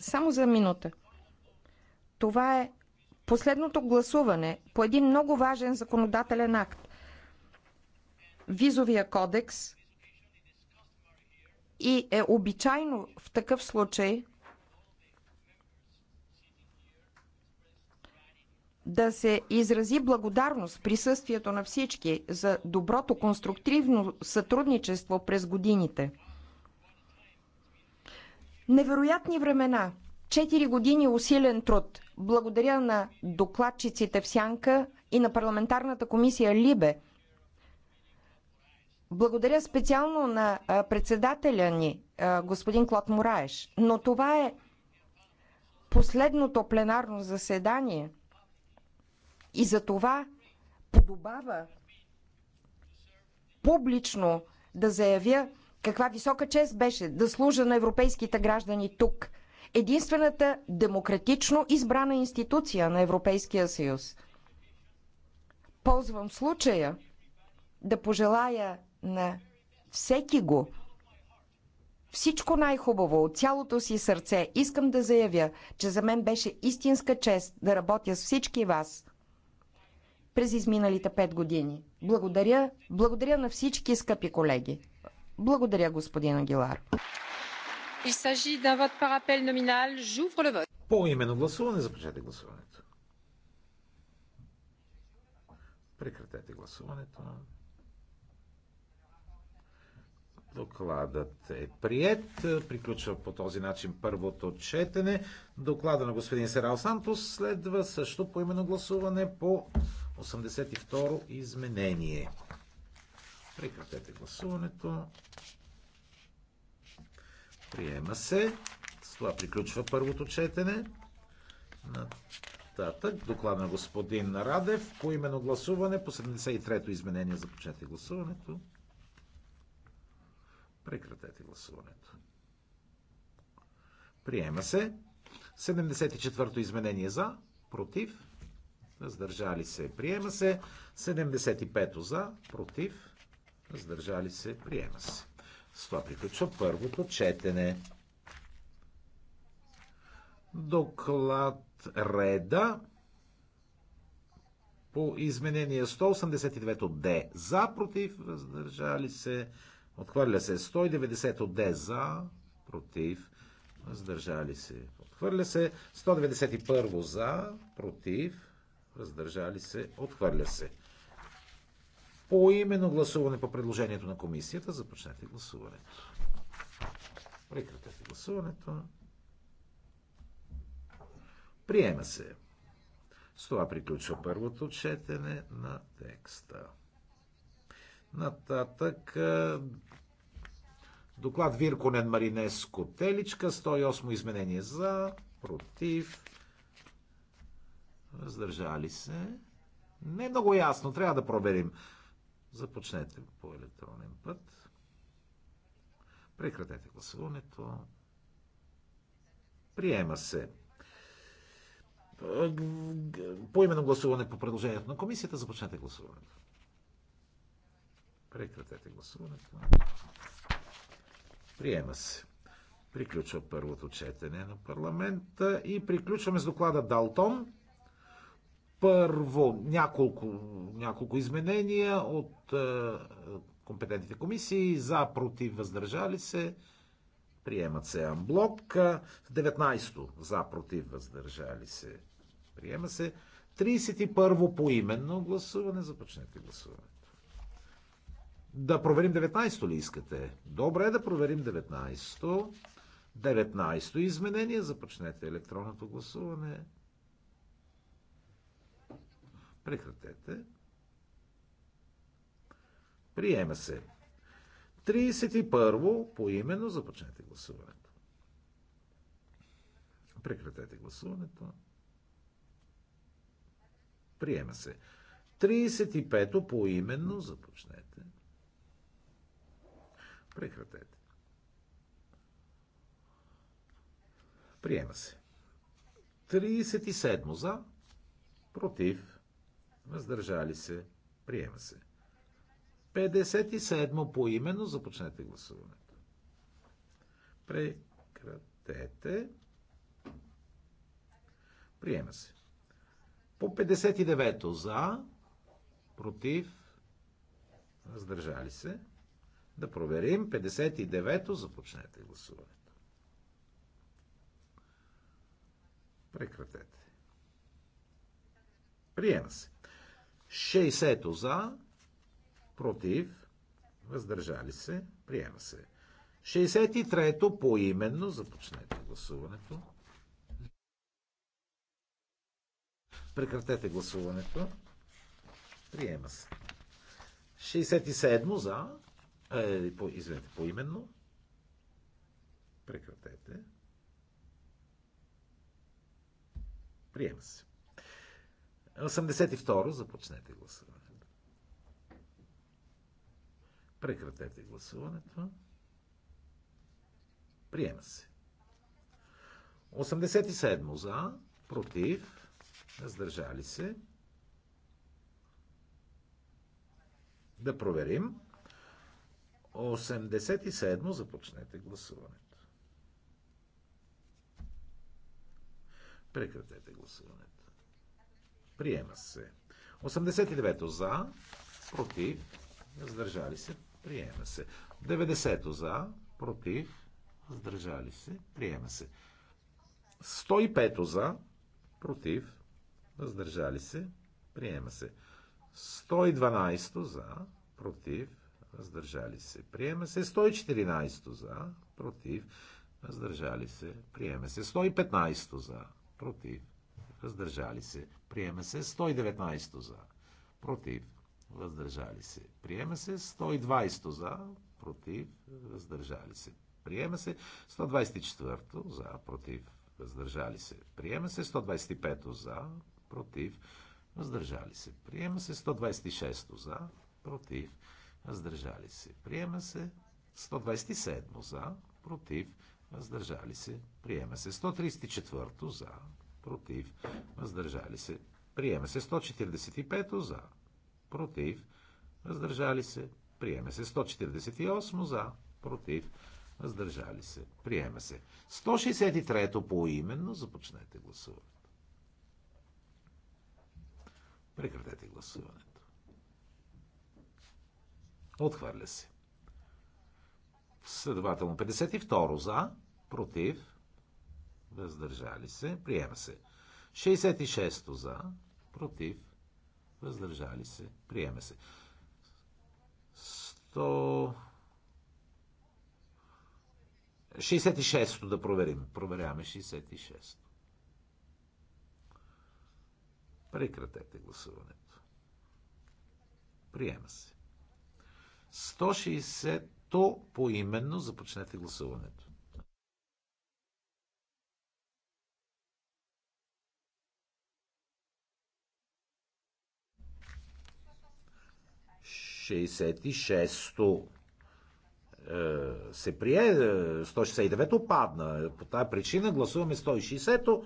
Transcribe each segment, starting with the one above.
Само за минута. Това е последното гласуване по един много важен законодателен акт. Визовия кодекс и е обичайно в такъв случай да се изрази благодарност в присъствието на всички за доброто конструктивно сътрудничество през годините невероятни времена. Четири години усилен труд. Благодаря на докладчиците в Сянка и на парламентарната комисия Либе. Благодаря специално на председателя ни, господин Клод Мураеш. Но това е последното пленарно заседание и за това подобава публично да заявя каква висока чест беше да служа на европейските граждани тук. Единствената демократично избрана институция на Европейския съюз. Ползвам случая да пожелая на всеки го всичко най-хубаво от цялото си сърце. Искам да заявя, че за мен беше истинска чест да работя с всички вас през изминалите пет години. Благодаря, благодаря на всички скъпи колеги. Благодаря, господин Агилар. По именно гласуване, започнете гласуването. Прекратете гласуването. Докладът е прият. Приключва по този начин първото четене. Доклада на господин Серал Сантос следва също по именно гласуване по 82 изменение. Прекратете гласуването. Приема се. С това приключва първото четене. Нататък. Доклад на господин Радев. По именно гласуване по 73-то изменение. Започнете гласуването. Прекратете гласуването. Приема се. 74-то изменение за. Против. Раздържали се. Приема се. 75-то за. Против. раздържали се. Приема се. С това приключва първото четене. Доклад Реда по изменение 189 от Д. За, против, въздържали се. Отхвърля се 190 от Д. За, против, въздържали се. Отхвърля се 191 за, против, въздържали се. Отхвърля се. По именно гласуване по предложението на комисията. Започнете гласуването. Прекратете гласуването. Приема се. С това приключва първото четене на текста. Нататък е, доклад Вирконен Маринес Котеличка, 108 изменение за, против, въздържали се. Не е много ясно, трябва да проверим. Започнете по електронен път. Прекратете гласуването. Приема се. По именно гласуване по предложението на комисията започнете гласуването. Прекратете гласуването. Приема се. Приключва първото четене на парламента и приключваме с доклада Далтон. Първо, няколко, няколко изменения от е, компетентните комисии за, против, въздържали се. Приемат се амблок. 19 за, против, въздържали се. Приема се. 31 по именно гласуване. Започнете гласуването. Да проверим 19-то ли искате? Добре, да проверим 19-то. 19-то изменение. Започнете електронното гласуване. Прекратете. Приема се. 31 по именно започнете гласуването. Прекратете гласуването. Приема се. 35-то поименно започнете. Прекратете. Приема се. 37 за, против, въздържали се, приема се. 57 по именно започнете гласуването. Прекратете. Приема се. По 59-то за, против, въздържали се. Да проверим. 59-то започнете гласуването. Прекратете. Приема се. 60 за, против, въздържали се, приема се. 63-то поименно, започнете гласуването. Прекратете гласуването. Приема се. 67 за. Е, по, извинете, поименно. Прекратете. Приема се. 82 започнете гласуването. Прекратете гласуването. Приема се. 87 за, против, раздържали се. Да проверим. 87 започнете гласуването. Прекратете гласуването. Приема се. 89-то за, против, въздържали се, приема се. 90-то за, против, въздържали се, приема се. 105-то за, против, въздържали се, приема се. 112-то за, против, въздържали се, приема се. 114-то за, против, въздържали се, приема се. 115-то за, против, въздържали се, приема се 119 за, против, въздържали се, приема се 120 за, против, въздържали се, приема се 124 за, против, въздържали се, приема се 125 за, против, въздържали се, приема се 126 за, против, въздържали се, приема се 127 за, против, въздържали се, приема се 134 за, против, въздържали се. Приема се 145 за, против, въздържали се. Приема се 148 за, против, въздържали се. Приема се 163 поименно. Започнете гласуването. Прекратете гласуването. Отхвърля се. Следователно 52 за, против, въздържали се, приема се. 66 за, против, въздържали се, приема се. 100... 66-то да проверим. Проверяваме 66-то. Прекратете гласуването. Приема се. 160-то поименно започнете гласуването. 166-то е, се прие, 169-то е, падна. По тази причина гласуваме 160-то.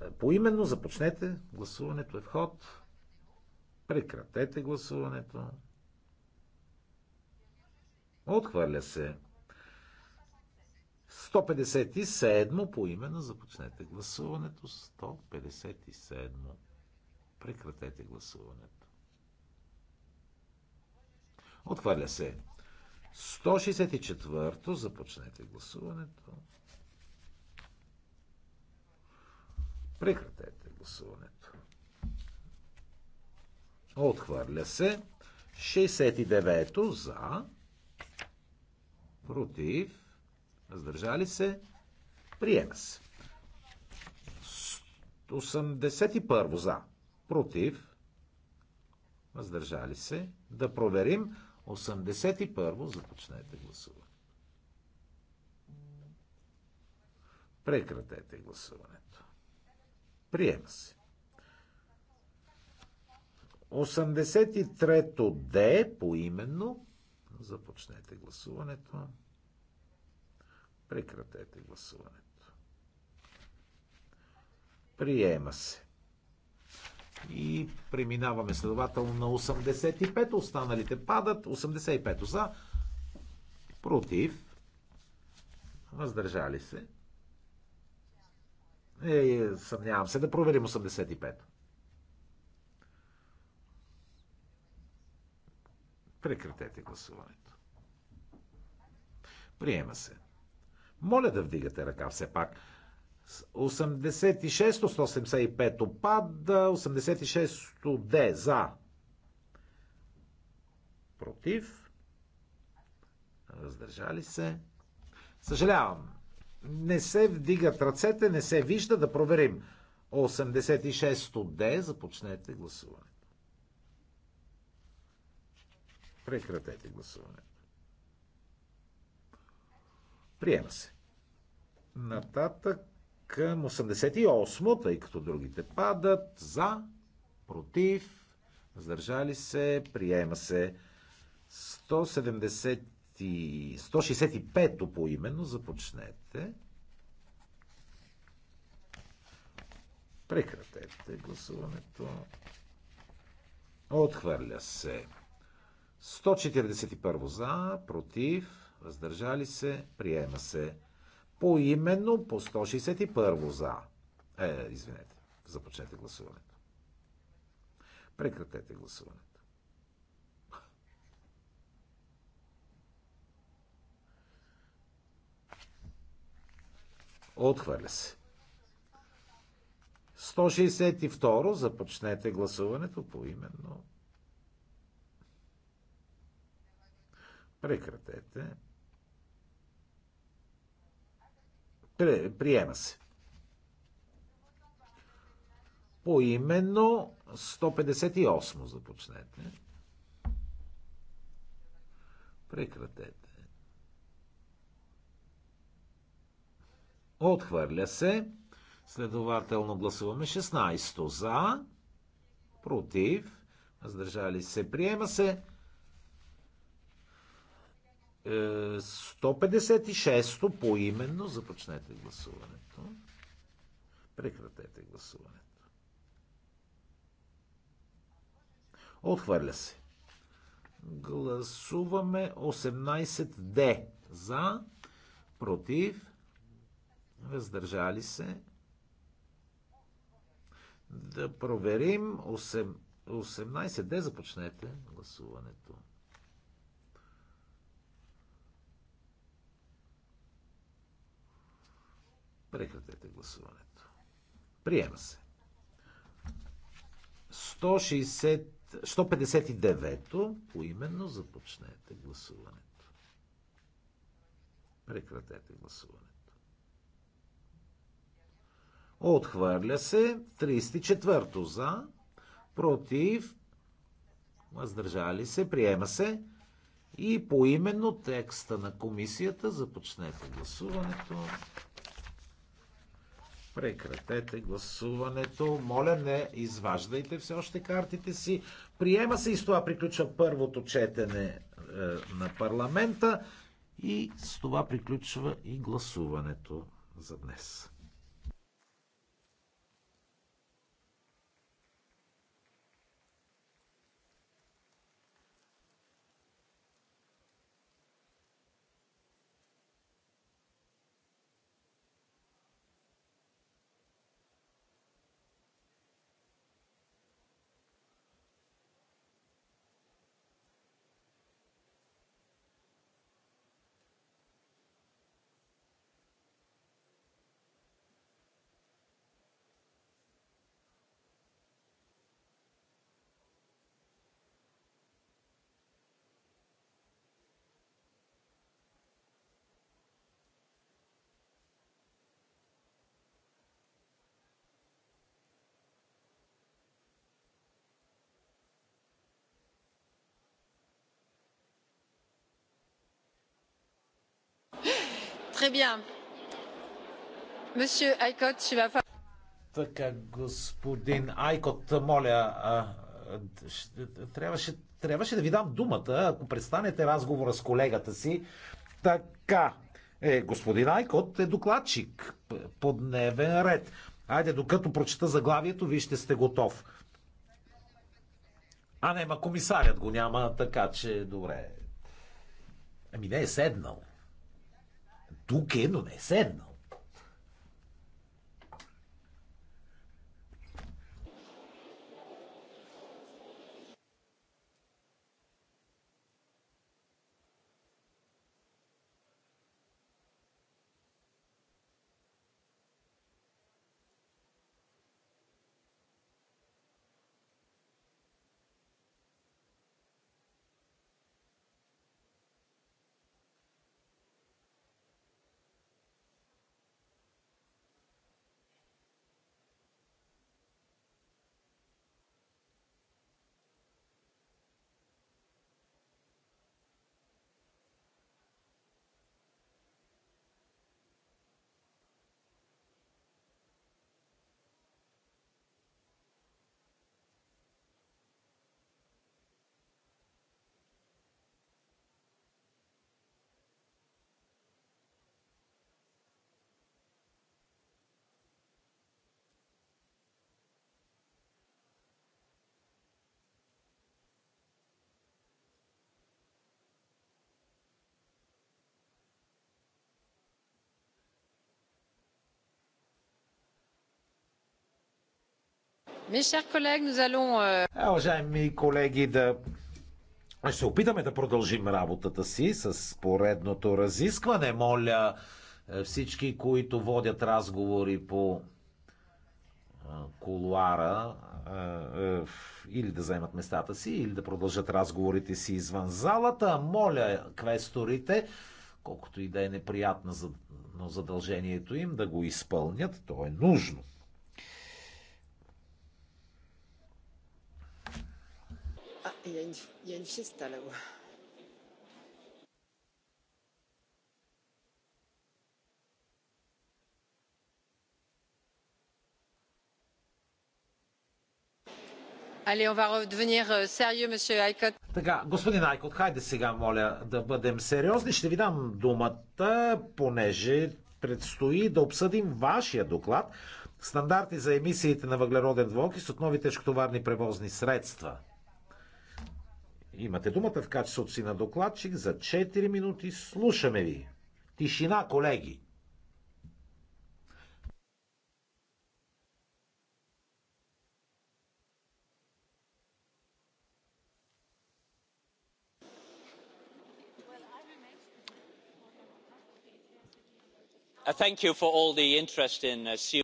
Е, поименно започнете. Гласуването е в ход. Прекратете гласуването. Отхвърля се. 157 по именно започнете гласуването. 157. Прекратете гласуването. Отхвърля се. 164-то. Започнете гласуването. Прекратете гласуването. Отхвърля се. 69-то за. Против. Въздържали се. Приема се. 81 за. Против. Въздържали се. Да проверим. 81 во започнете гласуване. Прекратете гласуването. Приема се. 83-то Д поименно. Започнете гласуването. Прекратете гласуването. Приема се. И преминаваме следователно на 85. Останалите падат. 85 за. Против. Въздържали се. Е, е съмнявам се да проверим 85. Прекратете гласуването. Приема се. Моля да вдигате ръка все пак. 86-то, 175-то пада, 86-то Д за. Против. раздържали се. Съжалявам. Не се вдигат ръцете, не се вижда. Да проверим. 86-то Д. Започнете гласуването. Прекратете гласуването. Приема се. Нататък към 88, тъй като другите падат. За, против, въздържали се, приема се 170 165-то поименно, започнете. Прекратете гласуването. Отхвърля се. 141 за, против, въздържали се, приема се. По именно по 161 за. Е, извинете, започнете гласуването. Прекратете гласуването. Отхвърля се. 162 започнете гласуването по именно. Прекратете. Приема се. По именно 158 започнете. Прекратете. Отхвърля се. Следователно гласуваме 16 за, против, въздържали се, приема се. 156-то поименно започнете гласуването. Прекратете гласуването. Отхвърля се. Гласуваме 18D за, против, въздържали се. Да проверим 18D започнете гласуването. Прекратете гласуването. Приема се. 159-то поименно започнете гласуването. Прекратете гласуването. Отхвърля се 34-то за, против, въздържали се, приема се и поименно текста на комисията започнете гласуването. Прекратете гласуването. Моля, не изваждайте все още картите си. Приема се и с това приключва първото четене е, на парламента и с това приключва и гласуването за днес. Така, господин Айкот, моля, трябваше, трябваше да ви дам думата, ако престанете разговора с колегата си. Така, е, господин Айкот е докладчик по дневен ред. Айде, докато прочета заглавието, вие ще сте готов. А не, ма комисарят го няма, така че добре. Ами не е седнал του que no descendo. Euh, уважаеми колеги, да се опитаме да продължим работата си с поредното разискване. Моля е, всички, които водят разговори по е, колуара е, или да вземат местата си, или да продължат разговорите си извън залата. Моля квесторите, колкото и да е неприятно задължението им, да го изпълнят. То е нужно. il y a une, il y a une fiesta là-haut. Allez, on va redevenir euh, sérieux, monsieur Така, господин Айкот, хайде сега, моля, да бъдем сериозни. Ще ви дам думата, понеже предстои да обсъдим вашия доклад. Стандарти за емисиите на въглероден двуокис от нови тежкотоварни превозни средства. Имате думата в качеството си на докладчик за 4 минути. Слушаме ви. Тишина, колеги! Uh, in... Uh,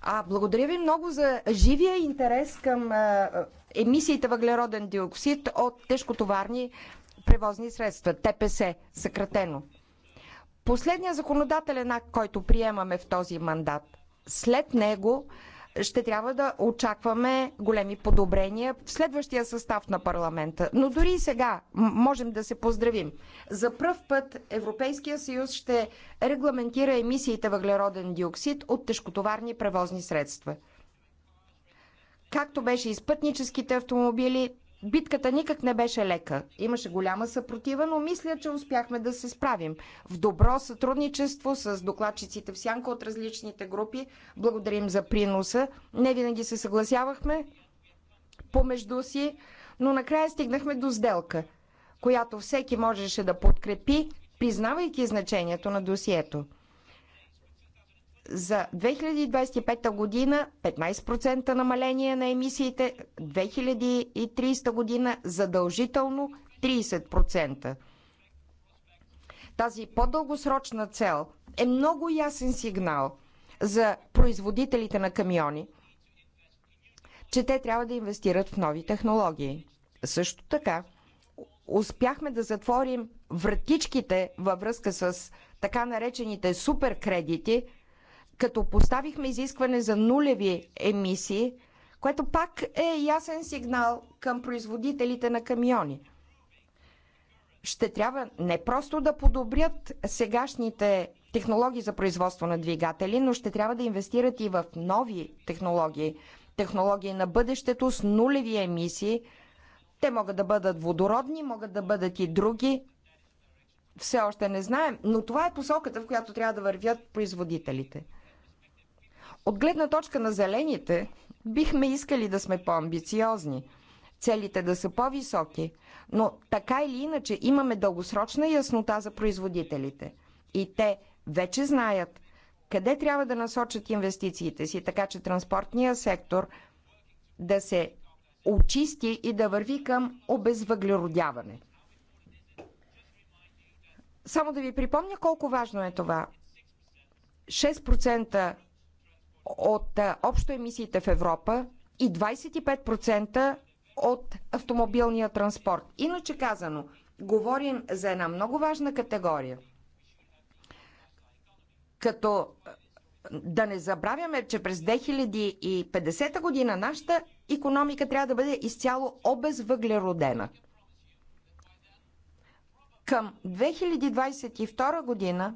а, благодаря ви много за живия интерес към uh, емисиите въглероден диоксид от тежкотоварни превозни средства, ТПС, съкратено. Последният законодателен акт, който приемаме в този мандат, след него ще трябва да очакваме големи подобрения в следващия състав на парламента. Но дори и сега можем да се поздравим. За пръв път Европейския съюз ще регламентира емисиите въглероден диоксид от тежкотоварни превозни средства. Както беше и с пътническите автомобили, битката никак не беше лека. Имаше голяма съпротива, но мисля, че успяхме да се справим. В добро сътрудничество с докладчиците в сянка от различните групи. Благодарим за приноса. Не винаги се съгласявахме помежду си, но накрая стигнахме до сделка, която всеки можеше да подкрепи, признавайки значението на досието за 2025 година 15% намаление на емисиите, 2030 година задължително 30%. Тази по-дългосрочна цел е много ясен сигнал за производителите на камиони, че те трябва да инвестират в нови технологии. Също така, успяхме да затворим вратичките във връзка с така наречените суперкредити – като поставихме изискване за нулеви емисии, което пак е ясен сигнал към производителите на камиони. Ще трябва не просто да подобрят сегашните технологии за производство на двигатели, но ще трябва да инвестират и в нови технологии, технологии на бъдещето с нулеви емисии. Те могат да бъдат водородни, могат да бъдат и други. Все още не знаем, но това е посоката, в която трябва да вървят производителите. От гледна точка на зелените, бихме искали да сме по-амбициозни, целите да са по-високи, но така или иначе имаме дългосрочна яснота за производителите. И те вече знаят къде трябва да насочат инвестициите си, така че транспортния сектор да се очисти и да върви към обезвъглеродяване. Само да ви припомня колко важно е това. 6% от общо емисиите в Европа и 25% от автомобилния транспорт. Иначе казано, говорим за една много важна категория. Като да не забравяме, че през 2050 година нашата економика трябва да бъде изцяло обезвъглеродена. Към 2022 година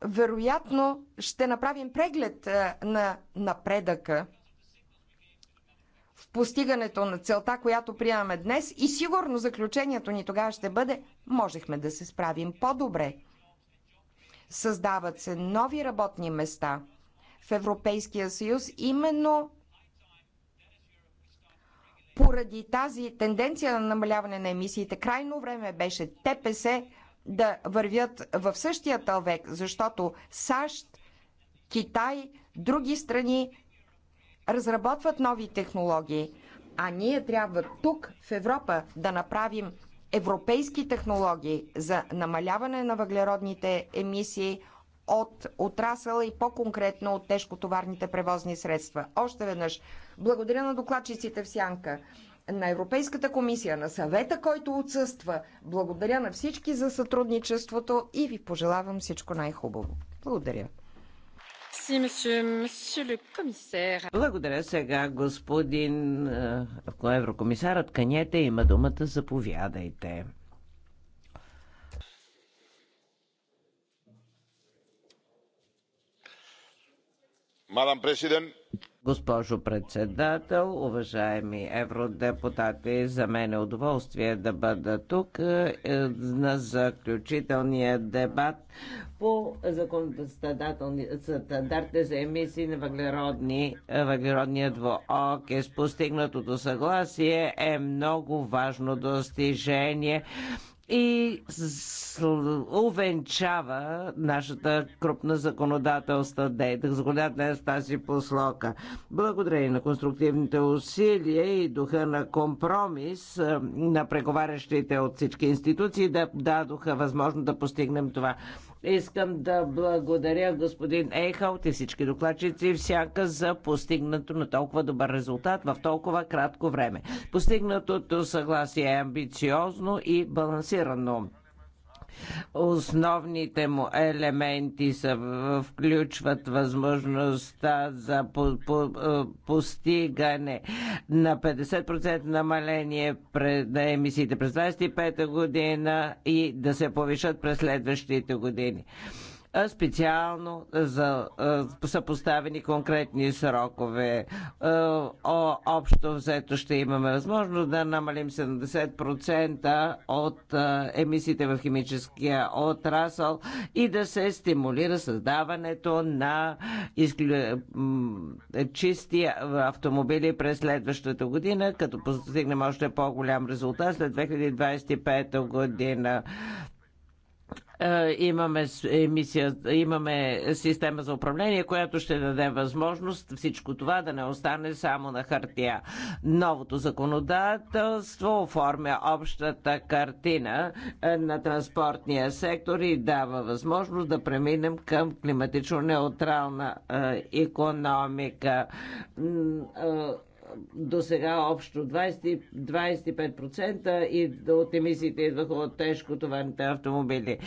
вероятно ще направим преглед е, на напредъка в постигането на целта, която приемаме днес и сигурно заключението ни тогава ще бъде можехме да се справим по-добре. Създават се нови работни места в Европейския съюз именно поради тази тенденция на намаляване на емисиите. Крайно време беше ТПС да вървят в същия тълвек, защото САЩ, Китай, други страни разработват нови технологии, а ние трябва тук в Европа да направим европейски технологии за намаляване на въглеродните емисии от отрасъла и по-конкретно от тежкотоварните превозни средства. Още веднъж, благодаря на докладчиците в Сянка на Европейската комисия, на съвета, който отсъства. Благодаря на всички за сътрудничеството и ви пожелавам всичко най-хубаво. Благодаря. Благодаря сега, господин е, еврокомисарът Канете има думата, заповядайте. Госпожо председател, уважаеми евродепутати, за мен е удоволствие да бъда тук е, на заключителния дебат по стандартите за емисии на въглеродни, е, въглеродния Е, Постигнатото съгласие е много важно достижение и увенчава нашата крупна законодателства законодателна с тази послока. Благодарение на конструктивните усилия и духа на компромис на преговарящите от всички институции да дадоха възможно да постигнем това. Искам да благодаря господин Ейхалт и всички докладчици всяка за постигнато на толкова добър резултат в толкова кратко време. Постигнатото съгласие е амбициозно и балансирано Основните му елементи са, включват възможността за по, по, постигане на 50% намаление на емисиите през 25 година и да се повишат през следващите години специално за, са поставени конкретни срокове. Общо взето ще имаме възможност да намалим 70% от емисиите в химическия отрасъл и да се стимулира създаването на чисти автомобили през следващата година, като постигнем още по-голям резултат след 2025 година. Е, имаме, емисия, имаме система за управление, която ще даде възможност всичко това да не остане само на хартия. Новото законодателство оформя общата картина е, на транспортния сектор и дава възможност да преминем към климатично неутрална економика до сега общо 20, 25% и от емисиите идваха от товарните автомобили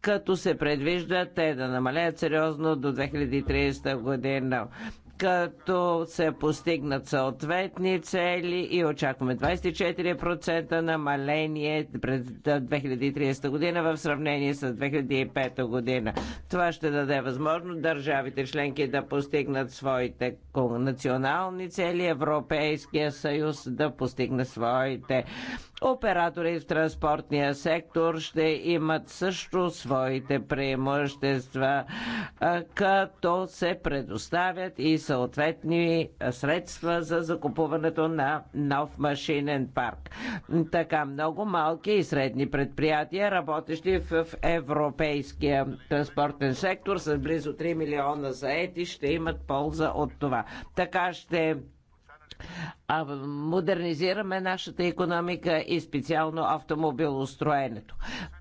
като се предвижда те да намалят сериозно до 2030 година като се постигнат съответни цели и очакваме 24% намаление през 2030 година в сравнение с 2005 година. Това ще даде възможност държавите членки да постигнат своите национални цели, Европейския съюз да постигне своите. Оператори в транспортния сектор ще имат също своите преимущества, като се предоставят и съответни средства за закупуването на нов машинен парк. Така много малки и средни предприятия, работещи в европейския транспортен сектор с близо 3 милиона заети, ще имат полза от това. Така ще а модернизираме нашата економика и специално автомобилостроенето.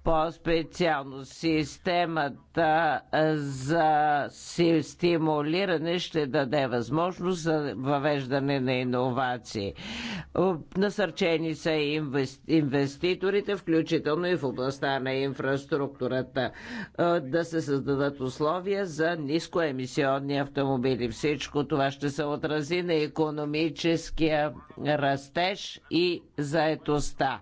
По-специално системата за стимулиране ще даде възможност за въвеждане на иновации. Насърчени са и инвеститорите, включително и в областта на инфраструктурата, да се създадат условия за нискоемисионни автомобили. Всичко това ще се отрази на економическия растеж и заетостта.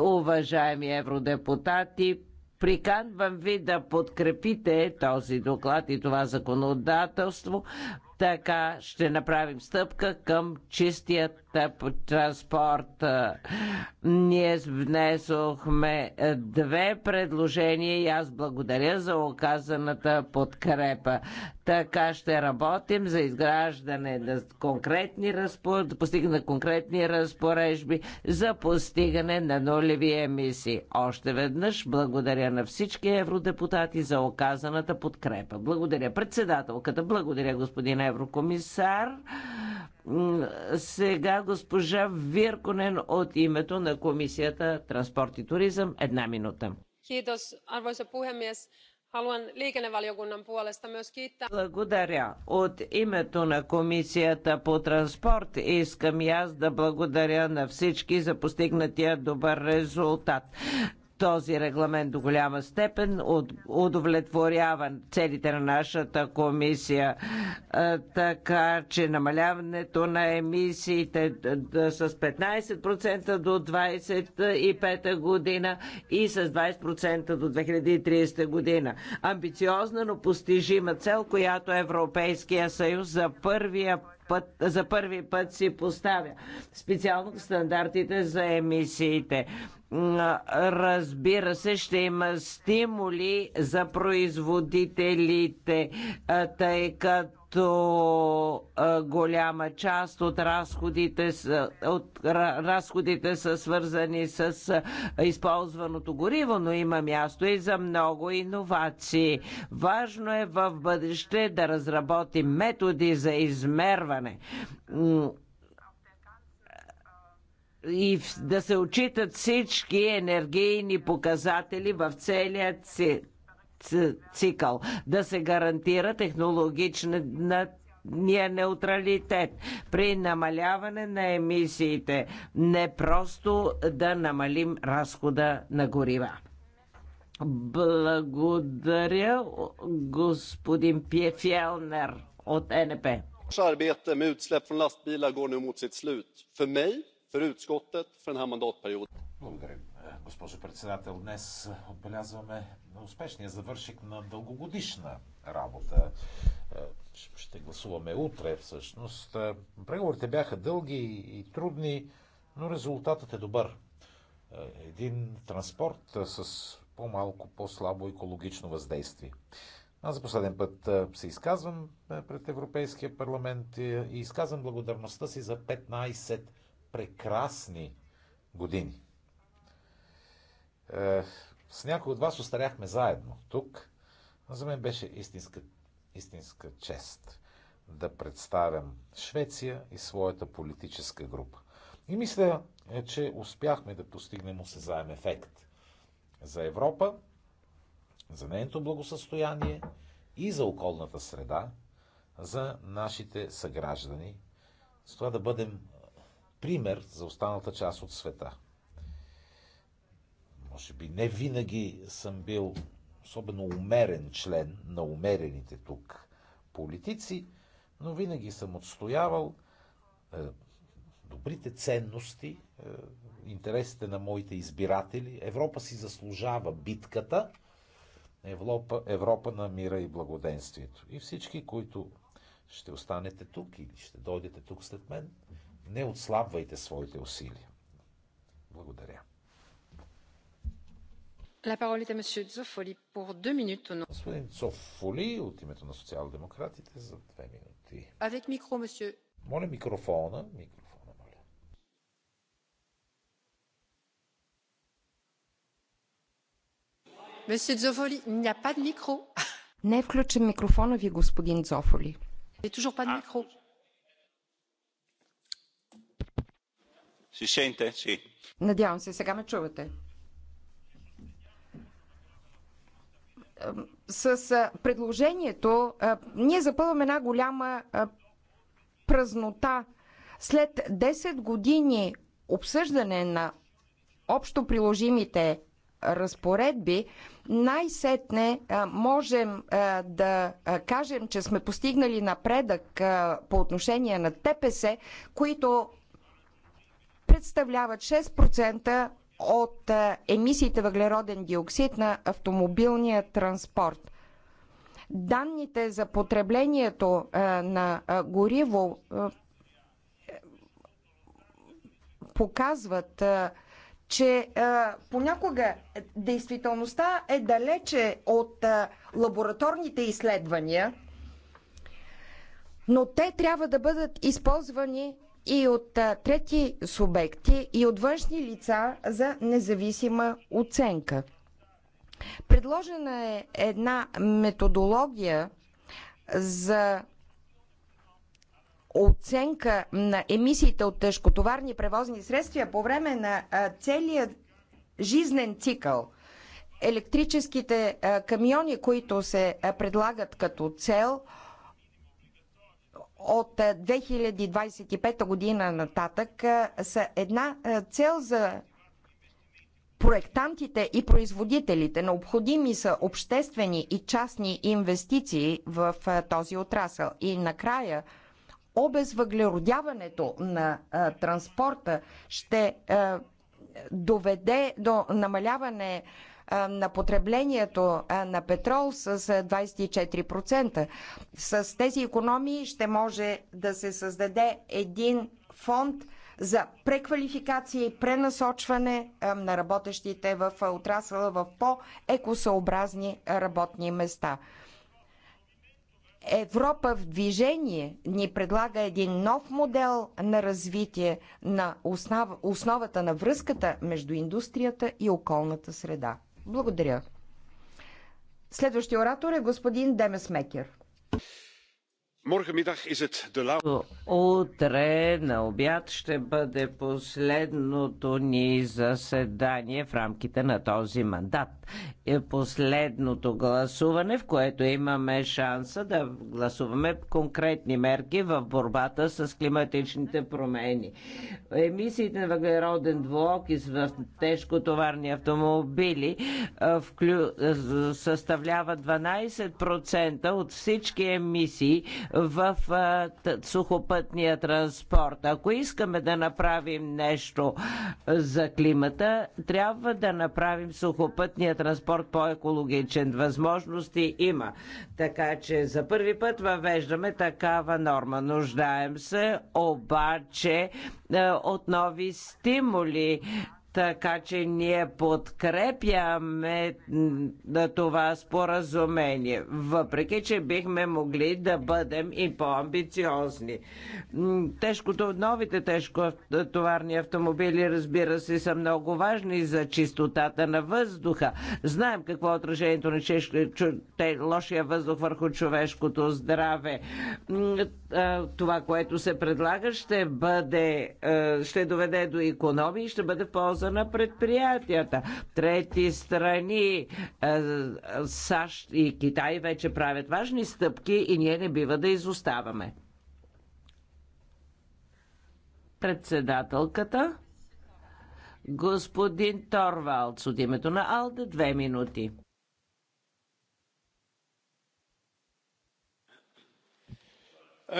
Уважаеми евродепутати, Приканвам ви да подкрепите този доклад и това законодателство, така ще направим стъпка към чистия транспорта. Ние внесохме е, две предложения и аз благодаря за оказаната подкрепа. Така ще работим за изграждане на конкретни разпорежби, постигане на конкретни разпорежби за постигане на нулеви емисии. Още веднъж благодаря на всички евродепутати за оказаната подкрепа. Благодаря председателката, благодаря господин еврокомисар. Сега госпожа Вирконен от името на Комисията Транспорт и туризъм. Една минута. Благодаря. От името на Комисията по транспорт искам и аз да благодаря на всички за постигнатия добър резултат този регламент до голяма степен удовлетворява целите на нашата комисия, така че намаляването на емисиите с 15% до 25 година и с 20% до 2030 година. Амбициозна, но постижима цел, която Европейския съюз за първия път, за първи път си поставя специално стандартите за емисиите. Разбира се, ще има стимули за производителите, тъй като като а, голяма част от разходите, с, от разходите са свързани с а, използваното гориво, но има място и за много иновации. Важно е в бъдеще да разработим методи за измерване и да се отчитат всички енергийни показатели в целия цикъл цикъл, да се гарантира технологична ние неутралитет при намаляване на емисиите, не просто да намалим разхода на горива. Благодаря, господин Пефелнер от НП. Arbete med utsläpp från lastbilar går nu mot sitt slut. För mig, för utskottet, för den här mandatperioden. Благодаря. Госпожо председател, днес отбелязваме успешния завършик на дългогодишна работа. Е, ще гласуваме утре всъщност. Е, преговорите бяха дълги и трудни, но резултатът е добър. Е, един транспорт с по-малко, по-слабо екологично въздействие. Аз за последен път се изказвам пред Европейския парламент и изказвам благодарността си за 15 прекрасни години. Е, с някои от вас остаряхме заедно тук. За мен беше истинска, истинска чест да представям Швеция и своята политическа група. И мисля, е, че успяхме да постигнем осезаем ефект за Европа, за нейното благосъстояние и за околната среда, за нашите съграждани, с това да бъдем пример за останалата част от света може би не винаги съм бил особено умерен член на умерените тук политици, но винаги съм отстоявал е, добрите ценности, е, интересите на моите избиратели. Европа си заслужава битката. Европа, Европа на мира и благоденствието. И всички, които ще останете тук или ще дойдете тук след мен, не отслабвайте своите усилия. Благодаря. Господин Цофоли от името на социал-демократите за две минути. Avec micro, monsieur. Моля микрофона. Микрофона, моля. Monsieur Zoffoli, il n'y a pas de micro. Не е включен микрофона ви, господин Зофоли. Е toujours pas de micro. Си сенте, си. Надявам се, сега ме чувате. с предложението ние запълваме една голяма празнота. След 10 години обсъждане на общо приложимите разпоредби, най-сетне можем да кажем, че сме постигнали напредък по отношение на ТПС, които представляват 6% от е, емисиите въглероден диоксид на автомобилния транспорт. Данните за потреблението е, на е, гориво показват, че понякога действителността е далече от лабораторните изследвания, но те трябва да бъдат използвани и от трети субекти и от външни лица за независима оценка. Предложена е една методология за оценка на емисиите от тежкотоварни превозни средства по време на целия жизнен цикъл. Електрическите камиони, които се предлагат като цел – от 2025 е, година нататък е, са една е, цел за проектантите и производителите. Необходими са обществени и частни инвестиции в този отрасъл. И накрая обезвъглеродяването на а, транспорта ще а, доведе до намаляване на потреблението на петрол с 24%. С тези економии ще може да се създаде един фонд за преквалификация и пренасочване на работещите в отрасъла в по-екосъобразни работни места. Европа в движение ни предлага един нов модел на развитие на основ... основата на връзката между индустрията и околната среда. Благодаря. Следващия оратор е господин Демес Мекер. Утре на обяд ще бъде последното ни заседание в рамките на този мандат. Е, последното гласуване, в което имаме шанса да гласуваме конкретни мерки в борбата с климатичните промени. Емисиите на въглероден и в тежкотоварни автомобили е, е, съставляват 12% от всички емисии в сухопътния транспорт. Ако искаме да направим нещо за климата, трябва да направим сухопътния транспорт по-екологичен. Възможности има. Така че за първи път въвеждаме такава норма. Нуждаем се обаче от нови стимули така че ние подкрепяме на това споразумение, въпреки че бихме могли да бъдем и по-амбициозни. Тежкото, новите тежкотоварни автомобили, разбира се, са много важни за чистотата на въздуха. Знаем какво е отражението на чешко, те, лошия въздух върху човешкото здраве. Това, което се предлага, ще бъде, ще доведе до економии, ще бъде в полза дейността на предприятията. Трети страни, е, САЩ и Китай вече правят важни стъпки и ние не бива да изоставаме. Председателката господин Торвалц от името на Алда две минути.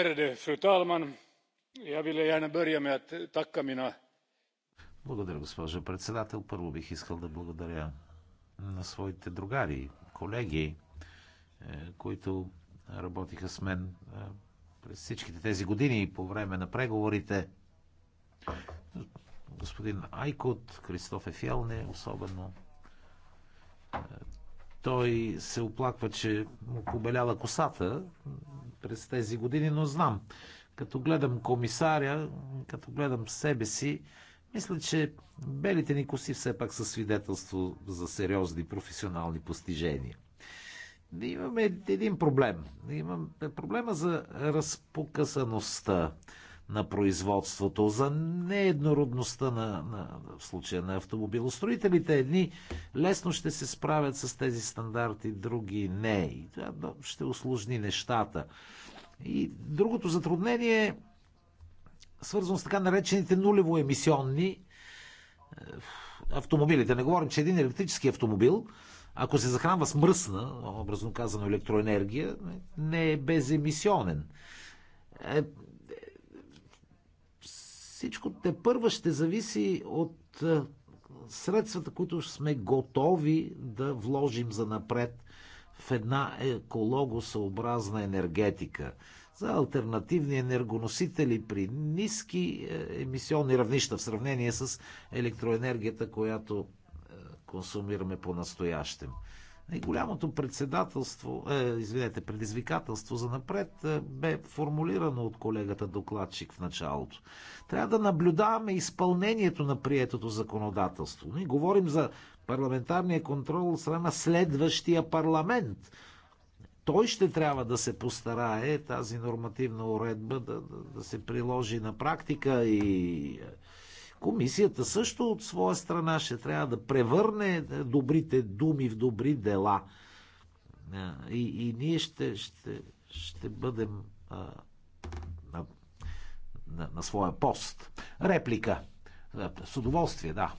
Ärade fru talman! Jag ville gärna börja med att tacka mina благодаря, госпожо председател. Първо бих искал да благодаря на своите другари, колеги, е, които работиха с мен е, през всичките тези години по време на преговорите. Господин Айкот, Кристоф Ефелне, особено. Е, той се оплаква, че му побеляла косата през тези години, но знам. Като гледам комисаря, като гледам себе си, мисля, че белите ни коси все пак са свидетелство за сериозни професионални постижения. Имаме един проблем. Имам е, проблема за разпокъсаността на производството, за нееднородността на, на, в случая на автомобилостроителите. Едни лесно ще се справят с тези стандарти, други не. И това ще усложни нещата. И другото затруднение е свързано с така наречените нулево емисионни е, автомобилите. Не говорим, че един електрически автомобил, ако се захранва с мръсна, образно казано електроенергия, не е беземисионен. Е, всичко те първа ще зависи от е, средствата, които сме готови да вложим за напред в една екологосъобразна енергетика – за альтернативни енергоносители при ниски е, емисионни равнища в сравнение с електроенергията, която е, консумираме по-настоящем. И голямото председателство, е, извинете, предизвикателство за напред е, бе формулирано от колегата докладчик в началото. Трябва да наблюдаваме изпълнението на приетото законодателство. Ние говорим за парламентарния контрол от страна следващия парламент той ще трябва да се постарае тази нормативна уредба да, да, да се приложи на практика и е, комисията също от своя страна ще трябва да превърне е, добрите думи в добри дела. Е, и, и ние ще, ще, ще бъдем а, на, на, на своя пост. Реплика. С удоволствие, да.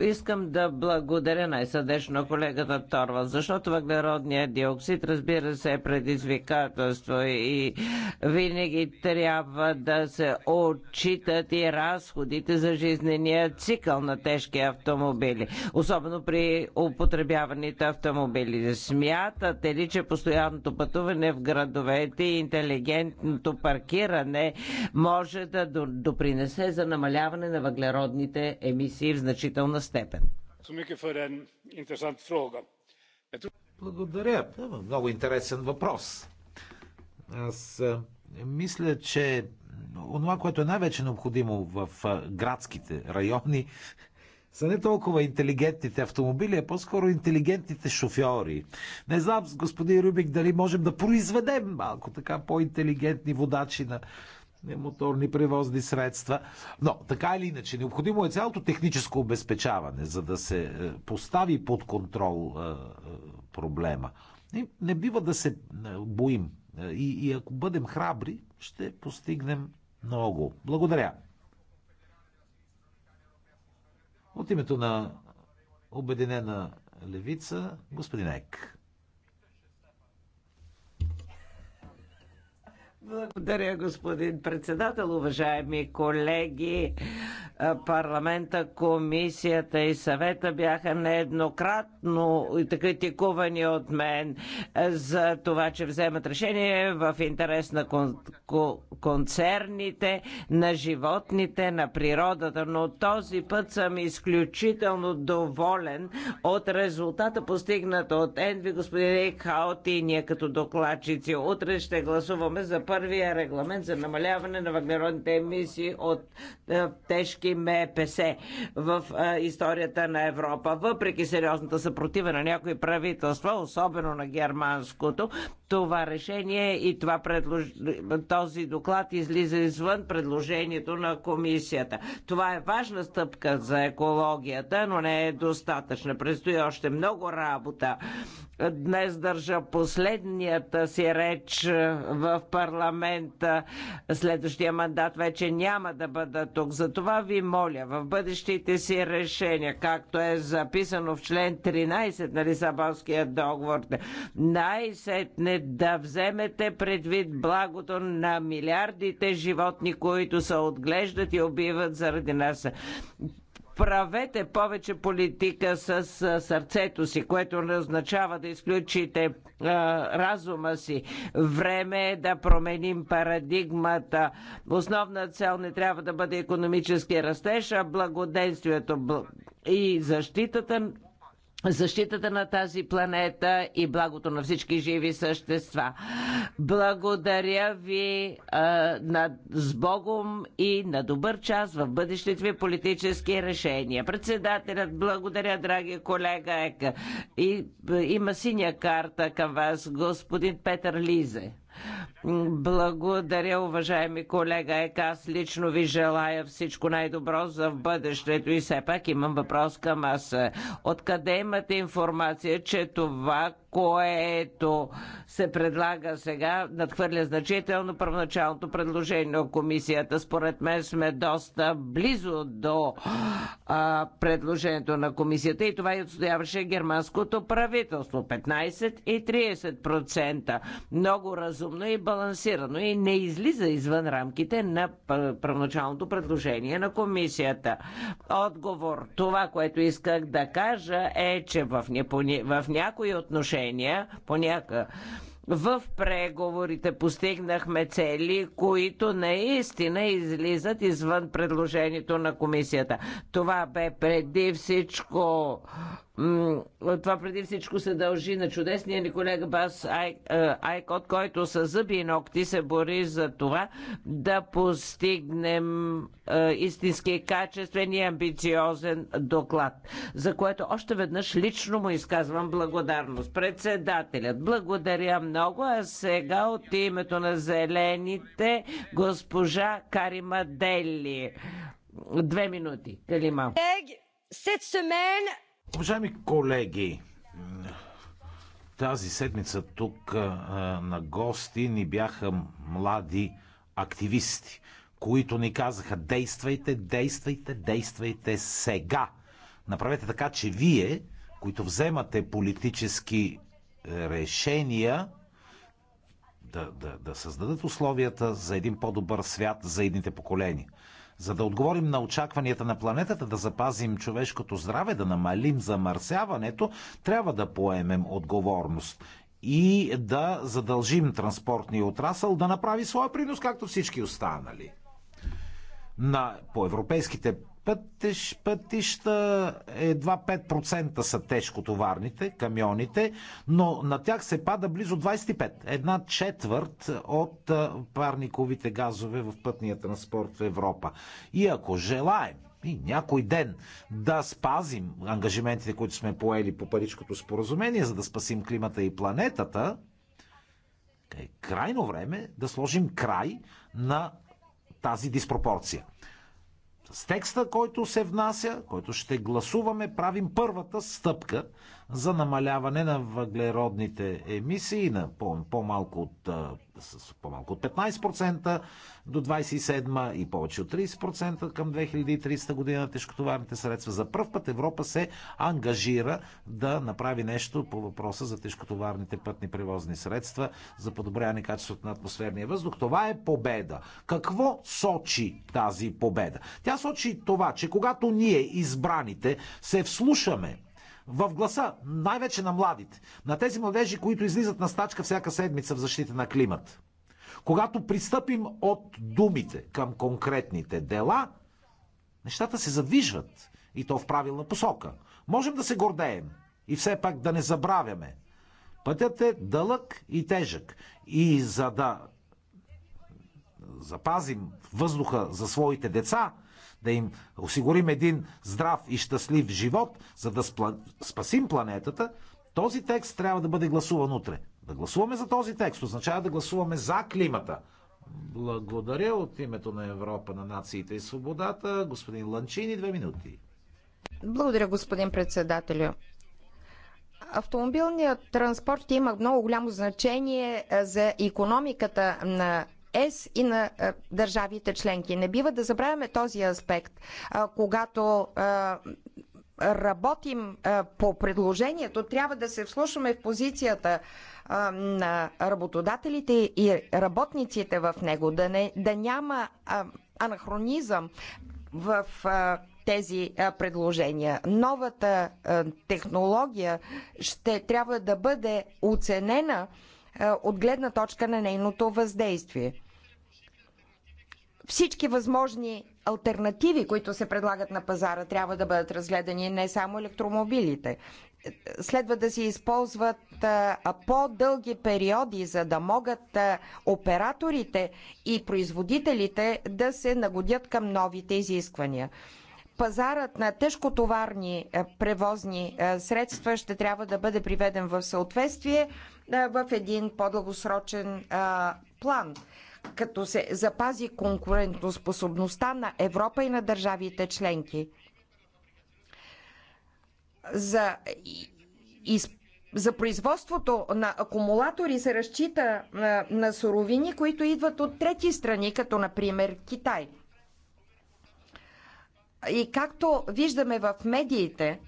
Искам да благодаря най-съдечно колегата Торва, защото въглеродният диоксид, разбира се, е предизвикателство и винаги трябва да се отчитат и разходите за жизнения цикъл на тежки автомобили, особено при употребяваните автомобили. Смятате ли, че постоянното пътуване в градовете и интелигентното паркиране може да допринесе за намаляване на въглеродните емисии в значителна степен. Благодаря. Е много интересен въпрос. Аз е, мисля, че онова, което е най-вече необходимо в е, градските райони, са не толкова интелигентните автомобили, а по-скоро интелигентните шофьори. Не знам, господин Рубик, дали можем да произведем малко така по-интелигентни водачи на, е, моторни превозни средства. Но така или иначе, необходимо е цялото техническо обезпечаване, за да се е, постави под контрол е, проблема. И не бива да се боим. И, и ако бъдем храбри, ще постигнем много. Благодаря. От името на Обединена левица, господин Ек. Благодаря, господин председател, уважаеми колеги. Парламента, комисията и съвета бяха нееднократно критикувани от мен за това, че вземат решение в интерес на кон- концерните, на животните, на природата. Но този път съм изключително доволен от резултата, постигната от Енви, господин Ейкхаут и ние като докладчици. Утре ще гласуваме за първо първия регламент за намаляване на въглеродните емисии от е, тежки МПС в е, историята на Европа. Въпреки сериозната съпротива на някои правителства, особено на германското, това решение и това предлож... този доклад излиза извън предложението на комисията. Това е важна стъпка за екологията, но не е достатъчна. Предстои още много работа. Днес държа последнията си реч е, в парламента. Следващия мандат вече няма да бъда тук. Затова ви моля в бъдещите си решения, както е записано в член 13 на Лисабонския договор, най-сетне да вземете предвид благото на милиардите животни, които се отглеждат и убиват заради нас правете повече политика с сърцето си, което не означава да изключите а, разума си. Време е да променим парадигмата. Основна цел не трябва да бъде економически растеж, а благоденствието и защитата защитата на тази планета и благото на всички живи същества. Благодаря ви а, на, с Богом и на добър час в бъдещите ви политически решения. Председателят, благодаря, драги колега Ека. И, има синя карта към вас, господин Петър Лизе. Благодаря, уважаеми колега Ека. Аз лично ви желая всичко най-добро за в бъдещето и все пак имам въпрос към вас. Откъде имате информация, че това, което се предлага сега, надхвърля значително първоначалното предложение на комисията. Според мен сме доста близо до а, предложението на комисията и това и отстояваше германското правителство. 15 и 30%. Много разумно и балансирано и не излиза извън рамките на първоначалното предложение на комисията. Отговор. Това, което исках да кажа е, че в, в някои отношения по поняка. В преговорите постигнахме цели, които наистина излизат извън предложението на комисията. Това бе преди всичко това преди всичко се дължи на чудесния ни колега Бас Ай, Айкот, който с зъби и ногти се бори за това да постигнем а, истински качествен и амбициозен доклад, за което още веднъж лично му изказвам благодарност. Председателят, благодаря много, а сега от името на зелените госпожа Карима Дели. Две минути, Калима. Cette semaine, Уважаеми колеги, тази седмица тук на гости ни бяха млади активисти, които ни казаха действайте, действайте, действайте сега. Направете така, че вие, които вземате политически е, решения, да, да, да създадат условията за един по-добър свят за едните поколения. За да отговорим на очакванията на планетата, да запазим човешкото здраве, да намалим замърсяването, трябва да поемем отговорност и да задължим транспортния отрасъл да направи своя принос, както всички останали. На, по европейските пътиш, пътища едва 5% са тежкотоварните, камионите, но на тях се пада близо 25, една четвърт от парниковите газове в пътния транспорт в Европа. И ако желаем и някой ден да спазим ангажиментите, които сме поели по паричкото споразумение, за да спасим климата и планетата, е крайно време да сложим край на тази диспропорция. С текста, който се внася, който ще гласуваме, правим първата стъпка за намаляване на въглеродните емисии на по- по-малко от с по-малко от 15% до 27% и повече от 30% към 2300 година тежкотоварните средства. За първ път Европа се ангажира да направи нещо по въпроса за тежкотоварните пътни превозни средства за подобряване качеството на атмосферния въздух. Това е победа. Какво сочи тази победа? Тя сочи това, че когато ние, избраните, се вслушаме в гласа, най-вече на младите, на тези младежи, които излизат на стачка всяка седмица в защита на климат. Когато пристъпим от думите към конкретните дела, нещата се задвижват и то в правилна посока. Можем да се гордеем и все пак да не забравяме. Пътят е дълъг и тежък. И за да запазим въздуха за своите деца, да им осигурим един здрав и щастлив живот, за да спла... спасим планетата, този текст трябва да бъде гласуван утре. Да гласуваме за този текст означава да гласуваме за климата. Благодаря от името на Европа на нациите и свободата. Господин Ланчини, две минути. Благодаря, господин председателю. Автомобилният транспорт има много голямо значение за економиката на ЕС и на държавите членки. Не бива да забравяме този аспект, когато работим по предложението, трябва да се вслушаме в позицията на работодателите и работниците в него, да, не, да няма анахронизъм в тези предложения. Новата технология ще трябва да бъде оценена е, от гледна точка на нейното въздействие. Всички възможни альтернативи, които се предлагат на пазара, трябва да бъдат разгледани не само електромобилите. Следва да се използват е, по-дълги периоди, за да могат е, операторите и производителите да се нагодят към новите изисквания пазарът на тежкотоварни превозни средства ще трябва да бъде приведен в съответствие в един по-дългосрочен план като се запази конкурентоспособността на Европа и на държавите членки. За, и, за производството на акумулатори се разчита на, на суровини, които идват от трети страни, като например Китай. И както виждаме в медиите,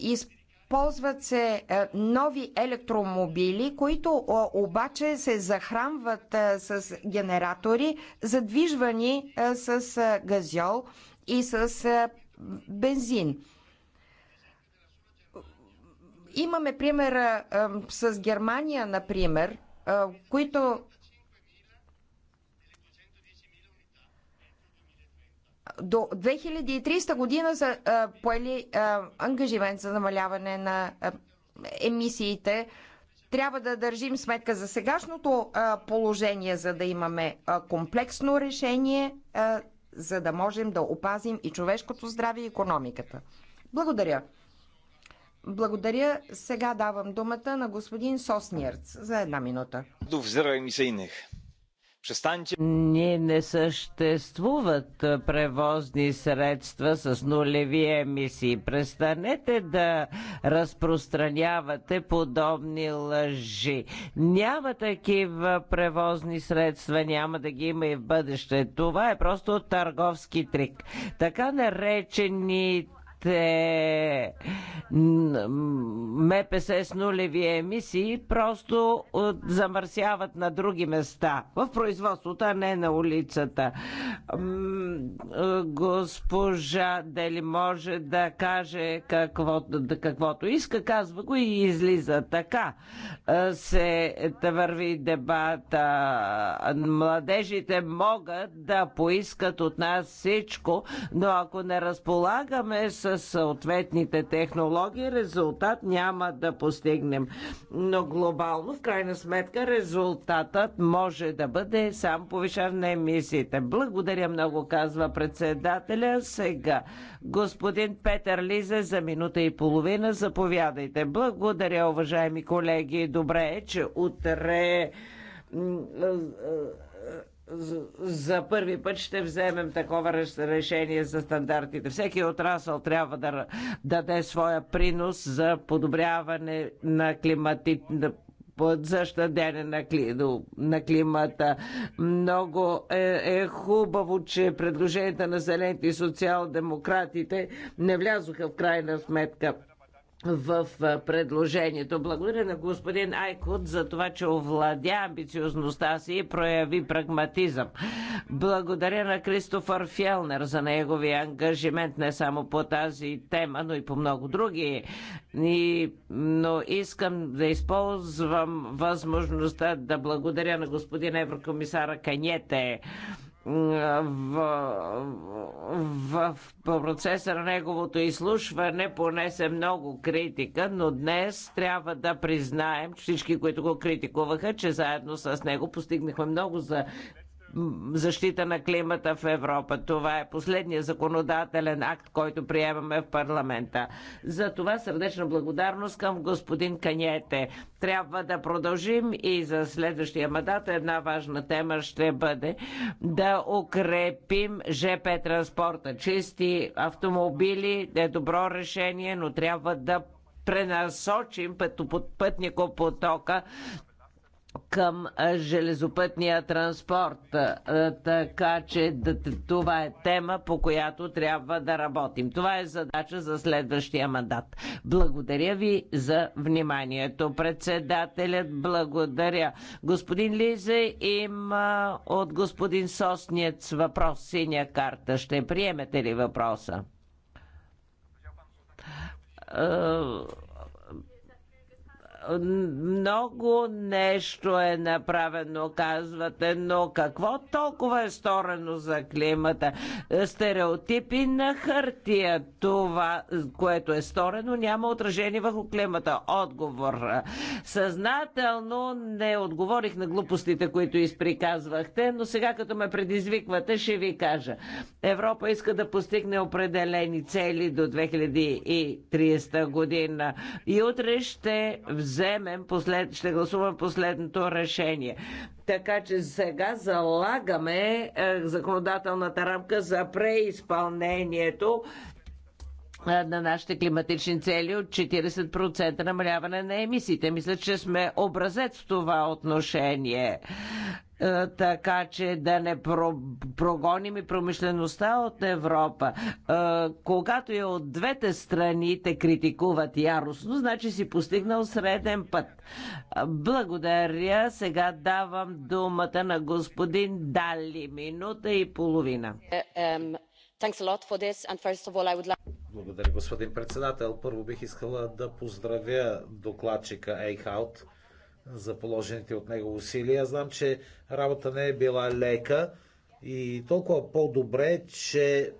из Ползват се е, нови електромобили, които обаче се захранват е, с генератори, задвижвани е, с газьол и с бензин. Имаме пример с Германия, например, които до 2030 година са а, поели а, ангажимент за намаляване на а, емисиите. Трябва да държим сметка за сегашното а, положение, за да имаме а, комплексно решение, а, за да можем да опазим и човешкото здраве и економиката. Благодаря. Благодаря. Сега давам думата на господин Соснierц за една минута. се и емисийних. Przestańcie. Не, не съществуват превозни средства с нулеви емисии. Престанете да разпространявате подобни лъжи. Няма такива превозни средства, няма да ги има и в бъдеще. Това е просто търговски трик. Така наречените те МПС с нулеви емисии просто замърсяват на други места, в производството, а не на улицата. Госпожа Дели може да каже какво, каквото иска, казва го и излиза така. Се върви дебата. Младежите могат да поискат от нас всичко, но ако не разполагаме с със съответните технологии, резултат няма да постигнем. Но глобално, в крайна сметка, резултатът може да бъде сам повишаване на емисиите. Благодаря много, казва председателя. Сега господин Петър Лизе за минута и половина. Заповядайте. Благодаря, уважаеми колеги. Добре е, че утре за първи път ще вземем такова решение за стандартите. Всеки отрасъл трябва да даде своя принос за подобряване на климатит, защадене на, кли, на климата. Много е, е хубаво, че предложенията на зелените и социал-демократите не влязоха в крайна сметка в предложението. Благодаря на господин Айкот за това, че овладя амбициозността си и прояви прагматизъм. Благодаря на Кристофър Фелнер за неговия ангажимент не само по тази тема, но и по много други. И, но искам да използвам възможността да благодаря на господин еврокомисара Канете в, в, в процеса на неговото изслушване понесе много критика, но днес трябва да признаем всички, които го критикуваха, че заедно с него постигнахме много за защита на климата в Европа. Това е последният законодателен акт, който приемаме в парламента. За това сърдечна благодарност към господин Каньете. Трябва да продължим и за следващия мандат една важна тема ще бъде да укрепим ЖП транспорта. Чисти автомобили е добро решение, но трябва да пренасочим пътникопотока пътнико потока към железопътния транспорт. Така че това е тема, по която трябва да работим. Това е задача за следващия мандат. Благодаря ви за вниманието. Председателят, благодаря. Господин Лизе, има от господин Соснец въпрос. Синя карта. Ще приемете ли въпроса? Много нещо е направено, казвате, но какво толкова е сторено за климата? Стереотипи на хартия. Това, което е сторено, няма отражение върху климата. Отговор. Съзнателно не отговорих на глупостите, които изприказвахте, но сега като ме предизвиквате, ще ви кажа. Европа иска да постигне определени цели до 2030 година. И утре ще взема вземем послед... ще гласуваме последното решение. Така че сега залагаме е, законодателната рамка за преизпълнението на нашите климатични цели от 40% намаляване на емисиите. Мисля, че сме образец в това отношение така че да не прогоним и промишлеността от Европа. Когато и от двете страни те критикуват яростно, значи си постигнал среден път. Благодаря. Сега давам думата на господин Дали. Минута и половина. Е, благодаря, господин председател. Първо бих искала да поздравя докладчика Ейхаут за положените от него усилия. Знам, че работа не е била лека и толкова по-добре, че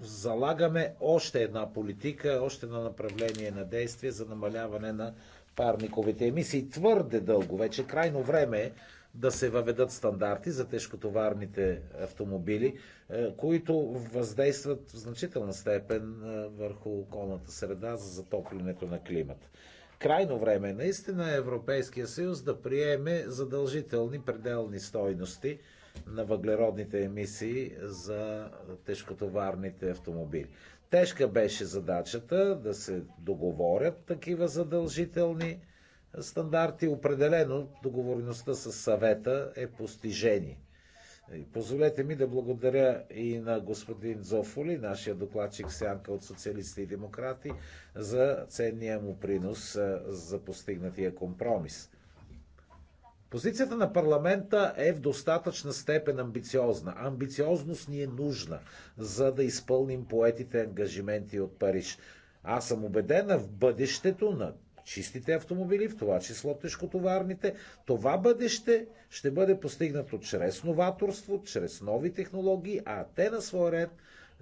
залагаме още една политика, още едно направление на действие за намаляване на парниковите емисии. Твърде дълго, вече крайно време е да се въведат стандарти за тежкотоварните автомобили, е, които въздействат в значителна степен е, върху околната среда за затоплянето на климата. Крайно време е наистина Европейския съюз да приеме задължителни пределни стойности на въглеродните емисии за тежкотоварните автомобили. Тежка беше задачата да се договорят такива задължителни стандарти, определено договореността с съвета е постижение. Позволете ми да благодаря и на господин Зофоли, нашия докладчик Сянка от Социалисти и Демократи, за ценния му принос за постигнатия компромис. Позицията на парламента е в достатъчна степен амбициозна. Амбициозност ни е нужна, за да изпълним поетите ангажименти от Париж. Аз съм убедена в бъдещето на чистите автомобили, в това число тежкотоварните. Това бъдеще ще бъде постигнато чрез новаторство, чрез нови технологии, а те на свой ред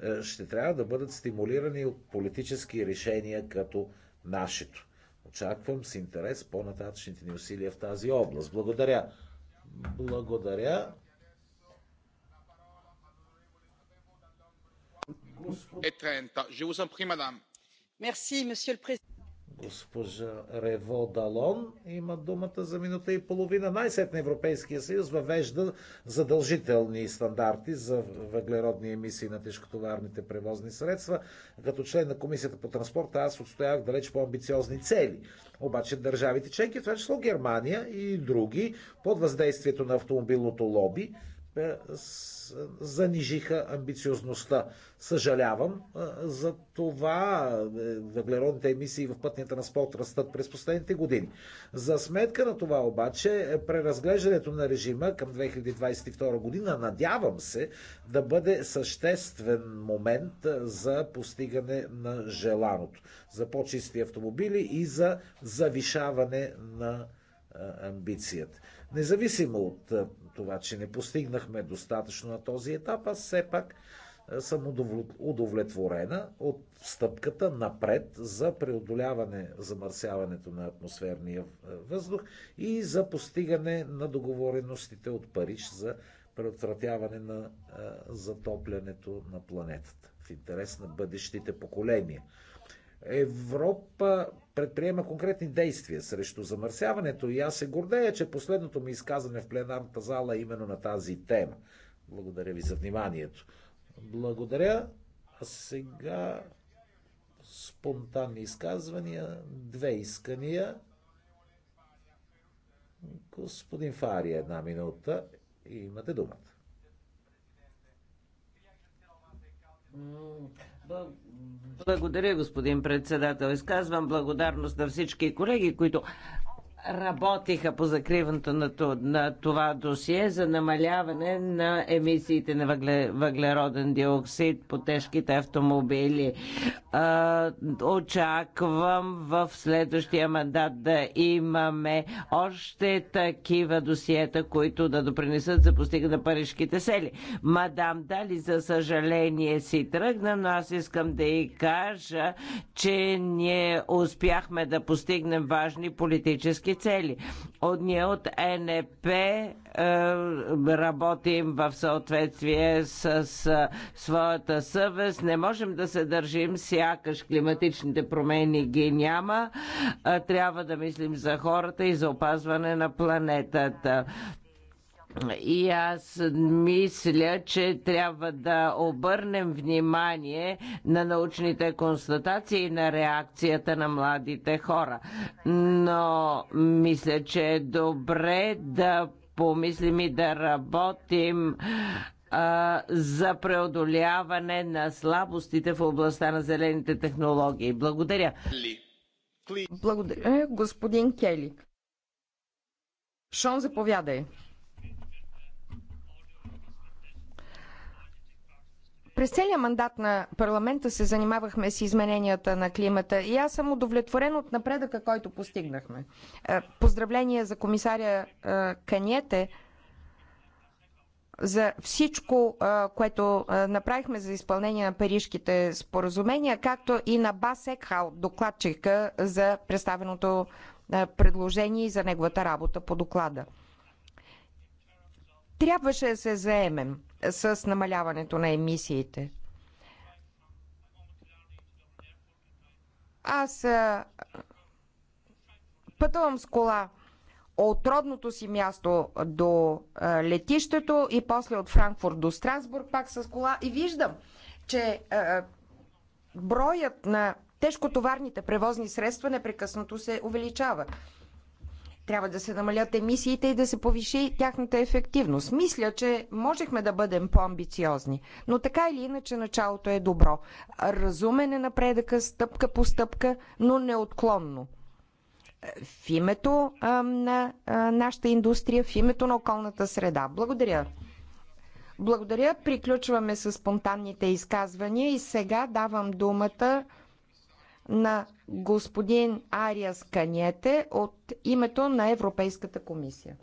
е, ще трябва да бъдат стимулирани от политически решения като нашето. Очаквам с интерес по-нататъчните ни усилия в тази област. Благодаря. Благодаря. Господин госпожа Рево Далон има думата за минута и половина. Най-сетне Европейския съюз въвежда задължителни стандарти за въглеродни емисии на тежкотоварните превозни средства. Като член на Комисията по транспорта аз отстоявах далеч по-амбициозни цели. Обаче държавите членки, това число Германия и други, под въздействието на автомобилното лоби, занижиха амбициозността. Съжалявам за това. Е, въглеродните емисии в пътния транспорт растат през последните години. За сметка на това обаче, е, преразглеждането на режима към 2022 година, надявам се, да бъде съществен момент за постигане на желаното. За по-чисти автомобили и за завишаване на амбицията. Независимо от това, че не постигнахме достатъчно на този етап, аз все пак съм удовлетворена от стъпката напред за преодоляване замърсяването на атмосферния въздух и за постигане на договореностите от Париж за предотвратяване на затоплянето на планетата в интерес на бъдещите поколения. Европа предприема конкретни действия срещу замърсяването и аз се гордея, че последното ми изказване в пленарната зала е именно на тази тема. Благодаря ви за вниманието. Благодаря. А сега спонтанни изказвания, две искания. Господин Фария, една минута и имате думата. Благодаря, господин председател. Изказвам благодарност на всички колеги, които работиха по закриването на, на това досие за намаляване на емисиите на въгле, въглероден диоксид по тежките автомобили. А, очаквам в следващия мандат да имаме още такива досиета, които да допринесат за постигане на парижките сели. Мадам Дали, за съжаление си тръгна, но аз искам да и кажа, че ние успяхме да постигнем важни политически цели. От ние от НП е, работим в съответствие с, с е, своята съвест. Не можем да се държим сякаш климатичните промени ги няма. Е, трябва да мислим за хората и за опазване на планетата. И аз мисля, че трябва да обърнем внимание на научните констатации и на реакцията на младите хора. Но мисля, че е добре да помислим и да работим за преодоляване на слабостите в областта на зелените технологии. Благодаря. Благодаря, господин Келик. Шон, заповядай. През целия мандат на парламента се занимавахме с измененията на климата и аз съм удовлетворен от напредъка, който постигнахме. Е, поздравления за комисаря е, Каньете за всичко, е, което направихме за изпълнение на парижките споразумения, както и на Бас Екхал, докладчика за представеното предложение и за неговата работа по доклада. Трябваше да се заемем с намаляването на емисиите. Аз пътувам с кола от родното си място до летището и после от Франкфурт до Страсбург пак с кола и виждам, че броят на тежкотоварните превозни средства непрекъснато се увеличава. Трябва да се намалят емисиите и да се повиши тяхната ефективност. Мисля, че можехме да бъдем по-амбициозни, но така или иначе началото е добро. Разумен е напредъка, стъпка по стъпка, но неотклонно. В името на нашата индустрия, в името на околната среда. Благодаря. Благодаря. Приключваме с спонтанните изказвания и сега давам думата на господин Ариас Каньете от името на Европейската комисия.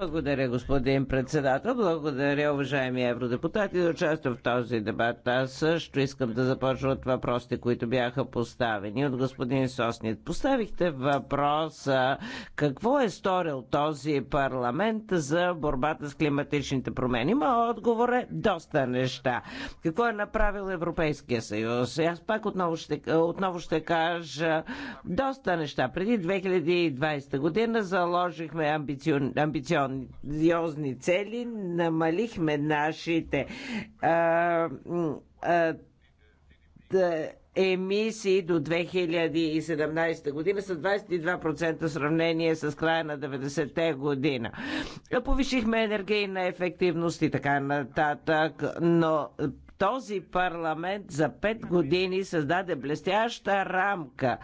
Благодаря, господин председател. Благодаря, уважаеми евродепутати, За участие в този дебат. Аз също искам да започна от въпросите, които бяха поставени от господин Соснит. Поставихте въпроса какво е сторил този парламент за борбата с климатичните промени. Има отговор е доста неща. Какво е направил Европейския съюз? Аз пак отново ще, отново ще кажа доста неща. Преди 2020 година заложи сложихме амбицион, амбициозни цели, намалихме нашите а, а, да, емисии до 2017 година с 22% в сравнение с края на 90-те година. Повишихме енергийна ефективност и така нататък, но този парламент за 5 години създаде блестяща рамка.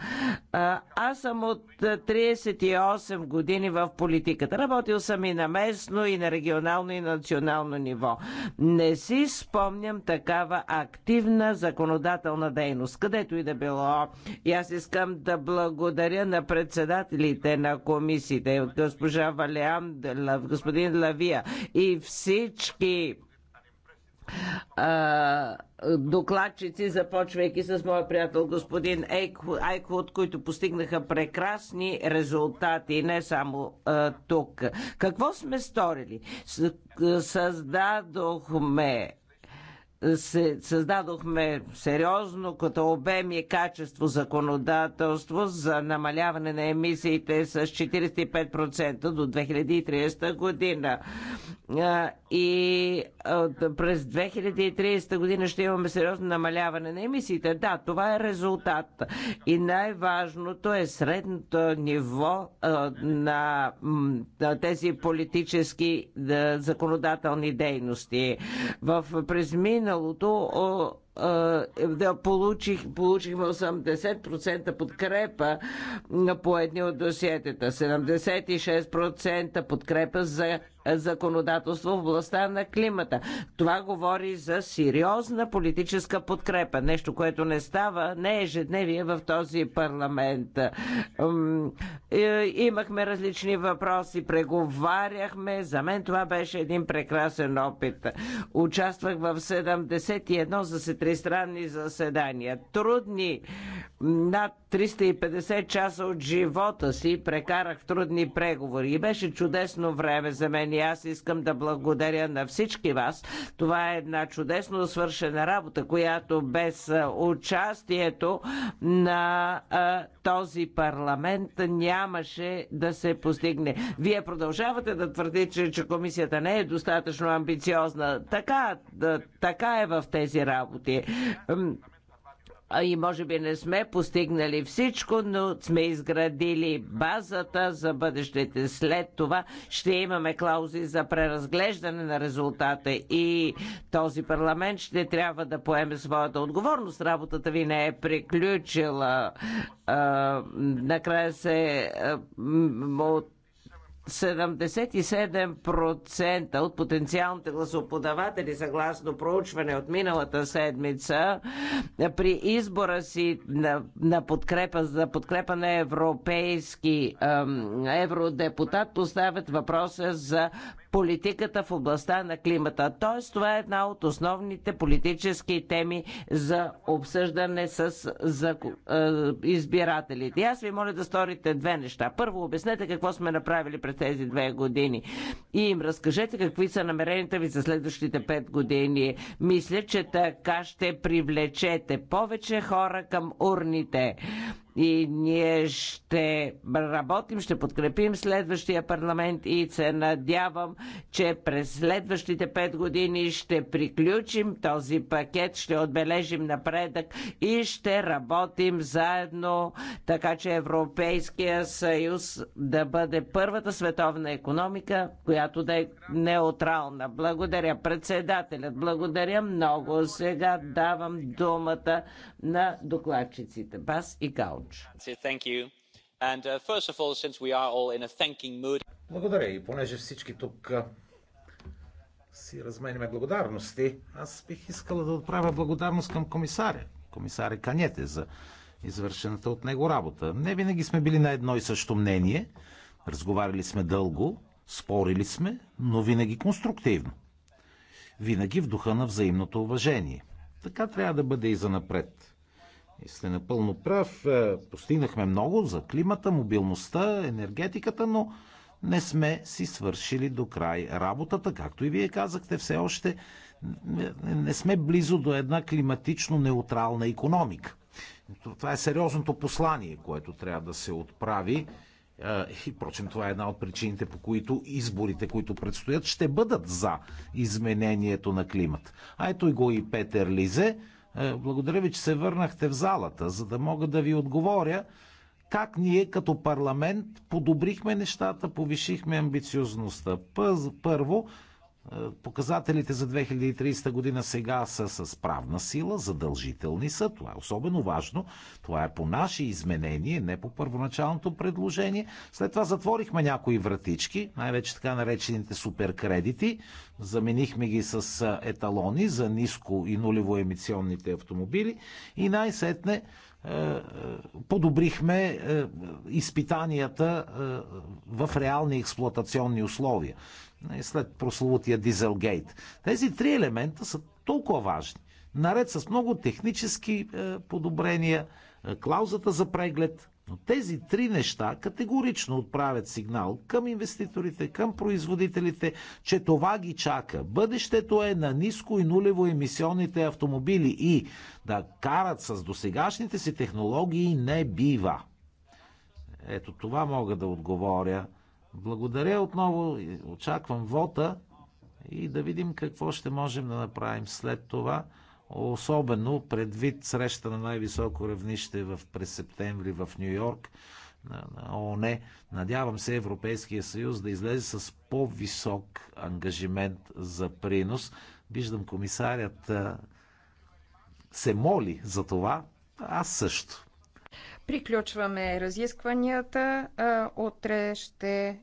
Аз съм от 38 години в политиката. Работил съм и на местно, и на регионално, и на национално ниво. Не си спомням такава активна законодателна дейност, където и да било. И аз искам да благодаря на председателите на комисиите, от госпожа Валиан, господин Лавия и всички а, докладчици, започвайки с моя приятел господин Айквуд, от които постигнаха прекрасни резултати, не само а, тук. Какво сме сторили? Създадохме се създадохме сериозно като обем и качество законодателство за намаляване на емисиите с 45% до 2030 година. И през 2030 година ще имаме сериозно намаляване на емисиите. Да, това е резултат. И най-важното е средното ниво на тези политически законодателни дейности. В през минало миналото да получих, получихме 80% подкрепа по едни от досиетата, 76% подкрепа за законодателство в областта на климата. Това говори за сериозна политическа подкрепа. Нещо, което не става, не е ежедневие в този парламент. Е, имахме различни въпроси, преговаряхме. За мен това беше един прекрасен опит. Участвах в 71 заседания тристранни заседания. Трудни над 350 часа от живота си прекарах в трудни преговори и беше чудесно време за мен и аз искам да благодаря на всички вас. Това е една чудесно свършена работа, която без участието на а, този парламент нямаше да се постигне. Вие продължавате да твърдите, че, че комисията не е достатъчно амбициозна. Така, да, така е в тези работи и може би не сме постигнали всичко, но сме изградили базата за бъдещите. След това ще имаме клаузи за преразглеждане на резултата и този парламент ще трябва да поеме своята отговорност. Работата ви не е приключила. Накрая се от 77% от потенциалните гласоподаватели, съгласно проучване от миналата седмица, при избора си на, на подкрепа, за подкрепа на европейски ем, евродепутат, поставят въпроса за политиката в областта на климата. Тоест, това е една от основните политически теми за обсъждане с за, е, избирателите. И аз ви моля да сторите две неща. Първо, обяснете какво сме направили през тези две години и им разкажете какви са намеренията ви за следващите пет години. Мисля, че така ще привлечете повече хора към урните и ние ще работим, ще подкрепим следващия парламент и се надявам, че през следващите пет години ще приключим този пакет, ще отбележим напредък и ще работим заедно, така че Европейския съюз да бъде първата световна економика, която да е неутрална. Благодаря председателят, благодаря много. Сега давам думата на докладчиците Бас и Као. Uh, Благодаря и понеже всички тук си разменяме благодарности, аз бих искала да отправя благодарност към комисаря, комисаря Канете за извършената от него работа. Не винаги сме били на едно и също мнение, разговаряли сме дълго, спорили сме, но винаги конструктивно. Винаги в духа на взаимното уважение. Така трябва да бъде и занапред. И сте напълно прав. Е, постигнахме много за климата, мобилността, енергетиката, но не сме си свършили до край работата, както и вие казахте, все още не сме близо до една климатично неутрална економика. Това е сериозното послание, което трябва да се отправи. Е, и, впрочем, това е една от причините, по които изборите, които предстоят, ще бъдат за изменението на климат. А ето и го и Петър Лизе, е, благодаря ви, че се върнахте в залата, за да мога да ви отговоря как ние като парламент подобрихме нещата, повишихме амбициозността. Първо, е, показателите за 2030 година сега са с правна сила, задължителни са, това е особено важно. Това е по наше изменение, не по първоначалното предложение. След това затворихме някои вратички, най-вече така наречените суперкредити. Заменихме ги с е, еталони за ниско и нулево емисионните автомобили и най-сетне е, е, подобрихме е, изпитанията в реални експлуатационни условия. След прословутия Дизелгейт. Тези три елемента са толкова важни. Наред с много технически подобрения, клаузата за преглед, но тези три неща категорично отправят сигнал към инвеститорите, към производителите, че това ги чака. Бъдещето е на ниско и нулево емисионните автомобили и да карат с досегашните си технологии не бива. Ето това мога да отговоря. Благодаря отново, очаквам вота и да видим какво ще можем да направим след това особено предвид среща на най-високо равнище в през септември в Нью Йорк на, на ООН. Надявам се Европейския съюз да излезе с по-висок ангажимент за принос. Виждам комисарят се моли за това, аз също. Приключваме разискванията. Утре ще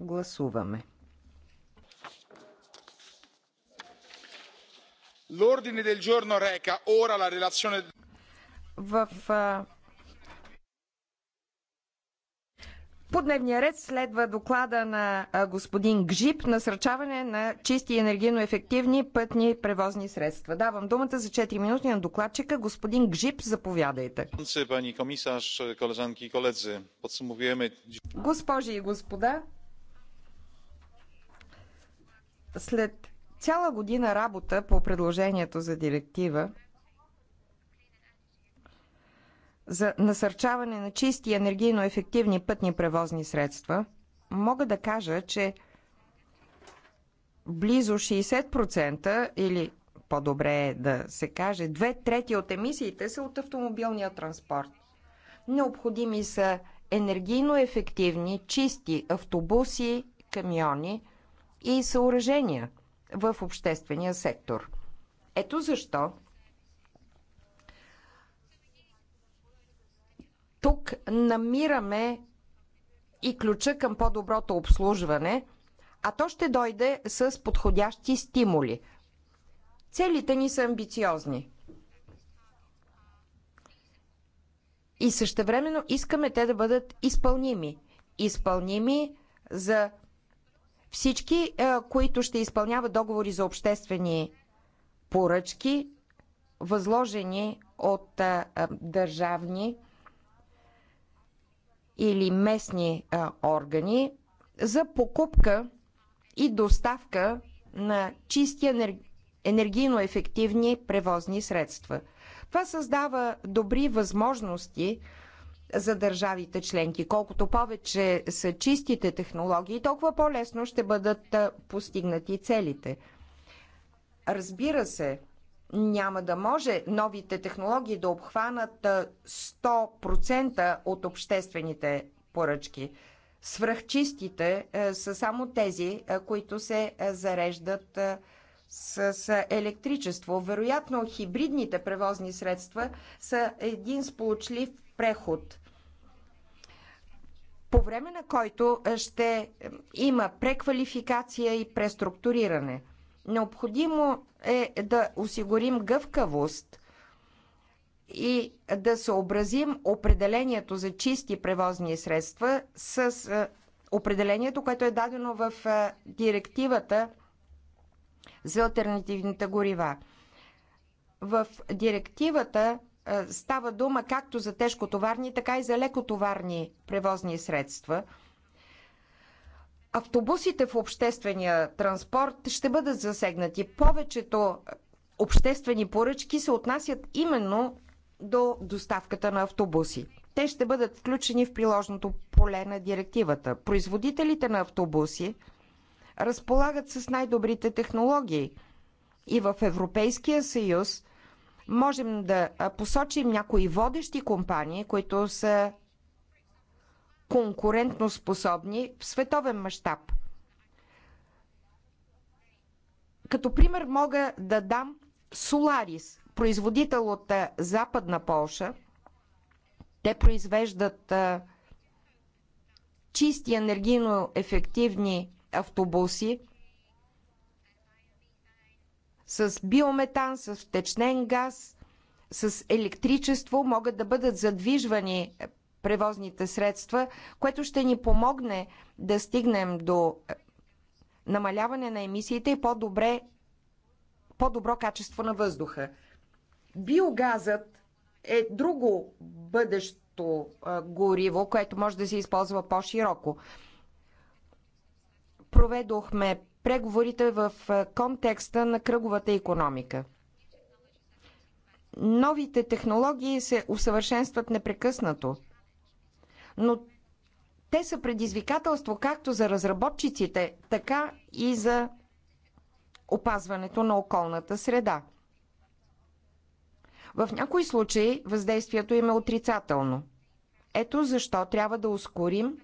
гласуваме. L'ordine del giorno reca ora la relazione... по дневния ред следва доклада на господин Гжип насърчаване на чисти и енергийно ефективни пътни превозни средства. Давам думата за 4 минути на докладчика. Господин Гжип, заповядайте. Пани комисаж, колежанки и колеги, подсумуваме... Госпожи и господа, след цяла година работа по предложението за директива за насърчаване на чисти и енергийно ефективни пътни превозни средства, мога да кажа, че близо 60% или по-добре е да се каже, две трети от емисиите са от автомобилния транспорт. Необходими са енергийно ефективни, чисти автобуси, камиони и съоръжения – в обществения сектор. Ето защо тук намираме и ключа към по-доброто обслужване, а то ще дойде с подходящи стимули. Целите ни са амбициозни. И същевременно искаме те да бъдат изпълними. Изпълними за всички, е, които ще изпълняват договори за обществени поръчки, възложени от е, е, държавни или местни органи, за покупка и доставка на чисти енергийно ефективни превозни средства. Това създава добри възможности за държавите членки. Колкото повече са чистите технологии, толкова по-лесно ще бъдат постигнати целите. Разбира се, няма да може новите технологии да обхванат 100% от обществените поръчки. Свръхчистите са само тези, които се зареждат с електричество. Вероятно, хибридните превозни средства са един сполучлив преход, по време на който е, ще е, има преквалификация и преструктуриране. Необходимо е да осигурим гъвкавост и да съобразим определението за чисти превозни средства с е, определението, което е дадено в директивата за альтернативните горива. В директивата е, става дума както за тежкотоварни, така и за лекотоварни превозни средства. Автобусите в обществения транспорт ще бъдат засегнати. Повечето обществени поръчки се отнасят именно до доставката на автобуси. Те ще бъдат включени в приложното поле на директивата. Производителите на автобуси разполагат с най-добрите технологии и в Европейския съюз – Можем да посочим някои водещи компании, които са конкурентно способни в световен мащаб. Като пример мога да дам Solaris, производител от Западна Полша. Те произвеждат чисти енергийно ефективни автобуси – с биометан, с втечнен газ, с електричество могат да бъдат задвижвани превозните средства, което ще ни помогне да стигнем до е, намаляване на емисиите и по-добре, по-добро качество на въздуха. Биогазът е друго бъдещо е, гориво, което може да се използва по-широко. Проведохме преговорите в контекста на кръговата економика. Новите технологии се усъвършенстват непрекъснато, но те са предизвикателство както за разработчиците, така и за опазването на околната среда. В някои случаи въздействието им е отрицателно. Ето защо трябва да ускорим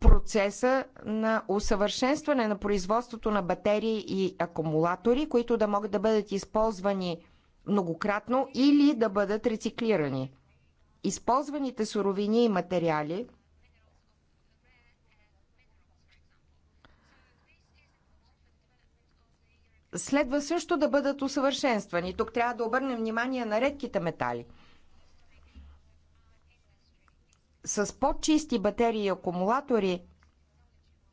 процеса на усъвършенстване на производството на батерии и акумулатори, които да могат да бъдат използвани многократно или да бъдат рециклирани. Използваните суровини и материали следва също да бъдат усъвършенствани. Тук трябва да обърнем внимание на редките метали – с по-чисти батерии и акумулатори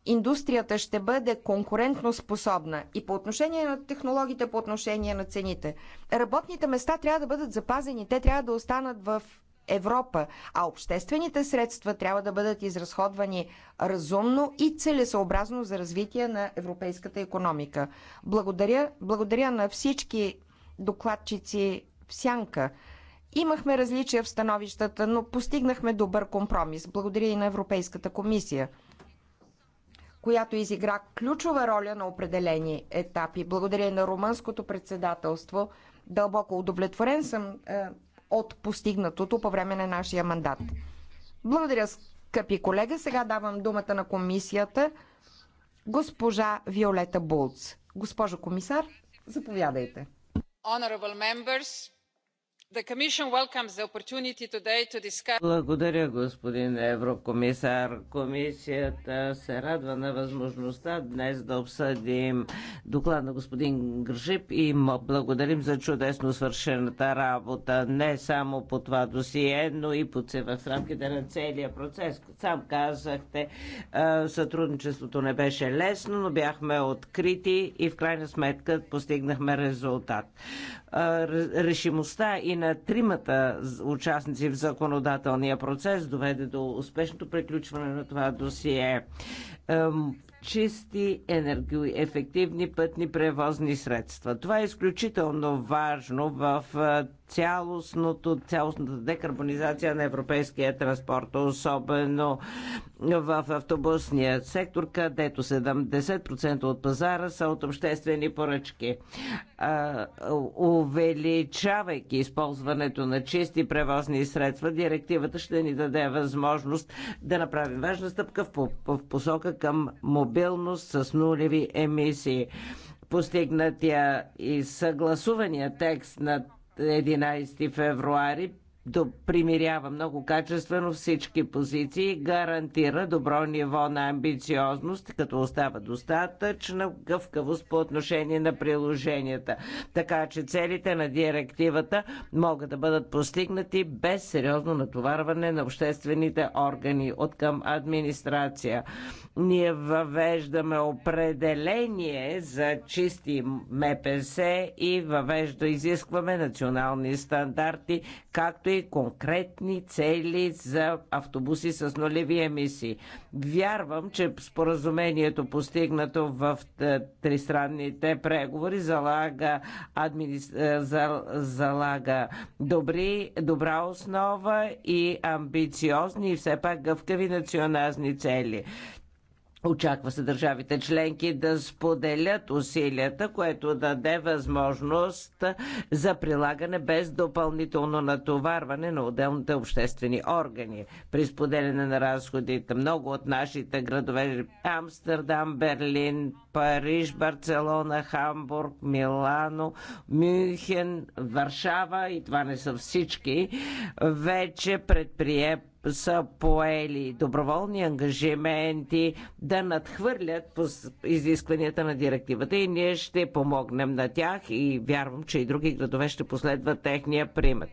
индустрията ще бъде конкурентно способна и по отношение на технологиите, по отношение на цените. Работните места трябва да бъдат запазени, те трябва да останат в Европа, а обществените средства трябва да бъдат изразходвани разумно и целесообразно за развитие на европейската економика. Благодаря, благодаря на всички докладчици в Сянка. Имахме различия в становищата, но постигнахме добър компромис. Благодаря и на Европейската комисия, която изигра ключова роля на определени етапи. Благодаря и на румънското председателство. Дълбоко удовлетворен съм е, от постигнатото по време на нашия мандат. Благодаря, скъпи колега. Сега давам думата на комисията госпожа Виолета Булц. Госпожо комисар, заповядайте. Honorable members, благодаря, господин еврокомисар. Комисията се радва на възможността днес да обсъдим доклад на господин Гржип и му благодарим за чудесно свършената работа. Не само по това досие, но и по в рамките на целия процес. Сам казахте, сътрудничеството не беше лесно, но бяхме открити и в крайна сметка постигнахме резултат решимостта и на тримата участници в законодателния процес доведе до успешното приключване на това досие. Чисти, енергоефективни пътни превозни средства. Това е изключително важно в цялостното, цялостната декарбонизация на европейския транспорт, особено в автобусния сектор, където 70% от пазара са от обществени поръчки. Увеличавайки използването на чисти превозни средства, директивата ще ни даде възможност да направим важна стъпка в посока към мобилност с нулеви емисии. Постигнатия и съгласувания текст на 11 февруари примирява много качествено всички позиции, гарантира добро ниво на амбициозност, като остава достатъчна гъвкавост по отношение на приложенията. Така че целите на директивата могат да бъдат постигнати без сериозно натоварване на обществените органи от към администрация. Ние въвеждаме определение за чисти МПС и въвежда изискваме национални стандарти, както и конкретни цели за автобуси с нулеви емисии. Вярвам, че споразумението постигнато в е, тристранните преговори залага, админи... Е, залага добри, добра основа и амбициозни и все пак гъвкави национални цели. Очаква се държавите членки да споделят усилията, което даде възможност за прилагане без допълнително натоварване на отделните обществени органи. При споделяне на разходите много от нашите градове Амстердам, Берлин, Париж, Барселона, Хамбург, Милано, Мюнхен, Варшава и това не са всички, вече предприе са поели доброволни ангажименти да надхвърлят изискванията на директивата и ние ще помогнем на тях и вярвам, че и други градове ще последват техния примет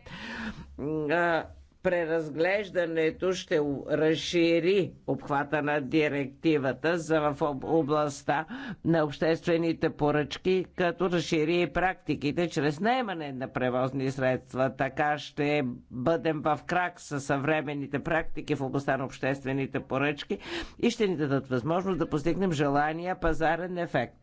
преразглеждането ще разшири обхвата на директивата за в областта на обществените поръчки, като разшири и практиките чрез наемане на превозни средства. Така ще бъдем в крак с съвременните практики в областта на обществените поръчки и ще ни дадат възможност да постигнем желания пазарен ефект.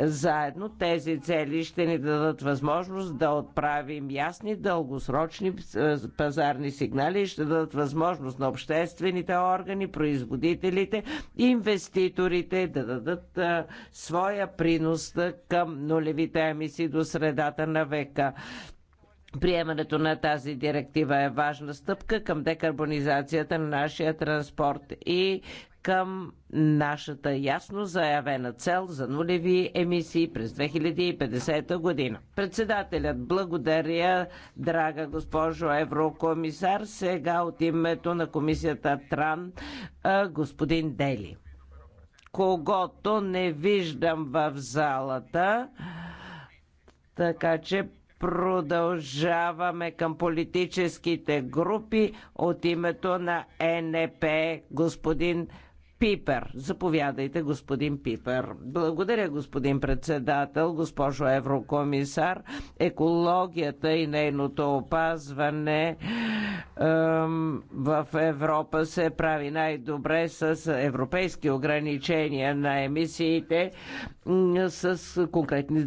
Заедно тези цели ще ни дадат възможност да отправим ясни дългосрочни е, пазарни сигнали сигнали ще дадат възможност на обществените органи, производителите, инвеститорите да дадат а, своя принос към нулевите емисии до средата на века. Приемането на тази директива е важна стъпка към декарбонизацията на нашия транспорт и към нашата ясно заявена цел за нулеви емисии през 2050 година. Председателят благодаря, драга госпожо еврокомисар, сега от името на комисията Тран, господин Дели. Когото не виждам в залата, така че Продължаваме към политическите групи от името на НП господин Пипер. Заповядайте, господин Пипер. Благодаря, господин председател, госпожо еврокомисар. Екологията и нейното опазване ем, в Европа се прави най-добре с европейски ограничения на емисиите, с конкретни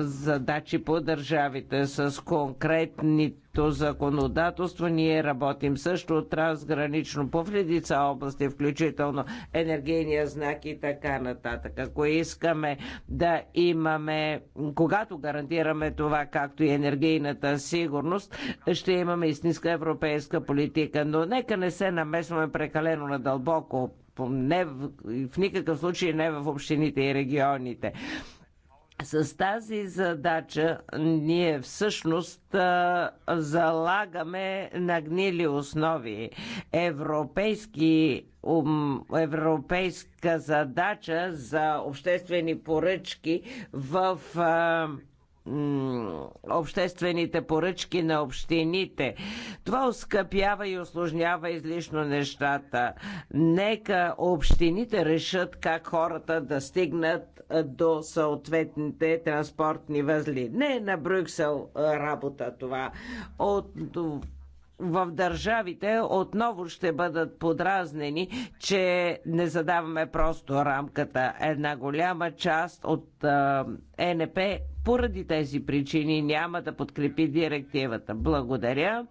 задачи по държавите, с конкретни проекто законодателство ние работим също трансгранично по вредица области, включително енергийния знак и така нататък. Ако искаме да имаме, когато гарантираме това, както и енергийната сигурност, ще имаме истинска европейска политика. Но нека не се намесваме прекалено надълбоко не в, в никакъв случай не в общините и регионите. С тази задача ние всъщност залагаме на гнили основи. Европейски, европейска задача за обществени поръчки в обществените поръчки на общините. Това оскъпява и осложнява излишно нещата. Нека общините решат как хората да стигнат до съответните транспортни възли. Не е на Брюксел работа това. От в държавите отново ще бъдат подразнени, че не задаваме просто рамката. Една голяма част от а, ЕНП поради тези причини няма да подкрепи директивата. Благодаря.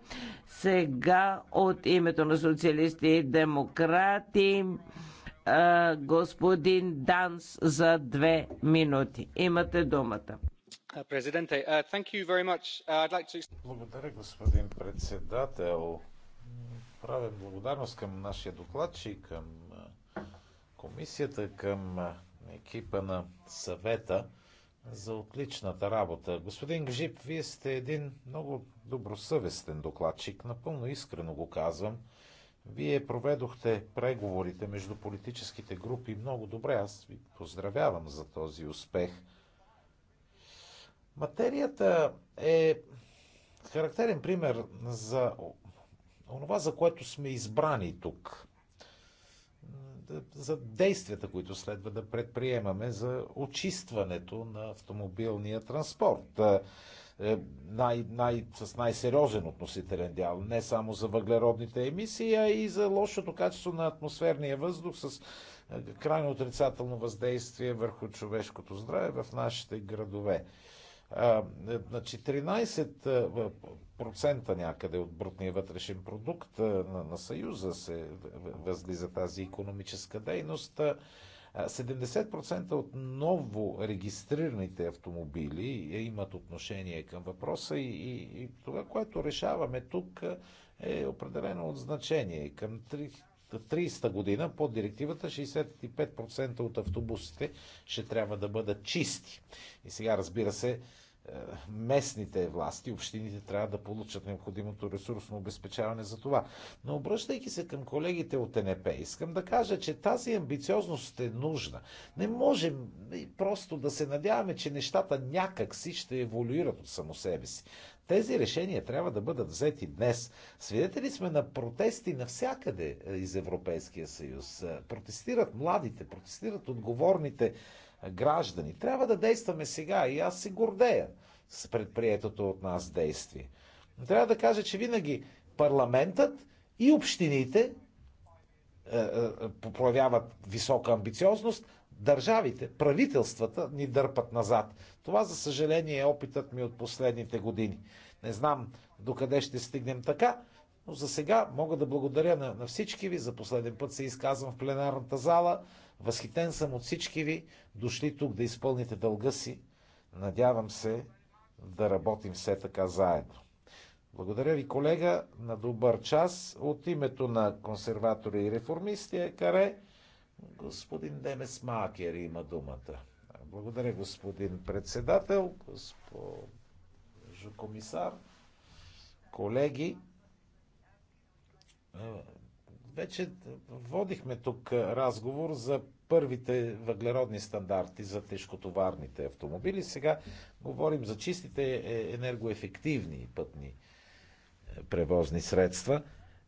Сега от името на социалисти и демократи господин Данс за две минути. Имате думата. Uh, uh, uh, Благодаря, господин председател. Правя благодарност към нашия докладчик, към комисията, към екипа на съвета за отличната работа. Господин Гжип, вие сте един много добросъвестен докладчик, напълно искрено го казвам. Вие проведохте преговорите между политическите групи много добре. Аз ви поздравявам за този успех. Материята е характерен пример за онова, за което сме избрани тук за действията, които следва да предприемаме за очистването на автомобилния транспорт. Е, е, най, най, с най-сериозен относителен дял, не само за въглеродните емисии, а и за лошото качество на атмосферния въздух с е, крайно отрицателно въздействие върху човешкото здраве в нашите градове. 13% 14% е, значи, е, някъде от брутния вътрешен продукт е, на, на Съюза се възлиза тази економическа дейност. 70% от ново регистрираните автомобили имат отношение към въпроса и, и, и това, което решаваме тук е определено от значение. Към 2030 година по директивата 65% от автобусите ще трябва да бъдат чисти. И сега, разбира се, местните власти, общините трябва да получат необходимото ресурсно обезпечаване за това. Но обръщайки се към колегите от НП, искам да кажа, че тази амбициозност е нужна. Не можем просто да се надяваме, че нещата някак си ще еволюират от само себе си. Тези решения трябва да бъдат взети днес. Свидетели сме на протести навсякъде из Европейския съюз. Протестират младите, протестират отговорните граждани. Трябва да действаме сега и аз се гордея с предприетото от нас действие. Но Трябва да кажа, че винаги парламентът и общините е, е, е, проявяват висока амбициозност, държавите, правителствата ни дърпат назад. Това, за съжаление, е опитът ми от последните години. Не знам докъде ще стигнем така, но за сега мога да благодаря на, на всички ви. За последен път се изказвам в пленарната зала. Възхитен съм от всички ви, дошли тук да изпълните дълга си. Надявам се да работим все така заедно. Благодаря ви, колега, на добър час. От името на консерватори и реформисти е каре. Господин Демес Макер има думата. Благодаря, господин председател, госпожо комисар, колеги. Вече водихме тук разговор за първите въглеродни стандарти за тежкотоварните автомобили. Сега говорим за чистите е, енергоефективни пътни е, превозни средства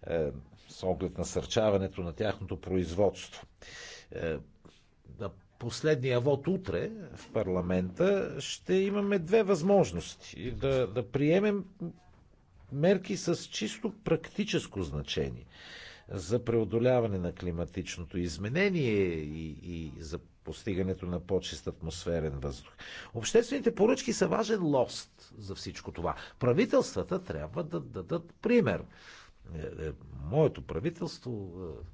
е, с оглед на сърчаването на тяхното производство. На последния вод утре в парламента ще имаме две възможности. Да, да приемем мерки с чисто практическо значение – за преодоляване на климатичното изменение и, и за постигането на по-чист атмосферен въздух. Обществените поръчки са важен лост за всичко това. Правителствата трябва да дадат пример. Е, е, моето правителство, е,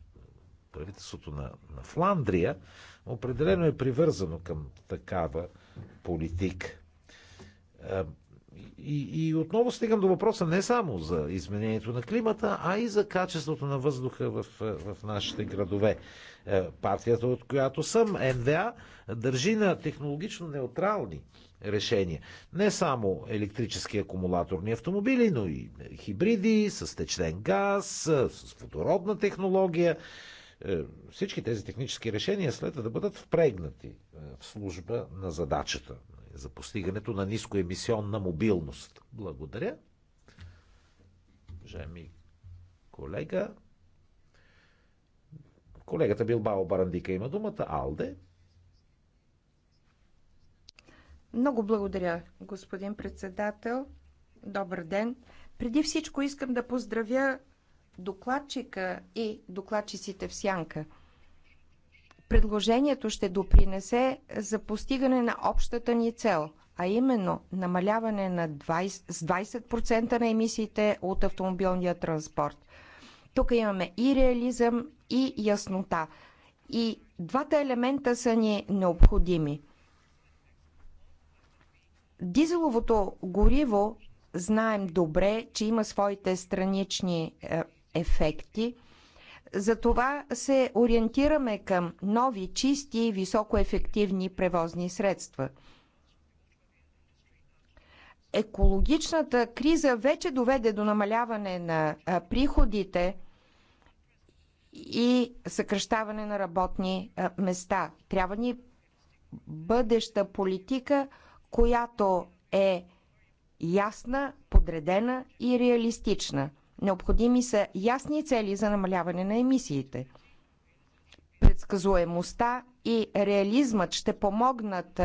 правителството на, на Фландрия, определено е привързано към такава политика. И, и отново стигам до въпроса не само за изменението на климата, а и за качеството на въздуха в, е, в нашите градове. Е, партията, от която съм, НДА, държи на технологично неутрални решения. Не само електрически акумулаторни автомобили, но и хибриди, с течен газ, е, с водородна технология. Всички тези технически решения следва да бъдат впрегнати в служба на задачата за постигането на нискоемисионна мобилност. Благодаря. Уважаеми колега, колегата Билбао Барандика има думата. Алде. Много благодаря, господин председател. Добър ден. Преди всичко искам да поздравя докладчика и докладчиците в Сянка – предложението ще допринесе за постигане на общата ни цел, а именно намаляване на 20, с 20% на емисиите от автомобилния транспорт. Тук имаме и реализъм, и яснота. И двата елемента са ни необходими. Дизеловото гориво знаем добре, че има своите странични е, ефекти – затова се ориентираме към нови, чисти и високоефективни превозни средства. Екологичната криза вече доведе до намаляване на приходите и съкръщаване на работни места. Трябва ни бъдеща политика, която е ясна, подредена и реалистична. Необходими са ясни цели за намаляване на емисиите. Предсказуемостта и реализмът ще помогнат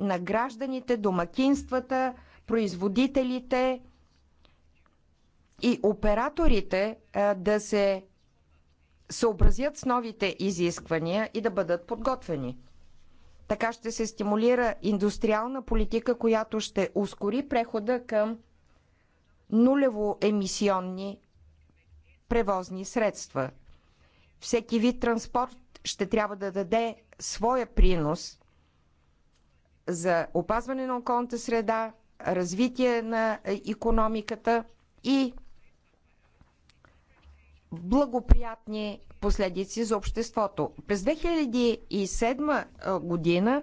на гражданите, домакинствата, производителите и операторите да се съобразят с новите изисквания и да бъдат подготвени. Така ще се стимулира индустриална политика, която ще ускори прехода към нулево емисионни превозни средства. Всеки вид транспорт ще трябва да даде своя принос за опазване на околната среда, развитие на економиката и благоприятни последици за обществото. През 2007 е, година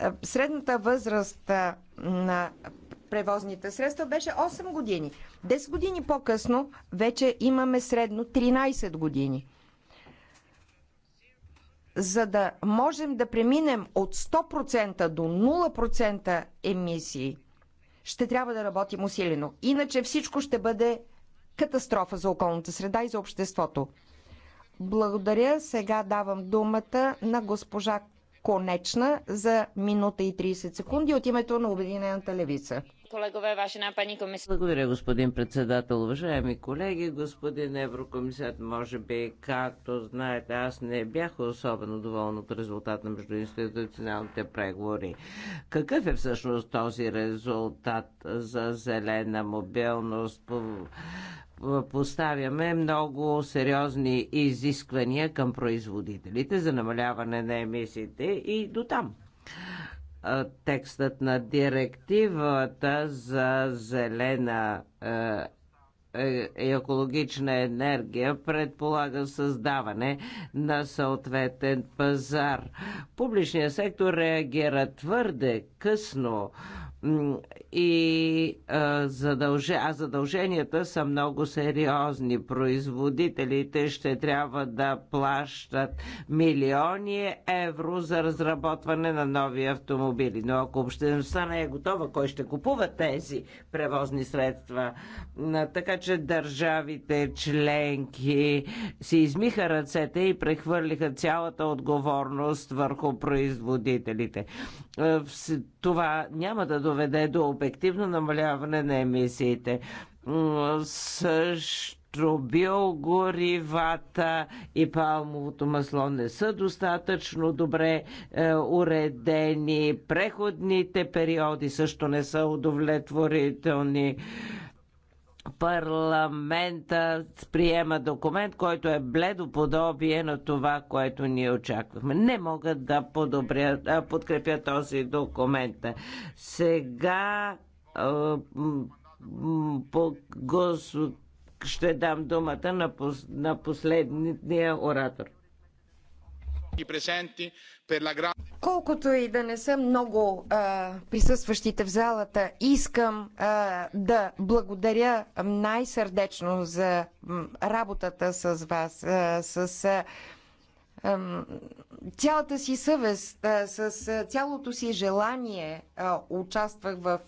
е, средната възраст е, на превозните средства беше 8 години. 10 години по-късно вече имаме средно 13 години. За да можем да преминем от 100% до 0% емисии, ще трябва да работим усилено. Иначе всичко ще бъде катастрофа за околната среда и за обществото. Благодаря. Сега давам думата на госпожа Конечна за минута и 30 секунди от името на Обединената левица. Благодаря, господин председател. Уважаеми колеги, господин еврокомисар, може би, както знаете, аз не бях особено доволен от резултат на междуинституционалните преговори. Какъв е всъщност този резултат за зелена мобилност? поставяме много сериозни изисквания към производителите за намаляване на емисиите и до там текстът на директивата за зелена е, е, екологична енергия предполага създаване на съответен пазар. Публичният сектор реагира твърде късно и а, задълж... а задълженията са много сериозни. Производителите ще трябва да плащат милиони евро за разработване на нови автомобили. Но ако обществеността не е готова, кой ще купува тези превозни средства? Така че държавите членки си измиха ръцете и прехвърлиха цялата отговорност върху производителите. Това няма да доведе доведе до обективно намаляване на емисиите. Също биогоривата и палмовото масло не са достатъчно добре е, уредени. Преходните периоди също не са удовлетворителни. Е, парламента приема документ, който е бледо подобие на това, което ние очаквахме. Не могат да подобря, подкрепя този документ. Сега по ще дам думата на, пос, на последния оратор. Колкото и да не са много а, присъстващите в залата, искам а, да благодаря най-сърдечно за работата с вас, а, с. А, цялата си съвест, с цялото си желание участвах в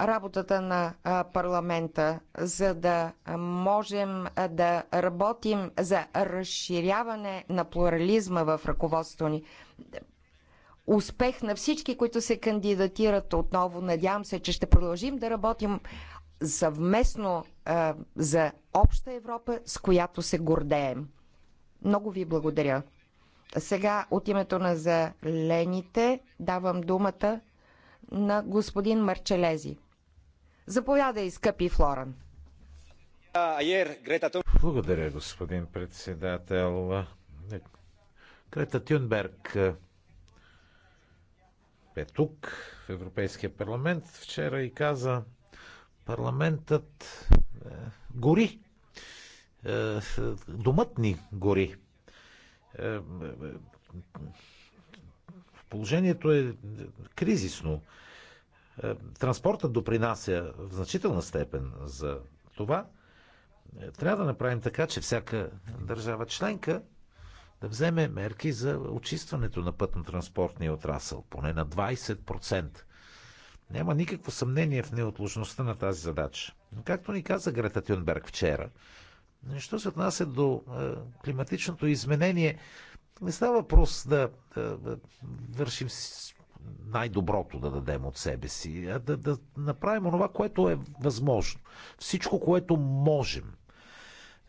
работата на парламента, за да можем да работим за разширяване на плурализма в ръководство ни. Успех на всички, които се кандидатират отново. Надявам се, че ще продължим да работим съвместно за обща Европа, с която се гордеем. Много ви благодаря. Сега от името на Зелените давам думата на господин Марчелези. Заповядай, скъпи Флоран. Благодаря, господин председател. Крета Тюнберг е, е тук, в Европейския парламент, вчера и каза, парламентът е, гори. Е, домът ни гори. Е, е, е положението е кризисно. Е, транспортът допринася в значителна степен за това. Е, трябва да направим така, че всяка държава членка да вземе мерки за очистването на пътно-транспортния отрасъл, поне на 20%. Няма никакво съмнение в неотложността на тази задача. Но както ни каза Грета Тюнберг вчера, нещо се отнася до е, климатичното изменение, не става въпрос да, да, да вършим най-доброто да дадем от себе си, а да, да направим онова, което е възможно. Всичко, което можем.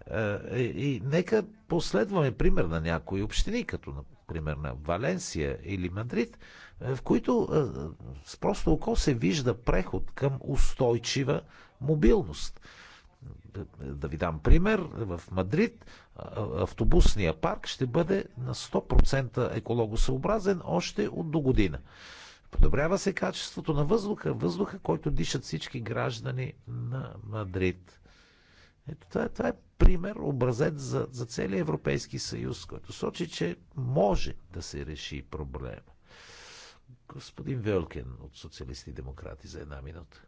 Е, е, и нека последваме пример на някои общини, като например на Валенсия или Мадрид, е, в които с просто око се вижда преход към устойчива мобилност. Да ви дам пример. В Мадрид автобусния парк ще бъде на 100% екологосъобразен още от до година. Подобрява се качеството на въздуха, въздуха, който дишат всички граждани на Мадрид. Ето това е, това е пример, образец за, за целия Европейски съюз, който сочи, че може да се реши проблема. Господин Велкен от Социалисти и демократи за една минута.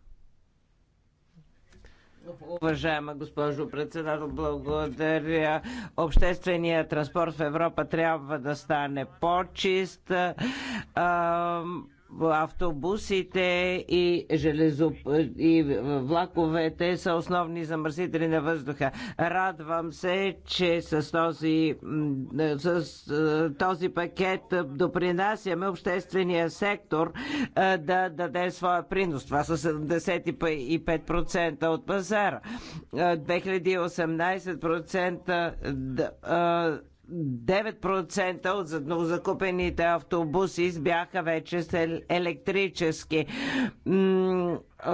Уважаема госпожо председател, благодаря. Обществения транспорт в Европа трябва да стане по-чист автобусите и, железоп... и влаковете са основни замърсители на въздуха. Радвам се, че с този, с този пакет допринасяме обществения сектор да даде своя принос. Това са 75% от пазара. 2018% 9% от закупените автобуси бяха вече с електрически.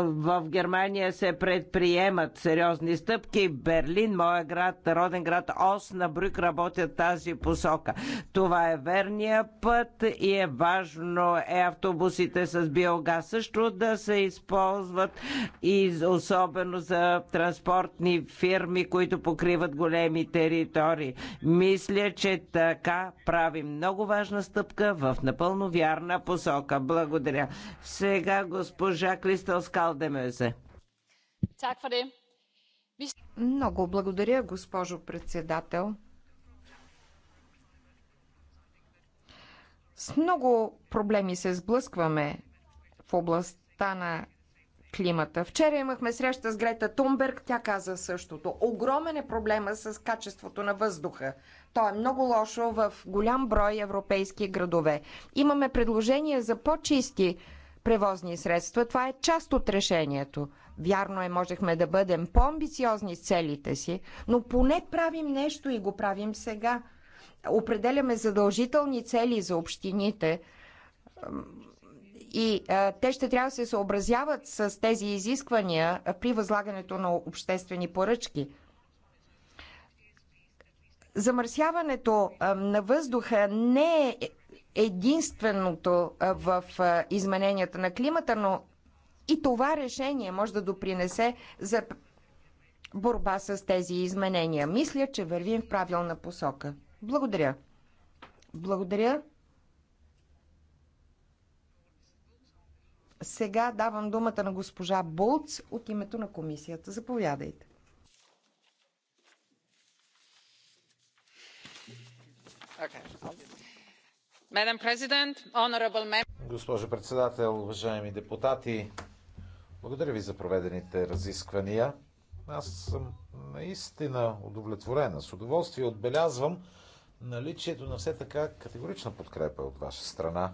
В Германия се предприемат сериозни стъпки. Берлин, моя град, роден град Ос на Брюк работят тази посока. Това е верния път и е важно е автобусите с биогаз също да се използват и особено за транспортни фирми, които покриват големи територии. Мисля, мисля, че така правим много важна стъпка в напълно вярна посока. Благодаря. Сега госпожа Кристал Скалдемезе. Много благодаря, госпожо председател. С много проблеми се сблъскваме в областта на климата. Вчера имахме среща с Грета Тунберг, тя каза същото. Огромен е проблема с качеството на въздуха то е много лошо в голям брой европейски градове. Имаме предложение за по-чисти превозни средства. Това е част от решението. Вярно е, можехме да бъдем по-амбициозни с целите си, но поне правим нещо и го правим сега. Определяме задължителни цели за общините и а, е, те ще трябва да се съобразяват с тези изисквания при възлагането на обществени поръчки. Замърсяването на въздуха не е единственото в измененията на климата, но и това решение може да допринесе за борба с тези изменения. Мисля, че вървим в правилна посока. Благодаря. Благодаря. Сега давам думата на госпожа Болц от името на комисията. Заповядайте. Госпожо председател, уважаеми депутати, благодаря ви за проведените разисквания. Аз съм наистина удовлетворена. С удоволствие отбелязвам наличието на все така категорична подкрепа от ваша страна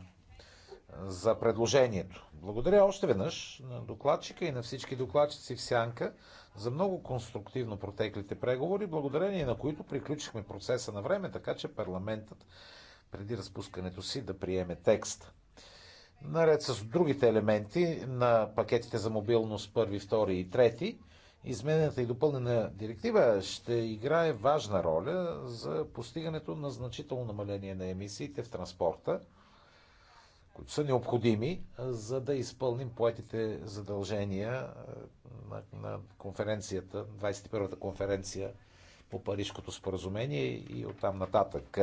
за предложението. Благодаря още веднъж на докладчика и на всички докладчици в Сянка за много конструктивно протеклите преговори, благодарение на които приключихме процеса на време, така че парламентът преди разпускането си да приеме текст. Наред с другите елементи на пакетите за мобилност първи, втори и трети, изменената и допълнена директива ще играе важна роля за постигането на значително намаление на емисиите в транспорта – които са необходими, за да изпълним поетите задължения на, на конференцията, 21-та конференция по Парижкото споразумение и оттам нататък.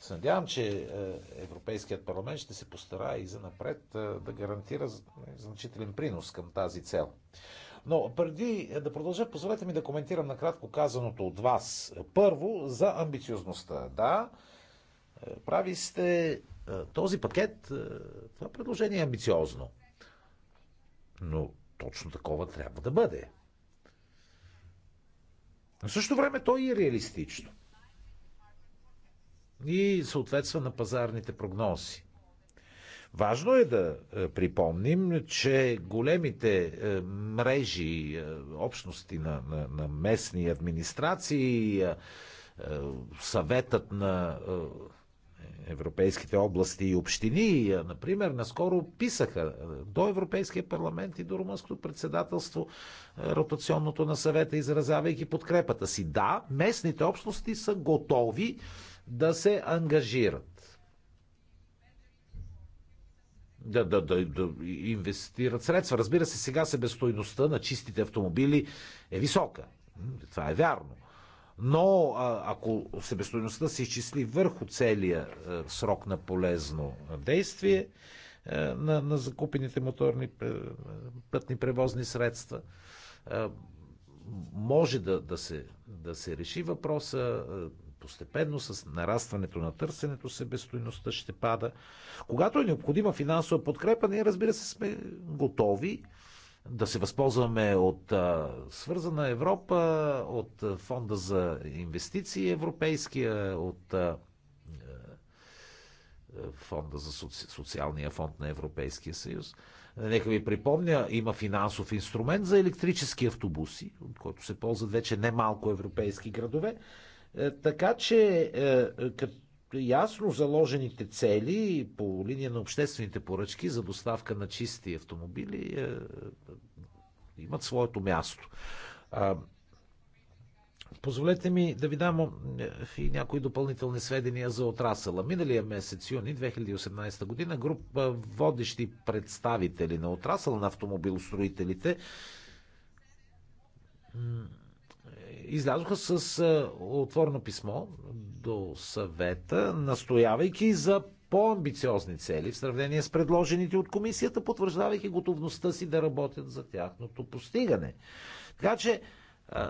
Се надявам, че Европейският парламент ще се постара и за напред да гарантира значителен принос към тази цел. Но преди да продължа, позволете ми да коментирам накратко казаното от вас. Първо, за амбициозността. Да, прави сте е, този пакет, е, това предложение е амбициозно. Но точно такова трябва да бъде. Но в същото време то и е реалистично. И съответства на пазарните прогнози. Важно е да е, припомним, че големите мрежи, общности на, на, на местни администрации, съветът на европейските области и общини, например, наскоро писаха до Европейския парламент и до румънското председателство е, ротационното на съвета, изразявайки подкрепата си. Да, местните общности са готови да се ангажират. Да, да, да, да инвестират средства. Разбира се, сега себестойността на чистите автомобили е висока. Това е вярно но ако себестоеността се изчисли върху целия е, срок на полезно действие е, на, на закупените моторни е, пътни превозни средства, може да, да, се, да се реши въпроса постепенно с нарастването на търсенето, себестоеността ще пада. Когато е необходима финансова подкрепа, ние разбира се сме готови да се възползваме от свързана Европа, от фонда за инвестиции европейския, от е, фонда за соци... социалния фонд на Европейския съюз. Нека ви припомня, има финансов инструмент за електрически автобуси, от който се ползват вече немалко европейски градове. Е, така че, е, като ясно заложените цели по линия на обществените поръчки за доставка на чисти автомобили е, имат своето място. А, позволете ми да ви дам е, и някои допълнителни сведения за отрасъла. Миналия месец, юни 2018 година, група водещи представители на отрасъла на автомобилостроителите излязоха с е, отворено писмо до съвета, настоявайки за по-амбициозни цели в сравнение с предложените от комисията, потвърждавайки готовността си да работят за тяхното постигане. Така че, е, е,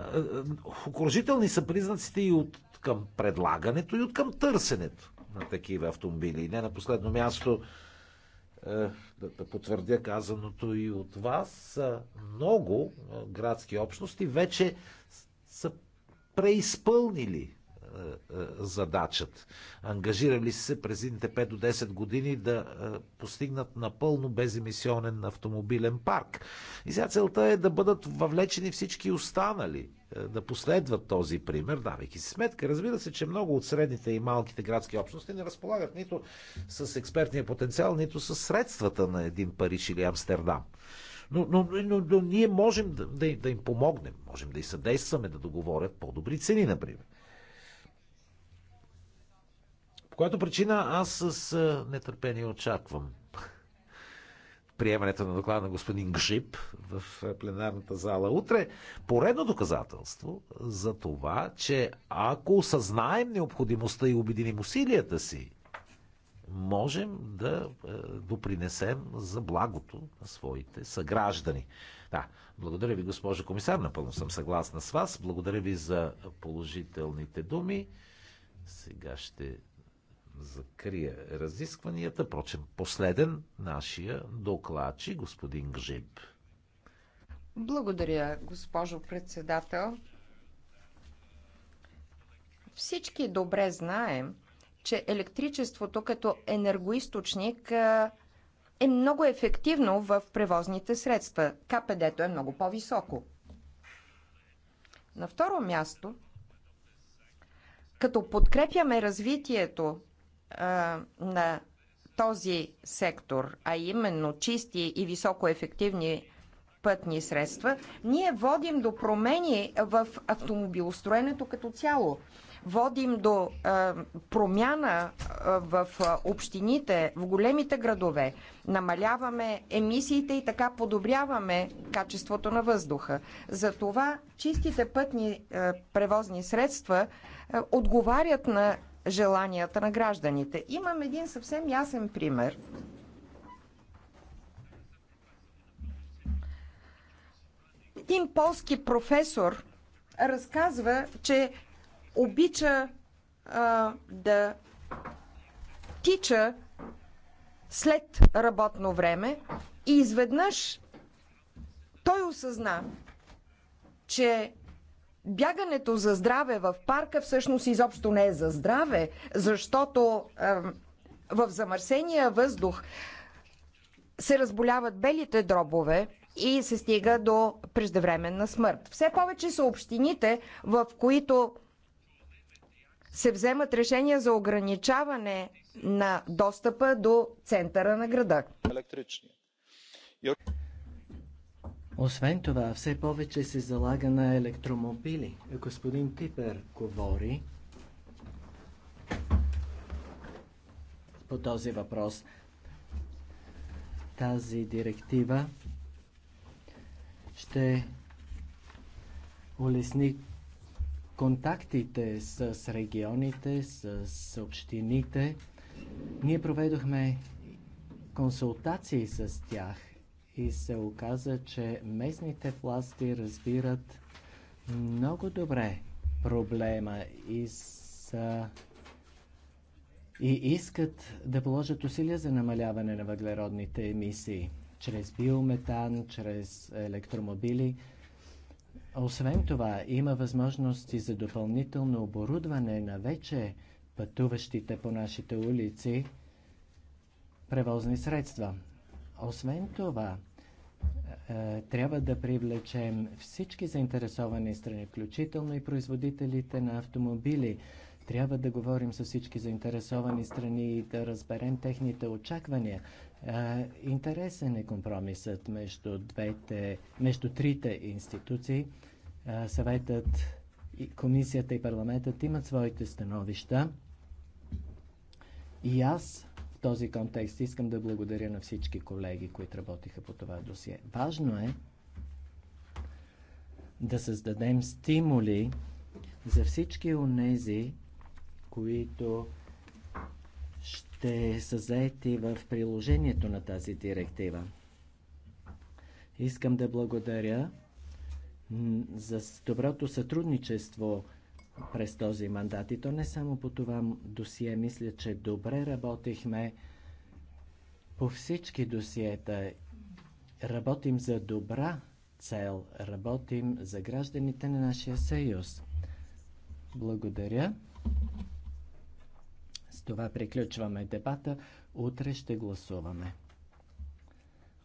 окружителни са признаците и от към предлагането, и от към търсенето на такива автомобили. И не на последно място, да, да потвърдя казаното и от вас, много градски общности вече преизпълнили е, е, задачат. Ангажирали се през едните 5 до 10 години да е, постигнат напълно беземисионен автомобилен парк. И сега целта е да бъдат въвлечени всички останали да последват този пример, давайки си сметка. Разбира се, че много от средните и малките градски общности не разполагат нито с експертния потенциал, нито с средствата на един Париж или Амстердам. Но, но, но, но ние можем да, да, да им помогнем, можем да и съдействаме да договорят по-добри цени, например. По която причина аз с нетърпение очаквам приемането на доклада на господин Гшип в пленарната зала утре, поредно доказателство за това, че ако осъзнаем необходимостта и обединим усилията си можем да е, допринесем за благото на своите съграждани. Да, благодаря ви, госпожо комисар, напълно съм съгласна с вас. Благодаря ви за положителните думи. Сега ще закрия разискванията. Прочем, последен нашия докладчи, господин Гжиб. Благодаря, госпожо председател. Всички добре знаем, че електричеството като енергоисточник е много ефективно в превозните средства. КПД-то е много по-високо. На второ място, като подкрепяме развитието а, на този сектор, а именно чисти и високоефективни пътни средства, ние водим до промени в автомобилостроенето като цяло водим до е, промяна е, в е, общините, в големите градове, намаляваме емисиите и така подобряваме качеството на въздуха. Затова чистите пътни превозни средства отговарят на желанията на гражданите. Имам един съвсем ясен пример. Един полски професор разказва, че обича а, да тича след работно време и изведнъж той осъзна, че бягането за здраве в парка всъщност изобщо не е за здраве, защото в замърсения въздух се разболяват белите дробове и се стига до преждевременна смърт. Все повече са общините, в които се вземат решения за ограничаване на достъпа до центъра на града. Освен това, все повече се залага на електромобили. Господин Пипер говори по този въпрос. Тази директива ще улесни контактите с регионите, с общините. Ние проведохме консултации с тях и се оказа, че местните власти разбират много добре проблема и, са, и искат да положат усилия за намаляване на въглеродните емисии чрез биометан, чрез електромобили – освен това, има възможности за допълнително оборудване на вече пътуващите по нашите улици превозни средства. Освен това, е, трябва да привлечем всички заинтересовани страни, включително и производителите на автомобили, трябва да говорим с всички заинтересовани страни и да разберем техните очаквания. Интересен е компромисът между, двете, между трите институции. Съветът, комисията и парламентът имат своите становища. И аз в този контекст искам да благодаря на всички колеги, които работиха по това досие. Важно е да създадем стимули за всички онези, които ще са заети в приложението на тази директива. Искам да благодаря за доброто сътрудничество през този мандат. И то не само по това досие. Мисля, че добре работихме по всички досиета. Работим за добра цел. Работим за гражданите на нашия съюз. Благодаря това приключваме дебата. Утре ще гласуваме.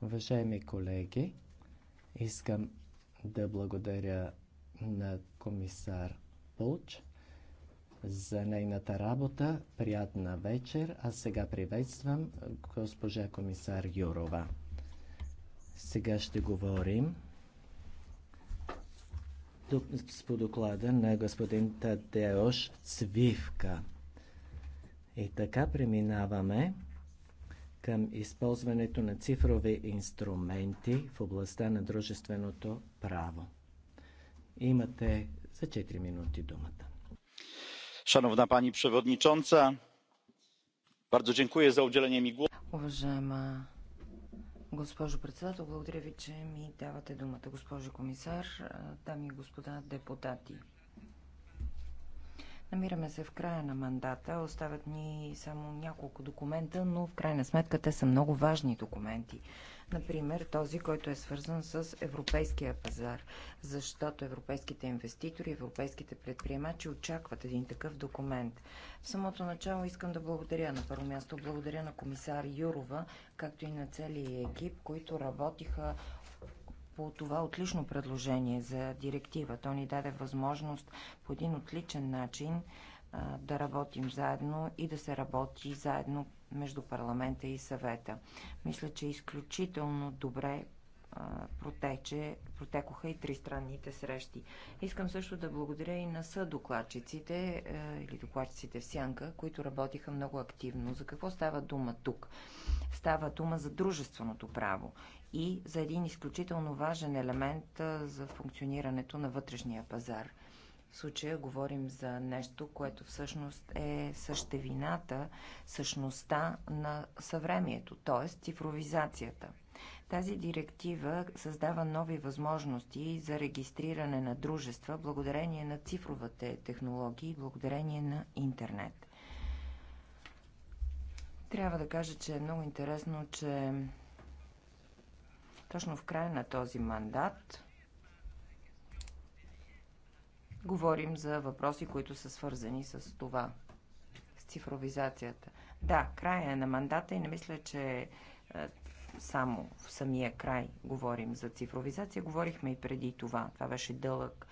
Уважаеми колеги, искам да благодаря на комисар Пулч за нейната работа. Приятна вечер. А сега приветствам госпожа комисар Юрова. Сега ще говорим по доклада на господин Тадеош Цвивка. И така преминаваме към използването на цифрови инструменти в областта на дружественото право. Имате за 4 минути думата. Шановна пани Преводничонца, Бардо dziękuję за отделение ми głosu. Уважаема госпожо председател, благодаря ви, че ми давате думата. Госпожо комисар, дами и господа депутати. Намираме се в края на мандата. Остават ни само няколко документа, но в крайна сметка те са много важни документи. Например, този, който е свързан с европейския пазар, защото европейските инвеститори, европейските предприемачи очакват един такъв документ. В самото начало искам да благодаря на първо място, благодаря на комисар Юрова, както и на целия екип, които работиха по това отлично предложение за директива. То ни даде възможност по един отличен начин да работим заедно и да се работи заедно между парламента и съвета. Мисля, че изключително добре протече, протекоха и тристранните срещи. Искам също да благодаря и на съдокладчиците или докладчиците в Сянка, които работиха много активно. За какво става дума тук? Става дума за дружественото право и за един изключително важен елемент за функционирането на вътрешния пазар. В случая говорим за нещо, което всъщност е същевината, същността на съвремието, т.е. цифровизацията. Тази директива създава нови възможности за регистриране на дружества благодарение на цифровите технологии, благодарение на интернет. Трябва да кажа, че е много интересно, че точно в края на този мандат говорим за въпроси, които са свързани с това, с цифровизацията. Да, края е на мандата и не мисля, че е, само в самия край говорим за цифровизация. Говорихме и преди това. Това беше дълъг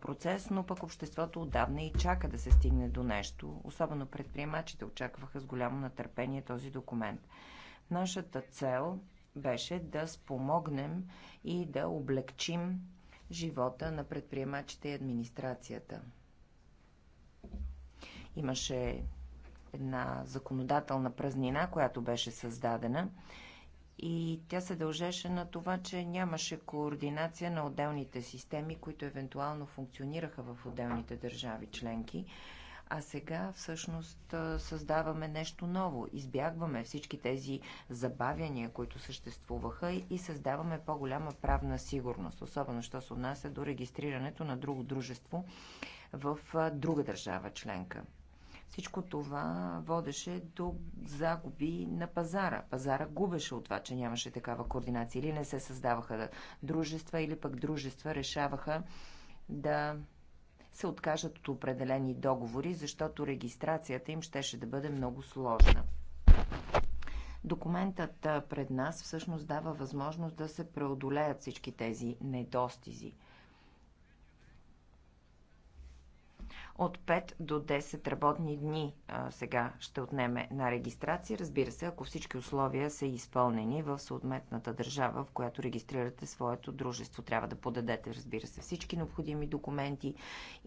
процес, но пък обществото отдавна и чака да се стигне до нещо. Особено предприемачите очакваха с голямо натърпение този документ. Нашата цел беше да спомогнем и да облегчим живота на предприемачите и администрацията. Имаше една законодателна празнина, която беше създадена и тя се дължеше на това, че нямаше координация на отделните системи, които евентуално функционираха в отделните държави членки а сега всъщност създаваме нещо ново. Избягваме всички тези забавяния, които съществуваха и създаваме по-голяма правна сигурност, особено що се отнася до регистрирането на друго дружество в друга държава членка. Всичко това водеше до загуби на пазара. Пазара губеше от това, че нямаше такава координация. Или не се създаваха дружества, или пък дружества решаваха да се откажат от определени договори, защото регистрацията им щеше да бъде много сложна. Документът пред нас всъщност дава възможност да се преодолеят всички тези недостизи – От 5 до 10 работни дни а, сега ще отнеме на регистрация. Разбира се, ако всички условия са изпълнени в съответната държава, в която регистрирате своето дружество. Трябва да подадете, разбира се, всички необходими документи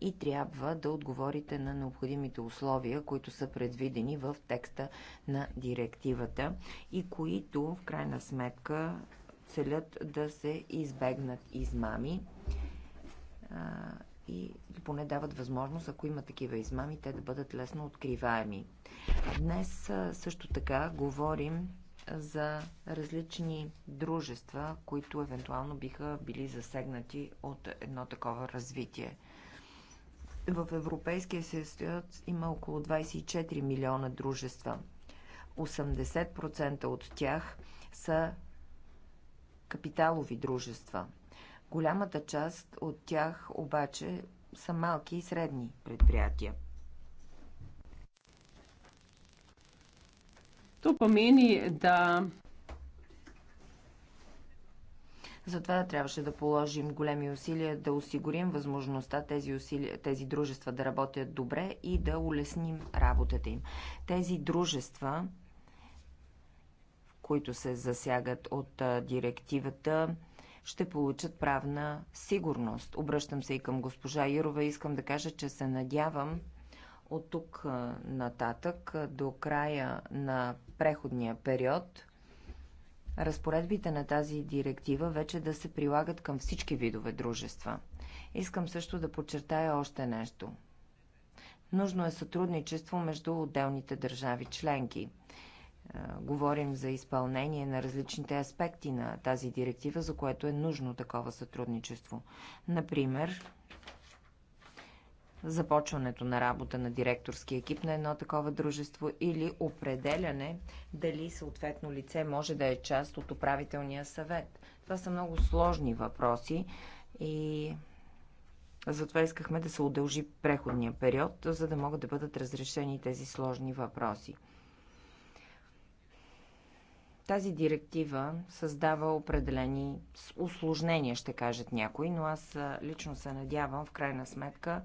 и трябва да отговорите на необходимите условия, които са предвидени в текста на директивата и които в крайна сметка целят да се избегнат измами и поне дават възможност, ако има такива измами, те да бъдат лесно откриваеми. Днес също така говорим за различни дружества, които евентуално биха били засегнати от едно такова развитие. В Европейския съюз има около 24 милиона дружества. 80% от тях са капиталови дружества – Голямата част от тях обаче са малки и средни предприятия. То помени да... затова трябваше да положим големи усилия да осигурим възможността тези, усилия, тези дружества да работят добре и да улесним работата им. Тези дружества, които се засягат от директивата, ще получат правна сигурност. Обръщам се и към госпожа Ирова. Искам да кажа, че се надявам от тук нататък до края на преходния период разпоредбите на тази директива вече да се прилагат към всички видове дружества. Искам също да подчертая още нещо. Нужно е сътрудничество между отделните държави членки говорим за изпълнение на различните аспекти на тази директива, за което е нужно такова сътрудничество. Например, започването на работа на директорски екип на едно такова дружество или определяне дали съответно лице може да е част от управителния съвет. Това са много сложни въпроси и затова искахме да се удължи преходния период, за да могат да бъдат разрешени тези сложни въпроси. Тази директива създава определени усложнения, ще кажат някои, но аз лично се надявам, в крайна сметка,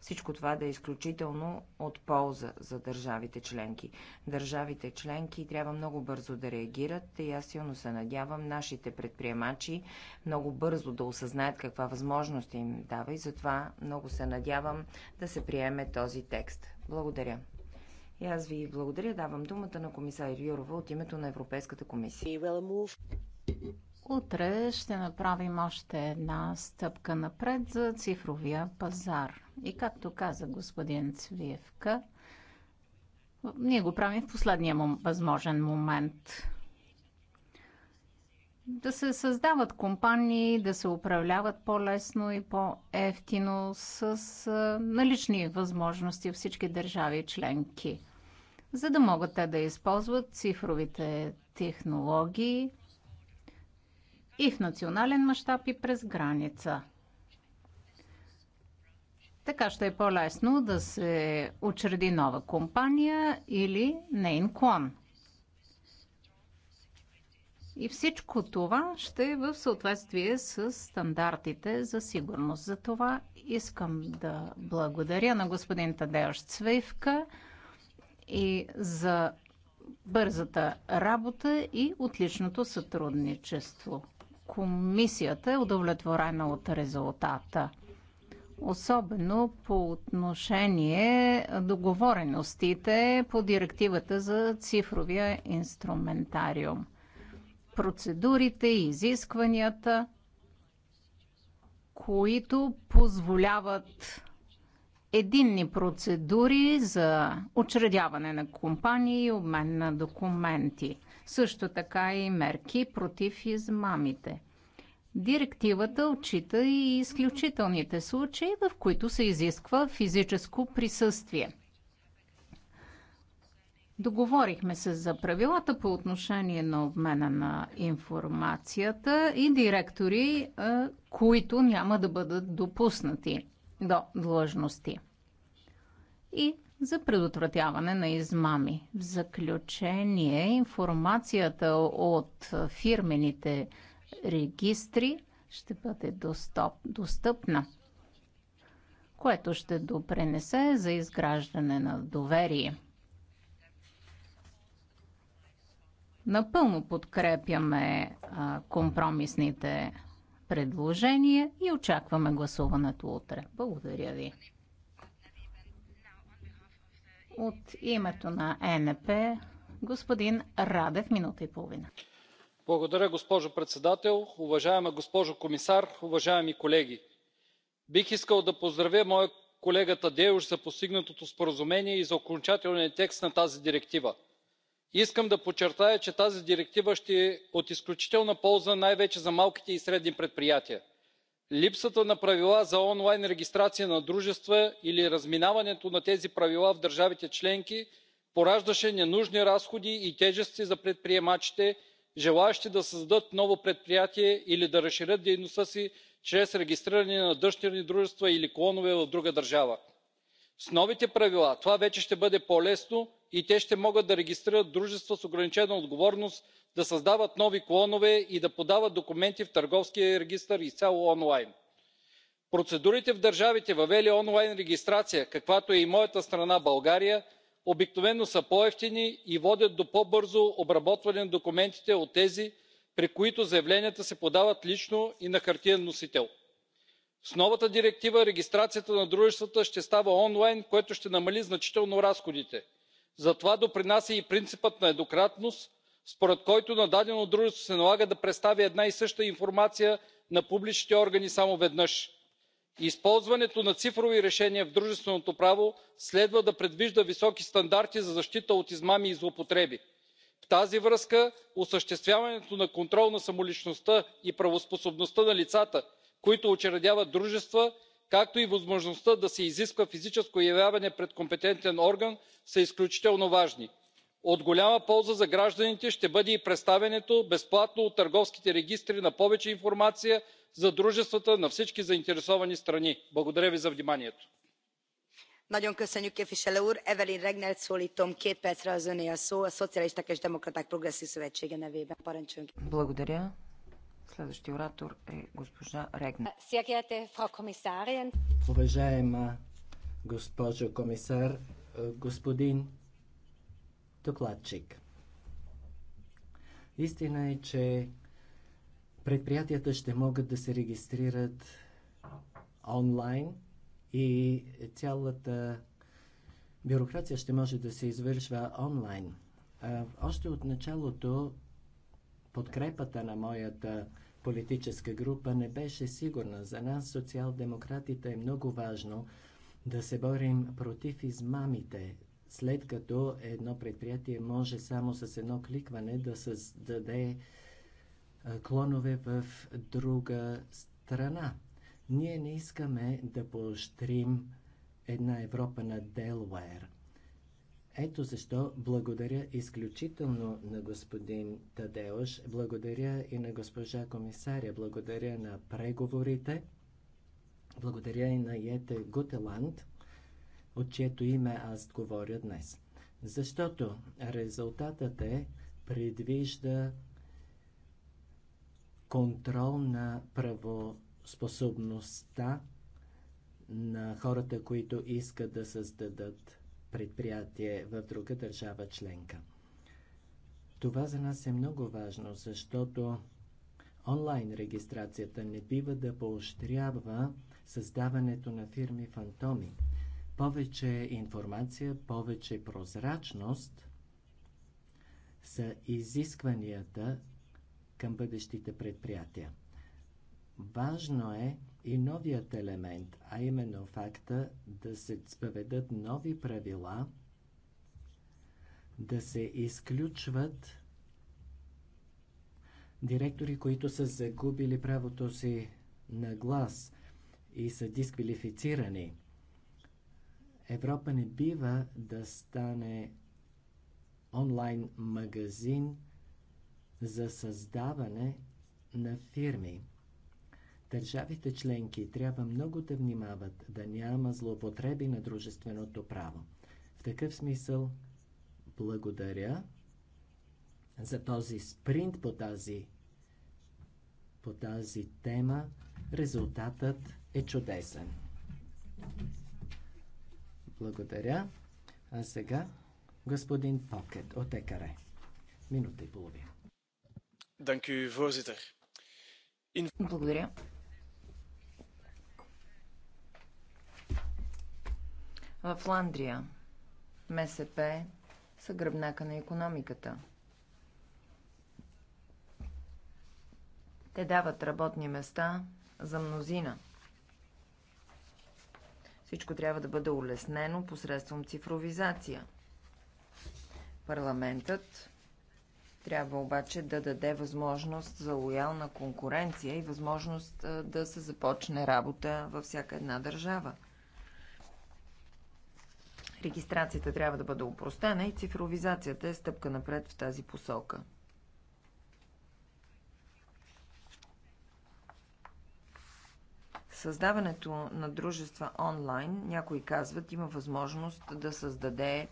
всичко това да е изключително от полза за държавите членки. Държавите членки трябва много бързо да реагират и аз силно се надявам нашите предприемачи много бързо да осъзнаят каква възможност им дава и затова много се надявам да се приеме този текст. Благодаря. И аз ви благодаря. Давам думата на комисар Юрова от името на Европейската комисия. Утре ще направим още една стъпка напред за цифровия пазар. И както каза господин Цвиевка, ние го правим в последния му възможен момент. Да се създават компании, да се управляват по-лесно и по-ефтино с налични възможности всички държави членки – за да могат те да използват цифровите технологии и в национален мащаб и през граница. Така ще е по-лесно да се учреди нова компания или нейн клон. И всичко това ще е в съответствие с стандартите за сигурност. За това искам да благодаря на господин Тадеош Цвивка и за бързата работа и отличното сътрудничество. Комисията е удовлетворена от резултата особено по отношение договореностите по директивата за цифровия инструментариум. Процедурите и изискванията, които позволяват единни процедури за учредяване на компании и обмен на документи. Също така и мерки против измамите. Директивата отчита и изключителните случаи, в които се изисква физическо присъствие. Договорихме се за правилата по отношение на обмена на информацията и директори, които няма да бъдат допуснати до длъжности и за предотвратяване на измами. В заключение, информацията от фирмените регистри ще бъде достъп, достъпна, което ще допренесе за изграждане на доверие. Напълно подкрепяме а, компромисните предложение и очакваме гласуването утре. Благодаря ви. От името на ЕНП, господин Радев, минута и половина. Благодаря, госпожо председател. Уважаема госпожо комисар, уважаеми колеги! Бих искал да поздравя моя колега Тадеуш за постигнатото споразумение и за окончателния текст на тази директива искам да подчертая че тази директива ще е от изключителна полза най вече за малките и средни предприятия. липсата на правила за онлайн регистрация на дружества или разминаването на тези правила в държавите членки пораждаше ненужни разходи и тежести за предприемачите желаещи да създадат ново предприятие или да разширят дейността си чрез регистриране на дъщерни дружества или клонове в друга държава с новите правила това вече ще бъде по лесно и те ще могат да регистрират дружества с ограничена отговорност да създават нови клонове и да подават документи в търговския регистър изцяло онлайн. процедурите в държавите въвели онлайн регистрация каквато е и моята страна българия обикновено са по евтини и водят до по бързо обработване на документите от тези при които заявленията се подават лично и на хартиен носител с новата директива регистрацията на дружествата ще става онлайн което ще намали значително разходите. за това допринася и принципът на еднократност според който на дадено дружество се налага да представя една и съща информация на публичните органи само веднъж. използването на цифрови решения в дружественото право следва да предвижда високи стандарти за защита от измами и злоупотреби. в тази връзка осъществяването на контрол на самоличността и правоспособността на лицата които учредяват дружества както и възможността да се изисква физическо явяване пред компетентен орган са изключително важни. от голяма полза за гражданите ще бъде и представянето безплатно от търговските регистри на повече информация за дружествата на всички заинтересовани страни. благодаря ви за вниманието. благодаря. Следващия оратор е госпожа Регна. Уважаема госпожо комисар, е, господин докладчик. Истина е, че предприятията ще могат да се регистрират онлайн и цялата бюрокрация ще може да се извършва онлайн. Е, още от началото подкрепата на моята политическа група не беше сигурна. За нас, социал-демократите, е много важно да се борим против измамите, след като едно предприятие може само с едно кликване да създаде клонове в друга страна. Ние не искаме да поощрим една Европа на Делуер – ето защо благодаря изключително на господин Тадеош, благодаря и на госпожа комисаря, благодаря на преговорите, благодаря и на Йете Гутеланд, от чието име аз говоря днес. Защото резултатът е предвижда контрол на правоспособността на хората, които искат да създадат предприятие в друга държава членка. Това за нас е много важно, защото онлайн регистрацията не бива да поощрява създаването на фирми фантоми. Повече информация, повече прозрачност са изискванията към бъдещите предприятия. Важно е и новият елемент, а именно факта да се въведат нови правила, да се изключват директори, които са загубили правото си на глас и са дисквалифицирани. Европа не бива да стане онлайн магазин за създаване на фирми. Държавите членки трябва много да внимават да няма злоупотреби на дружественото право. В такъв смисъл благодаря за този спринт по тази, по тази тема. Резултатът е чудесен. Благодаря. А сега господин Покет от ЕКАРЕ. Минута и половина. Благодаря. В Фландрия МСП са гръбнака на економиката. Те дават работни места за мнозина. Всичко трябва да бъде улеснено посредством цифровизация. Парламентът трябва обаче да даде възможност за лоялна конкуренция и възможност да се започне работа във всяка една държава. Регистрацията трябва да бъде упростена и цифровизацията е стъпка напред в тази посока. Създаването на дружества онлайн, някои казват, има възможност да създаде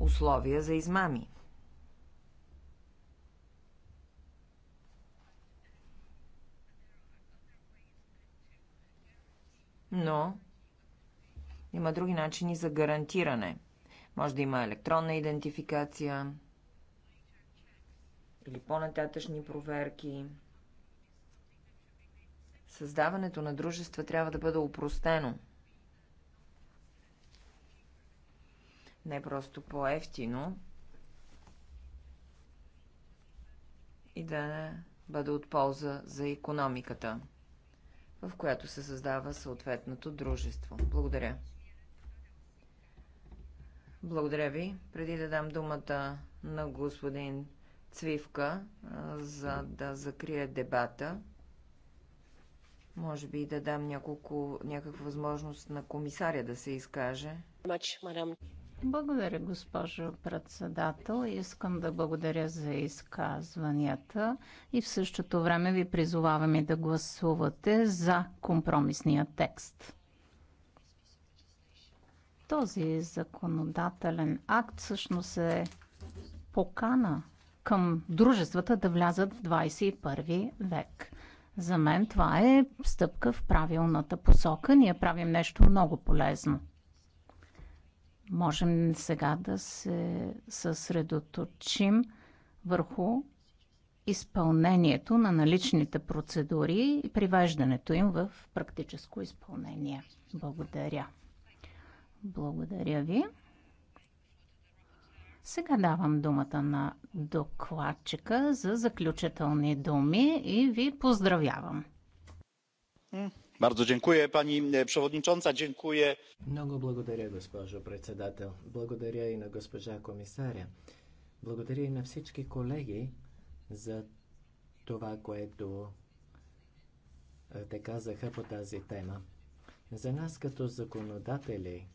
условия за измами – Има други начини за гарантиране. Може да има електронна идентификация или по-нататъчни проверки. Създаването на дружества трябва да бъде упростено. Не просто по-ефтино и да не бъде от полза за економиката, в която се създава съответното дружество. Благодаря. Благодаря ви. Преди да дам думата на господин Цвивка, за да закрия дебата, може би да дам няколко, някаква възможност на комисаря да се изкаже. Благодаря, госпожо председател. Искам да благодаря за изказванията и в същото време ви призоваваме да гласувате за компромисния текст. Този законодателен акт всъщност е покана към дружествата да влязат в 21 век. За мен това е стъпка в правилната посока. Ние правим нещо много полезно. Можем сега да се съсредоточим върху изпълнението на наличните процедури и привеждането им в практическо изпълнение. Благодаря. Благодаря ви. Сега давам думата на докладчика за заключителни думи и ви поздравявам. Бардо dziękuję пани е, przewodnicząca, dziękuję. Много благодаря, госпожо председател. Благодаря и на госпожа комисаря. Благодаря и на всички колеги за това, което е, те казаха по тази тема. За нас като законодатели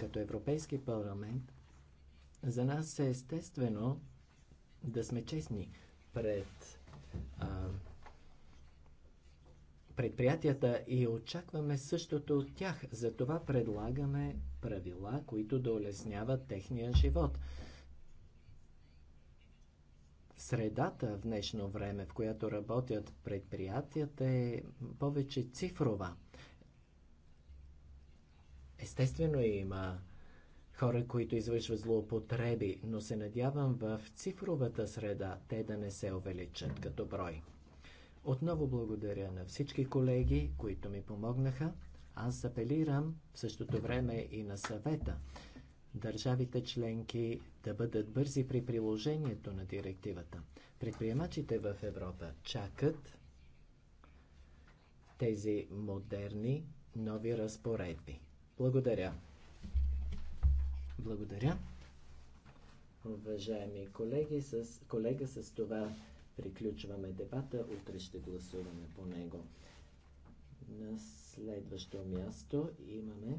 като Европейски парламент, за нас е естествено да сме честни пред а, предприятията и очакваме същото от тях. Затова предлагаме правила, които да улесняват техния живот. Средата в днешно време, в която работят предприятията, е повече цифрова – Естествено има хора, които извършват злоупотреби, но се надявам в цифровата среда те да не се увеличат като брой. Отново благодаря на всички колеги, които ми помогнаха. Аз апелирам в същото време и на съвета държавите членки да бъдат бързи при приложението на директивата. Предприемачите в Европа чакат тези модерни нови разпоредби. Благодаря. Благодаря. Уважаеми колеги, с, колега, с това приключваме дебата. Утре ще гласуваме по него. На следващо място имаме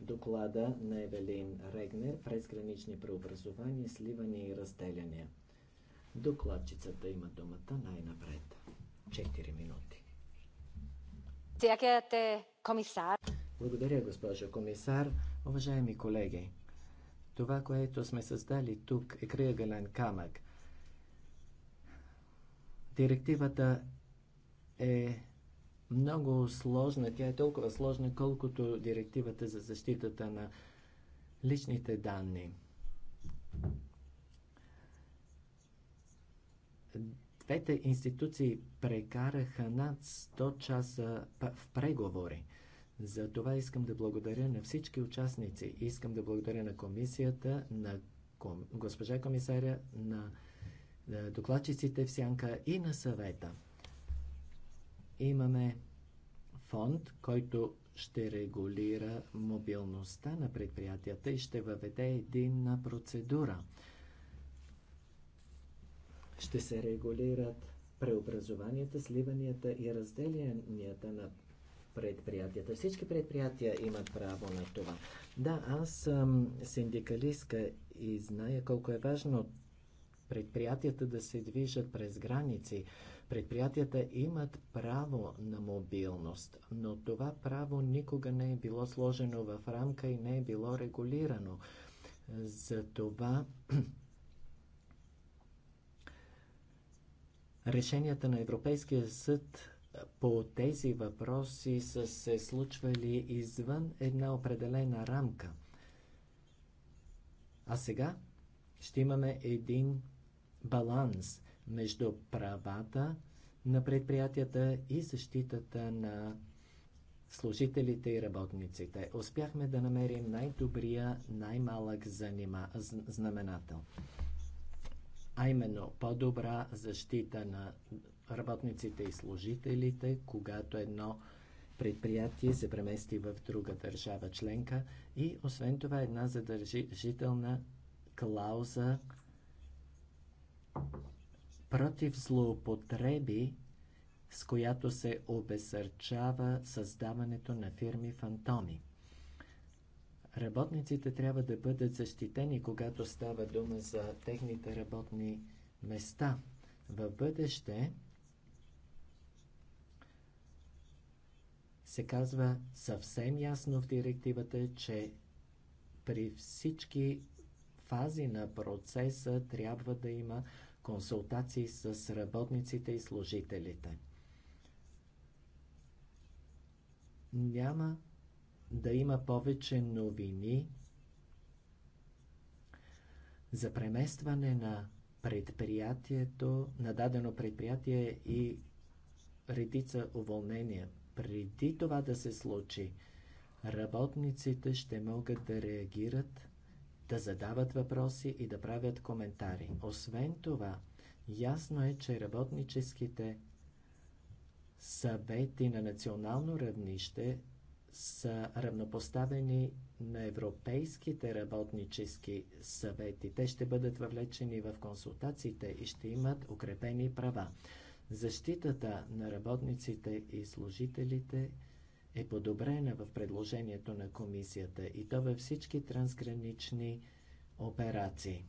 доклада на Евелин Регнер през гранични преобразования, сливания и разделяния. Докладчицата има думата най-напред. 4 минути. Sehr комисар. Благодаря, госпожо комисар. Уважаеми колеги, това, което сме създали тук е кръгълен камък. Директивата е много сложна. Тя е толкова сложна, колкото директивата за защитата на личните данни. Двете институции прекараха над 100 часа в преговори – за това искам да благодаря на всички участници. Искам да благодаря на комисията, на ком... госпожа комисаря, на докладчиците в Сянка и на съвета. Имаме фонд, който ще регулира мобилността на предприятията и ще въведе единна процедура. Ще се регулират преобразованията, сливанията и разделянията на предприятията. Всички предприятия имат право на това. Да, аз съм синдикалистка и зная колко е важно предприятията да се движат през граници. Предприятията имат право на мобилност, но това право никога не е било сложено в рамка и не е било регулирано. Затова решенията на Европейския съд по тези въпроси са се случвали извън една определена рамка. А сега ще имаме един баланс между правата на предприятията и защитата на служителите и работниците. Успяхме да намерим най-добрия, най-малък знаменател, а именно по-добра защита на работниците и служителите, когато едно предприятие се премести в друга държава членка и освен това една задължителна клауза против злоупотреби, с която се обесърчава създаването на фирми фантоми. Работниците трябва да бъдат защитени, когато става дума за техните работни места. В бъдеще се казва съвсем ясно в директивата, че при всички фази на процеса трябва да има консултации с работниците и служителите. Няма да има повече новини за преместване на предприятието, на дадено предприятие и редица уволнения – преди това да се случи, работниците ще могат да реагират, да задават въпроси и да правят коментари. Освен това, ясно е, че работническите съвети на национално равнище са равнопоставени на европейските работнически съвети. Те ще бъдат въвлечени в консултациите и ще имат укрепени права. Защитата на работниците и служителите е подобрена в предложението на комисията и то във всички трансгранични операции.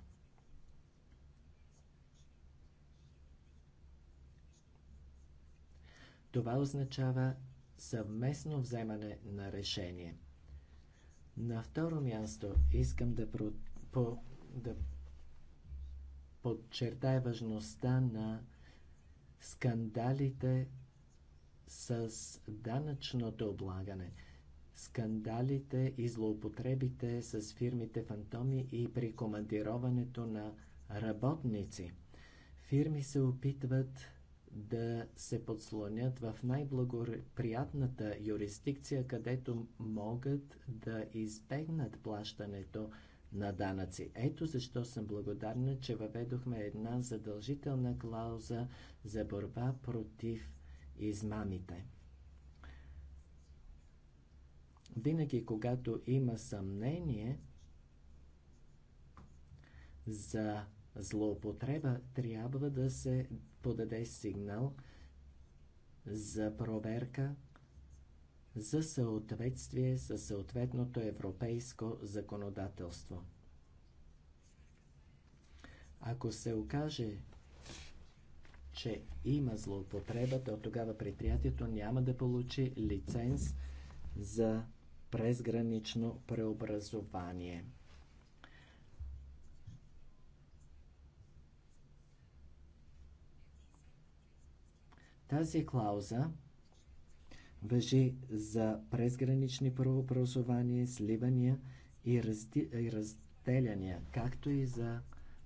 Това означава съвместно вземане на решение. На второ място искам да, про, по, да подчертая важността на скандалите с данъчното облагане, скандалите и злоупотребите с фирмите фантоми и при командироването на работници. Фирми се опитват да се подслонят в най-благоприятната юрисдикция, където могат да избегнат плащането на данъци. Ето защо съм благодарна, че въведохме една задължителна клауза за борба против измамите. Винаги, когато има съмнение за злоупотреба, трябва да се подаде сигнал за проверка за съответствие със съответното европейско законодателство. Ако се окаже, че има злоупотреба, то тогава предприятието няма да получи лиценз за презгранично преобразование. Тази клауза въжи за презгранични правообразования, сливания и, разди... и разделяния, както и за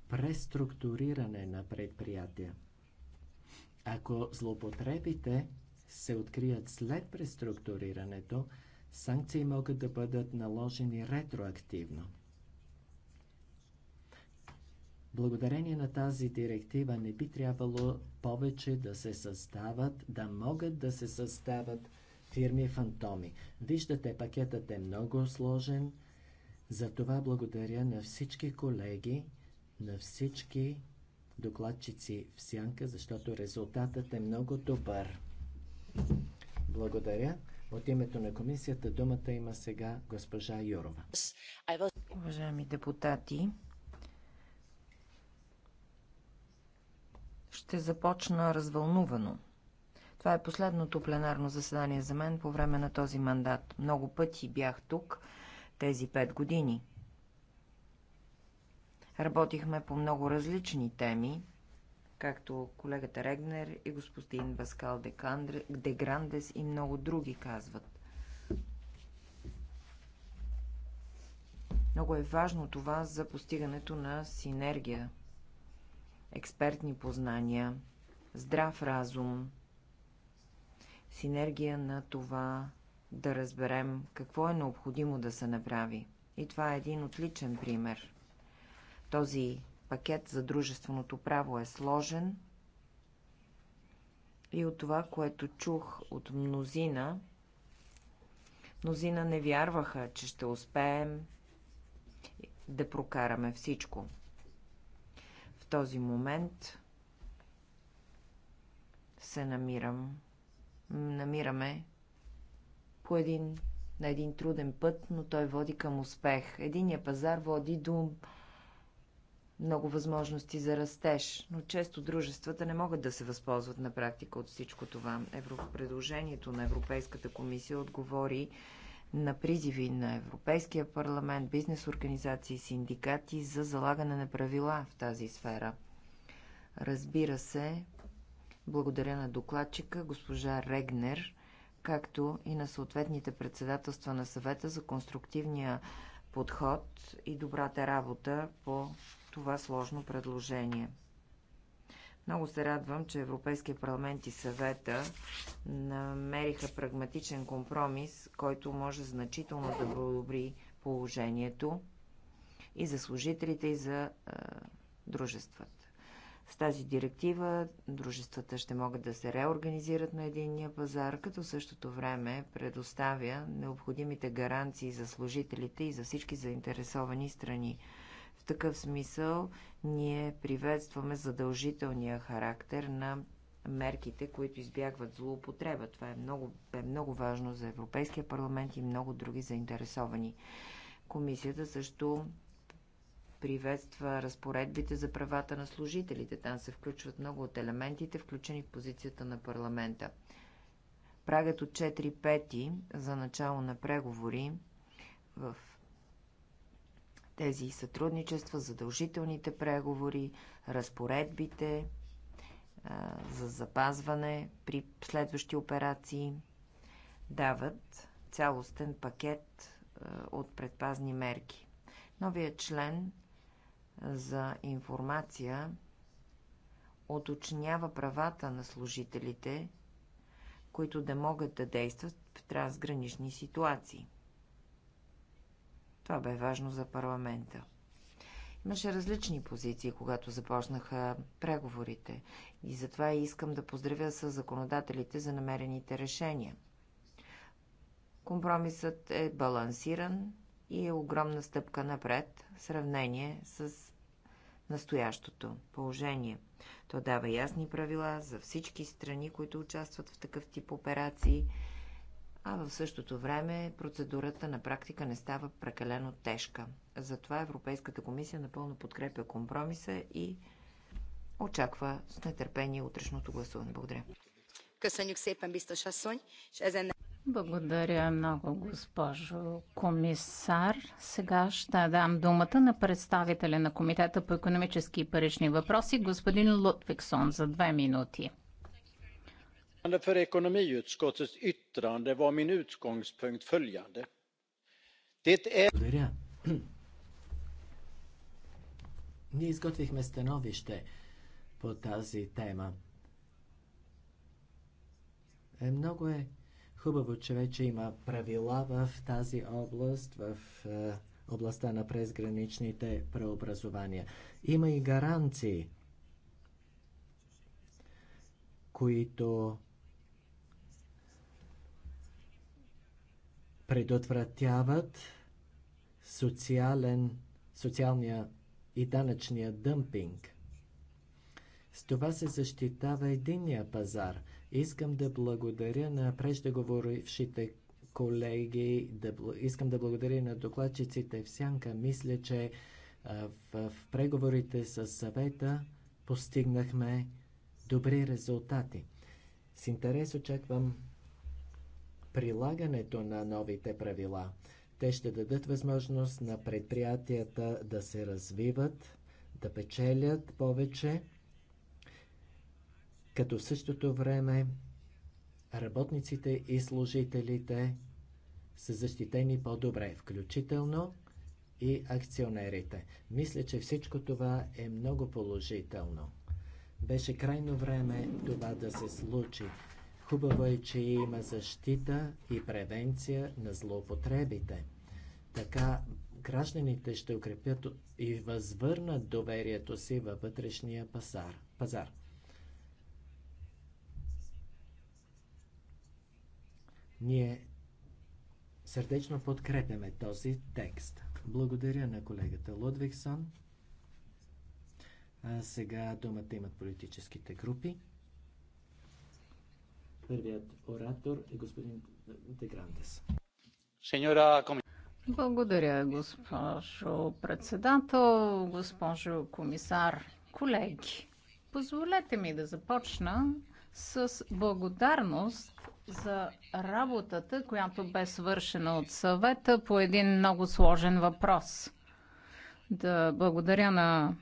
преструктуриране на предприятия. Ако злоупотребите се открият след преструктурирането, санкции могат да бъдат наложени ретроактивно. Благодарение на тази директива не би трябвало повече да се създават, да могат да се създават фирми фантоми. Виждате, пакетът е много сложен. Затова благодаря на всички колеги, на всички докладчици в сянка, защото резултатът е много добър. Благодаря. От името на комисията думата има сега госпожа Юрова. Уважаеми депутати, ще започна развълнувано. Това е последното пленарно заседание за мен по време на този мандат. Много пъти бях тук тези пет години. Работихме по много различни теми, както колегата Регнер и господин Баскал де Грандес и много други казват. Много е важно това за постигането на синергия, експертни познания, здрав разум, синергия на това да разберем какво е необходимо да се направи. И това е един отличен пример. Този пакет за дружественото право е сложен и от това, което чух от мнозина, мнозина не вярваха, че ще успеем да прокараме всичко. В този момент се намирам намираме по един, на един труден път, но той води към успех. Единия пазар води до много възможности за растеж, но често дружествата не могат да се възползват на практика от всичко това. Евро... Предложението на Европейската комисия отговори на призиви на Европейския парламент, бизнес организации, синдикати за залагане на правила в тази сфера. Разбира се, благодаря на докладчика госпожа Регнер, както и на съответните председателства на съвета за конструктивния подход и добрата работа по това сложно предложение. Много се радвам, че Европейския парламент и съвета намериха прагматичен компромис, който може значително да подобри положението и за служителите, и за е, дружествата. С тази директива дружествата ще могат да се реорганизират на единния пазар, като същото време предоставя необходимите гаранции за служителите и за всички заинтересовани страни. В такъв смисъл ние приветстваме задължителния характер на мерките, които избягват злоупотреба. Това е много, е много важно за Европейския парламент и много други заинтересовани. Комисията също приветства разпоредбите за правата на служителите. Там се включват много от елементите, включени в позицията на парламента. Прагът от 4 пети за начало на преговори в тези сътрудничества, задължителните преговори, разпоредбите а, за запазване при следващи операции дават цялостен пакет а, от предпазни мерки. Новият член за информация уточнява правата на служителите, които да могат да действат в трансгранични ситуации. Това бе важно за парламента. Имаше различни позиции, когато започнаха преговорите и затова искам да поздравя с законодателите за намерените решения. Компромисът е балансиран и е огромна стъпка напред в сравнение с настоящото положение. То дава ясни правила за всички страни, които участват в такъв тип операции, а в същото време процедурата на практика не става прекалено тежка. Затова Европейската комисия напълно подкрепя компромиса и очаква с нетърпение утрешното гласуване. Благодаря. Благодаря много, госпожо комисар. Сега ще дам думата на представителя на Комитета по економически и парични въпроси, господин Лутвиксон, за две минути. För ekonomiutskottets yttrande var min utgångspunkt följande. Det är... Благодаря. Ние изготвихме становище по тази тема. Е, много е Хубаво, че вече има правила в тази област, в е, областта на презграничните преобразования. Има и гаранции, които предотвратяват социален, социалния и данъчния дъмпинг. С това се защитава единния пазар – Искам да благодаря на преждеговорившите колеги, да, искам да благодаря на докладчиците в Сянка. Мисля, че в, в преговорите с съвета постигнахме добри резултати. С интерес очаквам прилагането на новите правила. Те ще дадат възможност на предприятията да се развиват, да печелят повече като в същото време работниците и служителите са защитени по-добре, включително и акционерите. Мисля, че всичко това е много положително. Беше крайно време това да се случи. Хубаво е, че има защита и превенция на злоупотребите. Така гражданите ще укрепят и възвърнат доверието си във вътрешния пазар. пазар. Ние сърдечно подкрепяме този текст. Благодаря на колегата Лудвигсон. А сега думата имат политическите групи. Първият оратор е господин Деграндес. Благодаря, госпожо председател, госпожо комисар, колеги. Позволете ми да започна с благодарност за работата, която бе свършена от съвета по един много сложен въпрос. Да благодаря на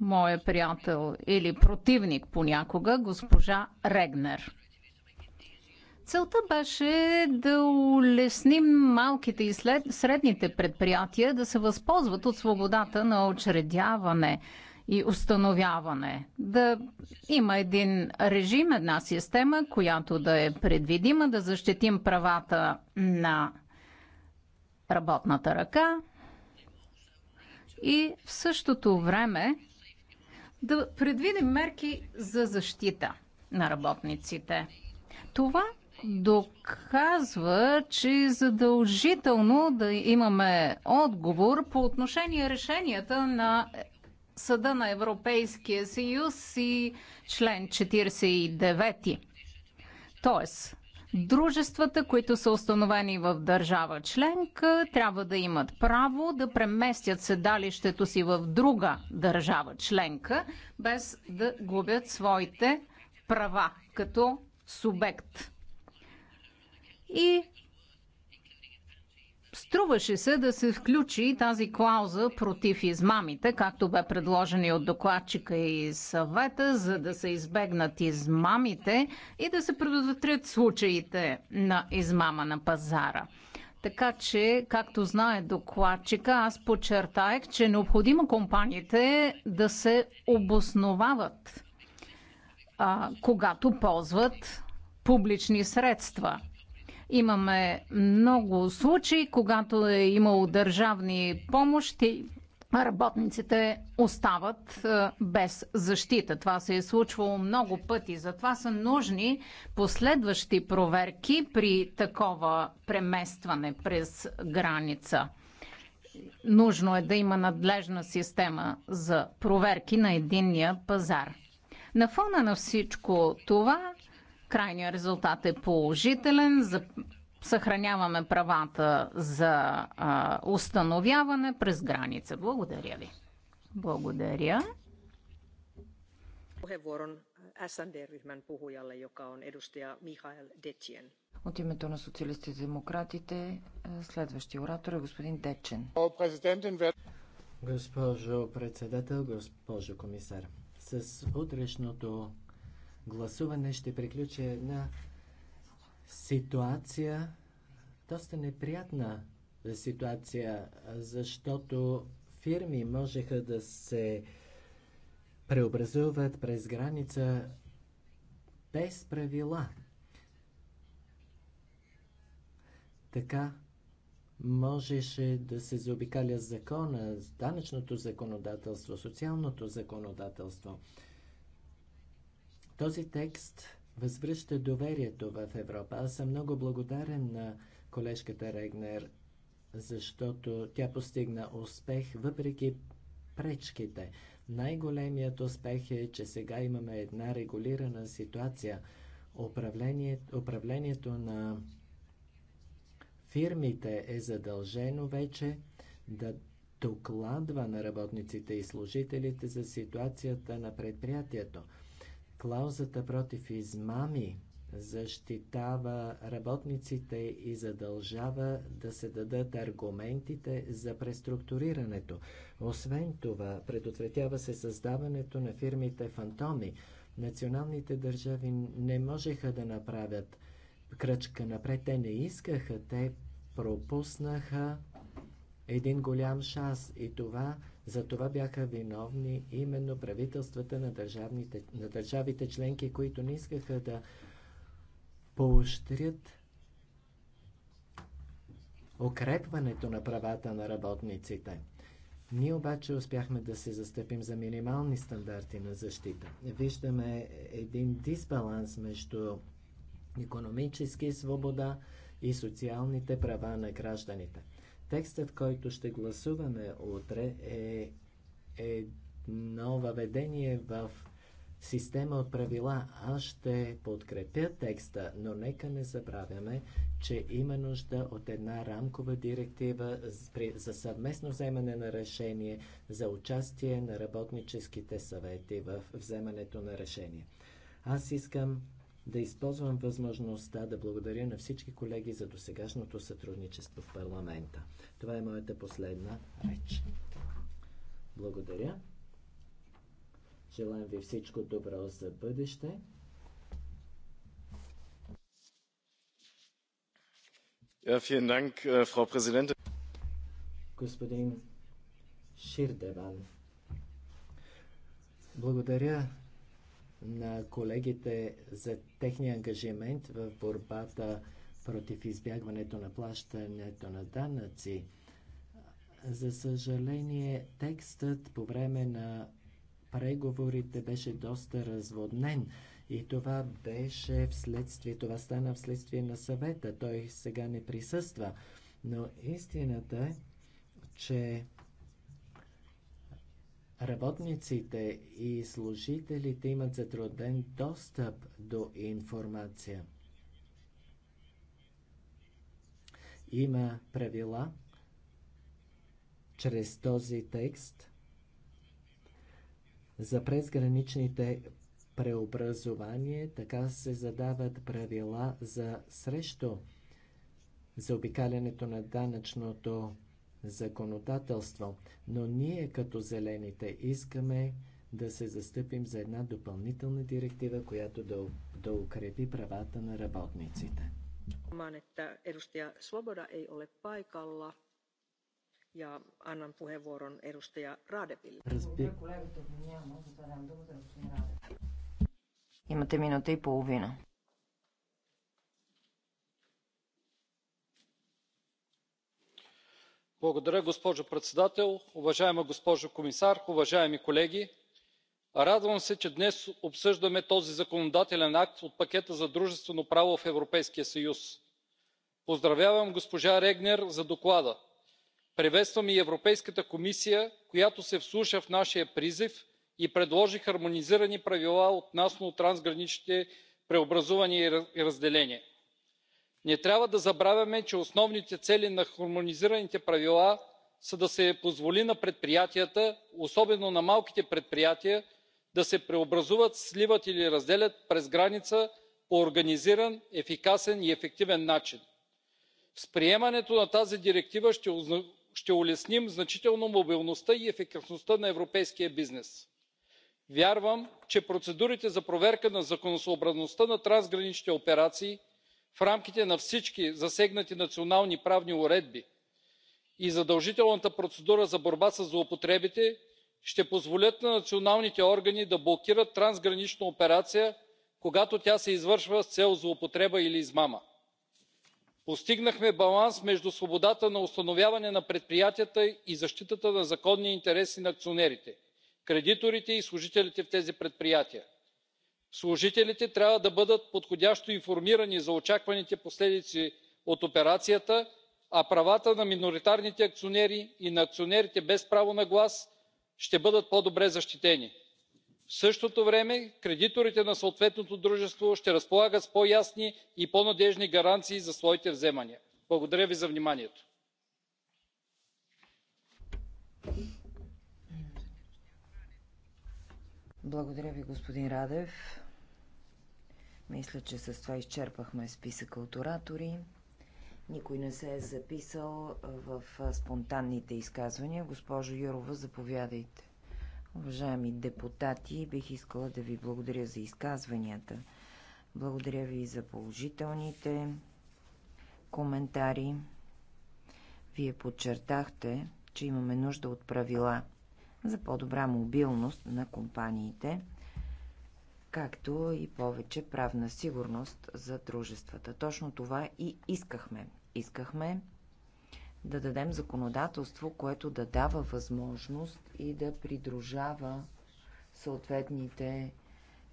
моя приятел или противник понякога, госпожа Регнер. Целта беше да улесним малките и след, средните предприятия да се възползват от свободата на очредяване – и установяване. Да има един режим, една система, която да е предвидима, да защитим правата на работната ръка и в същото време да предвидим мерки за защита на работниците. Това доказва, че задължително да имаме отговор по отношение решенията на Съда на Европейския съюз и член 49. Тоест, дружествата, които са установени в държава членка, трябва да имат право да преместят седалището си в друга държава членка, без да губят своите права като субект. И Струваше се да се включи тази клауза против измамите, както бе предложени от докладчика и съвета, за да се избегнат измамите и да се предотвратят случаите на измама на пазара. Така че, както знае докладчика, аз подчертаех, че е необходимо компаниите да се обосновават, а, когато ползват публични средства – Имаме много случаи, когато е имало държавни помощи, работниците остават без защита. Това се е случвало много пъти. Затова са нужни последващи проверки при такова преместване през граница. Нужно е да има надлежна система за проверки на единния пазар. На фона на всичко това Крайният резултат е положителен. За съхраняваме правата за а, установяване през граница. Благодаря ви. Благодаря. От името на социалистите и демократите, е, следващия оратор е господин Дечен. Госпожо председател, госпожо комисар, с утрешното гласуване ще приключи една ситуация, доста неприятна ситуация, защото фирми можеха да се преобразуват през граница без правила. Така можеше да се заобикаля закона, данъчното законодателство, социалното законодателство – този текст възвръща доверието в Европа. Аз съм много благодарен на колежката Регнер, защото тя постигна успех въпреки пречките. Най-големият успех е, че сега имаме една регулирана ситуация. Управление, управлението на фирмите е задължено вече да докладва на работниците и служителите за ситуацията на предприятието – Клаузата против измами защитава работниците и задължава да се дадат аргументите за преструктурирането. Освен това, предотвратява се създаването на фирмите фантоми. Националните държави не можеха да направят кръчка напред. Те не искаха, те пропуснаха един голям шанс и това за това бяха виновни именно правителствата на, държавните, на държавите членки, които не искаха да поощрят укрепването на правата на работниците. Ние обаче успяхме да се застъпим за минимални стандарти на защита. Виждаме един дисбаланс между економически свобода и социалните права на гражданите. Текстът, който ще гласуваме утре е, е, едно въведение в система от правила. Аз ще подкрепя текста, но нека не забравяме, че има нужда от една рамкова директива за съвместно вземане на решение, за участие на работническите съвети в вземането на решение. Аз искам да използвам възможността да благодаря на всички колеги за досегашното сътрудничество в парламента. Това е моята последна реч. Благодаря. Желаем ви всичко добро за бъдеще. Äh, Господин Ширдеван, благодаря на колегите за техния ангажимент в борбата против избягването на плащането на данъци. За съжаление, текстът по време на преговорите беше доста разводнен и това беше вследствие, това стана вследствие на съвета. Той сега не присъства. Но истината е, че Работниците и служителите имат затруднен достъп до информация. Има правила чрез този текст за презграничните преобразования. така се задават правила за срещу обикалянето на данъчното законодателство, но ние като зелените искаме да се застъпим за една допълнителна директива, която да, да укрепи правата на работниците. Разбира... Имате минута и половина. Благодаря госпожо председател уважаема госпожо комисар уважаеми колеги! радвам се че днес обсъждаме този законодателен акт от пакета за дружествено право в европейския съюз. поздравявам госпожа регнер за доклада. приветствам и европейската комисия която се вслуша в нашия призив и предложи хармонизирани правила относно трансграничните преобразувания и разделения не трябва да забравяме че основните цели на хармонизираните правила са да се позволи на предприятията особено на малките предприятия да се преобразуват сливат или разделят през граница по организиран ефикасен и ефективен начин. с приемането на тази директива ще улесним значително мобилността и ефикасността на европейския бизнес. вярвам че процедурите за проверка на законосъобразността на трансграничните операции в рамките на всички засегнати национални правни уредби и задължителната процедура за борба със злоупотребите ще позволят на националните органи да блокират трансгранична операция когато тя се извършва с цел злоупотреба или измама. постигнахме баланс между свободата на установяване на предприятията и защитата на законни интереси на акционерите кредиторите и служителите в тези предприятия служителите трябва да бъдат подходящо информирани за очакваните последици от операцията а правата на миноритарните акционери и на акционерите без право на глас ще бъдат по добре защитени. в същото време кредиторите на съответното дружество ще разполагат с по ясни и по надеждни гаранции за своите вземания. благодаря ви за вниманието. Благодаря ви, господин Радев. Мисля, че с това изчерпахме списъка от оратори. Никой не се е записал в спонтанните изказвания. Госпожо Юрова, заповядайте. Уважаеми депутати, бих искала да ви благодаря за изказванията. Благодаря ви за положителните коментари. Вие подчертахте, че имаме нужда от правила за по-добра мобилност на компаниите – както и повече правна сигурност за дружествата. Точно това и искахме. Искахме да дадем законодателство, което да дава възможност и да придружава съответните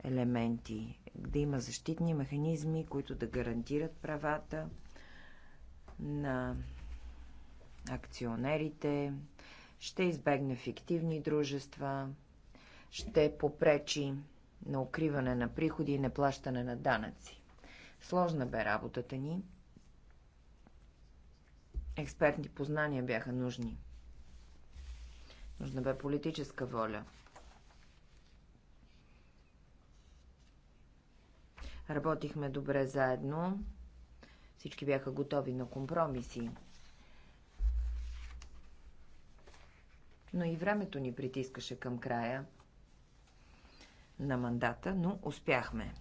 елементи, да има защитни механизми, които да гарантират правата на акционерите, ще избегне фиктивни дружества, ще попречи на укриване на приходи и неплащане на данъци. Сложна бе работата ни. Експертни познания бяха нужни. Нужна бе политическа воля. Работихме добре заедно. Всички бяха готови на компромиси. Но и времето ни притискаше към края – на мандата, но успяхме.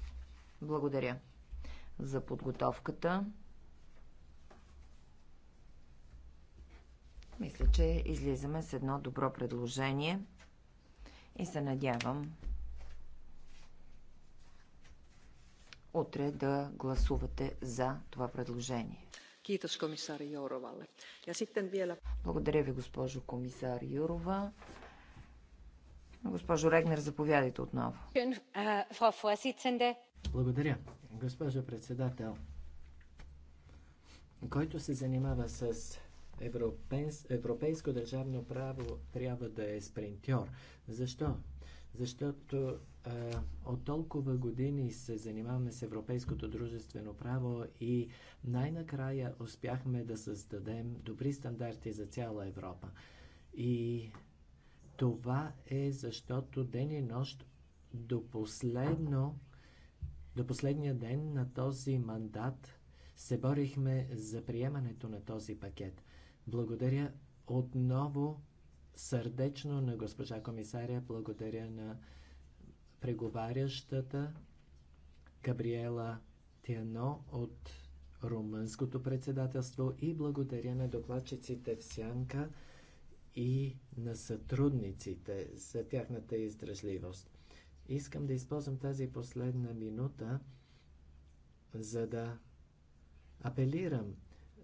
Благодаря за подготовката. Мисля, че излизаме с едно добро предложение и се надявам утре да гласувате за това предложение. Благодаря ви, госпожо комисар Юрова. Госпожо Регнер, заповядайте отново. Äh, Благодаря. Госпожо председател, който се занимава с европейс, европейско държавно право, трябва да е спринтьор. Защо? Защото а, е, от толкова години се занимаваме с европейското дружествено право и най-накрая успяхме да създадем добри стандарти за цяла Европа. И това е защото ден и нощ до, последно, до последния ден на този мандат се борихме за приемането на този пакет. Благодаря отново сърдечно на госпожа комисаря, благодаря на преговарящата Габриела Тяно от румънското председателство и благодаря на докладчиците в Сянка и на сътрудниците за тяхната издръжливост. Искам да използвам тази последна минута, за да апелирам.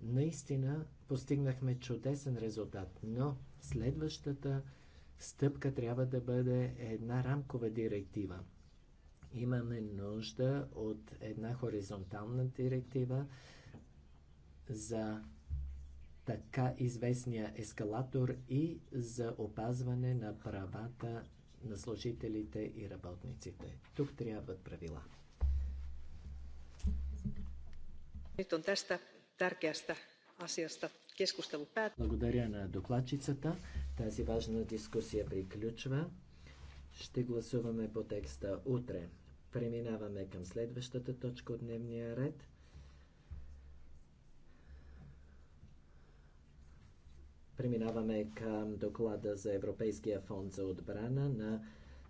Наистина постигнахме чудесен резултат, но следващата стъпка трябва да бъде една рамкова директива. Имаме нужда от една хоризонтална директива за така известния ескалатор и за опазване на правата на служителите и работниците. Тук трябват правила. Благодаря на докладчицата. Тази важна дискусия приключва. Ще гласуваме по текста утре. Преминаваме към следващата точка от дневния ред – Преминаваме към доклада за Европейския фонд за отбрана на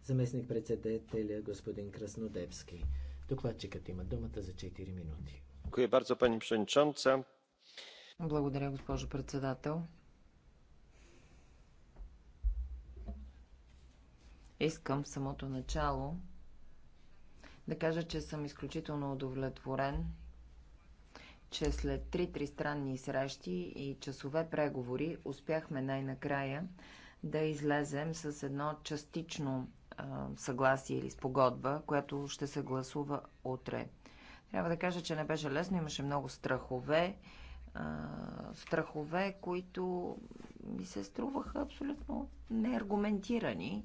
заместник-председателя господин Краснодевски. Докладчикът има думата за 4 минути. Благодаря, госпожо председател. Искам в самото начало да кажа, че съм изключително удовлетворен че след три тристранни срещи и часове преговори успяхме най-накрая да излезем с едно частично а, съгласие или спогодба, която ще се гласува утре. Трябва да кажа, че не беше лесно, имаше много страхове, а, страхове, които ми се струваха абсолютно неаргументирани.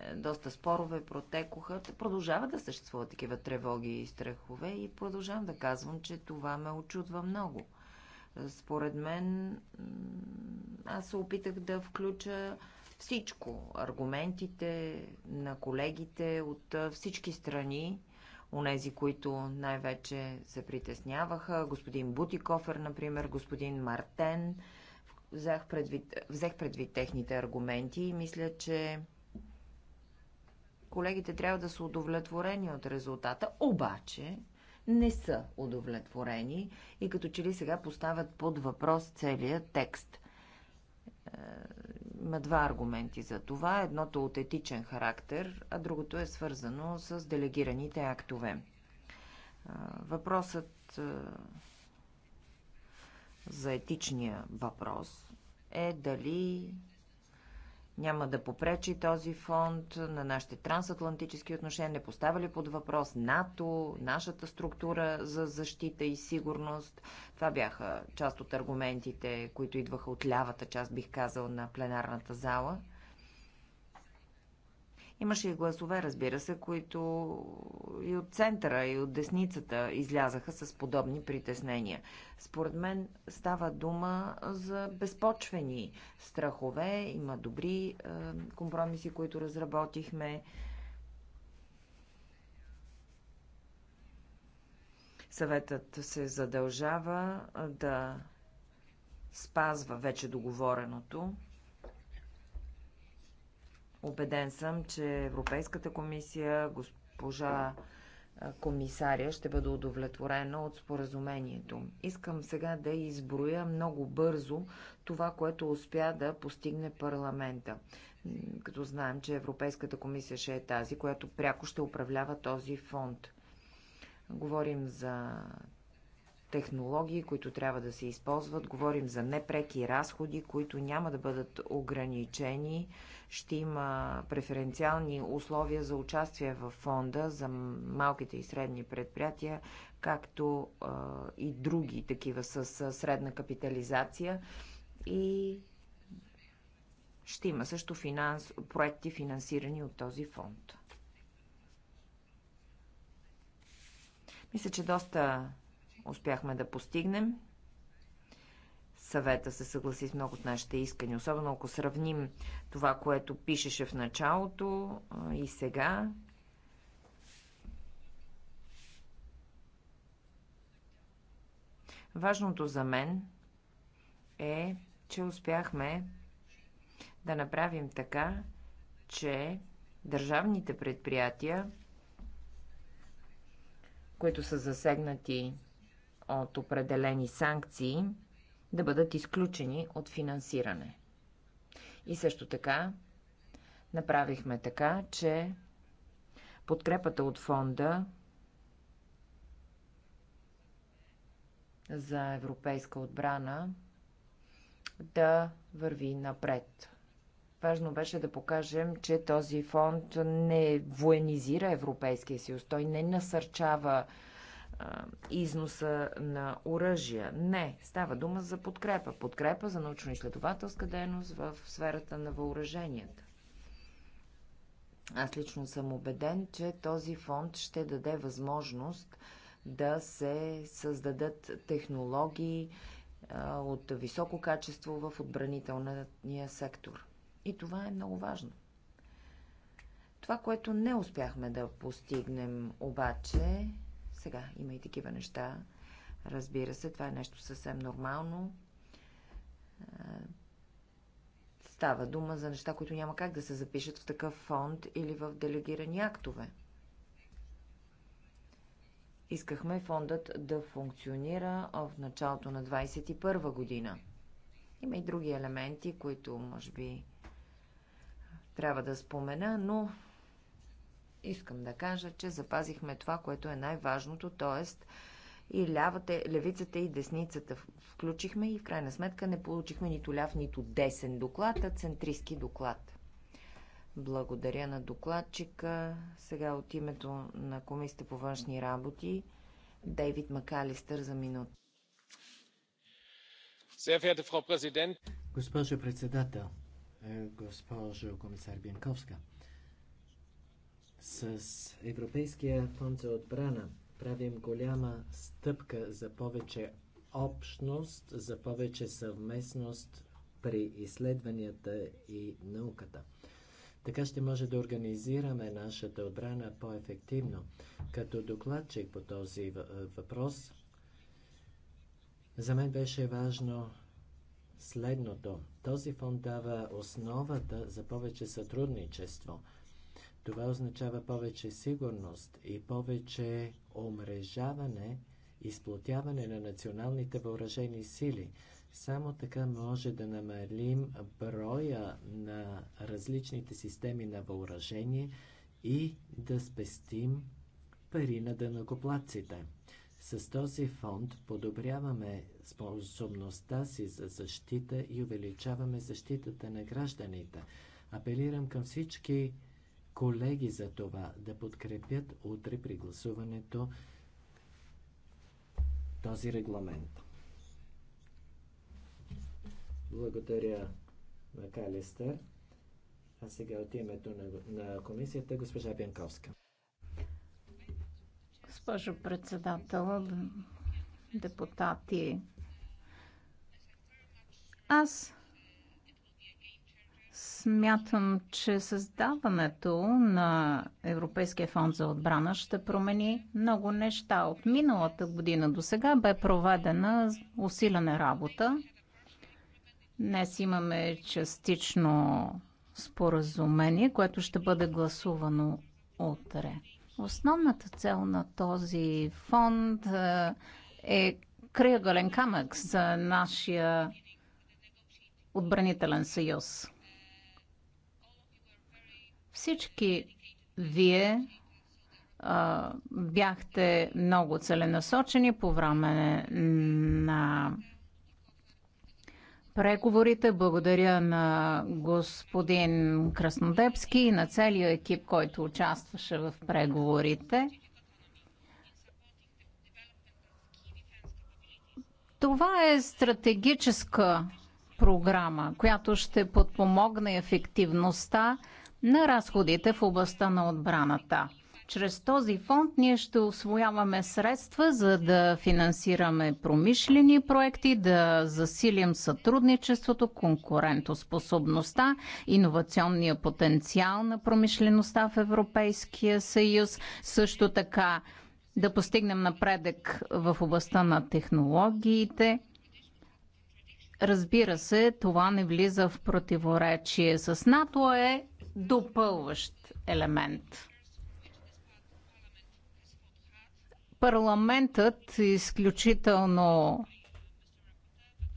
Е, доста спорове протекоха. Продължава да съществуват такива тревоги и страхове и продължавам да казвам, че това ме очудва много. Според мен аз се опитах да включа всичко. Аргументите на колегите от всички страни, онези, които най-вече се притесняваха. Господин Бутикофер, например, господин Мартен. Взех предвид, взех предвид техните аргументи и мисля, че колегите трябва да са удовлетворени от резултата, обаче не са удовлетворени и като че ли сега поставят под въпрос целия текст. Е, има два аргументи за това. Едното е от етичен характер, а другото е свързано с делегираните актове. Е, въпросът за етичния въпрос е дали няма да попречи този фонд на нашите трансатлантически отношения, не поставя ли под въпрос НАТО, нашата структура за защита и сигурност. Това бяха част от аргументите, които идваха от лявата част, бих казал, на пленарната зала. Имаше и гласове, разбира се, които и от центъра, и от десницата излязаха с подобни притеснения. Според мен става дума за безпочвени страхове. Има добри е, компромиси, които разработихме. Съветът се задължава да спазва вече договореното. Обеден съм, че Европейската комисия, госпожа комисаря ще бъде удовлетворена от споразумението. Искам сега да изброя много бързо това, което успя да постигне парламента. Като знаем, че Европейската комисия ще е тази, която пряко ще управлява този фонд. Говорим за технологии, които трябва да се използват. Говорим за непреки разходи, които няма да бъдат ограничени. Ще има преференциални условия за участие в фонда за малките и средни предприятия, както а, и други такива с а, средна капитализация. И ще има също финанс, проекти, финансирани от този фонд. Мисля, че доста успяхме да постигнем. Съвета се съгласи с много от нашите искания, особено ако сравним това, което пишеше в началото и сега. Важното за мен е, че успяхме да направим така, че държавните предприятия, които са засегнати от определени санкции да бъдат изключени от финансиране. И също така направихме така, че подкрепата от фонда за европейска отбрана да върви напред. Важно беше да покажем, че този фонд не военизира Европейския съюз. Той не насърчава износа на оръжия. Не, става дума за подкрепа. Подкрепа за научно-изследователска дейност в сферата на въоръженията. Аз лично съм убеден, че този фонд ще даде възможност да се създадат технологии от високо качество в отбранителния сектор. И това е много важно. Това, което не успяхме да постигнем обаче, сега има и такива неща. Разбира се, това е нещо съвсем нормално. Става дума за неща, които няма как да се запишат в такъв фонд или в делегирани актове. Искахме фондът да функционира в началото на 21- година. Има и други елементи, които може би трябва да спомена, но искам да кажа, че запазихме това, което е най-важното, т.е. и лявата, левицата и десницата включихме и в крайна сметка не получихме нито ляв, нито десен доклад, а центристски доклад. Благодаря на докладчика. Сега от името на Комисията по външни работи Дейвид Макалистър за минута. Госпожо председател, е, госпожо комисар Бенковска, с Европейския фонд за отбрана правим голяма стъпка за повече общност, за повече съвместност при изследванията и науката. Така ще може да организираме нашата отбрана по-ефективно. Като докладчик по този въпрос, за мен беше важно следното. Този фонд дава основата за повече сътрудничество – това означава повече сигурност и повече омрежаване и сплотяване на националните въоръжени сили. Само така може да намалим броя на различните системи на въоръжение и да спестим пари на дънакоплатците. С този фонд подобряваме способността си за защита и увеличаваме защитата на гражданите. Апелирам към всички колеги за това да подкрепят утре при гласуването този регламент. Благодаря на Калистър. А сега от името на, на комисията госпожа Бянковска. Госпожо председател, депутати, аз Смятам, че създаването на Европейския фонд за отбрана ще промени много неща. От миналата година до сега бе проведена усилена работа. Днес имаме частично споразумение, което ще бъде гласувано утре. Основната цел на този фонд е, е кръгален камък за нашия отбранителен съюз. Всички вие а, бяхте много целенасочени по време на преговорите. Благодаря на господин Краснодепски и на целия екип, който участваше в преговорите. Това е стратегическа програма, която ще подпомогне ефективността на разходите в областта на отбраната. Чрез този фонд ние ще освояваме средства, за да финансираме промишлени проекти, да засилим сътрудничеството, конкурентоспособността, иновационния потенциал на промишлеността в Европейския съюз, също така да постигнем напредък в областта на технологиите. Разбира се, това не влиза в противоречие с НАТО, е допълващ елемент. Парламентът изключително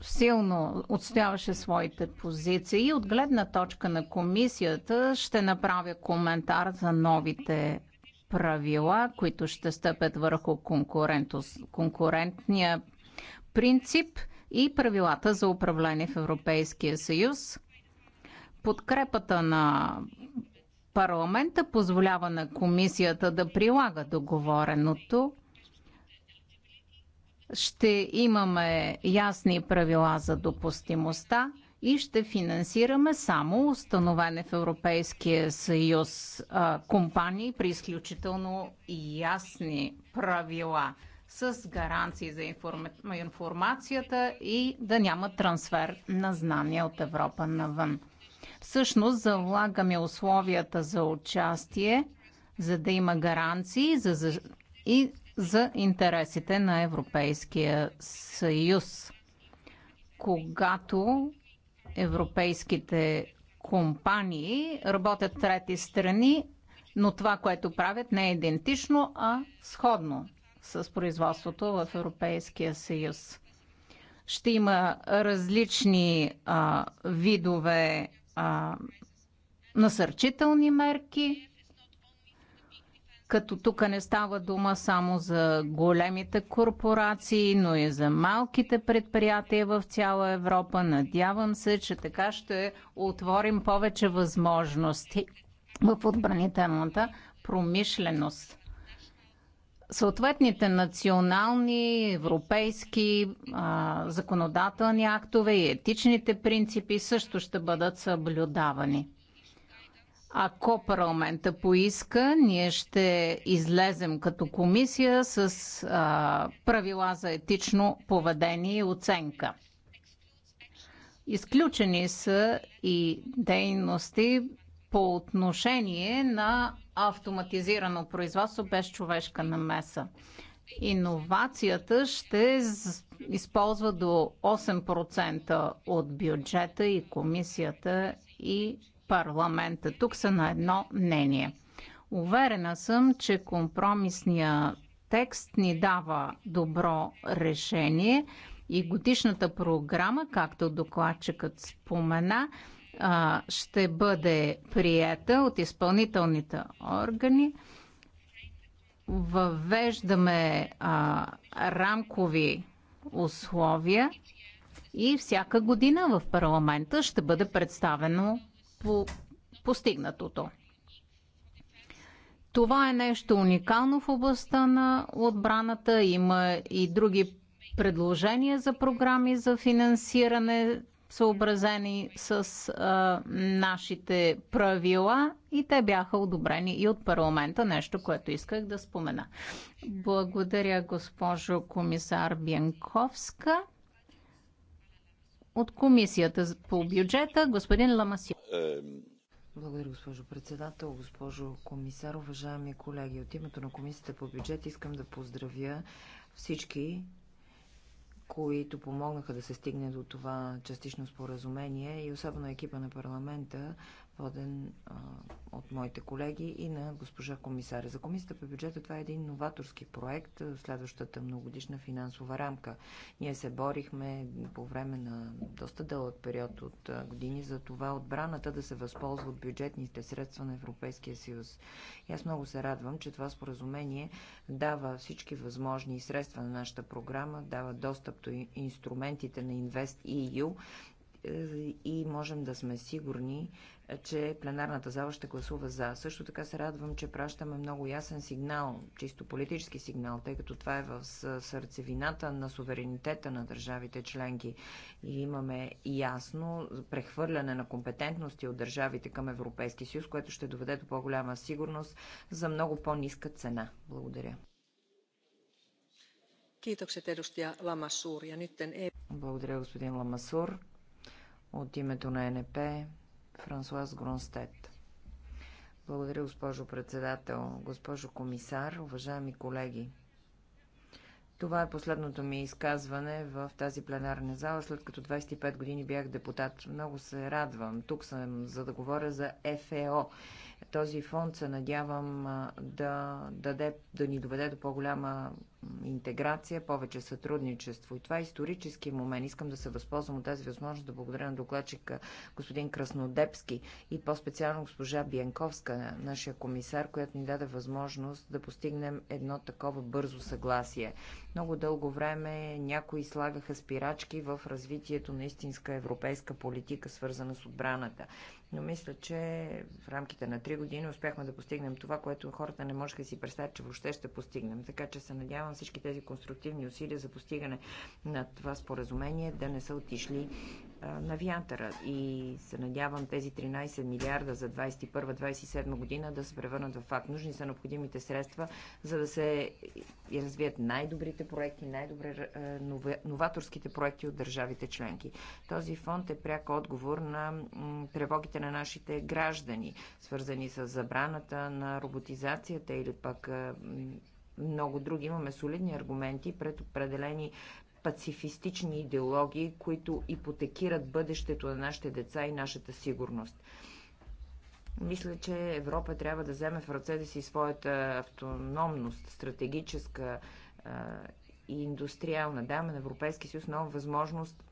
силно отстояваше своите позиции и от гледна точка на комисията ще направя коментар за новите правила, които ще стъпят върху конкурентния принцип и правилата за управление в Европейския съюз подкрепата на парламента позволява на комисията да прилага договореното. Ще имаме ясни правила за допустимостта и ще финансираме само установени в Европейския съюз а, компании при изключително ясни правила с гаранции за информацията и да няма трансфер на знания от Европа навън всъщност залагаме условията за участие, за да има гаранции за, за, и за интересите на Европейския съюз. Когато европейските компании работят трети страни, но това, което правят, не е идентично, а сходно с производството в Европейския съюз. Ще има различни а, видове а, насърчителни мерки, като тук не става дума само за големите корпорации, но и за малките предприятия в цяла Европа. Надявам се, че така ще отворим повече възможности в отбранителната промишленост съответните национални, европейски а, законодателни актове и етичните принципи също ще бъдат съблюдавани. Ако парламента поиска, ние ще излезем като комисия с а, правила за етично поведение и оценка. Изключени са и дейности по отношение на автоматизирано производство без човешка намеса. Иновацията ще използва до 8% от бюджета и комисията и парламента. Тук са на едно мнение. Уверена съм, че компромисния текст ни дава добро решение и годишната програма, както докладчикът спомена, а, ще бъде приета от изпълнителните органи. Въвеждаме а, рамкови условия и всяка година в парламента ще бъде представено по постигнатото. Това е нещо уникално в областта на отбраната. Има и други предложения за програми за финансиране съобразени с а, нашите правила и те бяха одобрени и от парламента, нещо, което исках да спомена. Благодаря, госпожо комисар Бянковска. От комисията по бюджета, господин Ламаси. Благодаря, госпожо председател, госпожо комисар, уважаеми колеги. От името на комисията по бюджет искам да поздравя всички които помогнаха да се стигне до това частично споразумение и особено екипа на парламента воден а, от моите колеги и на госпожа комисаря. За комисията по бюджета това е един новаторски проект в следващата многогодишна финансова рамка. Ние се борихме по време на доста дълъг период от години за това отбраната да се възползва от бюджетните средства на Европейския съюз. И аз много се радвам, че това споразумение дава всички възможни средства на нашата програма, дава достъп до инструментите на InvestEU и можем да сме сигурни, че пленарната зала ще гласува за. Също така се радвам, че пращаме много ясен сигнал, чисто политически сигнал, тъй като това е в сърцевината на суверенитета на държавите членки. И имаме ясно прехвърляне на компетентности от държавите към Европейски съюз, което ще доведе до по-голяма сигурност за много по-ниска цена. Благодаря. Благодаря, господин Ламасур. От името на НП Франсуаз Гронстет. Благодаря, госпожо председател, госпожо комисар, уважаеми колеги. Това е последното ми изказване в тази пленарна зала, след като 25 години бях депутат. Много се радвам. Тук съм, за да говоря за ФЕО, този фонд се надявам да, даде, да ни доведе до по-голяма интеграция, повече сътрудничество. И това е исторически момент. Искам да се възползвам от тази възможност да благодаря на докладчика господин Краснодепски и по-специално госпожа Бянковска, нашия комисар, която ни даде възможност да постигнем едно такова бързо съгласие. Много дълго време някои слагаха спирачки в развитието на истинска европейска политика, свързана с отбраната но мисля, че в рамките на 3 години успяхме да постигнем това, което хората не можеха да си представят, че въобще ще постигнем. Така че се надявам всички тези конструктивни усилия за постигане на това споразумение да не са отишли на вятъра и се надявам тези 13 милиарда за 2021-2027 година да се превърнат в факт. Нужни са необходимите средства, за да се развият най-добрите проекти, най-добре новаторските проекти от държавите членки. Този фонд е пряк отговор на тревогите на нашите граждани, свързани с забраната на роботизацията или пък много други. Имаме солидни аргументи пред определени пацифистични идеологии, които ипотекират бъдещето на нашите деца и нашата сигурност. Мисля, че Европа трябва да вземе в ръцете си своята автономност, стратегическа и индустриална. Даме на Европейския съюз нова възможност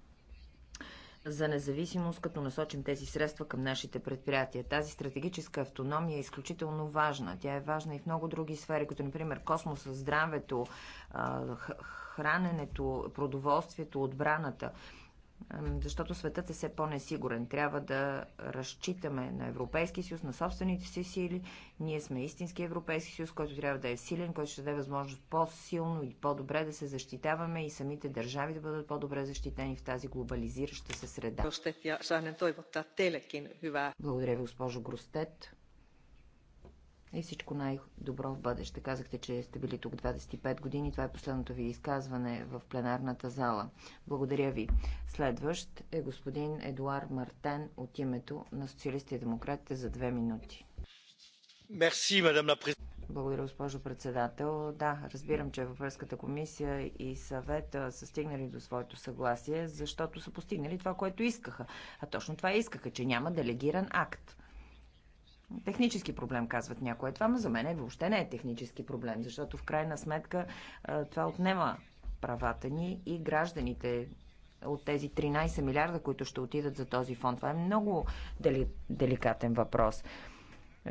за независимост, като насочим тези средства към нашите предприятия. Тази стратегическа автономия е изключително важна. Тя е важна и в много други сфери, като например космоса, здравето, храненето, продоволствието, отбраната защото светът е все по-несигурен. Трябва да разчитаме на Европейски съюз, на собствените си сили. Ние сме истински Европейски съюз, който трябва да е силен, който ще даде възможност по-силно и по-добре да се защитаваме и самите държави да бъдат по-добре защитени в тази глобализираща се среда. Благодаря ви, госпожо Гростет и всичко най-добро в бъдеще. Казахте, че сте били тук 25 години. Това е последното ви изказване в пленарната зала. Благодаря ви. Следващ е господин Едуар Мартен от името на социалистите и демократите за две минути. Мерси, мадам ла благодаря, госпожо председател. Да, разбирам, че Европейската комисия и съвета са стигнали до своето съгласие, защото са постигнали това, което искаха. А точно това искаха, че няма делегиран акт. Технически проблем, казват някои. Това, но за мен е, въобще не е технически проблем, защото в крайна сметка това отнема правата ни и гражданите от тези 13 милиарда, които ще отидат за този фонд. Това е много дели, деликатен въпрос.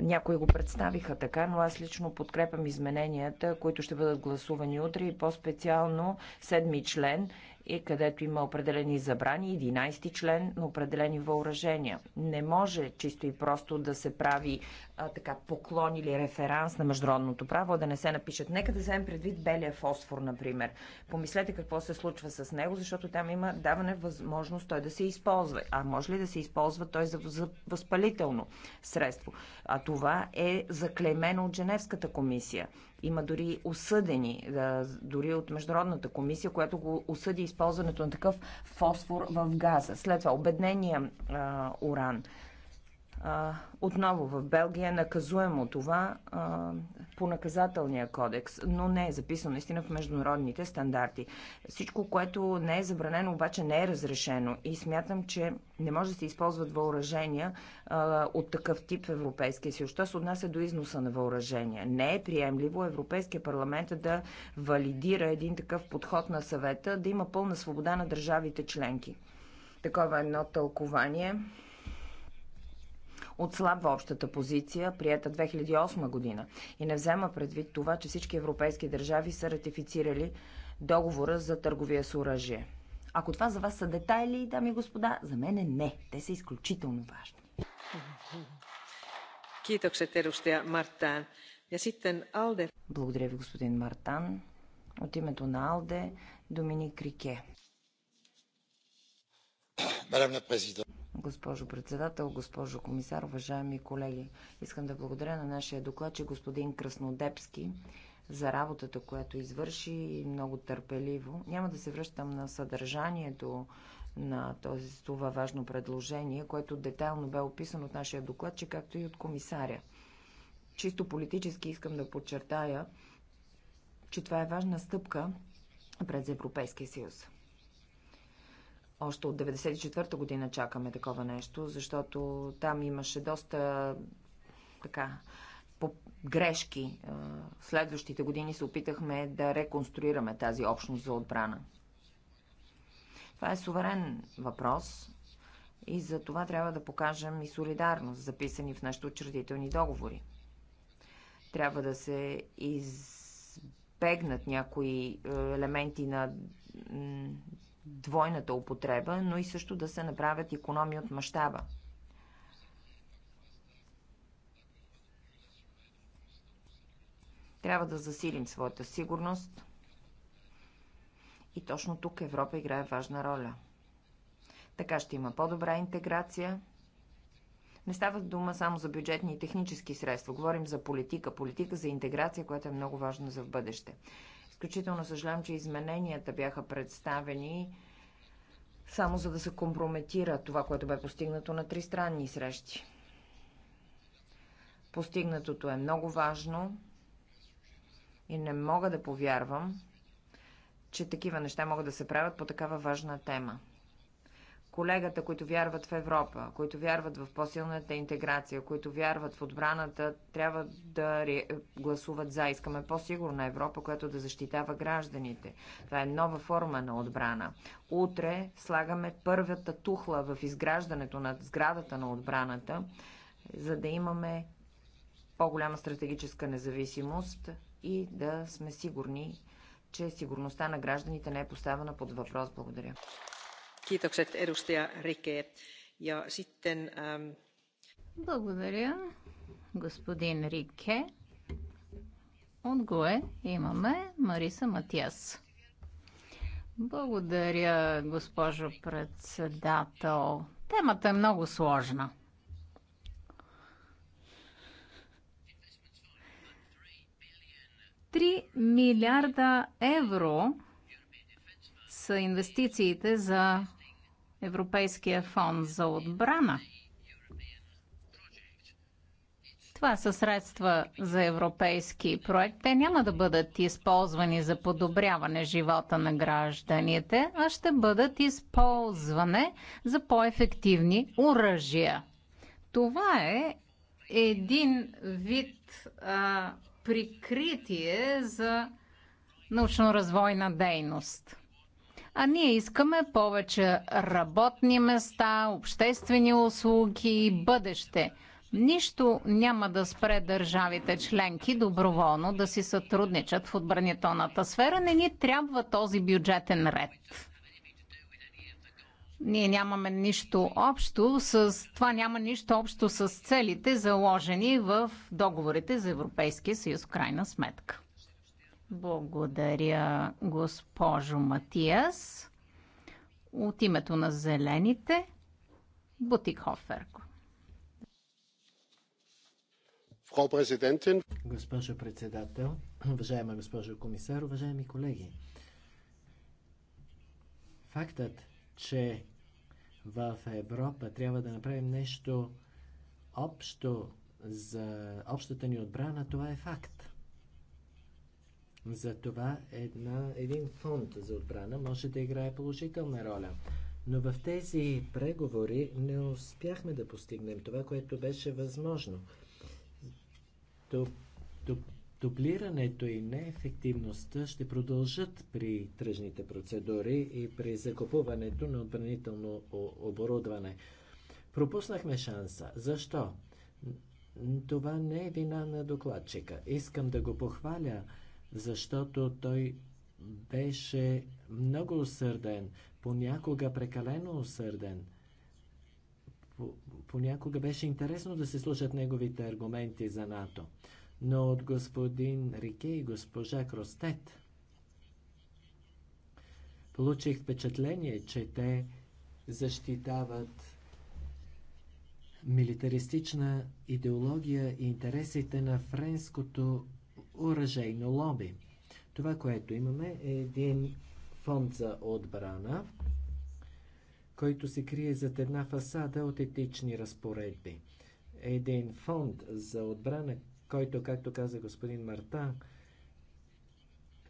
Някои го представиха така, но аз лично подкрепям измененията, които ще бъдат гласувани утре и по-специално седми член и е където има определени забрани, 11-ти член на определени въоръжения. Не може чисто и просто да се прави а, така поклон или реферанс на международното право, да не се напишат. Нека да вземем предвид белия фосфор, например. Помислете какво се случва с него, защото там има даване възможност той да се използва. А може ли да се използва той за, за възпалително средство? А това е заклемено от Женевската комисия. Има дори осъдени, дори от Международната комисия, която го осъди използването на такъв фосфор в газа. След това обеднения уран отново в Белгия е наказуемо това а, по наказателния кодекс, но не е записано наистина в международните стандарти. Всичко, което не е забранено, обаче не е разрешено и смятам, че не може да се използват въоръжения а, от такъв тип в Европейския съюз. Що се отнася до износа на въоръжения? Не е приемливо Европейския парламент да валидира един такъв подход на съвета, да има пълна свобода на държавите членки. Такова е едно тълкование отслабва общата позиция, прията 2008 година и не взема предвид това, че всички европейски държави са ратифицирали договора за търговия с оръжие. Ако това за вас са детайли, дами и господа, за мен е не. Те са изключително важни. Благодаря ви, господин Мартан. От името на Алде, Доминик Рике госпожо председател, госпожо комисар, уважаеми колеги. Искам да благодаря на нашия докладчик господин Краснодепски за работата, която извърши и много търпеливо. Няма да се връщам на съдържанието на този, това важно предложение, което детайлно бе описано от нашия докладчик, както и от комисаря. Чисто политически искам да подчертая, че това е важна стъпка пред Европейския съюз. Още от 1994 година чакаме такова нещо, защото там имаше доста така по грешки. В е, следващите години се опитахме да реконструираме тази общност за отбрана. Това е суверен въпрос и за това трябва да покажем и солидарност, записани в нашите учредителни договори. Трябва да се избегнат някои е, елементи на двойната употреба, но и също да се направят економии от мащаба. Трябва да засилим своята сигурност и точно тук Европа играе важна роля. Така ще има по-добра интеграция. Не става дума само за бюджетни и технически средства. Говорим за политика. Политика за интеграция, която е много важна за в бъдеще. Изключително съжалявам, че измененията бяха представени само за да се компрометира това, което бе постигнато на тристранни срещи. Постигнатото е много важно и не мога да повярвам, че такива неща могат да се правят по такава важна тема колегата, които вярват в Европа, които вярват в по-силната интеграция, които вярват в отбраната, трябва да гласуват за. Искаме по-сигурна Европа, която да защитава гражданите. Това е нова форма на отбрана. Утре слагаме първата тухла в изграждането на сградата на отбраната, за да имаме по-голяма стратегическа независимост и да сме сигурни, че сигурността на гражданите не е поставена под въпрос. Благодаря. Ähm, Благодаря, господин Рике. От ГОЕ имаме Мариса Матиас. Благодаря, госпожо председател. Темата е много сложна. Три милиарда евро са инвестициите за Европейския фонд за отбрана. Това са средства за европейски проект. Те няма да бъдат използвани за подобряване живота на гражданите, а ще бъдат използване за по-ефективни оръжия. Това е един вид а, прикритие за научно-развойна дейност. А ние искаме повече работни места, обществени услуги и бъдеще. Нищо няма да спре държавите членки доброволно да си сътрудничат в отбранителната сфера. Не ни трябва този бюджетен ред. Ние нямаме нищо общо с това няма нищо общо с целите заложени в договорите за Европейския съюз в крайна сметка. Благодаря, госпожо Матиас. От името на Зелените, Бутик Хоферко. Госпожо председател, уважаема госпожо комисар, уважаеми колеги. Фактът, че в Европа трябва да направим нещо общо за общата ни отбрана, това е факт. Затова една, един фонд за отбрана може да играе положителна роля. Но в тези преговори не успяхме да постигнем това, което беше възможно. Дублирането и неефективността ще продължат при тръжните процедури и при закупуването на отбранително оборудване. Пропуснахме шанса. Защо? Това не е вина на докладчика. Искам да го похваля защото той беше много усърден, понякога прекалено усърден. Понякога беше интересно да се слушат неговите аргументи за НАТО. Но от господин Рике и госпожа Кростет получих впечатление, че те защитават милитаристична идеология и интересите на френското оръжейно лоби. Това, което имаме е един фонд за отбрана, който се крие зад една фасада от етични разпоредби. Един фонд за отбрана, който, както каза господин Марта,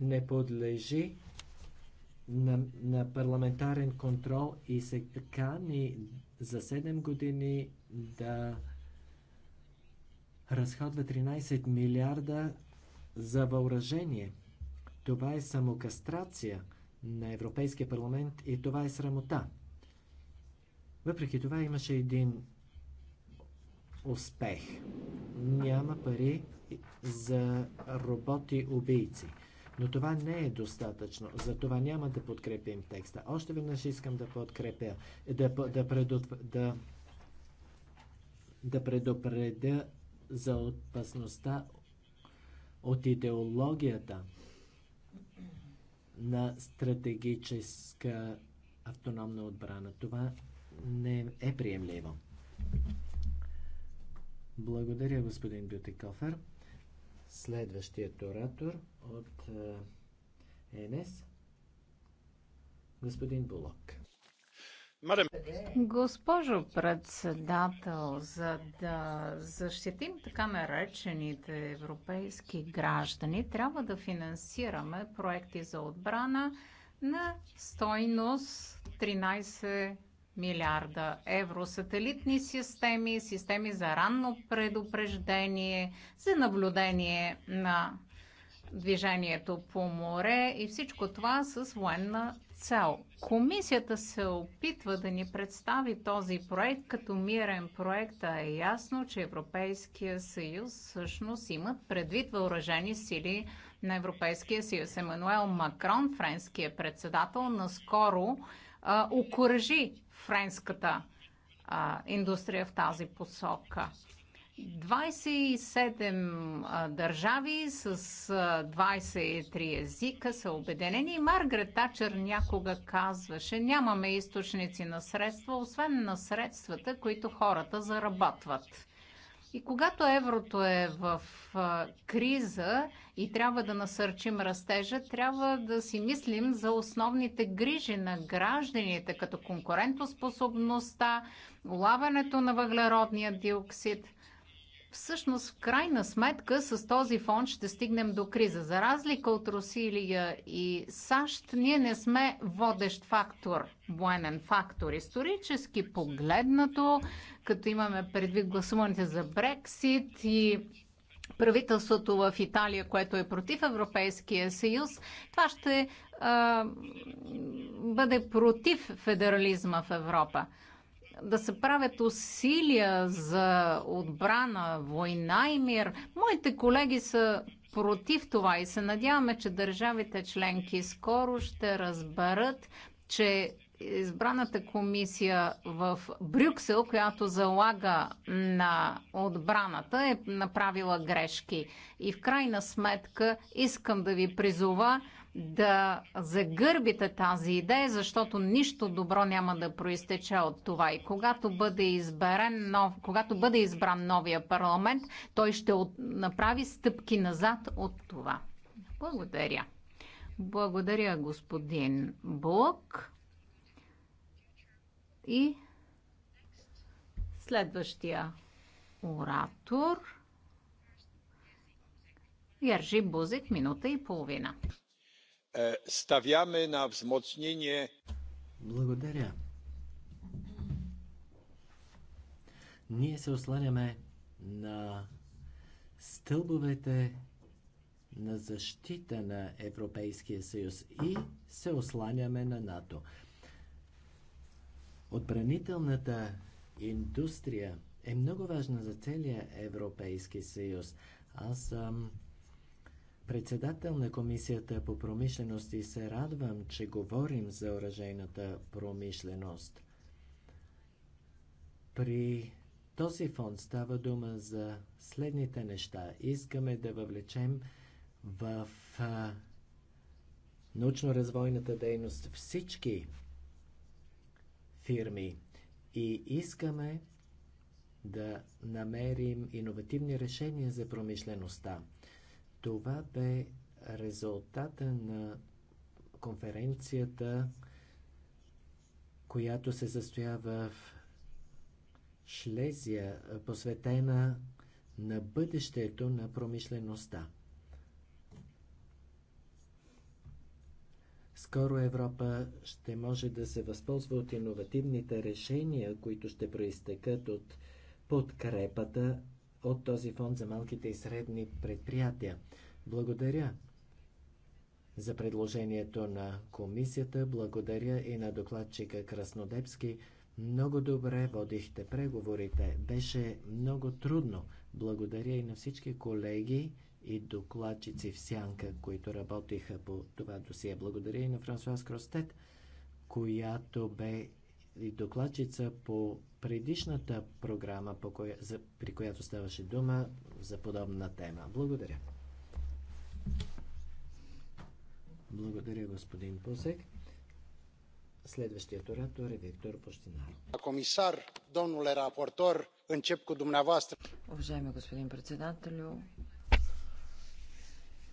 не подлежи на, на парламентарен контрол и се кани за 7 години да разходва 13 милиарда за въоръжение. Това е самокастрация на Европейския парламент и това е срамота. Въпреки това имаше един успех. Няма пари за роботи-убийци. Но това не е достатъчно. Затова няма да подкрепим текста. Още веднъж искам да подкрепя, да, да, предотв... да, да предупредя за опасността от идеологията на стратегическа автономна отбрана. Това не е приемливо. Благодаря, господин Бютикофер. Следващият оратор от ЕНС, господин Булок. Госпожо председател, за да защитим така наречените европейски граждани, трябва да финансираме проекти за отбрана на стойност 13 милиарда евро. Сателитни системи, системи за ранно предупреждение, за наблюдение на движението по море и всичко това с военна цел. Комисията се опитва да ни представи този проект като мирен проект, а е ясно, че Европейския съюз всъщност имат предвид въоръжени сили на Европейския съюз. Емануел Макрон, френския председател, наскоро а, окоръжи френската а, индустрия в тази посока. 27 държави с 23 езика са обединени. Маргарет Тачър някога казваше, нямаме източници на средства, освен на средствата, които хората заработват. И когато еврото е в криза и трябва да насърчим растежа, трябва да си мислим за основните грижи на гражданите, като конкурентоспособността, улавянето на въглеродния диоксид – Всъщност, в крайна сметка, с този фонд ще стигнем до криза. За разлика от Русилия и САЩ, ние не сме водещ фактор, военен фактор. Исторически погледнато, като имаме предвид гласуването за Брексит и правителството в Италия, което е против Европейския съюз, това ще а, бъде против федерализма в Европа да се правят усилия за отбрана, война и мир. Моите колеги са против това и се надяваме, че държавите членки скоро ще разберат, че избраната комисия в Брюксел, която залага на отбраната, е направила грешки. И в крайна сметка искам да ви призова да загърбите тази идея, защото нищо добро няма да проистече от това. И когато бъде, изберен нов, когато бъде избран новия парламент, той ще от, направи стъпки назад от това. Благодаря. Благодаря, господин Блок. И следващия оратор. Вержи Бузик, минута и половина. E, stawiamy na wzmocnienie. Благодаря. Ние се осланяме на стълбовете на защита на Европейския съюз и се осланяме на НАТО. Отбранителната индустрия е много важна за целия Европейски съюз. Аз съм председател на Комисията по промишленост и се радвам, че говорим за оръжейната промишленост. При този фонд става дума за следните неща. Искаме да въвлечем в научно-развойната дейност всички фирми и искаме да намерим иновативни решения за промишлеността. Това бе резултата на конференцията, която се състоя в Шлезия, посветена на бъдещето на промишлеността. Скоро Европа ще може да се възползва от иновативните решения, които ще проистекат от подкрепата от този фонд за малките и средни предприятия. Благодаря за предложението на комисията, благодаря и на докладчика Краснодепски. Много добре водихте преговорите. Беше много трудно. Благодаря и на всички колеги и докладчици в Сянка, които работиха по това досие. Благодаря и на Франсуаз Кростет, която бе и докладчица по предишната програма, по коя, за, при която ставаше дума за подобна тема. Благодаря. Благодаря, господин Посек. Следващият оратор е Виктор Пощинар. Комисар, домнуле рапортор, încep cu dumneavoastră. Уважаеми господин председателю,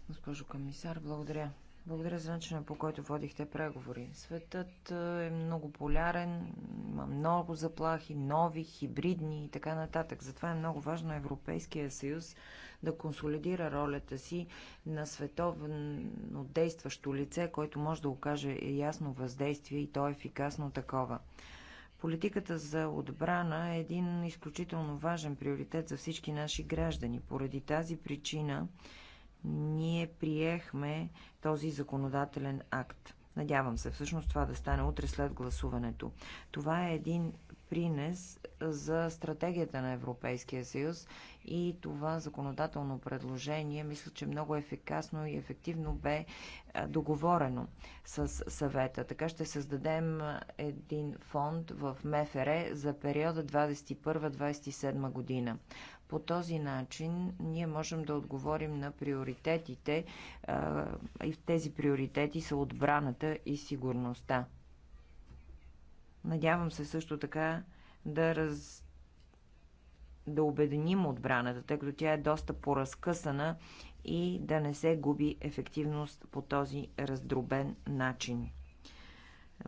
госпожо комисар, благодаря благодаря за начина по който водихте преговори. Светът е, е много полярен, има много заплахи, нови, хибридни и така нататък. Затова е много важно Европейския съюз да консолидира ролята си на световно действащо лице, който може да окаже ясно въздействие и то е ефикасно такова. Политиката за отбрана е един изключително важен приоритет за всички наши граждани. Поради тази причина ние приехме този законодателен акт. Надявам се всъщност това да стане утре след гласуването. Това е един принес за стратегията на Европейския съюз и това законодателно предложение, мисля, че много ефикасно и ефективно бе е, договорено с съвета. Така ще създадем е, един фонд в МФР за периода 2021-2027 година. По този начин ние можем да отговорим на приоритетите и тези приоритети са отбраната и сигурността. Надявам се също така да раз... да обединим отбраната, тъй като тя е доста поразкъсана и да не се губи ефективност по този раздробен начин.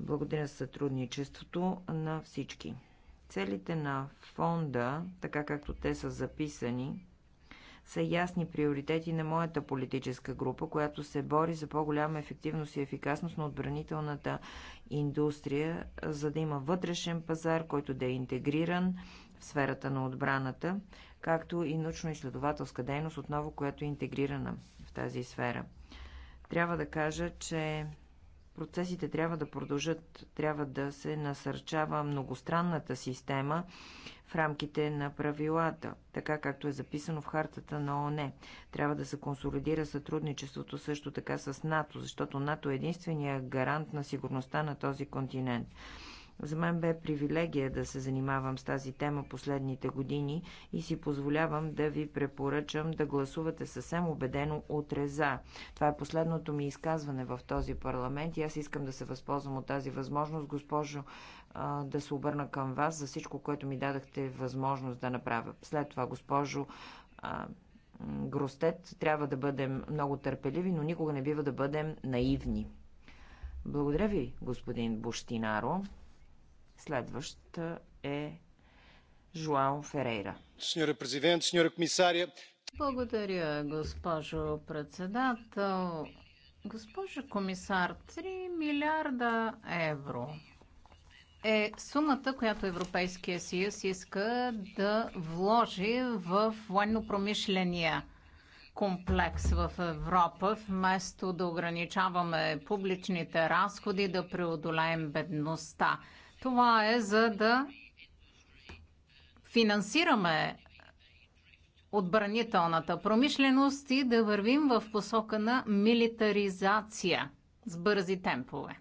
Благодаря за сътрудничеството на всички. Целите на фонда, така както те са записани, са ясни приоритети на моята политическа група, която се бори за по-голяма ефективност и ефикасност на отбранителната индустрия, за да има вътрешен пазар, който да е интегриран в сферата на отбраната, както и научно-изследователска дейност, отново, която е интегрирана в тази сфера. Трябва да кажа, че Процесите трябва да продължат, трябва да се насърчава многостранната система в рамките на правилата, така както е записано в хартата на ООН. Трябва да се консолидира сътрудничеството също така с НАТО, защото НАТО е единствения гарант на сигурността на този континент. За мен бе привилегия да се занимавам с тази тема последните години и си позволявам да ви препоръчам да гласувате съвсем убедено утре за. Това е последното ми изказване в този парламент и аз искам да се възползвам от тази възможност, госпожо, да се обърна към вас за всичко, което ми дадахте възможност да направя. След това, госпожо, Гростет, трябва да бъдем много търпеливи, но никога не бива да бъдем наивни. Благодаря ви, господин Буштинаро. Следващата е Жуао Ферейра. Сеньора президент, сеньора комисария. Благодаря, госпожо председател. Госпожо комисар, 3 милиарда евро е сумата, която Европейския съюз иска да вложи в военно-промишления комплекс в Европа, вместо да ограничаваме публичните разходи, да преодолеем бедността. Това е за да финансираме отбранителната промишленост и да вървим в посока на милитаризация с бързи темпове.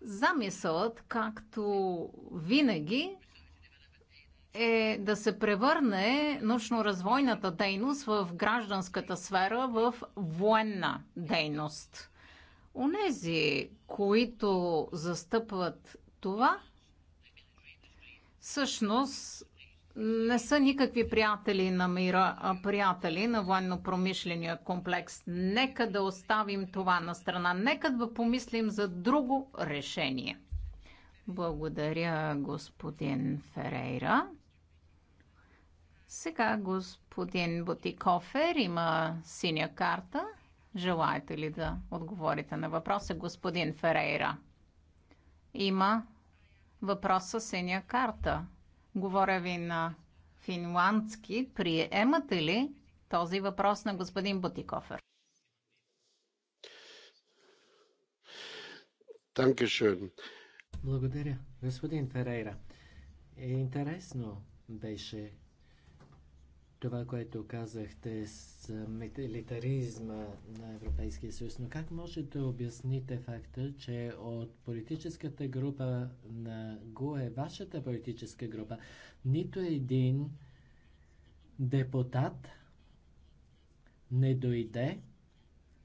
Замисълът, както винаги, е да се превърне научно-развойната дейност в гражданската сфера в военна дейност – Онези, които застъпват това, всъщност не са никакви приятели на мира, а приятели на военно-промишления комплекс. Нека да оставим това на страна. Нека да помислим за друго решение. Благодаря, господин Ферейра. Сега господин Ботикофер има синя карта. Желаете ли да отговорите на въпроса, господин Ферейра? Има въпрос с синя карта. Говоря ви на финландски. Приемате ли този въпрос на господин Бутикофер? Благодаря, господин Ферейра. Е, интересно беше това, което казахте с милитаризма на Европейския съюз, но как може да обясните факта, че от политическата група на ГУЕ, вашата политическа група, нито един депутат не дойде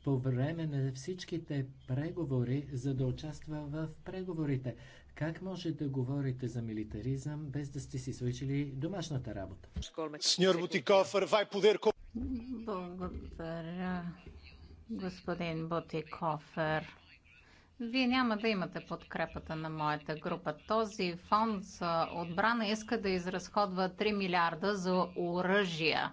по време на всичките преговори, за да участва в преговорите. Как може да говорите за милитаризъм, без да сте си свършили домашната работа? Сеньор Бутикофър, вай подир... Благодаря, господин Бутикофер. Вие няма да имате подкрепата на моята група. Този фонд за отбрана иска да изразходва 3 милиарда за оръжия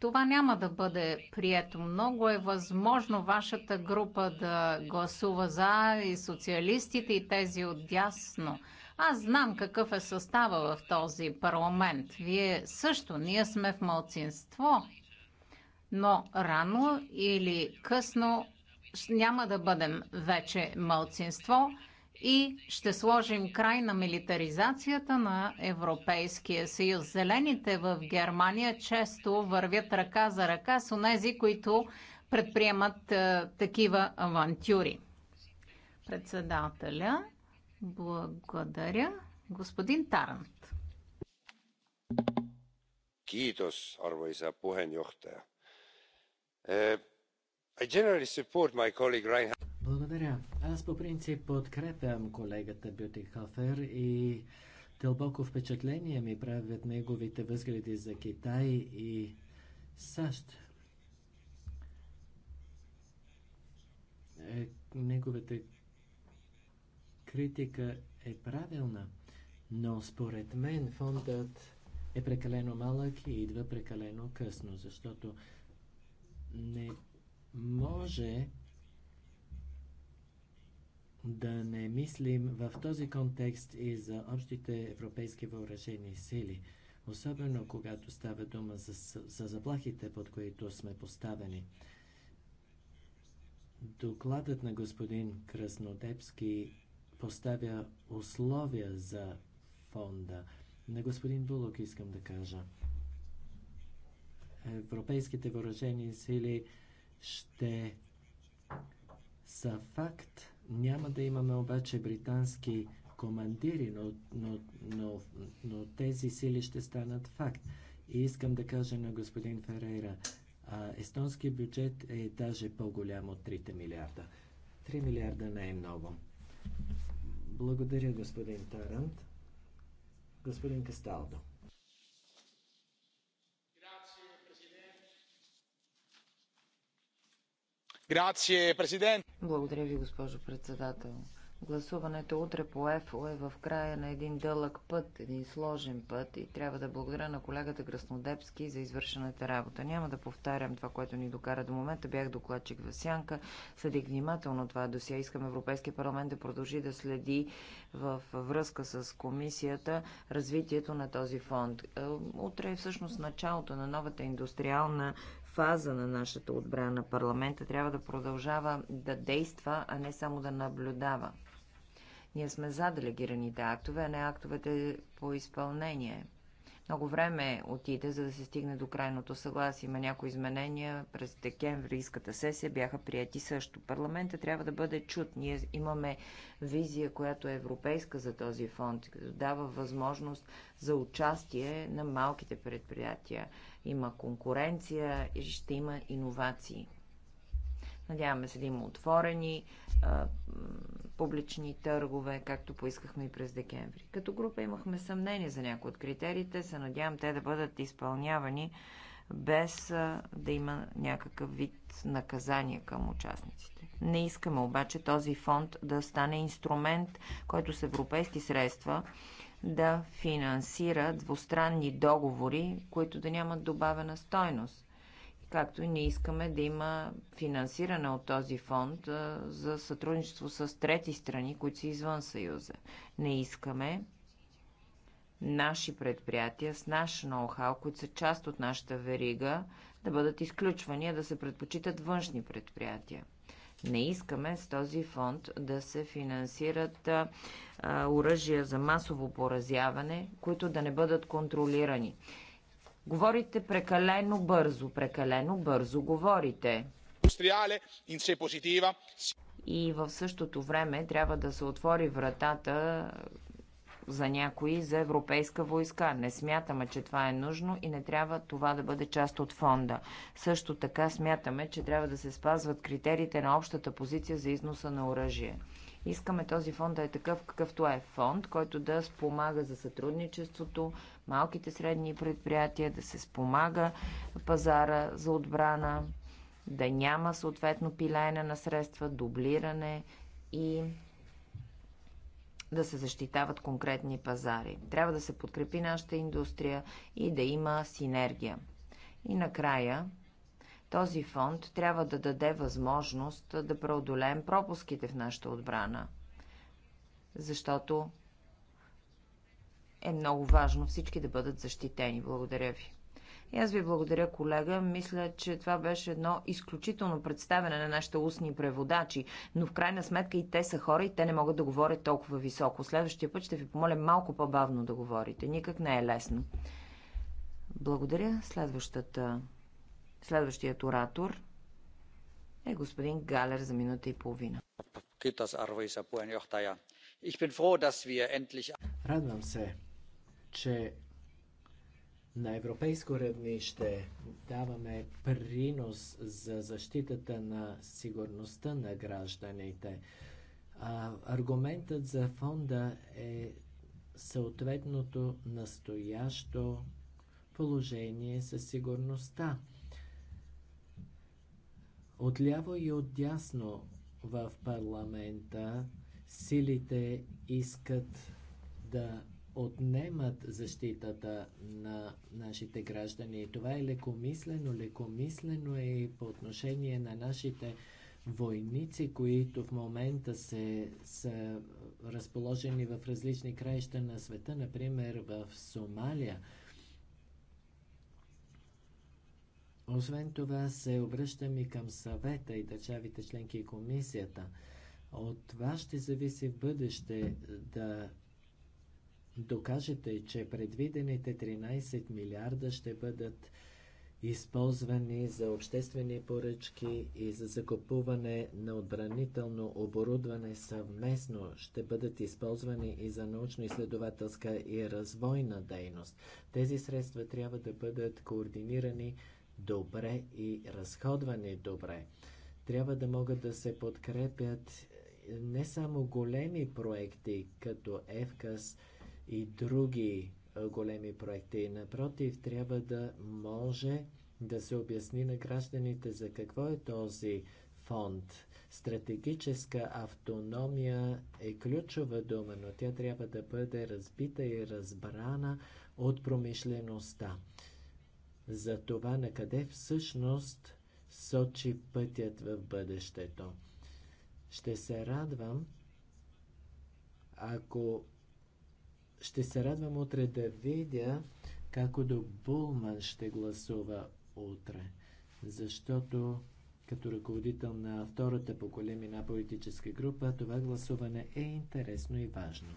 това няма да бъде прието. Много е възможно вашата група да гласува за и социалистите и тези от дясно. Аз знам какъв е състава в този парламент. Вие също, ние сме в мълцинство. Но рано или късно няма да бъдем вече мълцинство и ще сложим край на милитаризацията на Европейския съюз. Зелените в Германия често вървят ръка за ръка с онези, които предприемат е, такива авантюри. Председателя, благодаря. Господин Тарант. Kiitos, arvoisa puheenjohtaja. Uh, I generally support my colleague Reinhard. Благодаря. Аз по принцип подкрепям колегата Хафер и дълбоко впечатление ми правят неговите възгледи за Китай и САЩ. Е, неговата критика е правилна, но според мен фондът е прекалено малък и идва прекалено късно, защото не може да не мислим в този контекст и за общите европейски въоръжени сили, особено когато става дума за, за заплахите, под които сме поставени. Докладът на господин Краснодепски поставя условия за фонда. На господин Булок искам да кажа. Европейските въоръжени сили ще са факт няма да имаме обаче британски командири, но, но, но, но тези сили ще станат факт. И искам да кажа на господин Ферейра, а, естонски бюджет е даже по-голям от 3 милиарда. 3 милиарда не е много. Благодаря, господин Тарант. Господин Касталдо. Благодаря ви, госпожо председател. Гласуването утре по ЕФО е в края на един дълъг път, един сложен път и трябва да благодаря на колегата Краснодепски за извършената работа. Няма да повтарям това, което ни докара до момента. Бях докладчик в Сянка, Следих внимателно това досия. Искам Европейския парламент да продължи да следи в връзка с комисията развитието на този фонд. Е, утре е всъщност началото на новата индустриална фаза на нашата отбрана. Парламента трябва да продължава да действа, а не само да наблюдава. Ние сме за делегираните актове, а не актовете по изпълнение. Много време отиде, за да се стигне до крайното съгласие. Има някои изменения. През декемврийската сесия бяха прияти също. Парламента трябва да бъде чут. Ние имаме визия, която е европейска за този фонд, като дава възможност за участие на малките предприятия има конкуренция и ще има иновации. Надяваме се да има отворени а, публични търгове, както поискахме и през декември. Като група имахме съмнение за някои от критериите. Се надявам те да бъдат изпълнявани без а, да има някакъв вид наказание към участниците. Не искаме обаче този фонд да стане инструмент, който с европейски средства да финансира двустранни договори, които да нямат добавена стойност. Както и не искаме да има финансиране от този фонд за сътрудничество с трети страни, които са извън Съюза. Не искаме наши предприятия с наш ноу-хау, които са част от нашата верига, да бъдат изключвания, да се предпочитат външни предприятия. Не искаме с този фонд да се финансират оръжия за масово поразяване, които да не бъдат контролирани. Говорите прекалено бързо, прекалено бързо говорите. И в същото време трябва да се отвори вратата за някои за европейска войска. Не смятаме, че това е нужно и не трябва това да бъде част от фонда. Също така смятаме, че трябва да се спазват критериите на общата позиция за износа на оръжие. Искаме този фонд да е такъв, какъвто е фонд, който да спомага за сътрудничеството, малките средни предприятия, да се спомага пазара за отбрана, да няма съответно пилеене на средства, дублиране и да се защитават конкретни пазари. Трябва да се подкрепи нашата индустрия и да има синергия. И накрая, този фонд трябва да даде възможност да преодолеем пропуските в нашата отбрана, защото е много важно всички да бъдат защитени. Благодаря ви. И аз ви благодаря, колега. Мисля, че това беше едно изключително представяне на нашите устни преводачи, но в крайна сметка и те са хора и те не могат да говорят толкова високо. Следващия път ще ви помоля малко по-бавно да говорите. Никак не е лесно. Благодаря. Следващата... Следващият оратор е господин Галер за минута и половина. Радвам се, че на европейско равнище даваме принос за защитата на сигурността на гражданите. А, аргументът за фонда е съответното настоящо положение със сигурността. Отляво и отдясно в парламента силите искат да отнемат защитата на нашите граждани. Това е лекомислено. Лекомислено е и по отношение на нашите войници, които в момента се, са разположени в различни краища на света, например в Сомалия. Освен това се обръщам и към съвета и държавите членки и комисията. От това ще зависи в бъдеще да докажете, че предвидените 13 милиарда ще бъдат използвани за обществени поръчки и за закупуване на отбранително оборудване съвместно, ще бъдат използвани и за научно-изследователска и развойна дейност. Тези средства трябва да бъдат координирани добре и разходвани добре. Трябва да могат да се подкрепят не само големи проекти като ЕФКАС, и други големи проекти. Напротив, трябва да може да се обясни на гражданите за какво е този фонд. Стратегическа автономия е ключова дума, но тя трябва да бъде разбита и разбрана от промишлеността. За това на къде всъщност сочи пътят в бъдещето. Ще се радвам, ако ще се радвам утре да видя как до Булман ще гласува утре, защото като ръководител на втората по големина политическа група, това гласуване е интересно и важно.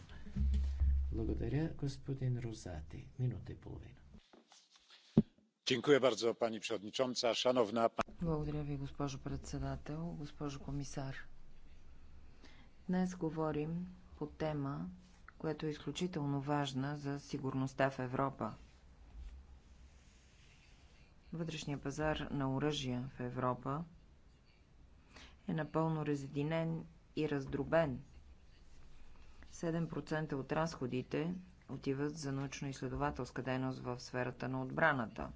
Благодаря, господин Розати. Минута и половина. Благодаря ви, госпожо председател, госпожо комисар. Днес говорим по тема, която е изключително важна за сигурността в Европа. Вътрешният пазар на оръжия в Европа е напълно разединен и раздробен. 7% от разходите отиват за научно-изследователска дейност в сферата на отбраната.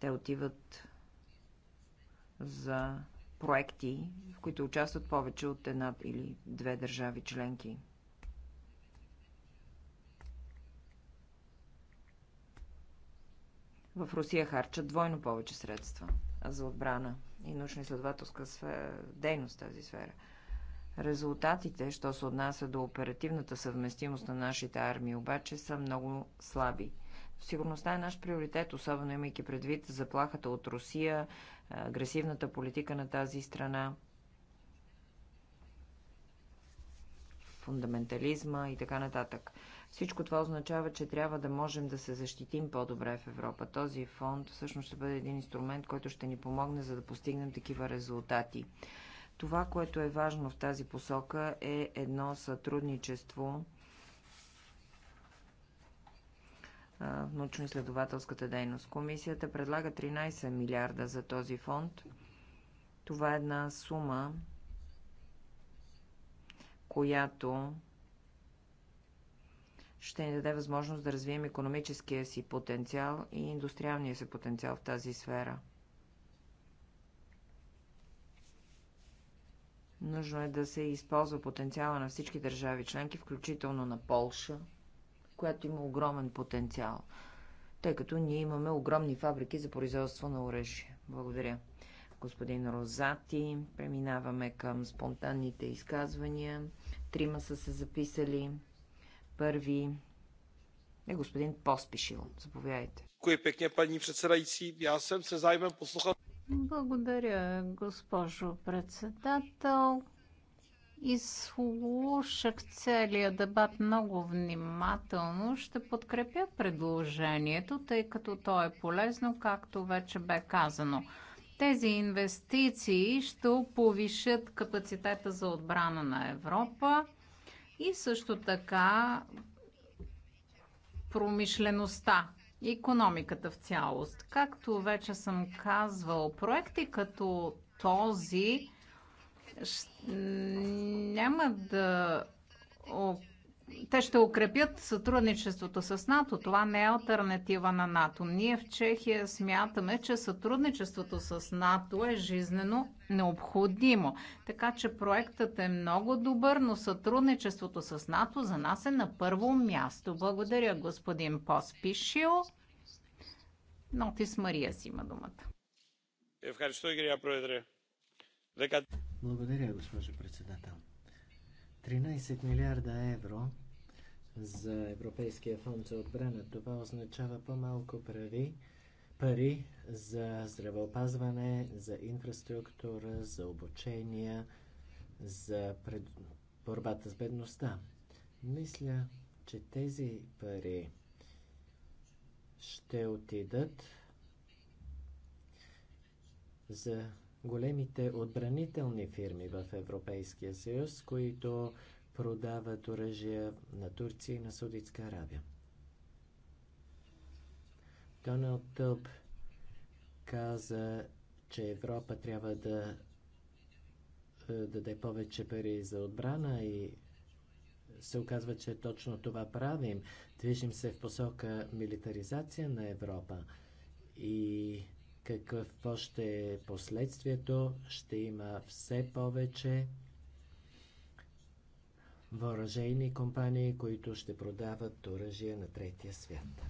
Те отиват за проекти, в които участват повече от една или две държави членки. В Русия харчат двойно повече средства за отбрана и научно-изследователска дейност в тази сфера. Резултатите, що се отнася до оперативната съвместимост на нашите армии, обаче са много слаби. Сигурността е наш приоритет, особено имайки предвид заплахата от Русия, агресивната политика на тази страна, фундаментализма и така нататък. Всичко това означава, че трябва да можем да се защитим по-добре в Европа. Този фонд всъщност ще бъде един инструмент, който ще ни помогне за да постигнем такива резултати. Това, което е важно в тази посока е едно сътрудничество в научно-изследователската дейност. Комисията предлага 13 милиарда за този фонд. Това е една сума, която ще ни даде възможност да развием економическия си потенциал и индустриалния си потенциал в тази сфера. Нужно е да се използва потенциала на всички държави членки, включително на Полша, която има огромен потенциал, тъй като ние имаме огромни фабрики за производство на оръжие. Благодаря. Господин Розати, преминаваме към спонтанните изказвания. Трима са се записали. Първи е господин Поспишил. Заповядайте. Кой пекне, пани председайци. Аз съм се займен послухал. Благодаря, госпожо председател. Изслушах целият дебат много внимателно. Ще подкрепя предложението, тъй като то е полезно, както вече бе казано. Тези инвестиции ще повишат капацитета за отбрана на Европа и също така промишлеността и економиката в цялост. Както вече съм казвал, проекти като този няма да те ще укрепят сътрудничеството с НАТО. Това не е альтернатива на НАТО. Ние в Чехия смятаме, че сътрудничеството с НАТО е жизнено необходимо. Така че проектът е много добър, но сътрудничеството с НАТО за нас е на първо място. Благодаря, господин Поспишил. Нотис Мария си има думата. Благодаря, госпожо председател. 13 милиарда евро за Европейския фонд за отбрана. Това означава по-малко пари, пари за здравеопазване, за инфраструктура, за обучение, за пред... борбата с бедността. Мисля, че тези пари ще отидат за големите отбранителни фирми в Европейския съюз, които продават оръжия на Турция и на Саудитска Арабия. Доналд Тълб каза, че Европа трябва е, да даде повече пари за отбрана и се оказва, че точно това правим. Движим се в посока милитаризация на Европа и какво ще е последствието, ще има все повече въоръжейни компании, които ще продават оръжие на третия свят.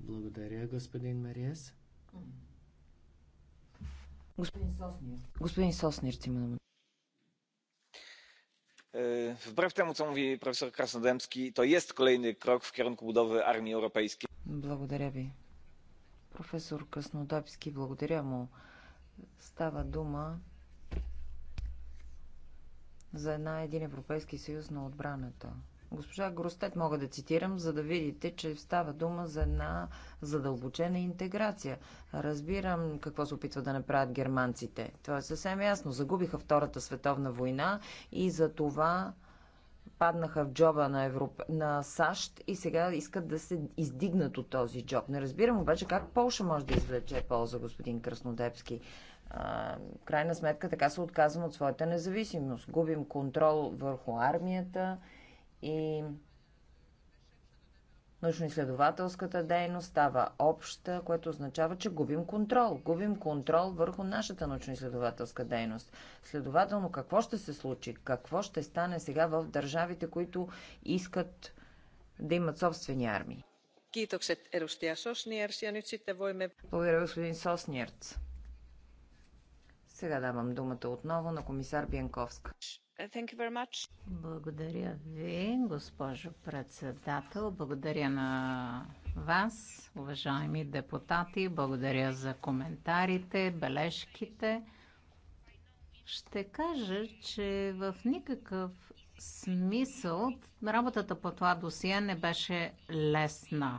Благодаря, господин Мариес. Господин Соснир. Господин Соснир, има Wbrew temu, co mówi profesor Krasnodębski, to jest kolejny krok w kierunku budowy armii europejskiej. Благодаря ви, Професор Краснодобски, благодаря му. Става дума за една един Европейски съюз на отбраната. Госпожа Гростет мога да цитирам, за да видите, че става дума за една задълбочена интеграция. Разбирам какво се опитва да направят германците. Това е съвсем ясно. Загубиха Втората световна война и за това паднаха в джоба на, Европ... на САЩ и сега искат да се издигнат от този джоб. Не разбирам обаче как Полша може да извлече полза, господин Краснодепски. В крайна сметка така се отказвам от своята независимост. Губим контрол върху армията и Научно-изследователската дейност става обща, което означава, че губим контрол. Губим контрол върху нашата научно-изследователска дейност. Следователно, какво ще се случи? Какво ще стане сега в държавите, които искат да имат собствени армии? Благодаря, господин Сосниерц. Сега давам думата отново на комисар Бянковска. Благодаря ви, госпожо председател. Благодаря на вас, уважаеми депутати. Благодаря за коментарите, бележките. Ще кажа, че в никакъв смисъл работата по това досие не беше лесна.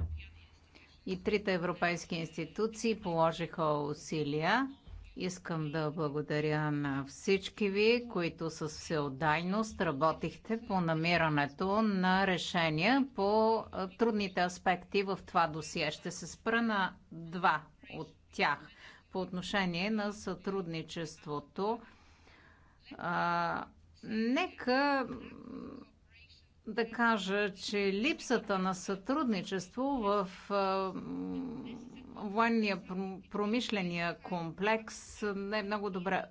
И трите европейски институции положиха усилия Искам да благодаря на всички ви, които с всеотдайност работихте по намирането на решения по трудните аспекти в това досие. Ще се спра на два от тях по отношение на сътрудничеството. А, нека да кажа, че липсата на сътрудничество в а, военния промишления комплекс не е много добре.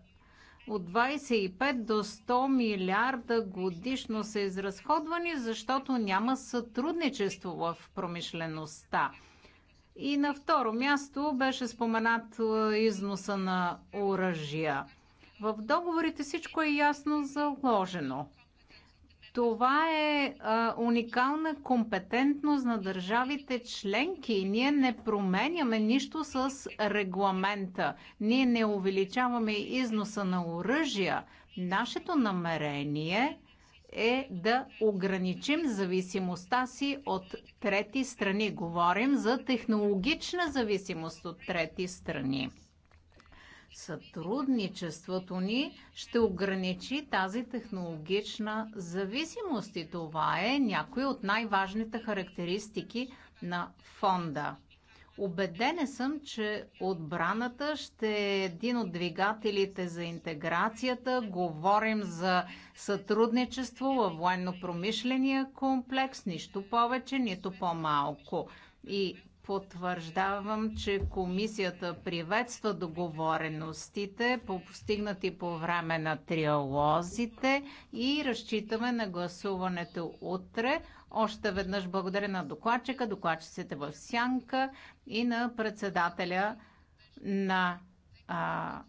От 25 до 100 милиарда годишно са изразходвани, защото няма сътрудничество в промишлеността. И на второ място беше споменат е, износа на оръжия. В договорите всичко е ясно заложено. Това е а, уникална компетентност на държавите членки. Ние не променяме нищо с регламента. Ние не увеличаваме износа на оръжия. Нашето намерение е да ограничим зависимостта си от трети страни. Говорим за технологична зависимост от трети страни. Сътрудничеството ни ще ограничи тази технологична зависимост и това е някои от най-важните характеристики на фонда. Обедене съм, че отбраната ще е един от двигателите за интеграцията. Говорим за сътрудничество във военно-промишления комплекс, нищо повече, нито по-малко. И потвърждавам, че комисията приветства договореностите по постигнати по време на триалозите и разчитаме на гласуването утре. Още веднъж благодаря на докладчика, докладчиците в Сянка и на председателя на а,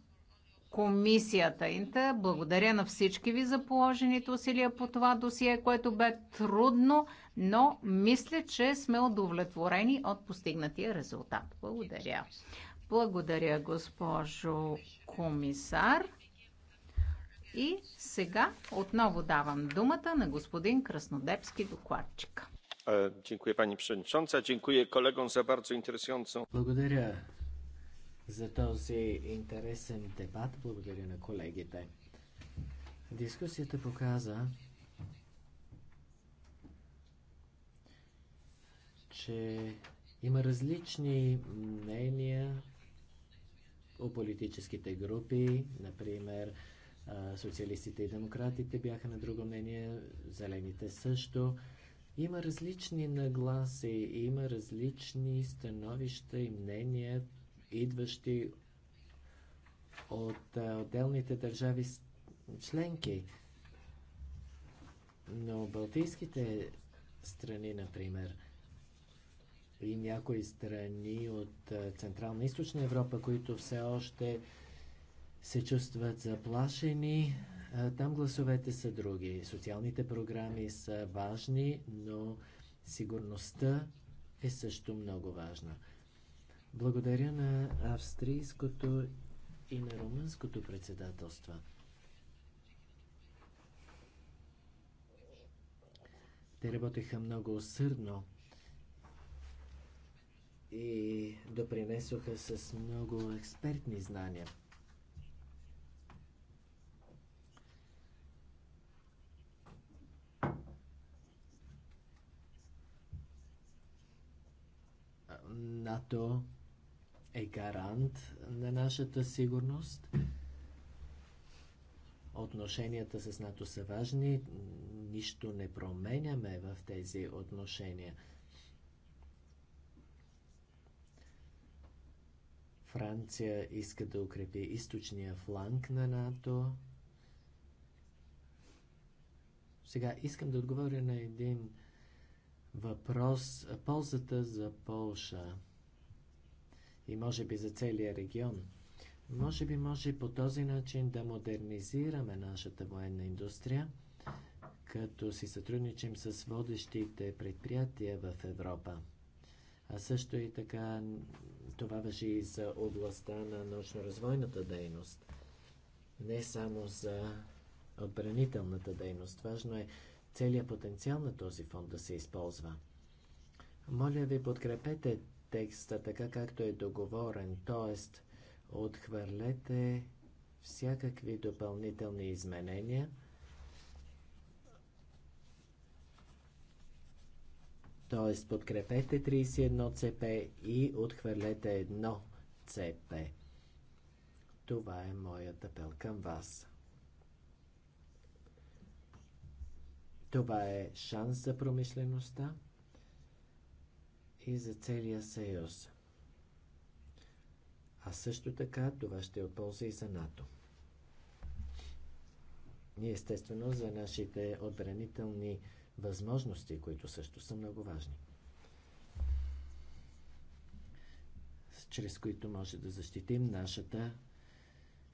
комисията Инта. Благодаря на всички ви за положените усилия по това досие, което бе трудно, но мисля, че сме удовлетворени от постигнатия резултат. Благодаря. Благодаря, госпожо комисар. И сега отново давам думата на господин Краснодепски докладчик. Е, Благодаря, за този интересен дебат. Благодаря на колегите. Дискусията показа, че има различни мнения у политическите групи. Например, социалистите и демократите бяха на друго мнение, зелените също. Има различни нагласи, има различни становища и мнения идващи от отделните държави членки. Но балтийските страни, например, и някои страни от Централна и Източна Европа, които все още се чувстват заплашени, там гласовете са други. Социалните програми са важни, но сигурността е също много важна. Благодаря на австрийското и на румънското председателство. Те работеха много усърдно и допринесоха с много експертни знания. НАТО е гарант на нашата сигурност. Отношенията с НАТО са важни. Нищо не променяме в тези отношения. Франция иска да укрепи източния фланг на НАТО. Сега искам да отговоря на един въпрос. Ползата за Полша – и може би за целия регион. Може би може по този начин да модернизираме нашата военна индустрия, като си сътрудничим с водещите предприятия в Европа. А също и така това въжи и за областта на научно-развойната дейност, не само за отбранителната дейност. Важно е целият потенциал на този фонд да се използва. Моля ви, подкрепете текста така, както е договорен, т.е. отхвърлете всякакви допълнителни изменения. Т.е. подкрепете 31 ЦП и отхвърлете 1 ЦП. Това е моят апел към вас. Това е шанс за промишлеността и за целия съюз. А също така това ще е от полза и за НАТО. И естествено за нашите отбранителни възможности, които също са много важни. чрез които може да защитим нашата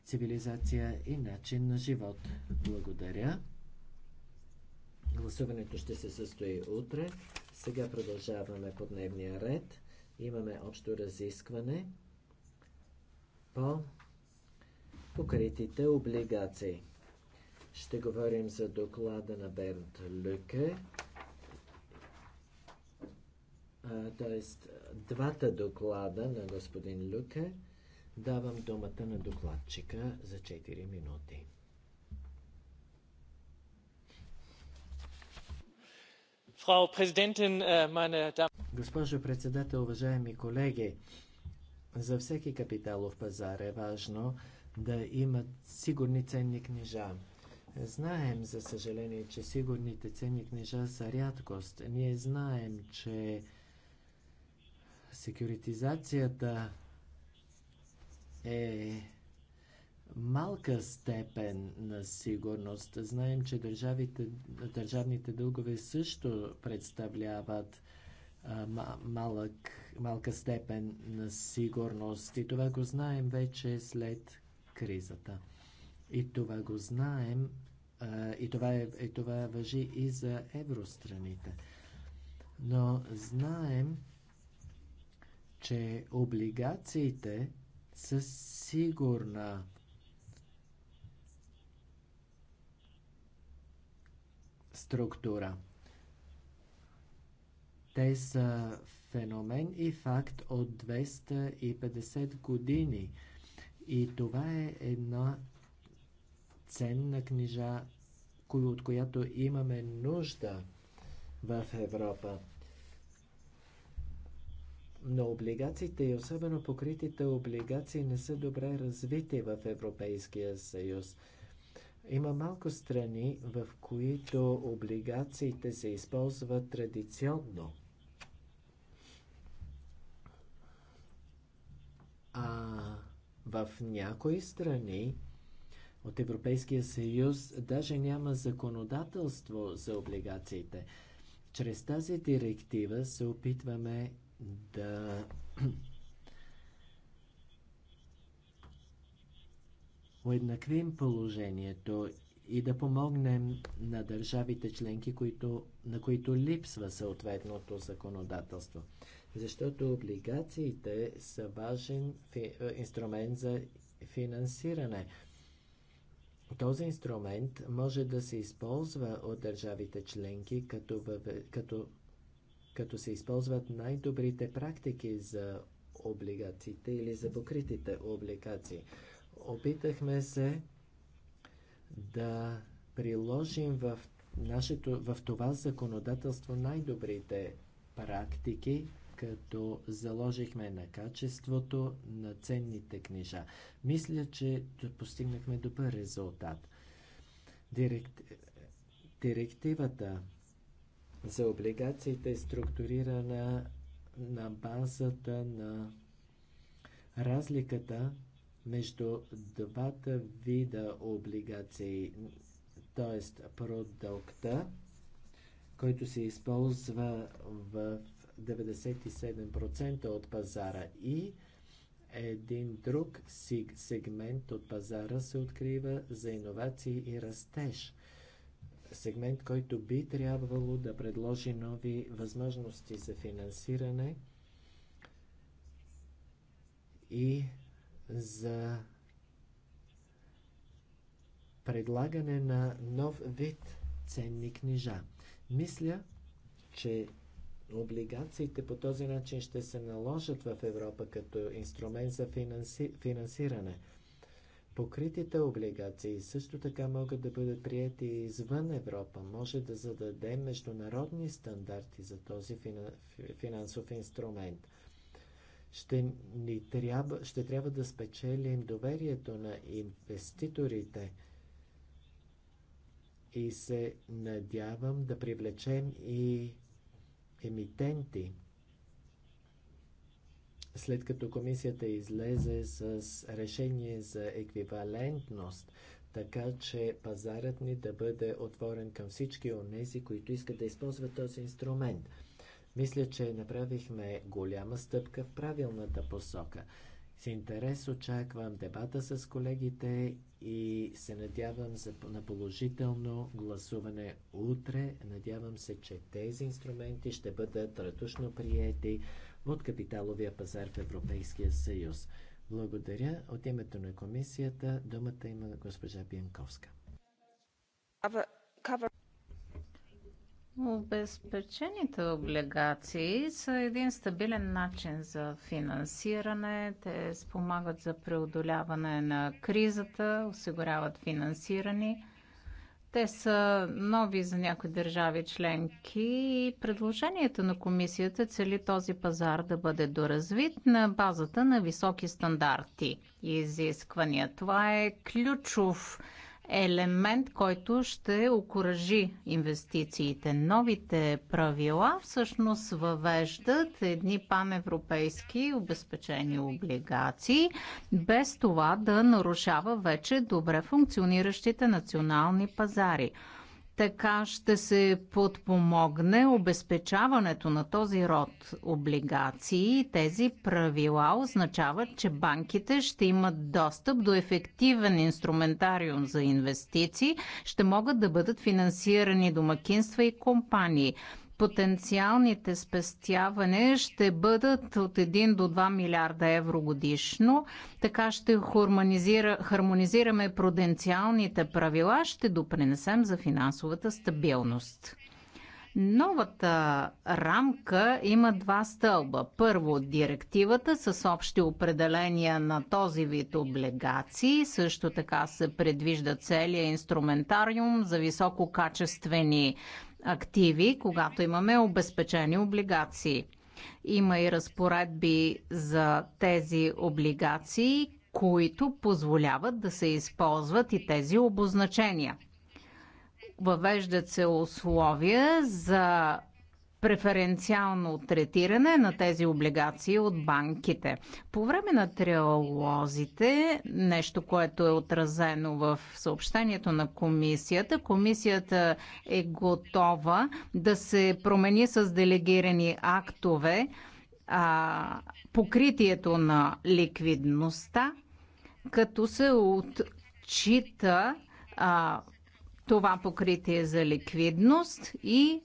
цивилизация и начин на живот. Благодаря. Гласуването ще се състои утре. Сега продължаваме по дневния ред. Имаме общо разискване по покритите облигации. Ще говорим за доклада на Бернт Люке. Тоест, двата доклада на господин Люке. Давам думата на докладчика за 4 минути. Äh, Госпожо председател, уважаеми колеги, за всеки капиталов пазар е важно да има сигурни ценни книжа. Знаем, за съжаление, че сигурните ценни книжа са рядкост. Ние знаем, че секюритизацията е малка степен на сигурност. Знаем, че държавите, държавните дългове също представляват малък, малка степен на сигурност. И това го знаем вече след кризата. И това го знаем, и това, е, и това въжи и за евространите. Но знаем, че облигациите със сигурна структура. Те са феномен и факт от 250 години. И това е една ценна книжа, от която имаме нужда в Европа. Но облигациите и особено покритите облигации не са добре развити в Европейския съюз. Има малко страни, в които облигациите се използват традиционно. А в някои страни от Европейския съюз даже няма законодателство за облигациите. Чрез тази директива се опитваме да уеднаквим положението и да помогнем на държавите членки, които, на които липсва съответното законодателство. Защото облигациите са важен фи, е, инструмент за финансиране. Този инструмент може да се използва от държавите членки, като, като, като се използват най-добрите практики за облигациите или за покритите облигации. Опитахме се да приложим в, нашето, в това законодателство най-добрите практики, като заложихме на качеството на ценните книжа. Мисля, че постигнахме добър резултат. Директ... Директивата за облигациите е структурирана на базата на разликата между двата вида облигации, т.е. продукта, който се използва в 97% от пазара и един друг сегмент от пазара се открива за иновации и растеж. Сегмент, който би трябвало да предложи нови възможности за финансиране и за предлагане на нов вид ценни книжа. Мисля, че облигациите по този начин ще се наложат в Европа като инструмент за финанси... финансиране. Покритите облигации също така могат да бъдат прияти извън Европа. Може да зададем международни стандарти за този финансов инструмент – ще, ни трябва, ще трябва да спечелим доверието на инвеститорите и се надявам да привлечем и емитенти. След като комисията излезе с решение за еквивалентност, така че пазарът ни да бъде отворен към всички онези, които искат да използват този инструмент – мисля, че направихме голяма стъпка в правилната посока. С интерес очаквам дебата с колегите и се надявам за, на положително гласуване утре. Надявам се, че тези инструменти ще бъдат радушно приети от капиталовия пазар в Европейския съюз. Благодаря. От името на комисията думата има госпожа Пиенковска. Обезпечените облигации са един стабилен начин за финансиране. Те спомагат за преодоляване на кризата, осигуряват финансирани. Те са нови за някои държави членки и предложението на комисията цели този пазар да бъде доразвит на базата на високи стандарти и изисквания. Това е ключов елемент, който ще окоръжи инвестициите. Новите правила всъщност въвеждат едни паневропейски обезпечени облигации, без това да нарушава вече добре функциониращите национални пазари. Така ще се подпомогне обезпечаването на този род облигации. Тези правила означават, че банките ще имат достъп до ефективен инструментариум за инвестиции, ще могат да бъдат финансирани домакинства и компании потенциалните спестяване ще бъдат от 1 до 2 милиарда евро годишно. Така ще хармонизира, хармонизираме пруденциалните правила, ще допринесем за финансовата стабилност. Новата рамка има два стълба. Първо, директивата с общи определения на този вид облигации. Също така се предвижда целият инструментариум за висококачествени активи, когато имаме обезпечени облигации. Има и разпоредби за тези облигации, които позволяват да се използват и тези обозначения. Въвеждат се условия за преференциално третиране на тези облигации от банките. По време на триолозите, нещо, което е отразено в съобщението на комисията, комисията е готова да се промени с делегирани актове а, покритието на ликвидността, като се отчита а, това покритие за ликвидност и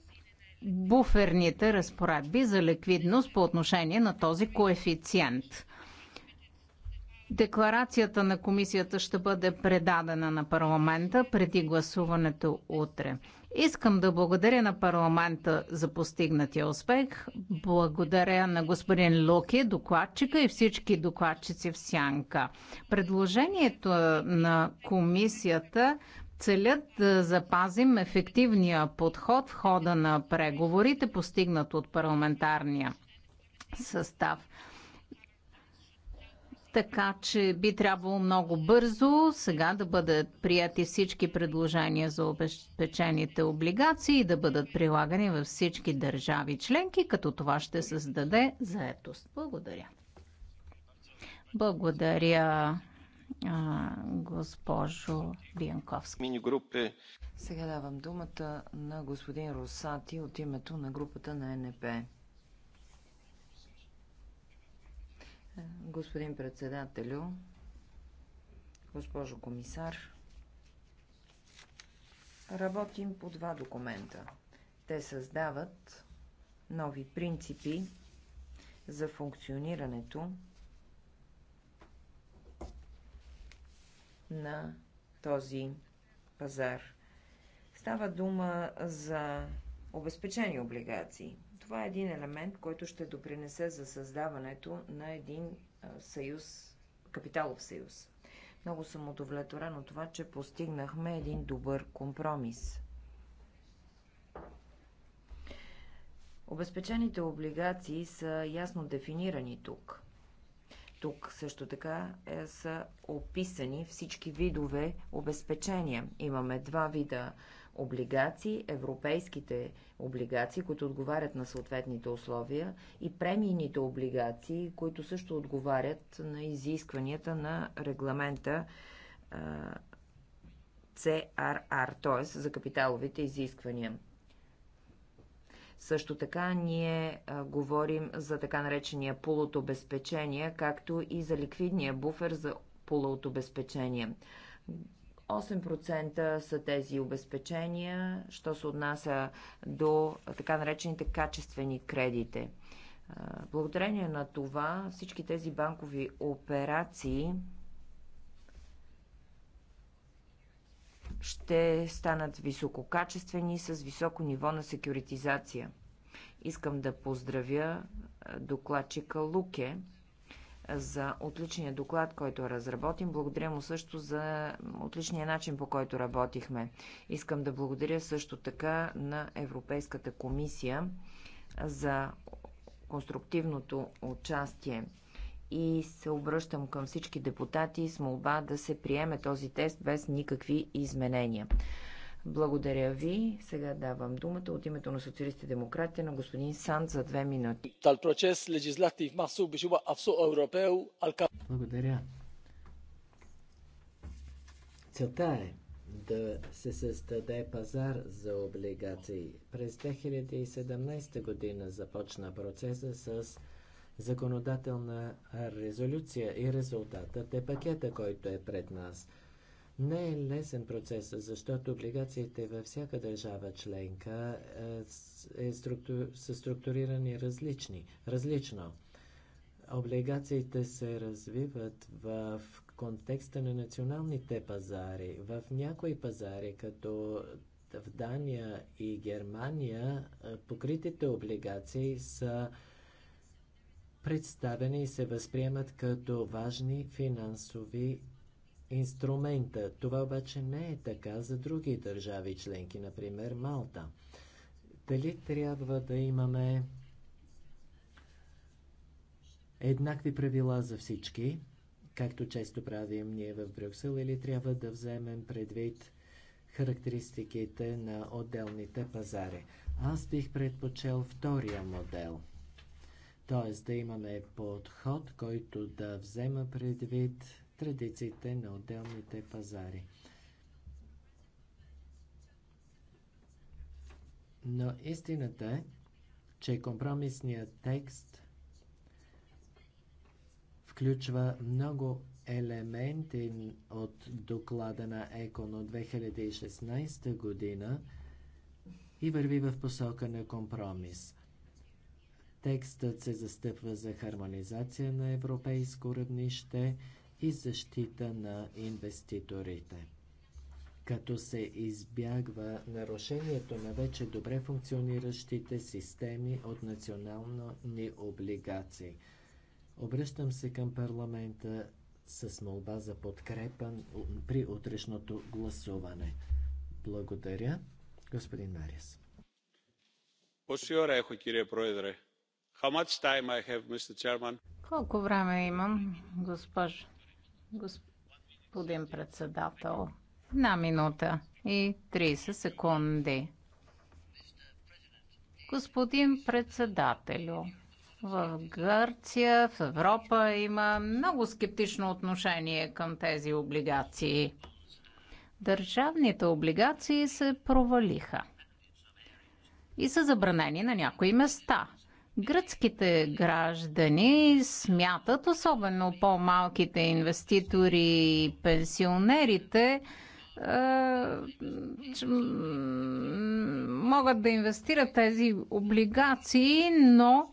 буферните разпоредби за ликвидност по отношение на този коефициент. Декларацията на комисията ще бъде предадена на парламента преди гласуването утре. Искам да благодаря на парламента за постигнатия успех. Благодаря на господин Луки, докладчика и всички докладчици в Сянка. Предложението на комисията целят да запазим ефективния подход в хода на преговорите, постигнат от парламентарния състав. Така че би трябвало много бързо сега да бъдат прияти всички предложения за обезпечените облигации и да бъдат прилагани във всички държави членки, като това ще създаде заетост. Благодаря. Благодаря, госпожо Биянковска. Сега давам думата на господин Росати от името на групата на НП. Господин председателю, госпожо комисар, работим по два документа. Те създават нови принципи за функционирането на този пазар. Става дума за обезпечени облигации. Това е един елемент, който ще допринесе за създаването на един съюз, капиталов съюз. Много съм удовлетворен от това, че постигнахме един добър компромис. Обезпечените облигации са ясно дефинирани тук. Тук също така е, са описани всички видове обезпечения. Имаме два вида облигации, европейските облигации, които отговарят на съответните условия, и премийните облигации, които също отговарят на изискванията на регламента CRR, т.е. за капиталовите изисквания. Също така ние а, говорим за така наречения пул от обезпечения, както и за ликвидния буфер за пула от обезпечения. 8% са тези обезпечения, що се отнася до така наречените качествени кредите. Благодарение на това всички тези банкови операции ще станат висококачествени с високо ниво на секюритизация. Искам да поздравя докладчика Луке за отличния доклад, който разработим. Благодаря му също за отличния начин, по който работихме. Искам да благодаря също така на Европейската комисия за конструктивното участие и се обръщам към всички депутати с молба да се приеме този тест без никакви изменения. Благодаря ви. Сега давам думата от името на социалистите демократи на господин Санд за две минути. Благодаря. Целта е да се създаде пазар за облигации. През 2017 година започна процеса с законодателна резолюция и резултатът е пакета, който е пред нас. Не е лесен процес, защото облигациите във всяка държава членка е, е, структу, са структурирани различни, различно. Облигациите се развиват в контекста на националните пазари. В някои пазари, като в Дания и Германия, е, покритите облигации са представени и се възприемат като важни финансови инструмента. Това обаче не е така за други държави членки, например Малта. Дали трябва да имаме еднакви правила за всички, както често правим ние в Брюксел, или трябва да вземем предвид характеристиките на отделните пазари? Аз бих предпочел втория модел – т.е. да имаме подход, който да взема предвид традициите на отделните пазари. Но истината е, че компромисният текст включва много елементи от доклада на ЕКОН от 2016 година и върви в посока на компромис. Текстът се застъпва за хармонизация на европейско равнище и защита на инвеститорите като се избягва нарушението на вече добре функциониращите системи от национални облигации. Обръщам се към парламента с молба за подкрепа при утрешното гласуване. Благодаря, господин Нарис. Пошиора ехо, кирие проедре. Колко време имам, Господин председател, една минута и 30 секунди. Господин председателю, в Гърция, в Европа има много скептично отношение към тези облигации. Държавните облигации се провалиха и са забранени на някои места – Гръцките граждани смятат, особено по-малките инвеститори и пенсионерите, е, могат да инвестират тези облигации, но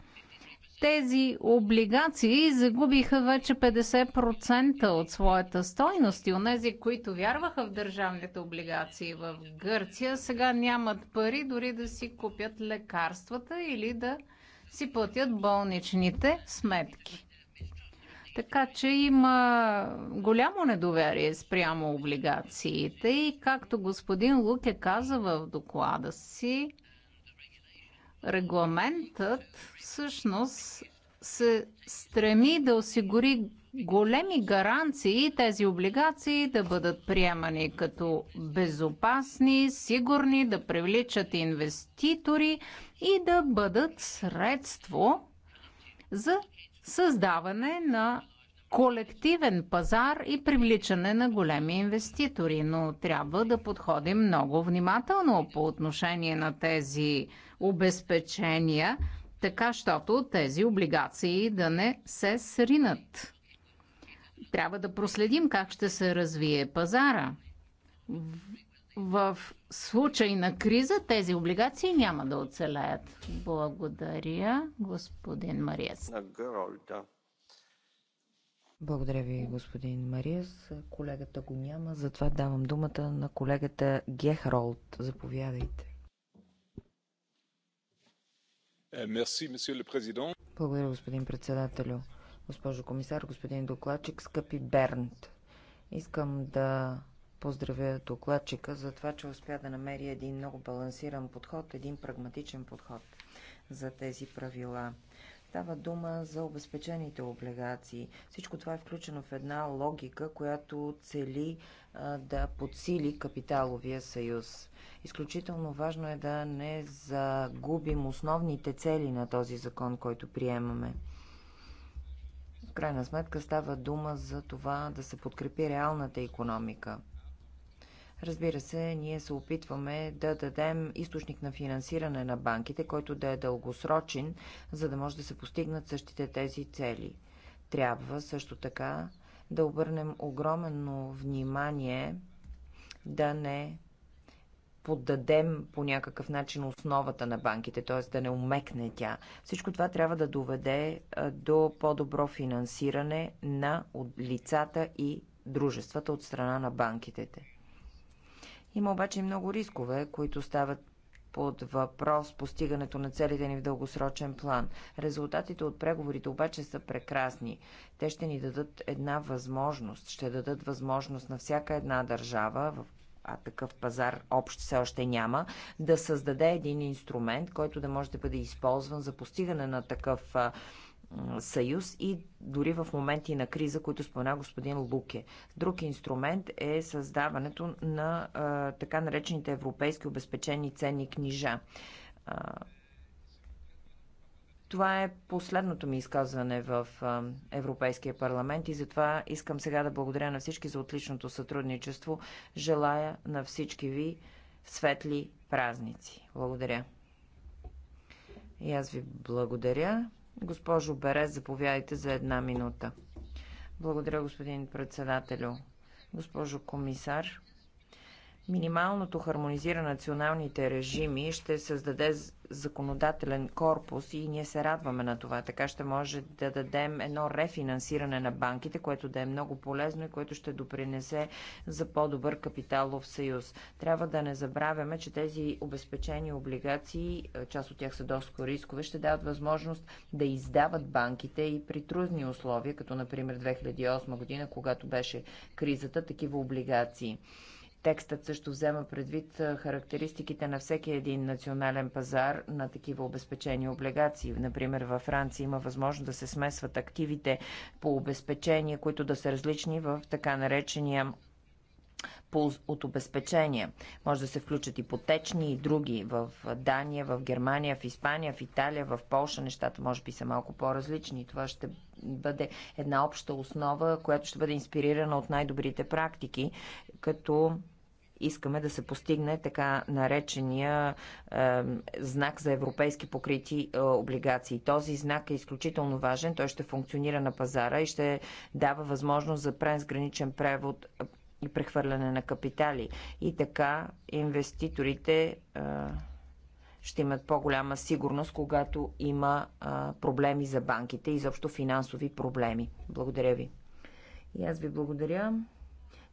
тези облигации загубиха вече 50% от своята стойност и онези, които вярваха в държавните облигации в Гърция, сега нямат пари дори да си купят лекарствата или да си платят болничните сметки. Така че има голямо недоверие спрямо облигациите и както господин Луке каза в доклада си, регламентът всъщност се стреми да осигури големи гаранции тези облигации да бъдат приемани като безопасни, сигурни, да привличат инвеститори и да бъдат средство за създаване на колективен пазар и привличане на големи инвеститори, но трябва да подходим много внимателно по отношение на тези обезпечения, така щото тези облигации да не се сринат трябва да проследим как ще се развие пазара. В случай на криза тези облигации няма да оцелеят. Благодаря, господин Мариес. Благодаря ви, господин Мариес. Колегата го няма, затова давам думата на колегата Гехролд. Заповядайте. Е, Благодаря, господин председателю госпожо комисар, господин докладчик, скъпи Бернт. Искам да поздравя докладчика за това, че успя да намери един много балансиран подход, един прагматичен подход за тези правила. Става дума за обезпечените облигации. Всичко това е включено в една логика, която цели а, да подсили капиталовия съюз. Изключително важно е да не загубим основните цели на този закон, който приемаме. В крайна сметка става дума за това да се подкрепи реалната економика. Разбира се, ние се опитваме да дадем източник на финансиране на банките, който да е дългосрочен, за да може да се постигнат същите тези цели. Трябва също така да обърнем огромно внимание да не поддадем по някакъв начин основата на банките, т.е. да не умекне тя. Всичко това трябва да доведе до по-добро финансиране на лицата и дружествата от страна на банките. Има обаче и много рискове, които стават под въпрос постигането на целите ни в дългосрочен план. Резултатите от преговорите обаче са прекрасни. Те ще ни дадат една възможност, ще дадат възможност на всяка една държава в а такъв пазар общ все още няма, да създаде един инструмент, който да може да бъде използван за постигане на такъв съюз и дори в моменти на криза, които спомена господин Луке. Друг инструмент е създаването на а, така наречените европейски обезпечени ценни книжа. А, това е последното ми изказване в Европейския парламент и затова искам сега да благодаря на всички за отличното сътрудничество. Желая на всички ви светли празници. Благодаря. И аз ви благодаря. Госпожо Берез, заповядайте за една минута. Благодаря, господин председателю. Госпожо комисар, Минималното хармонизира националните режими ще създаде законодателен корпус и ние се радваме на това. Така ще може да дадем едно рефинансиране на банките, което да е много полезно и което ще допринесе за по-добър капиталов съюз. Трябва да не забравяме, че тези обезпечени облигации, част от тях са доста рискове, ще дават възможност да издават банките и при трудни условия, като например 2008 година, когато беше кризата, такива облигации. Текстът също взема предвид характеристиките на всеки един национален пазар на такива обезпечени облигации. Например, във Франция има възможност да се смесват активите по обезпечение, които да са различни в така наречения от обезпечения. Може да се включат и потечни и други в Дания, в Германия, в Испания, в Италия, в Полша. Нещата може би са малко по-различни. Това ще бъде една обща основа, която ще бъде инспирирана от най-добрите практики, като искаме да се постигне така наречения е, знак за европейски покрити е, облигации. Този знак е изключително важен. Той ще функционира на пазара и ще дава възможност за презграничен превод, и прехвърляне на капитали. И така инвеститорите ще имат по-голяма сигурност, когато има проблеми за банките и заобщо финансови проблеми. Благодаря ви. И аз ви благодаря.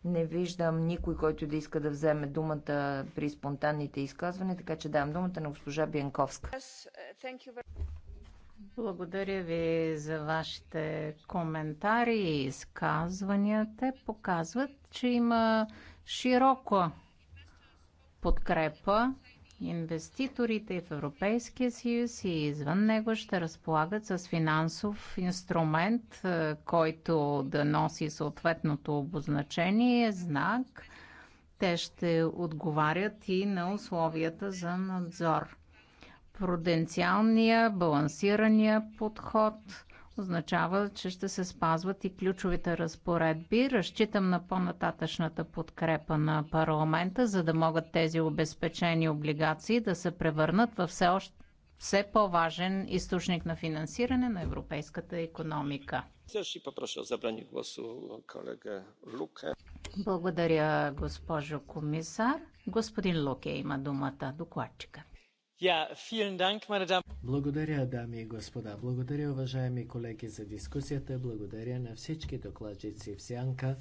Не виждам никой, който да иска да вземе думата при спонтанните изказвания, така че давам думата на госпожа Бянковска. Благодаря ви за вашите коментари и изказвания. Те показват, че има широко подкрепа. Инвеститорите в Европейския съюз и извън него ще разполагат с финансов инструмент, е, който да носи съответното обозначение, знак. Те ще отговарят и на условията за надзор. Пруденциалния, балансирания подход означава, че ще се спазват и ключовите разпоредби. Разчитам на по-нататъчната подкрепа на парламента, за да могат тези обезпечени облигации да се превърнат в все още все по-важен източник на финансиране на европейската економика. Благодаря, госпожо комисар. Господин Луке има думата, докладчика благодаря, дами и господа. Благодаря, уважаеми колеги, за дискусията. Благодаря на всички докладчици в Сянка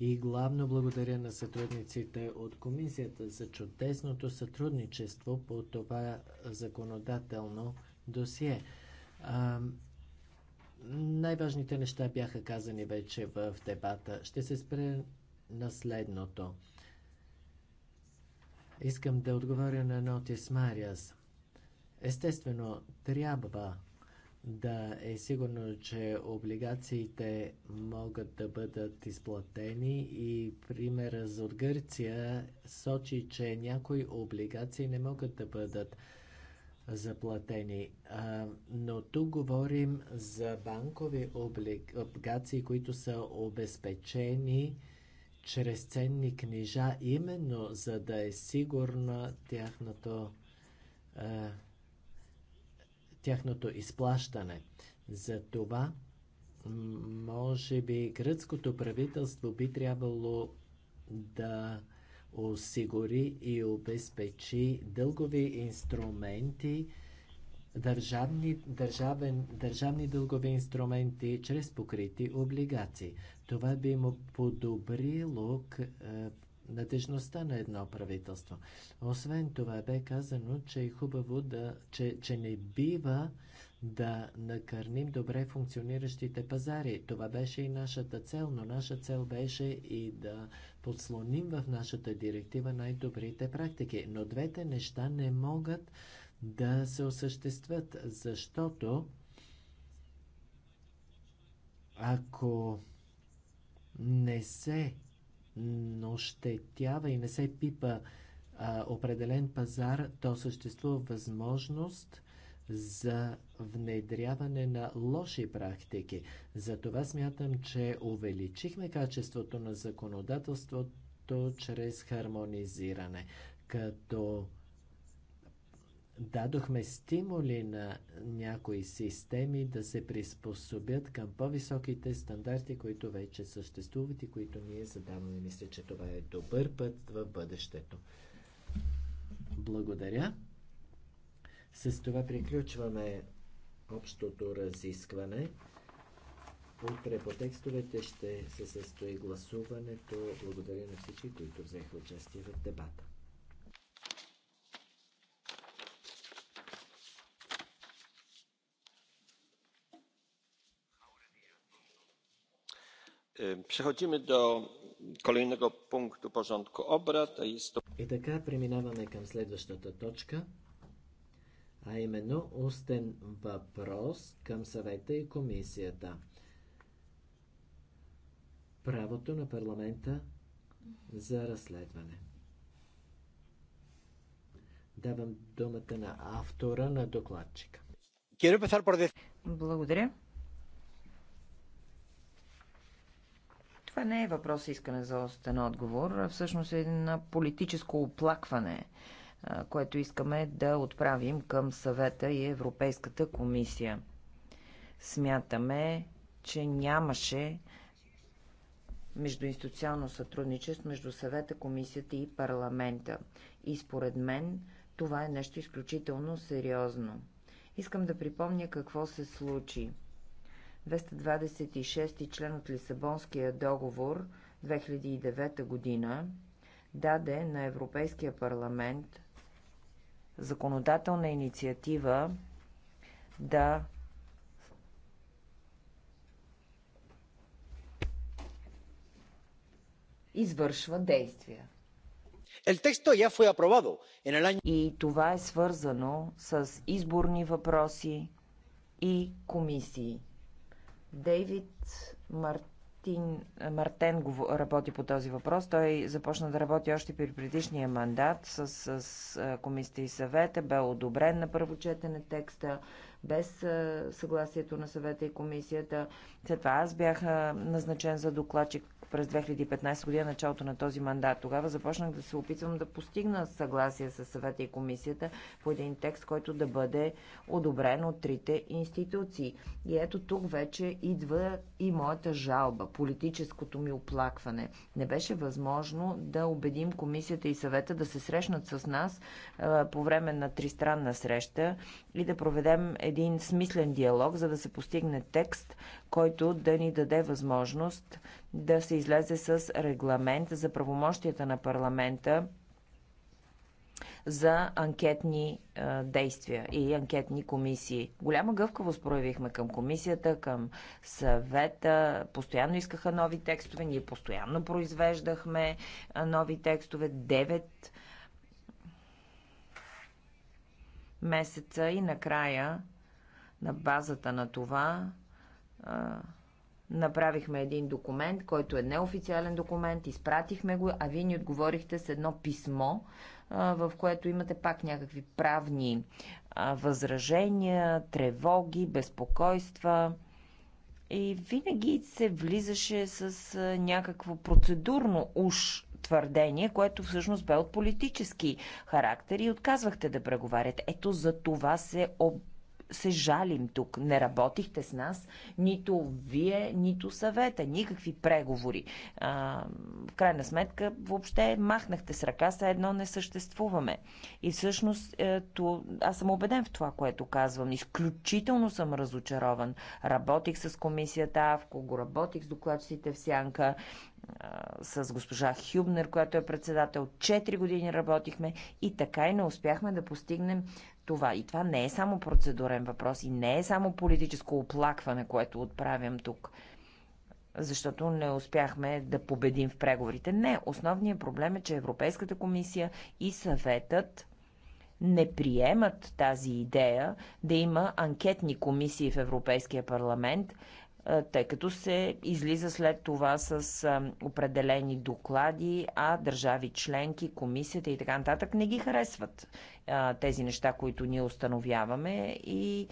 и главно благодаря на сътрудниците от Комисията за чудесното сътрудничество по това законодателно досие. най-важните неща бяха казани вече в дебата. Ще се спре на следното. Искам да отговоря на Нотис Мариас. Естествено, трябва да е сигурно, че облигациите могат да бъдат изплатени и примера за от Гърция сочи, че някои облигации не могат да бъдат заплатени. А, но тук говорим за банкови облигации, които са обезпечени чрез ценни книжа, именно за да е сигурна тяхното а, тяхното изплащане. За това, може би, гръцкото правителство би трябвало да осигури и обезпечи дългови инструменти, държавни, държавен, държавни дългови инструменти чрез покрити облигации. Това би му подобрило е, надежността на едно правителство. Освен това бе казано, че е хубаво да, че, че не бива да накърним добре функциониращите пазари. Това беше и нашата цел, но наша цел беше и да подслоним в нашата директива най-добрите практики. Но двете неща не могат да се осъществят, защото ако не се но щетява и не се пипа а, определен пазар, то съществува възможност за внедряване на лоши практики. Затова смятам, че увеличихме качеството на законодателството чрез хармонизиране, като дадохме стимули на някои системи да се приспособят към по-високите стандарти, които вече съществуват и които ние задаваме. Мисля, че това е добър път в бъдещето. Благодаря. С това приключваме общото разискване. Утре по текстовете ще се състои гласуването. Благодаря на всички, които взеха участие в дебата. Przechodzimy do kolejnego punktu porządku obrad, a jest to... И така преминаваме към следващата точка, а именно устен въпрос към съвета и комисията. Правото на парламента за разследване. Давам думата на автора на докладчика. Благодаря. Това не е въпрос искане за остен отговор, а всъщност е на политическо оплакване, което искаме да отправим към съвета и Европейската комисия. Смятаме, че нямаше междуинституционно сътрудничество между съвета, комисията и парламента. И според мен това е нещо изключително сериозно. Искам да припомня какво се случи – 226 член от Лисабонския договор 2009 година даде на Европейския парламент законодателна инициатива да извършва действия. И това е свързано с изборни въпроси и комисии. Дейвид Мартин, Мартен работи по този въпрос. Той започна да работи още при предишния мандат с, с комисията и съвета. Бе одобрен на първо четене текста без съгласието на съвета и комисията. След това аз бях назначен за докладчик през 2015 година, началото на този мандат. Тогава започнах да се опитвам да постигна съгласие с съвета и комисията по един текст, който да бъде одобрен от трите институции. И ето тук вече идва и моята жалба, политическото ми оплакване. Не беше възможно да убедим комисията и съвета да се срещнат с нас по време на тристранна среща и да проведем един смислен диалог, за да се постигне текст, който да ни даде възможност да се излезе с регламент за правомощията на парламента за анкетни а, действия и анкетни комисии. Голяма гъвкавост проявихме към комисията, към съвета. Постоянно искаха нови текстове. Ние постоянно произвеждахме нови текстове. Девет месеца и накрая на базата на това а, направихме един документ, който е неофициален документ, изпратихме го, а вие ни отговорихте с едно писмо, а, в което имате пак някакви правни а, възражения, тревоги, безпокойства. И винаги се влизаше с а, някакво процедурно уж твърдение, което всъщност бе от политически характер и отказвахте да преговаряте. Ето за това се об се жалим тук. Не работихте с нас, нито вие, нито съвета. Никакви преговори. А, в крайна сметка, въобще махнахте с ръка, са едно не съществуваме. И всъщност, е, то, аз съм убеден в това, което казвам. Изключително съм разочарован. Работих с комисията АВКО, го работих с докладчиците в Сянка, с госпожа Хюбнер, която е председател. Четири години работихме и така и не успяхме да постигнем това. И това не е само процедурен въпрос и не е само политическо оплакване, което отправям тук, защото не успяхме да победим в преговорите. Не, основният проблем е, че Европейската комисия и съветът не приемат тази идея да има анкетни комисии в Европейския парламент, е, тъй като се излиза след това с е, определени доклади, а държави членки, комисията и така нататък не ги харесват е, тези неща, които ние установяваме и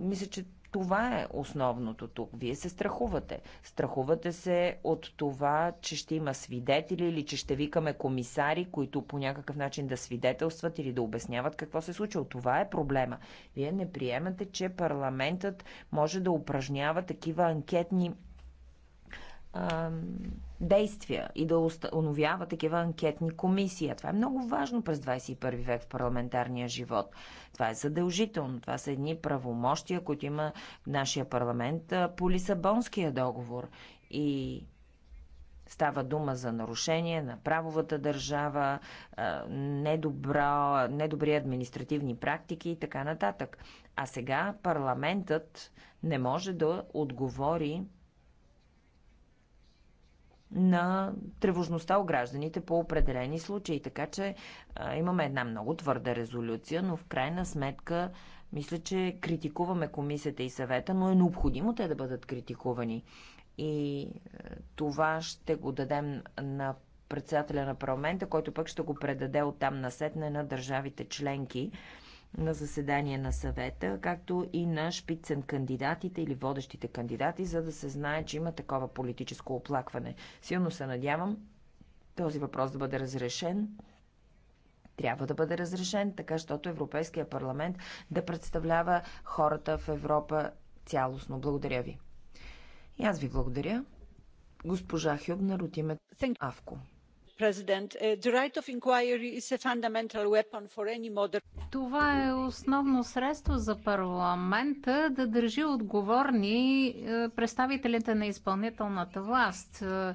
мисля, че това е основното тук. Вие се страхувате. Страхувате се от това, че ще има свидетели или че ще викаме комисари, които по някакъв начин да свидетелстват или да обясняват какво се е случва. Това е проблема. Вие не приемате, че парламентът може да упражнява такива анкетни действия и да установява такива анкетни комисии. Това е много важно през 21 век в парламентарния живот. Това е задължително. Това са едни правомощия, които има нашия парламент по Лисабонския договор. И Става дума за нарушение на правовата държава, недобра, недобри административни практики и така нататък. А сега парламентът не може да отговори на тревожността у гражданите по определени случаи. Така че а, имаме една много твърда резолюция, но в крайна сметка мисля, че критикуваме комисията и съвета, но е необходимо те да бъдат критикувани. И това ще го дадем на председателя на парламента, който пък ще го предаде оттам насетне на държавите членки на заседание на съвета, както и на шпицен кандидатите или водещите кандидати, за да се знае, че има такова политическо оплакване. Силно се надявам този въпрос да бъде разрешен. Трябва да бъде разрешен, така щото Европейския парламент да представлява хората в Европа цялостно. Благодаря ви. И аз ви благодаря. Госпожа Хюбнер от името Авко. Uh, Това е основно средство за парламента да държи отговорни е, представителите на изпълнителната власт. Е,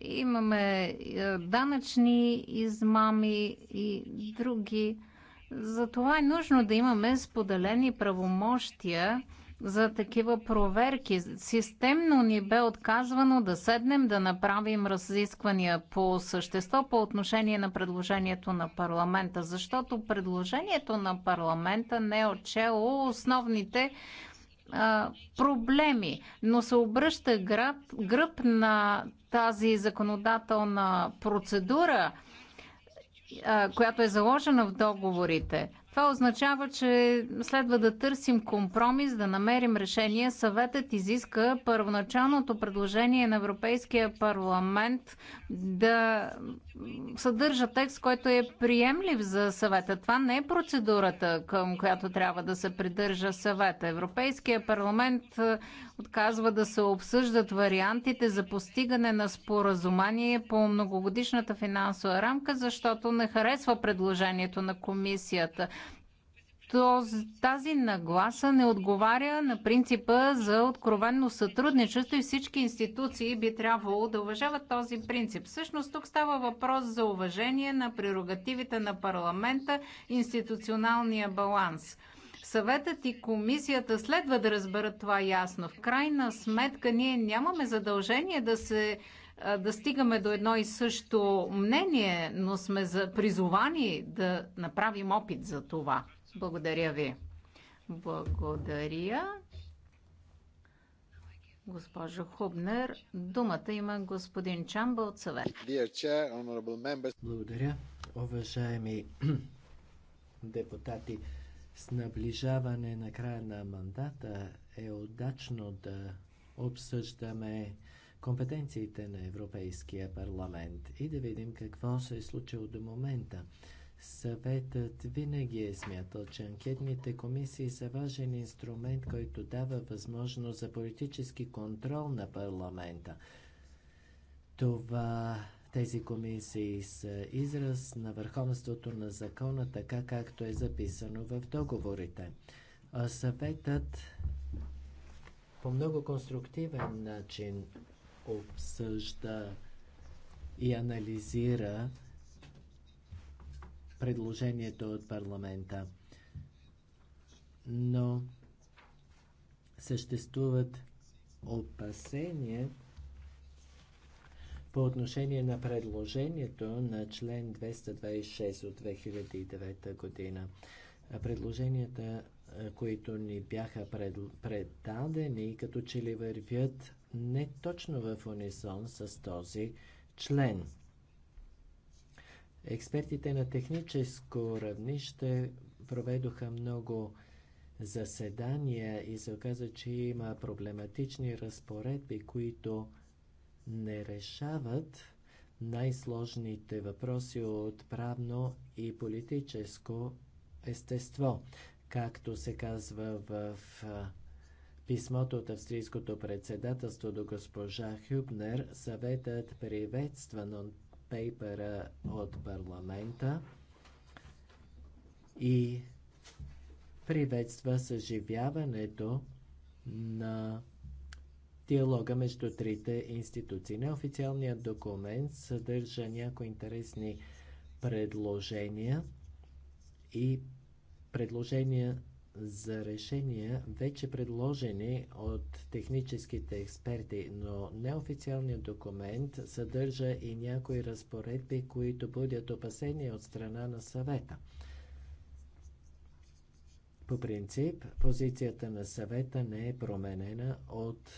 имаме е, данъчни измами и други. Затова е нужно да имаме споделени правомощия за такива проверки. Системно ни бе отказвано да седнем да направим разисквания по същество по отношение на предложението на парламента, защото предложението на парламента не е отчело основните а, проблеми, но се обръща гръб, гръб на тази законодателна процедура, а, която е заложена в договорите. Това означава, че следва да търсим компромис, да намерим решение. Съветът изиска първоначалното предложение на Европейския парламент да съдържа текст, който е приемлив за съвета. Това не е процедурата, към която трябва да се придържа съвета. Европейския парламент отказва да се обсъждат вариантите за постигане на споразумение по многогодишната финансова рамка, защото не харесва предложението на комисията. Тази нагласа не отговаря на принципа за откровенно сътрудничество и всички институции би трябвало да уважават този принцип. Всъщност тук става въпрос за уважение на прерогативите на парламента, институционалния баланс – Съветът и комисията следва да разберат това ясно. В крайна сметка ние нямаме задължение да се да стигаме до едно и също мнение, но сме за призовани да направим опит за това. Благодаря ви. Благодаря. Госпожо Хубнер, думата има господин Чамба от съвет. Благодаря, уважаеми депутати с наближаване на края на мандата е удачно да обсъждаме компетенциите на Европейския парламент и да видим какво се е случило до момента. Съветът винаги е смятал, че анкетните комисии са важен инструмент, който дава възможност за политически контрол на парламента. Това тези комисии са израз на върховенството на закона, така както е записано в договорите. А съветът по много конструктивен начин обсъжда и анализира предложението от парламента. Но съществуват опасения, по отношение на предложението на член 226 от 2009 година, предложенията, които ни бяха пред, предадени, като че ли вървят не точно в унисон с този член. Експертите на техническо равнище проведоха много заседания и се оказа, че има проблематични разпоредби, които не решават най-сложните въпроси от правно и политическо естество. Както се казва в писмото от австрийското председателство до госпожа Хюбнер, съветът приветства на пейпера от парламента и приветства съживяването на диалога между трите институции. Неофициалният документ съдържа някои интересни предложения и предложения за решения, вече предложени от техническите експерти, но неофициалният документ съдържа и някои разпоредби, които будят опасения от страна на съвета. По принцип, позицията на съвета не е променена от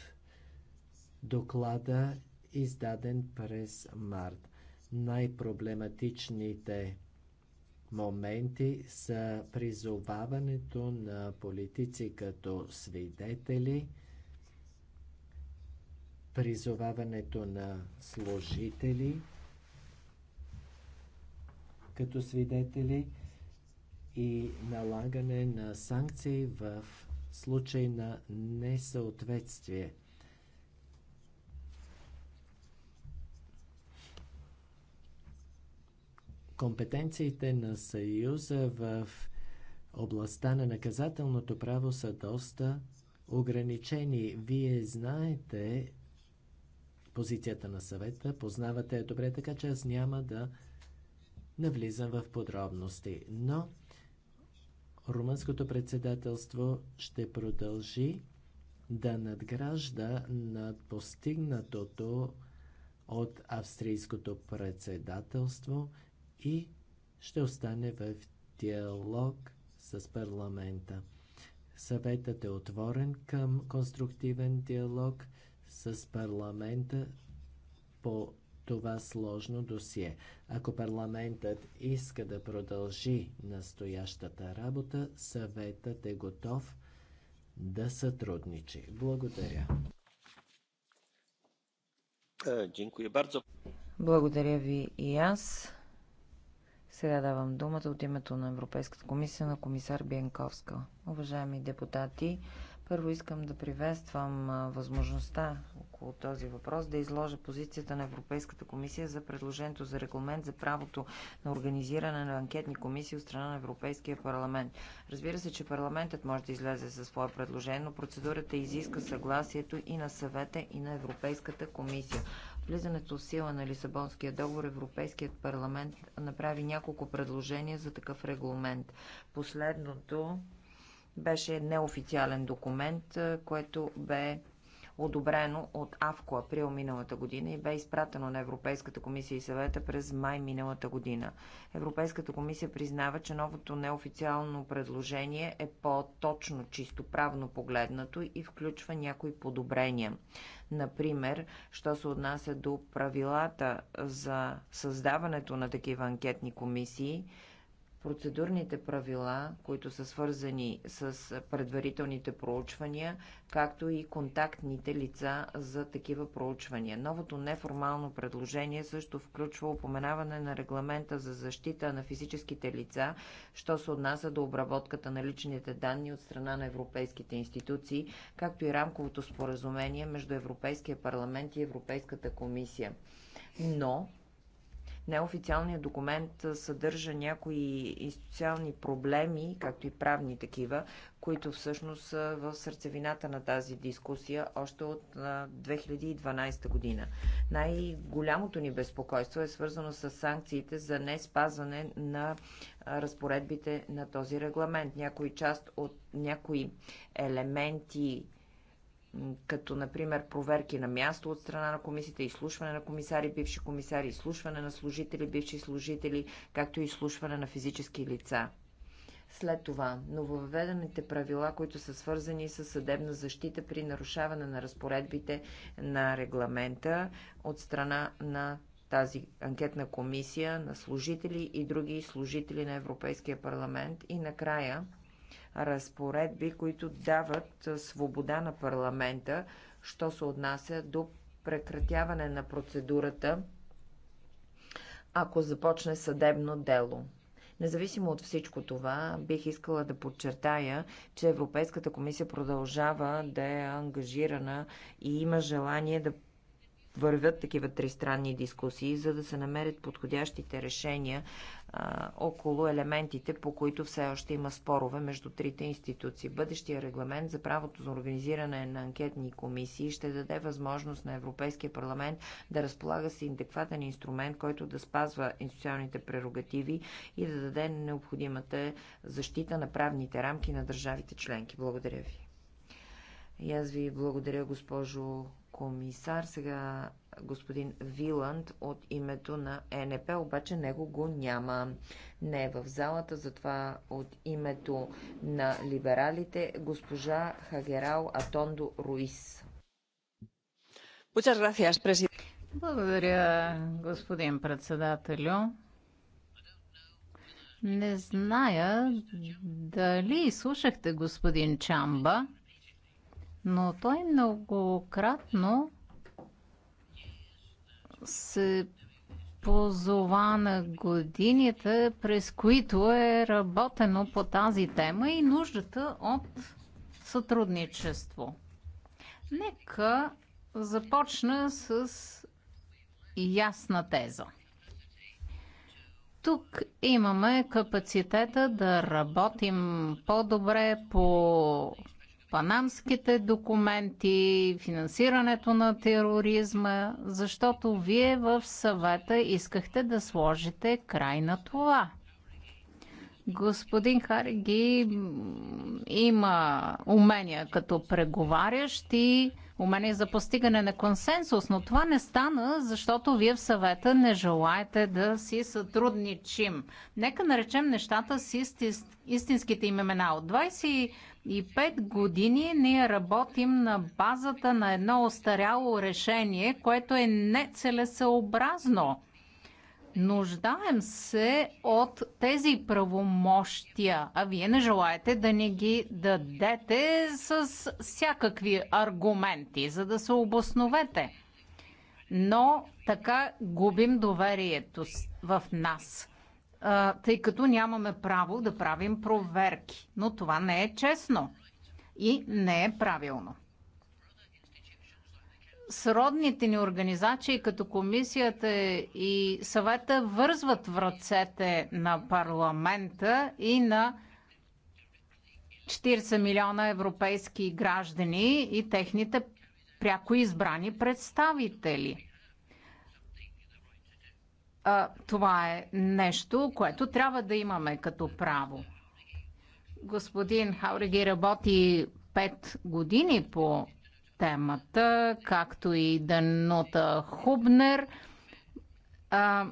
доклада, издаден през март. Най-проблематичните моменти са призоваването на политици като свидетели, призоваването на служители като свидетели и налагане на санкции в случай на несъответствие. Компетенциите на Съюза в областта на наказателното право са доста ограничени. Вие знаете позицията на съвета, познавате я добре, така че аз няма да навлизам в подробности. Но румънското председателство ще продължи да надгражда над постигнатото от австрийското председателство и ще остане в диалог с парламента. Съветът е отворен към конструктивен диалог с парламента по това сложно досие. Ако парламентът иска да продължи настоящата работа, съветът е готов да сътрудничи. Благодаря. Е, Благодаря ви и аз. Сега давам думата от името на Европейската комисия на комисар Бенковска. Уважаеми депутати, първо искам да приветствам възможността около този въпрос да изложа позицията на Европейската комисия за предложението за регламент за правото на организиране на анкетни комисии от страна на Европейския парламент. Разбира се, че парламентът може да излезе със свое предложение, но процедурата изиска съгласието и на съвета и на Европейската комисия влизането в сила на Лисабонския договор Европейският парламент направи няколко предложения за такъв регламент. Последното беше неофициален документ, който бе одобрено от АВКО април миналата година и бе изпратено на Европейската комисия и съвета през май миналата година. Европейската комисия признава, че новото неофициално предложение е по-точно чисто правно погледнато и включва някои подобрения. Например, що се отнася до правилата за създаването на такива анкетни комисии, процедурните правила, които са свързани с предварителните проучвания, както и контактните лица за такива проучвания. Новото неформално предложение също включва упоменаване на регламента за защита на физическите лица, що се отнася до обработката на личните данни от страна на европейските институции, както и рамковото споразумение между Европейския парламент и Европейската комисия. Но неофициалният документ съдържа някои институционални проблеми, както и правни такива, които всъщност са в сърцевината на тази дискусия още от 2012 година. Най-голямото ни безпокойство е свързано с санкциите за не спазване на разпоредбите на този регламент. Някои част от някои елементи като например проверки на място от страна на комисията, изслушване на комисари, бивши комисари, изслушване на служители, бивши служители, както и изслушване на физически лица. След това, нововведените правила, които са свързани с съдебна защита при нарушаване на разпоредбите на регламента от страна на тази анкетна комисия, на служители и други служители на Европейския парламент и накрая – разпоредби, които дават свобода на парламента, що се отнася до прекратяване на процедурата, ако започне съдебно дело. Независимо от всичко това, бих искала да подчертая, че Европейската комисия продължава да е ангажирана и има желание да вървят такива тристранни дискусии, за да се намерят подходящите решения а, около елементите, по които все още има спорове между трите институции. Бъдещия регламент за правото за организиране на анкетни комисии ще даде възможност на Европейския парламент да разполага с индекватен инструмент, който да спазва институционалните прерогативи и да даде необходимата защита на правните рамки на държавите членки. Благодаря ви. И аз ви благодаря, госпожо комисар, сега господин Виланд от името на ЕНП, обаче него го няма. Не е в залата, затова от името на либералите госпожа Хагерал Атондо Руис. Благодаря, господин председателю. Не зная дали слушахте господин Чамба, но той многократно се позова на годините, през които е работено по тази тема и нуждата от сътрудничество. Нека започна с ясна теза. Тук имаме капацитета да работим по-добре по панамските документи, финансирането на тероризма, защото вие в съвета искахте да сложите край на това. Господин Хариги има умения като преговарящ и умение за постигане на консенсус, но това не стана, защото вие в съвета не желаете да си сътрудничим. Нека наречем нещата си истинските им имена. От 25 години ние работим на базата на едно остаряло решение, което е нецелесъобразно Нуждаем се от тези правомощия, а вие не желаете да ни ги дадете с всякакви аргументи, за да се обосновете. Но така губим доверието в нас, тъй като нямаме право да правим проверки. Но това не е честно и не е правилно сродните ни организации, като комисията и съвета, вързват в ръцете на парламента и на 40 милиона европейски граждани и техните пряко избрани представители. А, това е нещо, което трябва да имаме като право. Господин Хауреги работи 5 години по темата, както и Данута Хубнер. А,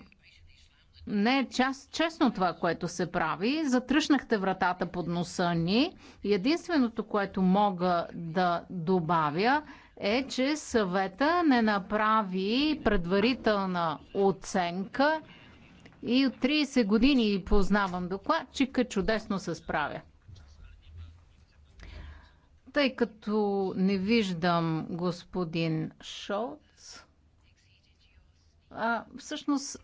не е част, честно това, което се прави. Затръшнахте вратата под носа ни. Единственото, което мога да добавя е, че съвета не направи предварителна оценка и от 30 години познавам докладчика, чудесно се справя. Тъй като не виждам господин Шолц, а, всъщност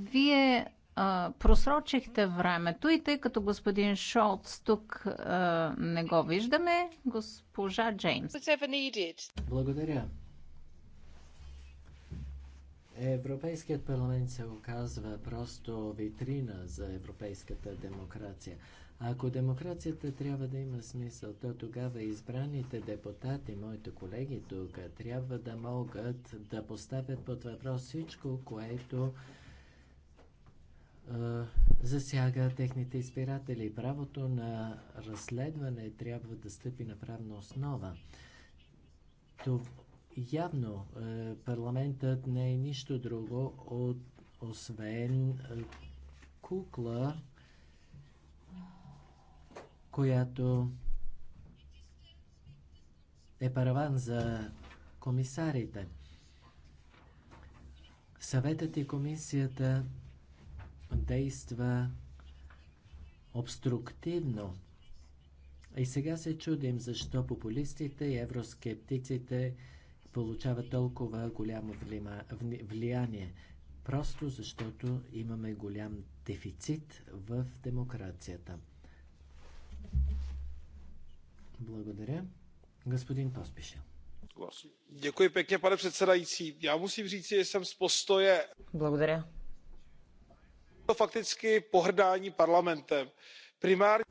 вие а, просрочихте времето и тъй като господин Шолц тук а, не го виждаме, госпожа Джеймс. Благодаря. Европейският парламент се оказва просто витрина за европейската демокрация. Ако демокрацията трябва да има смисъл, то тогава избраните депутати, моите колеги тук, трябва да могат да поставят под въпрос всичко, което е, засяга техните избиратели. Правото на разследване трябва да стъпи на правна основа. То явно е, парламентът не е нищо друго от, освен е, кукла, която е параван за комисарите. Съветът и комисията действа обструктивно. И сега се чудим защо популистите и евроскептиците получават толкова голямо влияние. Просто защото имаме голям дефицит в демокрацията. Благодаря. Господин pane předsedající. Já musím říci, že jsem z postoje. Благодаря. fakticky pohrdání parlamentem. Primárně.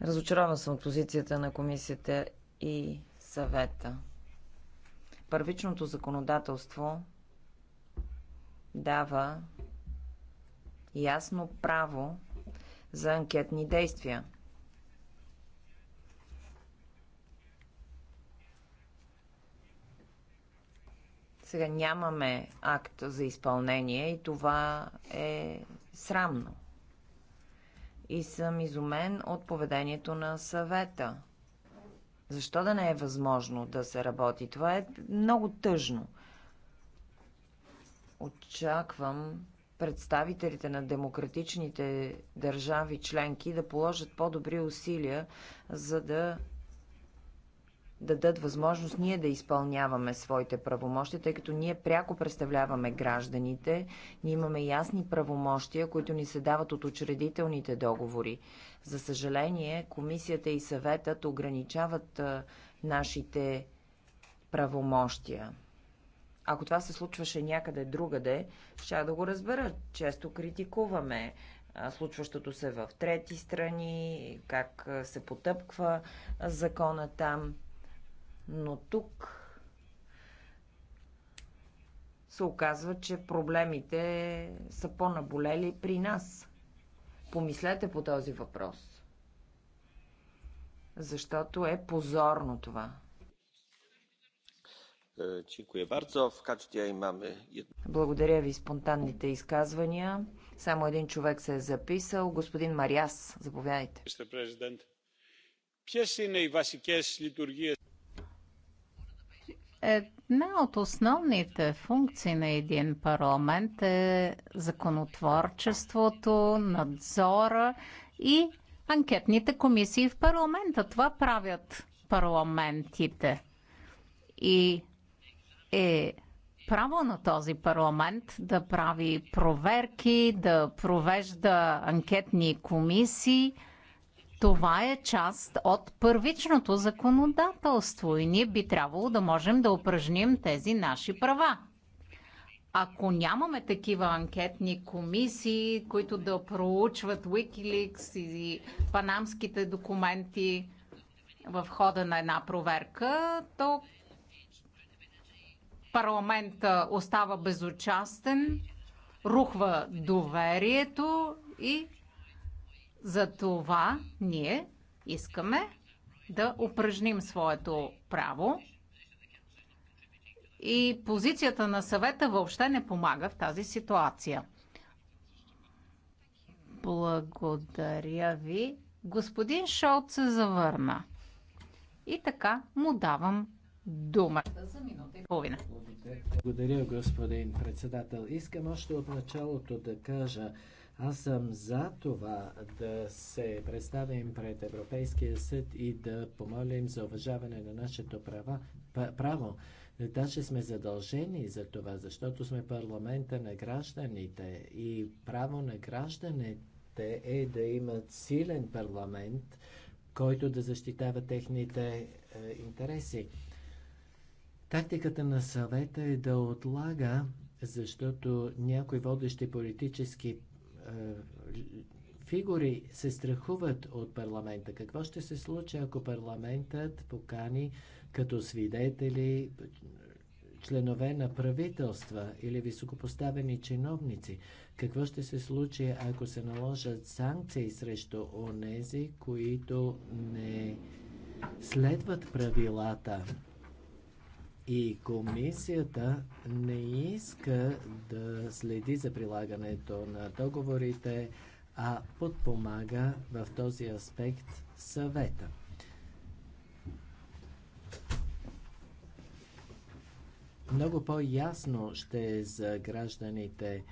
Разочарован съм от позицията на комисията и съвета. Първичното законодателство дава ясно право за анкетни действия – Сега нямаме акт за изпълнение и това е срамно. И съм изумен от поведението на съвета. Защо да не е възможно да се работи? Това е много тъжно. Очаквам представителите на демократичните държави членки да положат по-добри усилия, за да дадат възможност ние да изпълняваме своите правомощия, тъй като ние пряко представляваме гражданите, ние имаме ясни правомощия, които ни се дават от учредителните договори. За съжаление, комисията и съветът ограничават нашите правомощия. Ако това се случваше някъде другаде, ще да го разбера. Често критикуваме случващото се в трети страни, как се потъпква закона там но тук се оказва, че проблемите са по-наболели при нас. Помислете по този въпрос. Защото е позорно това. Е, Благодаря ви спонтанните изказвания. Само един човек се е записал. Господин Мариас, заповядайте. Една от основните функции на един парламент е законотворчеството, надзора и анкетните комисии в парламента. Това правят парламентите. И е право на този парламент да прави проверки, да провежда анкетни комисии – това е част от първичното законодателство и ние би трябвало да можем да упражним тези наши права. Ако нямаме такива анкетни комисии, които да проучват Wikileaks и панамските документи в хода на една проверка, то парламента остава безучастен, рухва доверието и за това ние искаме да упражним своето право и позицията на съвета въобще не помага в тази ситуация. Благодаря ви. Господин Шолт се завърна. И така му давам дума за минута и половина. Благодаря, господин председател. Искам още от началото да кажа, аз съм за това да се представим пред Европейския съд и да помолим за уважаване на нашето права, право. Даже сме задължени за това, защото сме парламента на гражданите и право на гражданите е да имат силен парламент, който да защитава техните е, интереси. Тактиката на съвета е да отлага, защото някои водещи политически е, фигури се страхуват от парламента. Какво ще се случи, ако парламентът покани като свидетели членове на правителства или високопоставени чиновници? Какво ще се случи, ако се наложат санкции срещу онези, които не следват правилата? И комисията не иска да следи за прилагането на договорите, а подпомага в този аспект съвета. Много по-ясно ще е за гражданите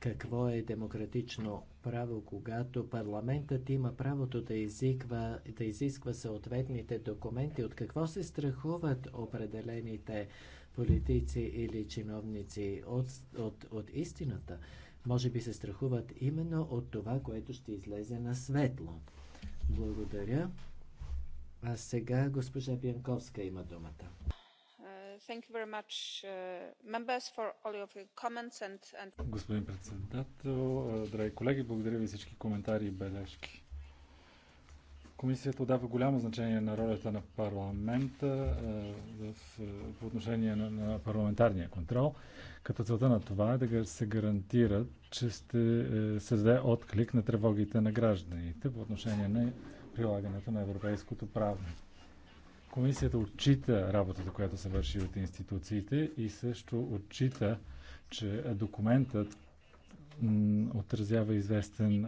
какво е демократично право, когато парламентът има правото да, изиква, да изисква съответните документи, от какво се страхуват определените политици или чиновници от, от, от истината? Може би се страхуват именно от това, което ще излезе на светло. Благодаря. А сега госпожа Бянковска има думата. Господин председател, драги колеги, благодаря ви всички коментари и бележки. Комисията дава голямо значение на ролята на парламента в, по отношение на, на парламентарния контрол, като целта на това е да се гарантира, че ще е, създаде отклик на тревогите на гражданите по отношение на прилагането на европейското право. Комисията отчита работата, която се върши от институциите и също отчита, че документът отразява известен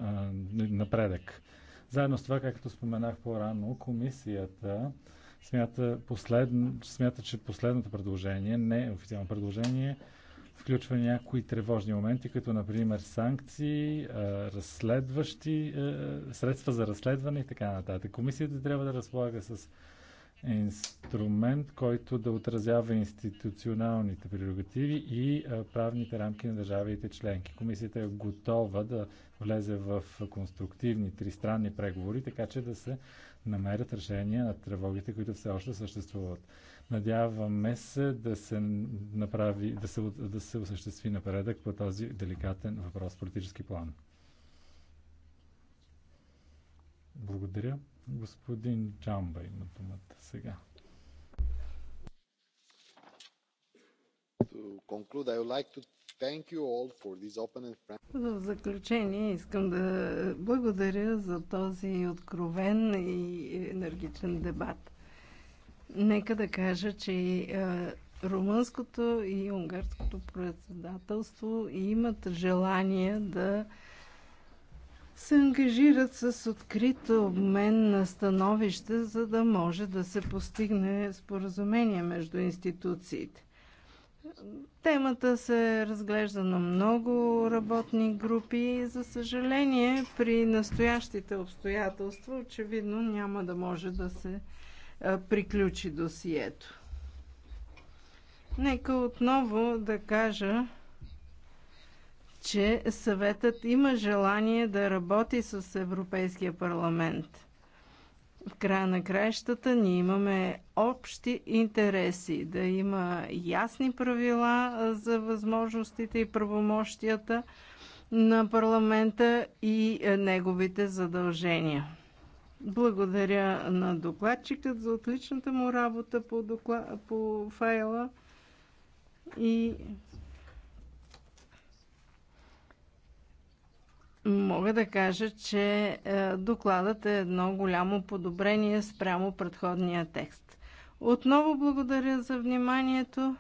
напредък. Заедно с това, както споменах по-рано, комисията смята, послед... смята, че последното предложение, не официално предложение, включва някои тревожни моменти, като например санкции, разследващи, средства за разследване и така нататък. Комисията трябва да разполага с инструмент, който да отразява институционалните прерогативи и правните рамки на държавите членки. Комисията е готова да влезе в конструктивни тристранни преговори, така че да се намерят решения на тревогите, които все още съществуват. Надяваме се да се направи, да се, да се осъществи напредък по този деликатен въпрос в политически план. Благодаря. Господин Джамба има думата сега. В заключение искам да благодаря за този откровен и енергичен дебат. Нека да кажа, че и е, румънското и унгарското председателство имат желание да се ангажират с открит обмен на становища, за да може да се постигне споразумение между институциите. Темата се разглежда на много работни групи и, за съжаление, при настоящите обстоятелства очевидно няма да може да се приключи досието. Нека отново да кажа, че съветът има желание да работи с Европейския парламент. В края на краищата ние имаме общи интереси, да има ясни правила за възможностите и правомощията на парламента и неговите задължения. Благодаря на докладчикът за отличната му работа по, доклад, по файла и мога да кажа, че е, докладът е едно голямо подобрение спрямо предходния текст. Отново благодаря за вниманието.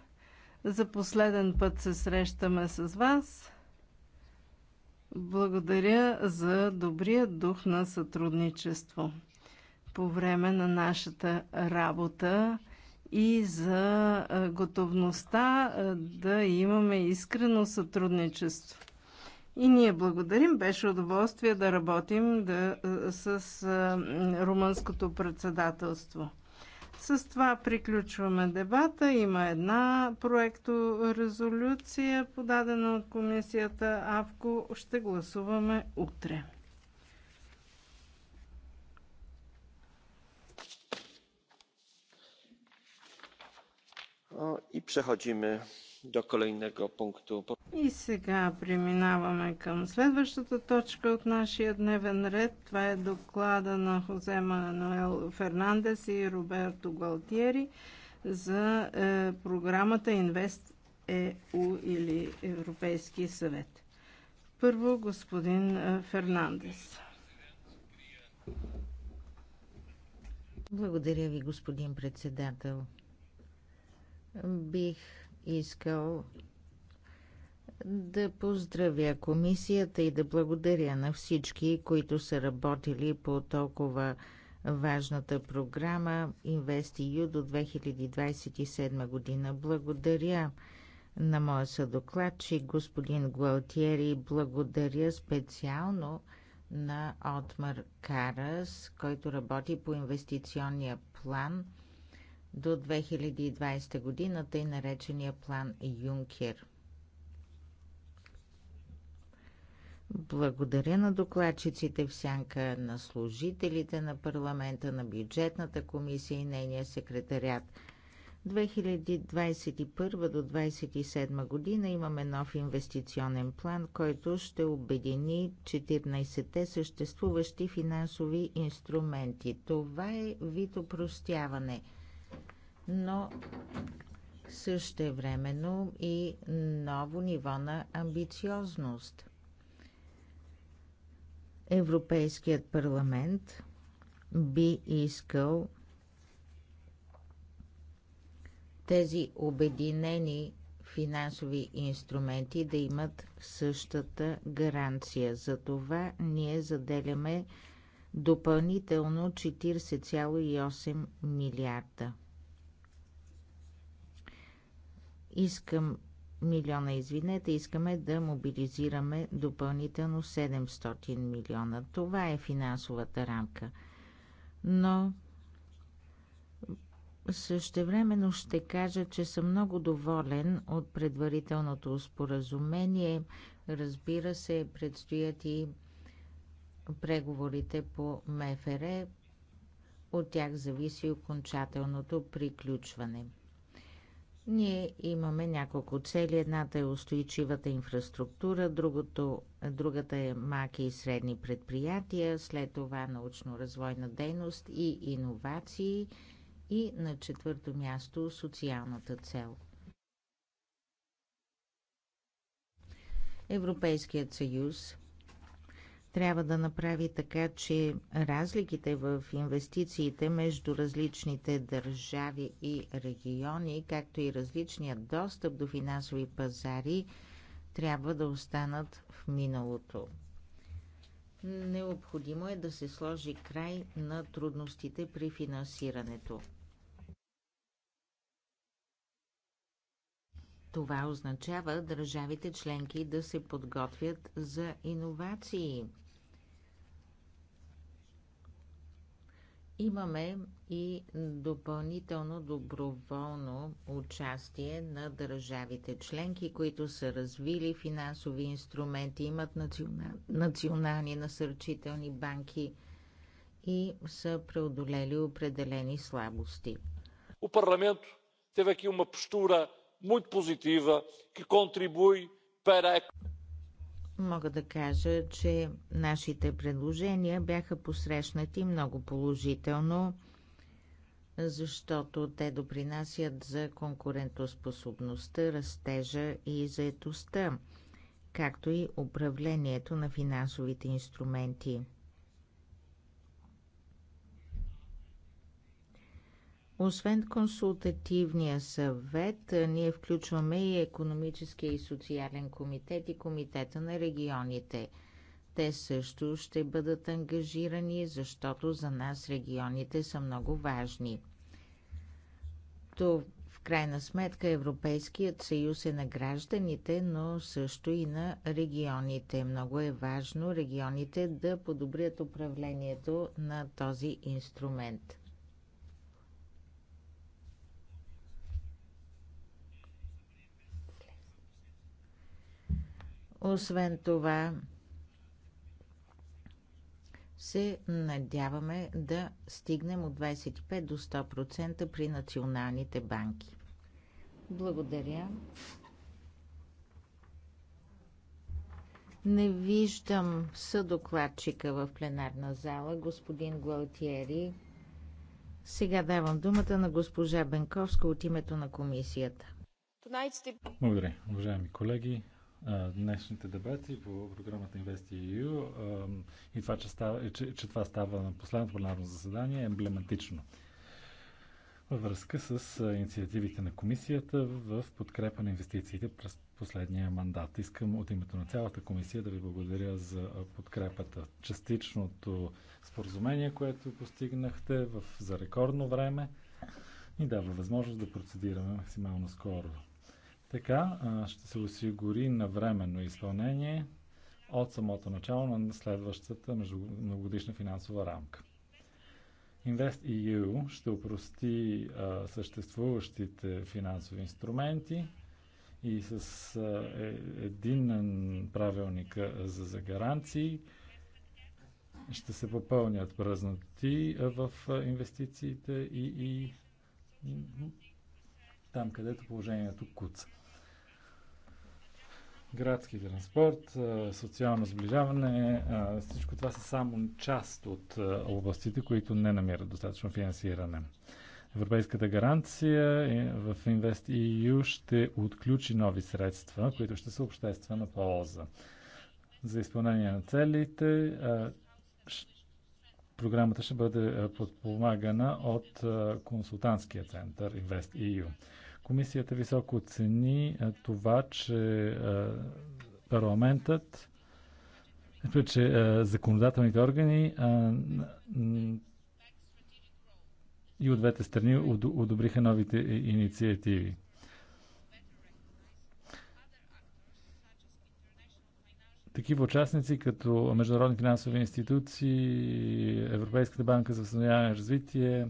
За последен път се срещаме с вас. Благодаря за добрия дух на сътрудничество по време на нашата работа и за е, готовността е, да имаме искрено сътрудничество. И ние благодарим. Беше удоволствие да работим да, е, с е, румънското председателство. С това приключваме дебата. Има една проекторезолюция, подадена от комисията АВКО. Ще гласуваме утре. и преходиме до kolejnego пункту. И сега преминаваме към следващата точка от нашия дневен ред. Това е доклада на Хозе Мануел Фернандес и Роберто Галтиери за е, програмата Инвест ЕУ или Европейски съвет. Първо господин е, Фернандес. Благодаря ви, господин председател. Бих искал да поздравя комисията и да благодаря на всички, които са работили по толкова важната програма InvestEU до 2027 година. Благодаря на моя съдокладчик господин Гуалтиери. Благодаря специално на Отмар Карас, който работи по инвестиционния план – до 2020 година, тъй наречения план Юнкер. Благодаря на докладчиците в сянка, на служителите на парламента, на бюджетната комисия и нейния секретарят. 2021 до 2027 година имаме нов инвестиционен план, който ще обедини 14-те съществуващи финансови инструменти. Това е вид опростяване – но също времено и ново ниво на амбициозност. Европейският парламент би искал тези обединени финансови инструменти да имат същата гаранция. За това ние заделяме допълнително 40,8 милиарда. Искам милиона, извинете, искаме да мобилизираме допълнително 700 милиона. Това е финансовата рамка. Но същевременно ще кажа, че съм много доволен от предварителното споразумение. Разбира се, предстоят и преговорите по МФР. От тях зависи окончателното приключване. Ние имаме няколко цели. Едната е устойчивата инфраструктура, другото, другата е маки и средни предприятия, след това научно-развойна дейност и иновации и на четвърто място социалната цел. Европейският съюз трябва да направи така, че разликите в инвестициите между различните държави и региони, както и различния достъп до финансови пазари, трябва да останат в миналото. Необходимо е да се сложи край на трудностите при финансирането. Това означава държавите членки да се подготвят за иновации. Имаме и допълнително доброволно участие на държавите членки, които са развили финансови инструменти, имат национал... национални насърчителни банки и са преодолели определени слабости. У Parlamento има постура muito positiva que contribui para. Мога да кажа, че нашите предложения бяха посрещнати много положително, защото те допринасят за конкурентоспособността, растежа и заетостта, както и управлението на финансовите инструменти. Освен консултативния съвет, ние включваме и економическия и социален комитет и комитета на регионите. Те също ще бъдат ангажирани, защото за нас регионите са много важни. То в крайна сметка Европейският съюз е на гражданите, но също и на регионите. Много е важно регионите да подобрят управлението на този инструмент. Освен това, се надяваме да стигнем от 25 до 100% при националните банки. Благодаря. Не виждам съдокладчика в пленарна зала, господин Гуалтиери. Сега давам думата на госпожа Бенковска от името на комисията. Благодаря. Уважаеми колеги, днешните дебати по програмата InvestEU и това, че, става, че, че това става на последното пленарно заседание е емблематично във връзка с инициативите на комисията в подкрепа на инвестициите през последния мандат. Искам от името на цялата комисия да ви благодаря за подкрепата. Частичното споразумение, което постигнахте в, за рекордно време ни дава възможност да процедираме максимално скоро. Така ще се осигури навременно изпълнение от самото начало на следващата многогодишна финансова рамка. InvestEU ще опрости а, съществуващите финансови инструменти и с а, е, единен правилник за, за гаранции ще се попълнят празноти в инвестициите и, и там, където положението куца градски транспорт, социално сближаване, всичко това са само част от областите, които не намират достатъчно финансиране. Европейската гаранция е, в InvestEU ще отключи нови средства, които ще са обществена полза. За изпълнение на целите програмата ще бъде подпомагана от консултантския център InvestEU. Комисията високо оцени това, че парламентът, е, че законодателните органи и от двете страни одобриха новите е, инициативи. такива участници като международни финансови институции, Европейската банка за възстановяване и развитие,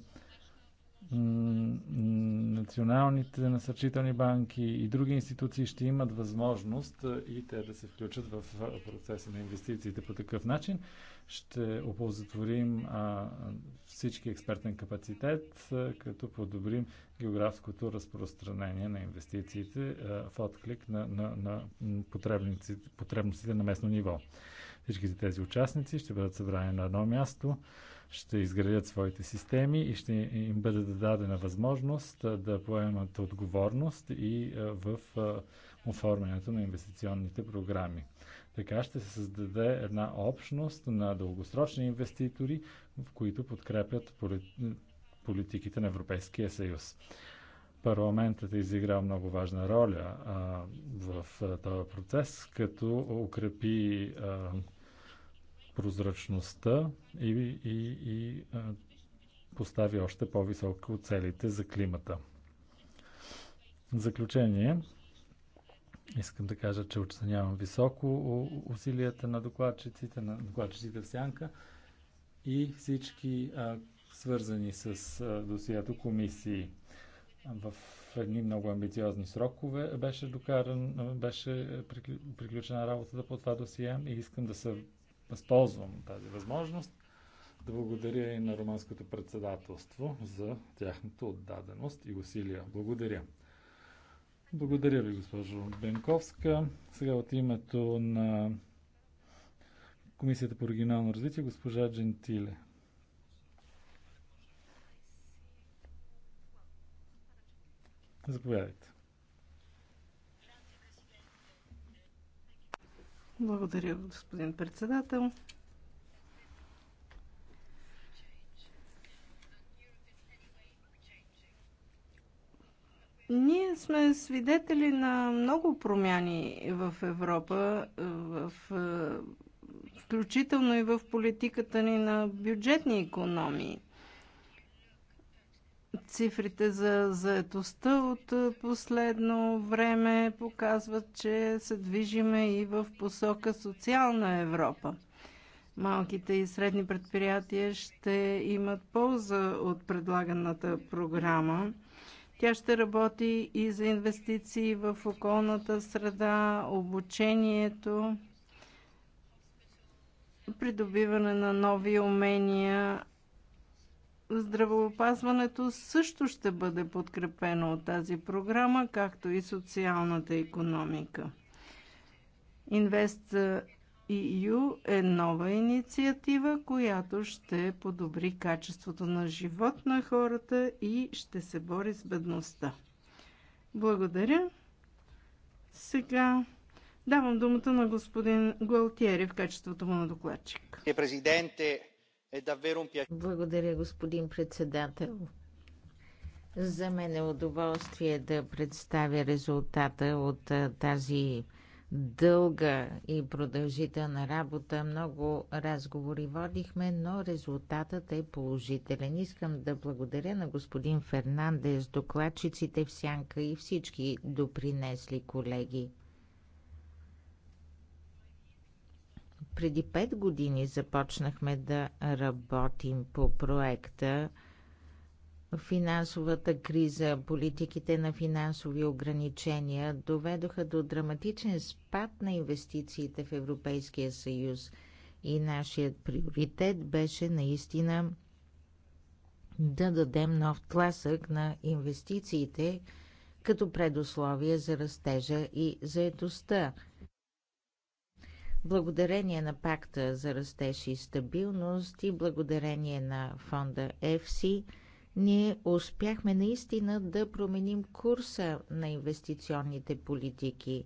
националните насърчителни банки и други институции ще имат възможност и те да се включат в процеса на инвестициите по такъв начин. Ще оползотворим всички експертен капацитет, като подобрим географското разпространение на инвестициите в отклик на, на, на потребностите на местно ниво. Всичките тези участници ще бъдат събрани на едно място ще изградят своите системи и ще им бъде дадена възможност да поемат отговорност и в оформянето на инвестиционните програми. Така ще се създаде една общност на дългосрочни инвеститори, в които подкрепят политиките на Европейския съюз. Парламентът е изиграл много важна роля а, в този процес, като укрепи а, прозрачността и, и, и постави още по-високо целите за климата. В заключение, искам да кажа, че оценявам високо усилията на докладчиците, на докладчиците в Сянка и всички а, свързани с а, досието комисии. В едни много амбициозни срокове беше докаран, беше приключена работата по това досие и искам да се възползвам тази възможност да благодаря и на романското председателство за тяхната отдаденост и усилия. Благодаря. Благодаря ви, госпожо Бенковска. Сега от името на Комисията по регионално развитие, госпожа Джентиле. Заповядайте. Благодаря, господин председател. Ние сме свидетели на много промяни в Европа, в, включително и в политиката ни на бюджетни економии. Цифрите за заетостта от последно време показват, че се движиме и в посока социална Европа. Малките и средни предприятия ще имат полза от предлаганата програма. Тя ще работи и за инвестиции в околната среда, обучението, придобиване на нови умения здравеопазването също ще бъде подкрепено от тази програма, както и социалната економика. Инвест EU е нова инициатива, която ще подобри качеството на живот на хората и ще се бори с бедността. Благодаря. Сега давам думата на господин Гуалтиери в качеството му на докладчик. Президенте, е благодаря, господин председател. За мен е удоволствие да представя резултата от тази дълга и продължителна работа. Много разговори водихме, но резултатът е положителен. Искам да благодаря на господин Фернандес, докладчиците в Сянка и всички допринесли колеги. Преди пет години започнахме да работим по проекта. Финансовата криза, политиките на финансови ограничения доведоха до драматичен спад на инвестициите в Европейския съюз и нашият приоритет беше наистина да дадем нов тласък на инвестициите като предусловие за растежа и заетостта. Благодарение на пакта за растеж и стабилност и благодарение на фонда EFSI, ние успяхме наистина да променим курса на инвестиционните политики.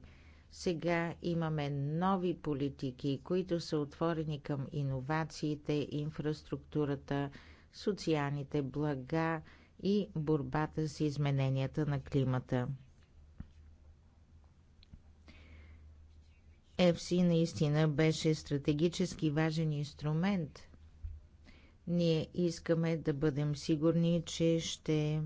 Сега имаме нови политики, които са отворени към иновациите, инфраструктурата, социалните блага и борбата с измененията на климата. FC наистина беше стратегически важен инструмент. Ние искаме да бъдем сигурни, че ще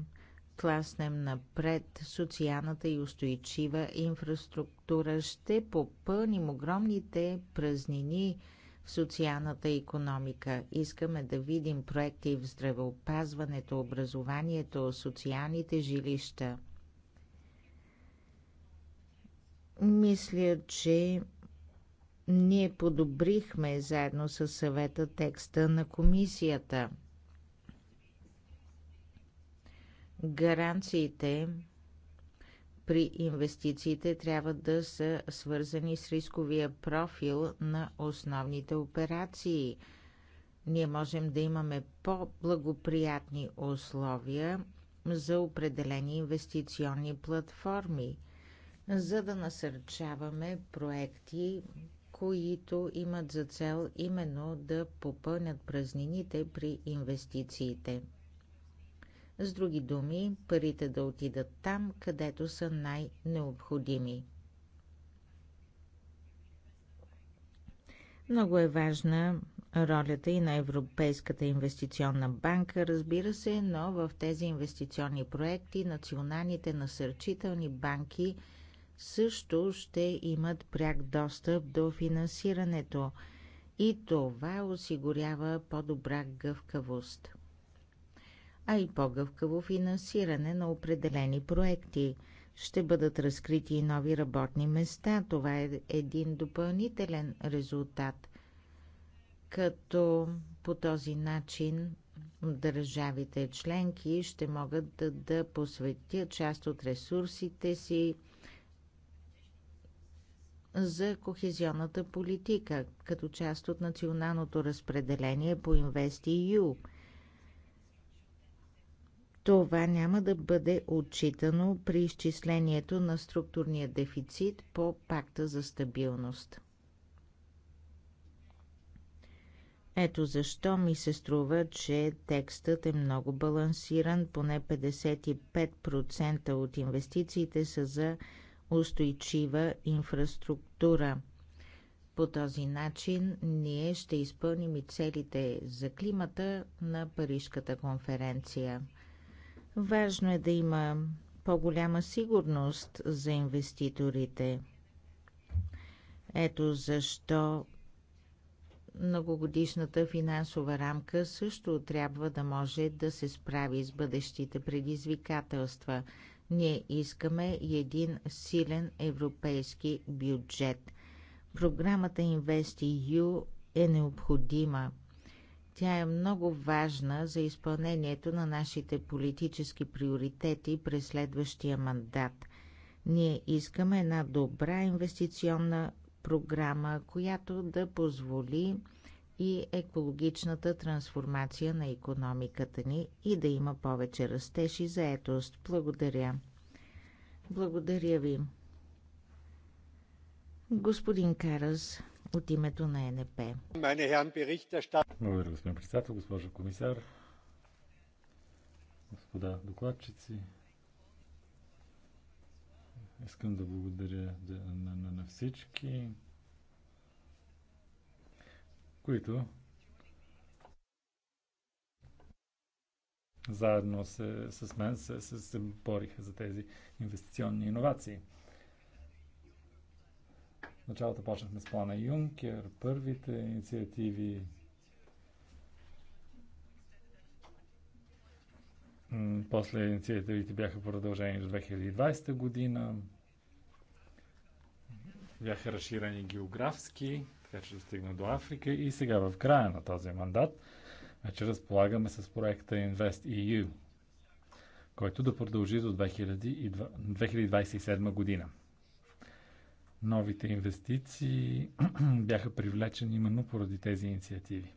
тласнем напред социалната и устойчива инфраструктура, ще попълним огромните празнини в социалната економика. Искаме да видим проекти в здравеопазването, образованието, социалните жилища. Мисля, че ние подобрихме заедно с съвета текста на комисията. Гаранциите при инвестициите трябва да са свързани с рисковия профил на основните операции. Ние можем да имаме по-благоприятни условия за определени инвестиционни платформи, за да насърчаваме проекти които имат за цел именно да попълнят празнините при инвестициите. С други думи, парите да отидат там, където са най-необходими. Много е важна ролята и на Европейската инвестиционна банка, разбира се, но в тези инвестиционни проекти националните насърчителни банки – също ще имат пряк достъп до финансирането и това осигурява по-добра гъвкавост, а и по-гъвкаво финансиране на определени проекти. Ще бъдат разкрити и нови работни места. Това е един допълнителен резултат, като по този начин държавите членки ще могат да, да посветят част от ресурсите си за кохезионната политика, като част от националното разпределение по InvestEU. Това няма да бъде отчитано при изчислението на структурния дефицит по пакта за стабилност. Ето защо ми се струва, че текстът е много балансиран, поне 55% от инвестициите са за устойчива инфраструктура. По този начин ние ще изпълним и целите за климата на Парижката конференция. Важно е да има по-голяма сигурност за инвеститорите. Ето защо многогодишната финансова рамка също трябва да може да се справи с бъдещите предизвикателства. Ние искаме един силен европейски бюджет. Програмата InvestEU е необходима. Тя е много важна за изпълнението на нашите политически приоритети през следващия мандат. Ние искаме една добра инвестиционна програма, която да позволи и екологичната трансформация на економиката ни и да има повече растеж и заетост. Благодаря. Благодаря ви. Господин Карас, от името на НП. Благодаря, господин председател, госпожо комисар, господа докладчици. Искам да благодаря на, на, на всички които заедно се, с мен се, се, се бориха за тези инвестиционни иновации. В началото почнахме с плана Юнкер, първите инициативи. После инициативите бяха продължени до 2020 година. Бяха разширени географски така че достигна до Африка. И сега в края на този мандат вече разполагаме с проекта InvestEU, който да продължи до 2027 година. Новите инвестиции бяха привлечени именно поради тези инициативи.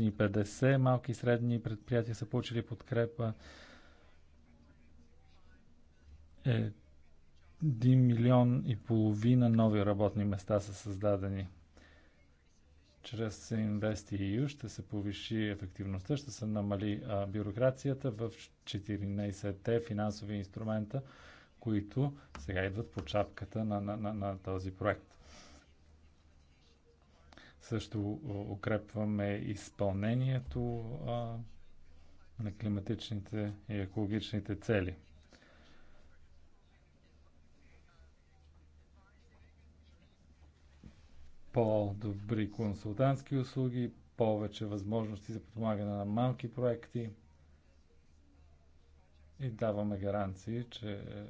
– малки и средни предприятия са получили подкрепа 1 милион и половина нови работни места са създадени. Чрез InvestEU ще се повиши ефективността, ще се намали а, бюрокрацията в 14-те финансови инструмента, които сега идват по чапката на, на, на, на този проект. Също укрепваме изпълнението а, на климатичните и екологичните цели. по-добри консултантски услуги, повече възможности за подпомагане на малки проекти и даваме гаранции, че е, е,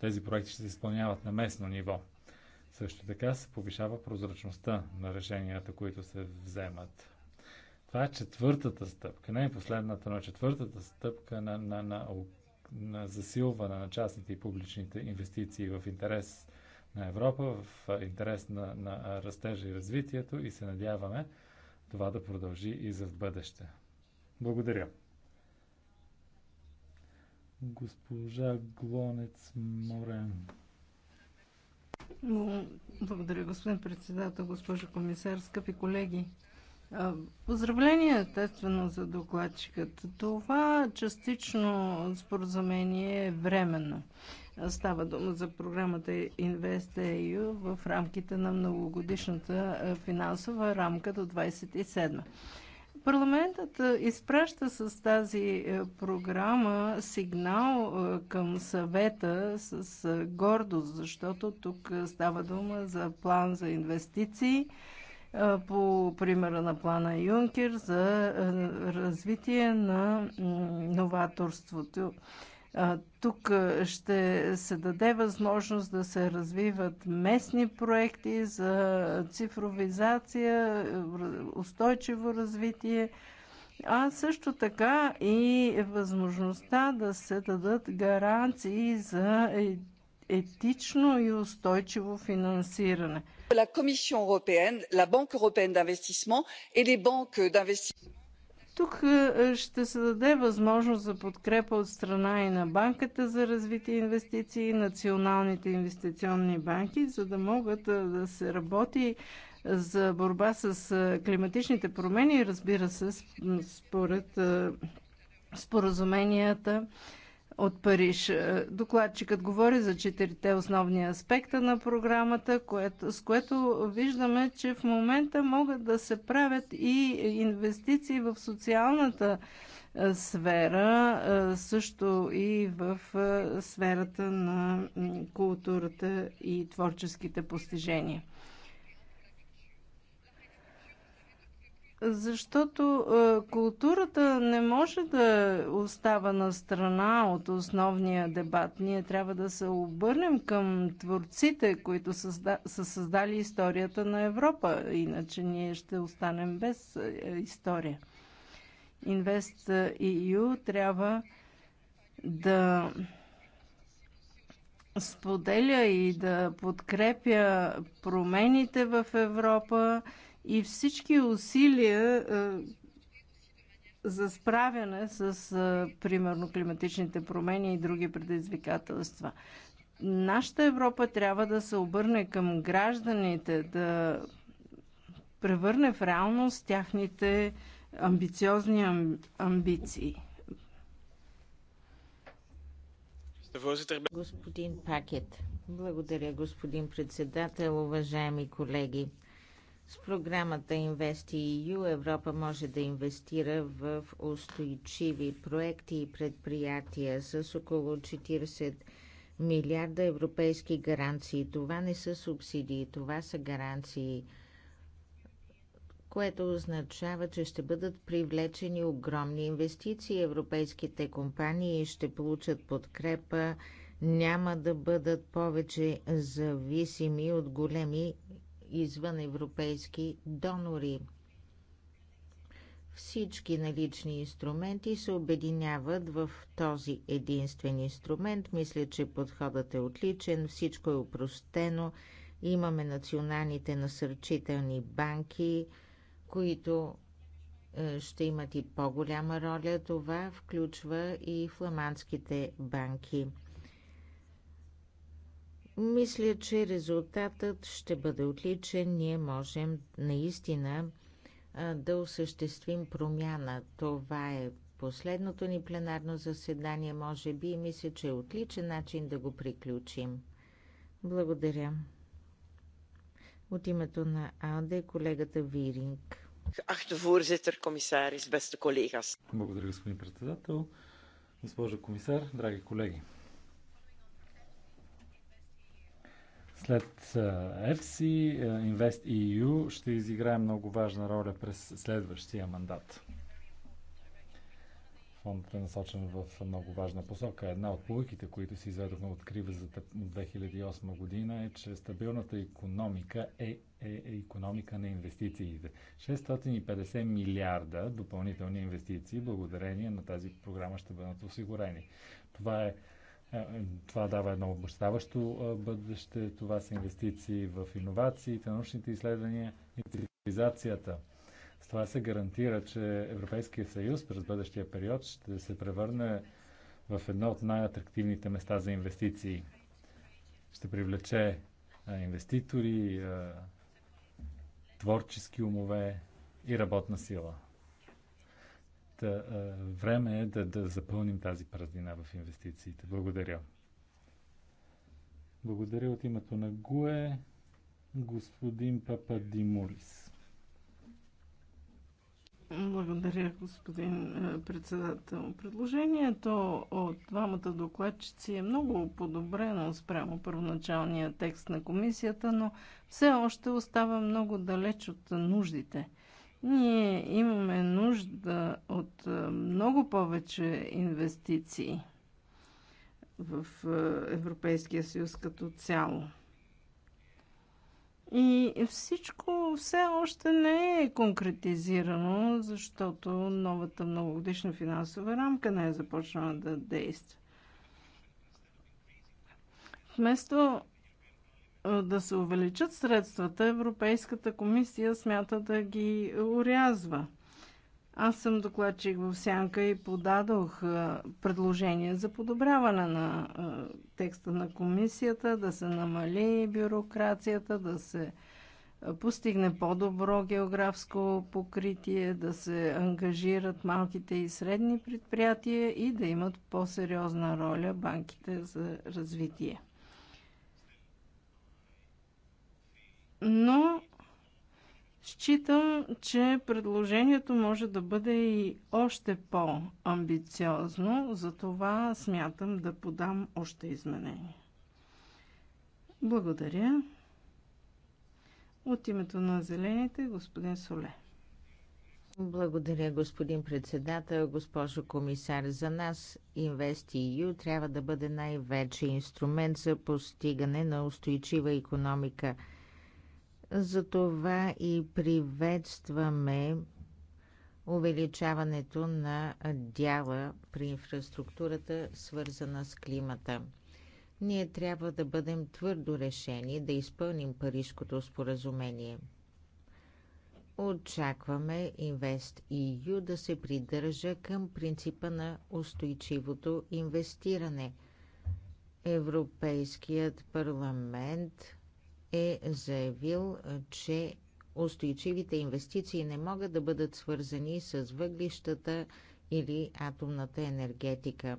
тези проекти ще се изпълняват на местно ниво. Също така се повишава прозрачността на решенията, които се вземат. Това е четвъртата стъпка, не е последната, но е четвъртата стъпка на, на, на, на засилване на частните и публичните инвестиции в интерес на Европа в интерес на, на растежа и развитието и се надяваме това да продължи и за в бъдеще. Благодаря. Госпожа Глонец Морен. Благодаря, господин председател, госпожо комисар, скъпи колеги. Поздравления, естествено, за докладчикът. Това частично споразумение е временно. Става дума за програмата InvestEU в рамките на многогодишната финансова рамка до 27. Парламентът изпраща с тази програма сигнал към съвета с гордост, защото тук става дума за план за инвестиции по примера на плана Юнкер за развитие на новаторството. Тук ще се даде възможност да се развиват местни проекти за цифровизация, устойчиво развитие, а също така и възможността да се дадат гаранции за е, етично и устойчиво финансиране. La Commission européenne, la Banque européenne d'investissement et les banques d'investissement тук е, е, ще се даде възможност за подкрепа от страна и на банката за развитие инвестиции, и националните инвестиционни банки, за да могат е, да се работи за борба с климатичните промени, разбира се, според споразуменията от Париж. Е, докладчикът говори за четирите основни аспекта на програмата, което, с което виждаме, че в момента могат да се правят и инвестиции в социалната е, сфера, е, също и в сферата на културата и творческите постижения. Защото е, културата не може да остава на страна от основния дебат. Ние трябва да се обърнем към творците, които създа, са създали историята на Европа. Иначе ние ще останем без е, история. Инвест EU е, трябва да споделя и да подкрепя промените в Европа и всички усилия е, за справяне с, е, примерно, климатичните промени и други предизвикателства. Нашата Европа трябва да се обърне към гражданите, да превърне в реалност тяхните амбициозни амбиции. Господин Пакет, благодаря господин председател, уважаеми колеги. С програмата InvestEU Европа може да инвестира в устойчиви проекти и предприятия с около 40 милиарда европейски гаранции. Това не са субсидии, това са гаранции, което означава, че ще бъдат привлечени огромни инвестиции. Европейските компании ще получат подкрепа, няма да бъдат повече зависими от големи извън европейски донори. Всички налични инструменти се обединяват в този единствен инструмент. Мисля, че подходът е отличен, всичко е упростено. Имаме националните насърчителни банки, които е, ще имат и по-голяма роля. Това включва и фламандските банки. Мисля, че резултатът ще бъде отличен. Ние можем наистина да осъществим промяна. Това е последното ни пленарно заседание, може би, и мисля, че е отличен начин да го приключим. Благодаря. От името на АЛДЕ колегата Виринг. Ахто voorzitter, комисарис, beste колегас. Благодаря, господин председател. Госпожо комисар, драги колеги. След FC, Invest EU ще изиграе много важна роля през следващия мандат. Фондът е насочен в много важна посока. Една от полуките, които си изведохме от за 2008 година е, че стабилната економика е, е, е економика на инвестициите. 650 милиарда допълнителни инвестиции благодарение на тази програма ще бъдат осигурени. Това е е, е, това дава едно обещаващо е, бъдеще. Това са инвестиции в иновациите, научните изследвания и цивилизацията. С това се гарантира, че Европейския съюз през бъдещия период ще се превърне в едно от най-атрактивните места за инвестиции. Ще привлече инвеститори, творчески умове и работна сила. Та, време е да, да запълним тази празнина в инвестициите. Благодаря. Благодаря от името на ГУЕ господин Папа Димулис. Благодаря, господин председател. Предложението от двамата докладчици е много подобрено спрямо първоначалния текст на комисията, но все още остава много далеч от нуждите. Ние имаме нужда от много повече инвестиции в Европейския съюз като цяло. И всичко все още не е конкретизирано, защото новата многогодишна финансова рамка не е започнала да действа. Вместо да се увеличат средствата, Европейската комисия смята да ги урязва. Аз съм докладчик в Сянка и подадох предложение за подобряване на текста на комисията, да се намали бюрокрацията, да се постигне по-добро географско покритие, да се ангажират малките и средни предприятия и да имат по-сериозна роля банките за развитие. но считам, че предложението може да бъде и още по-амбициозно, затова смятам да подам още изменения. Благодаря. От името на зелените, господин Соле. Благодаря, господин председател, госпожо комисар. За нас InvestEU трябва да бъде най-вече инструмент за постигане на устойчива економика – затова и приветстваме увеличаването на дяла при инфраструктурата, свързана с климата. Ние трябва да бъдем твърдо решени да изпълним парижското споразумение. Очакваме EU e да се придържа към принципа на устойчивото инвестиране. Европейският парламент е заявил, че устойчивите инвестиции не могат да бъдат свързани с въглищата или атомната енергетика.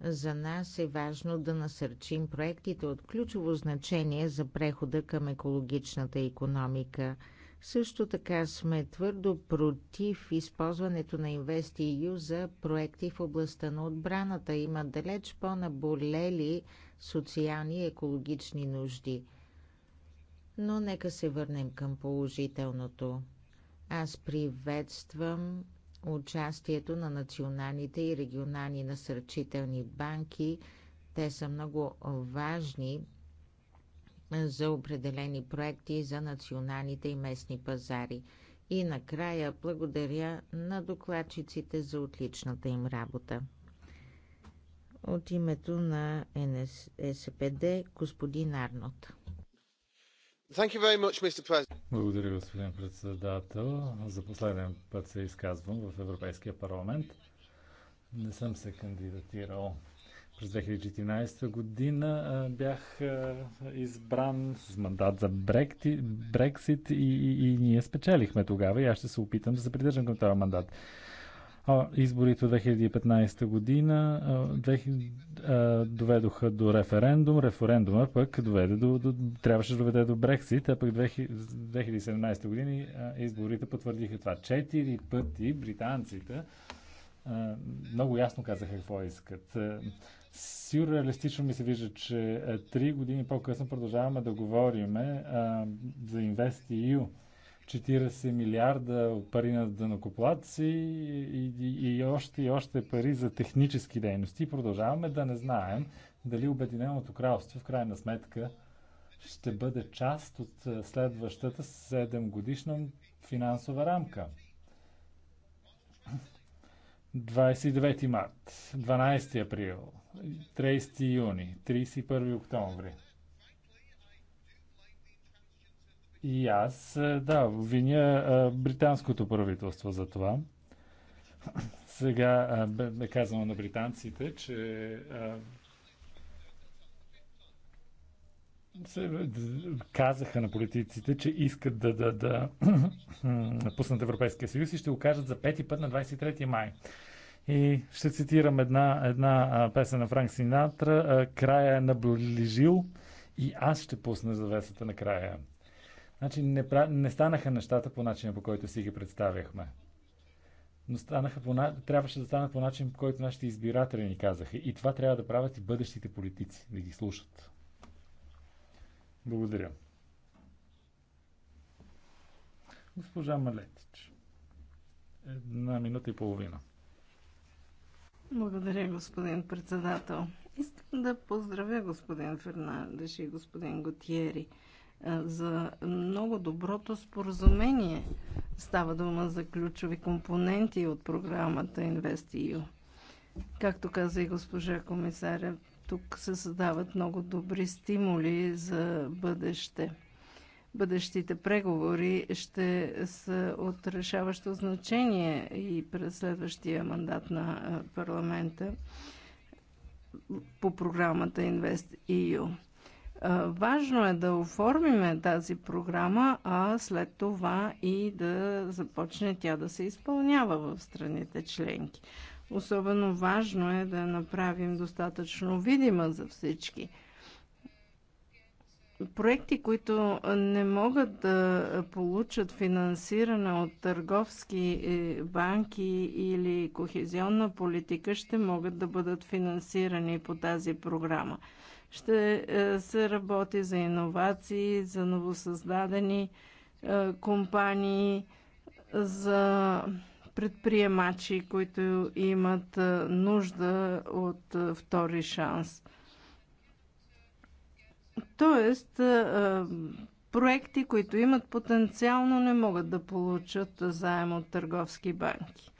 За нас е важно да насърчим проектите от ключово значение за прехода към екологичната економика. Също така сме твърдо против използването на InvestEU за проекти в областта на отбраната. Има далеч по-наболели социални и екологични нужди но нека се върнем към положителното. Аз приветствам участието на националните и регионални насърчителни банки. Те са много важни за определени проекти за националните и местни пазари. И накрая благодаря на докладчиците за отличната им работа. От името на НСПД господин Арнот. Благодаря, господин председател. За последен път се изказвам в Европейския парламент. Не съм се кандидатирал. През 2014 година бях избран с мандат за Брексит и, и, и ние спечелихме тогава и аз ще се опитам да се придържам към този мандат изборите от 2015 година доведоха до референдум, референдума пък доведе до, до трябваше да доведе до Брексит, а пък 2017 години изборите потвърдиха това. Четири пъти британците много ясно казаха какво искат. Сюрреалистично ми се вижда, че три години по-късно продължаваме да говорим за InvestEU 40 милиарда пари на дънокоплаци и, и, и още и още пари за технически дейности. Продължаваме да не знаем дали Обединеното кралство в крайна сметка ще бъде част от е, следващата 7 годишна финансова рамка. 29 март, 12 април, 30 юни, 31 октомври. И аз, е, да, виня е, британското правителство за това. Сега е, бе казано на британците, че казаха на политиците, че искат да, да, да напуснат Европейския съюз и ще го кажат за пети път на 23 май. И ще цитирам една, една песен на Франк Синатра. Края е наближил и аз ще пусна завесата на края. Значи не, не станаха нещата по начина, по който си ги представяхме. Но станаха по, трябваше да станат по начин, по който нашите избиратели ни казаха. И това трябва да правят и бъдещите политици, да ги слушат. Благодаря. Госпожа Малетич. Една минута и половина. Благодаря, господин председател. Искам да поздравя господин Фернандеш и господин Готиери за много доброто споразумение. Става дума за ключови компоненти от програмата InvestEU. Както каза и госпожа комисаря, тук се създават много добри стимули за бъдеще. Бъдещите преговори ще са от решаващо значение и през следващия мандат на парламента по програмата InvestEU. Важно е да оформиме тази програма, а след това и да започне тя да се изпълнява в страните членки. Особено важно е да направим достатъчно видима за всички. Проекти, които не могат да получат финансиране от търговски е, банки или кохезионна политика, ще могат да бъдат финансирани по тази програма ще е, се работи за иновации, за новосъздадени е, компании, за предприемачи, които имат е, нужда от втори шанс. Тоест, проекти, които имат потенциално, не могат да получат заем от търговски банки.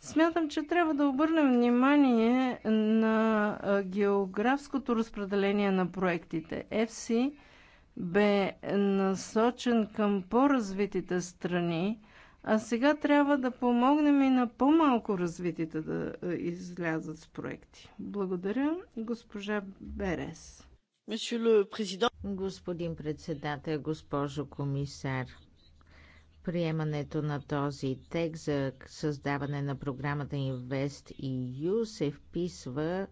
Смятам, че трябва да обърнем внимание на географското разпределение на проектите. FC бе насочен към по-развитите страни, а сега трябва да помогнем и на по-малко развитите да излязат с проекти. Благодаря, госпожа Берес. Господин председател, госпожо комисар, Приемането на този текст за създаване на програмата InvestEU се вписва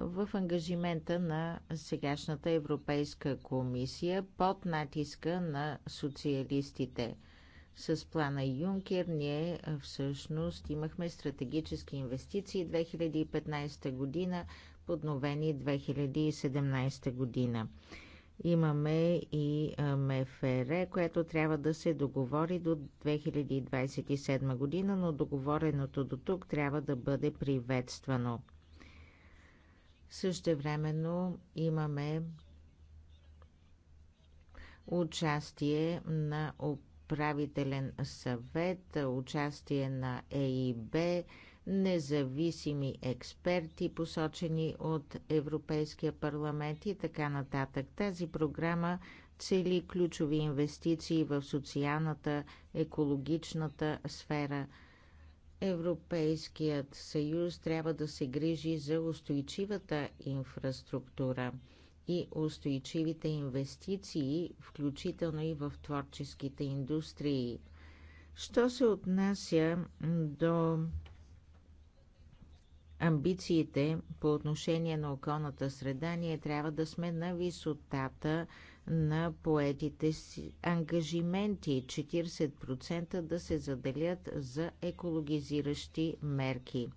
в ангажимента на сегашната Европейска комисия под натиска на социалистите. С плана Юнкер ние всъщност имахме стратегически инвестиции 2015 година, подновени 2017 година. Имаме и МФР, което трябва да се договори до 2027 година, но договореното до тук трябва да бъде приветствано. Същевременно имаме участие на управителен съвет, участие на ЕИБ, независими експерти, посочени от Европейския парламент и така нататък. Тази програма цели ключови инвестиции в социалната, екологичната сфера. Европейският съюз трябва да се грижи за устойчивата инфраструктура и устойчивите инвестиции, включително и в творческите индустрии. Що се отнася до амбициите по отношение на околната среда, ние трябва да сме на висотата на поетите си ангажименти 40% да се заделят за екологизиращи мерки.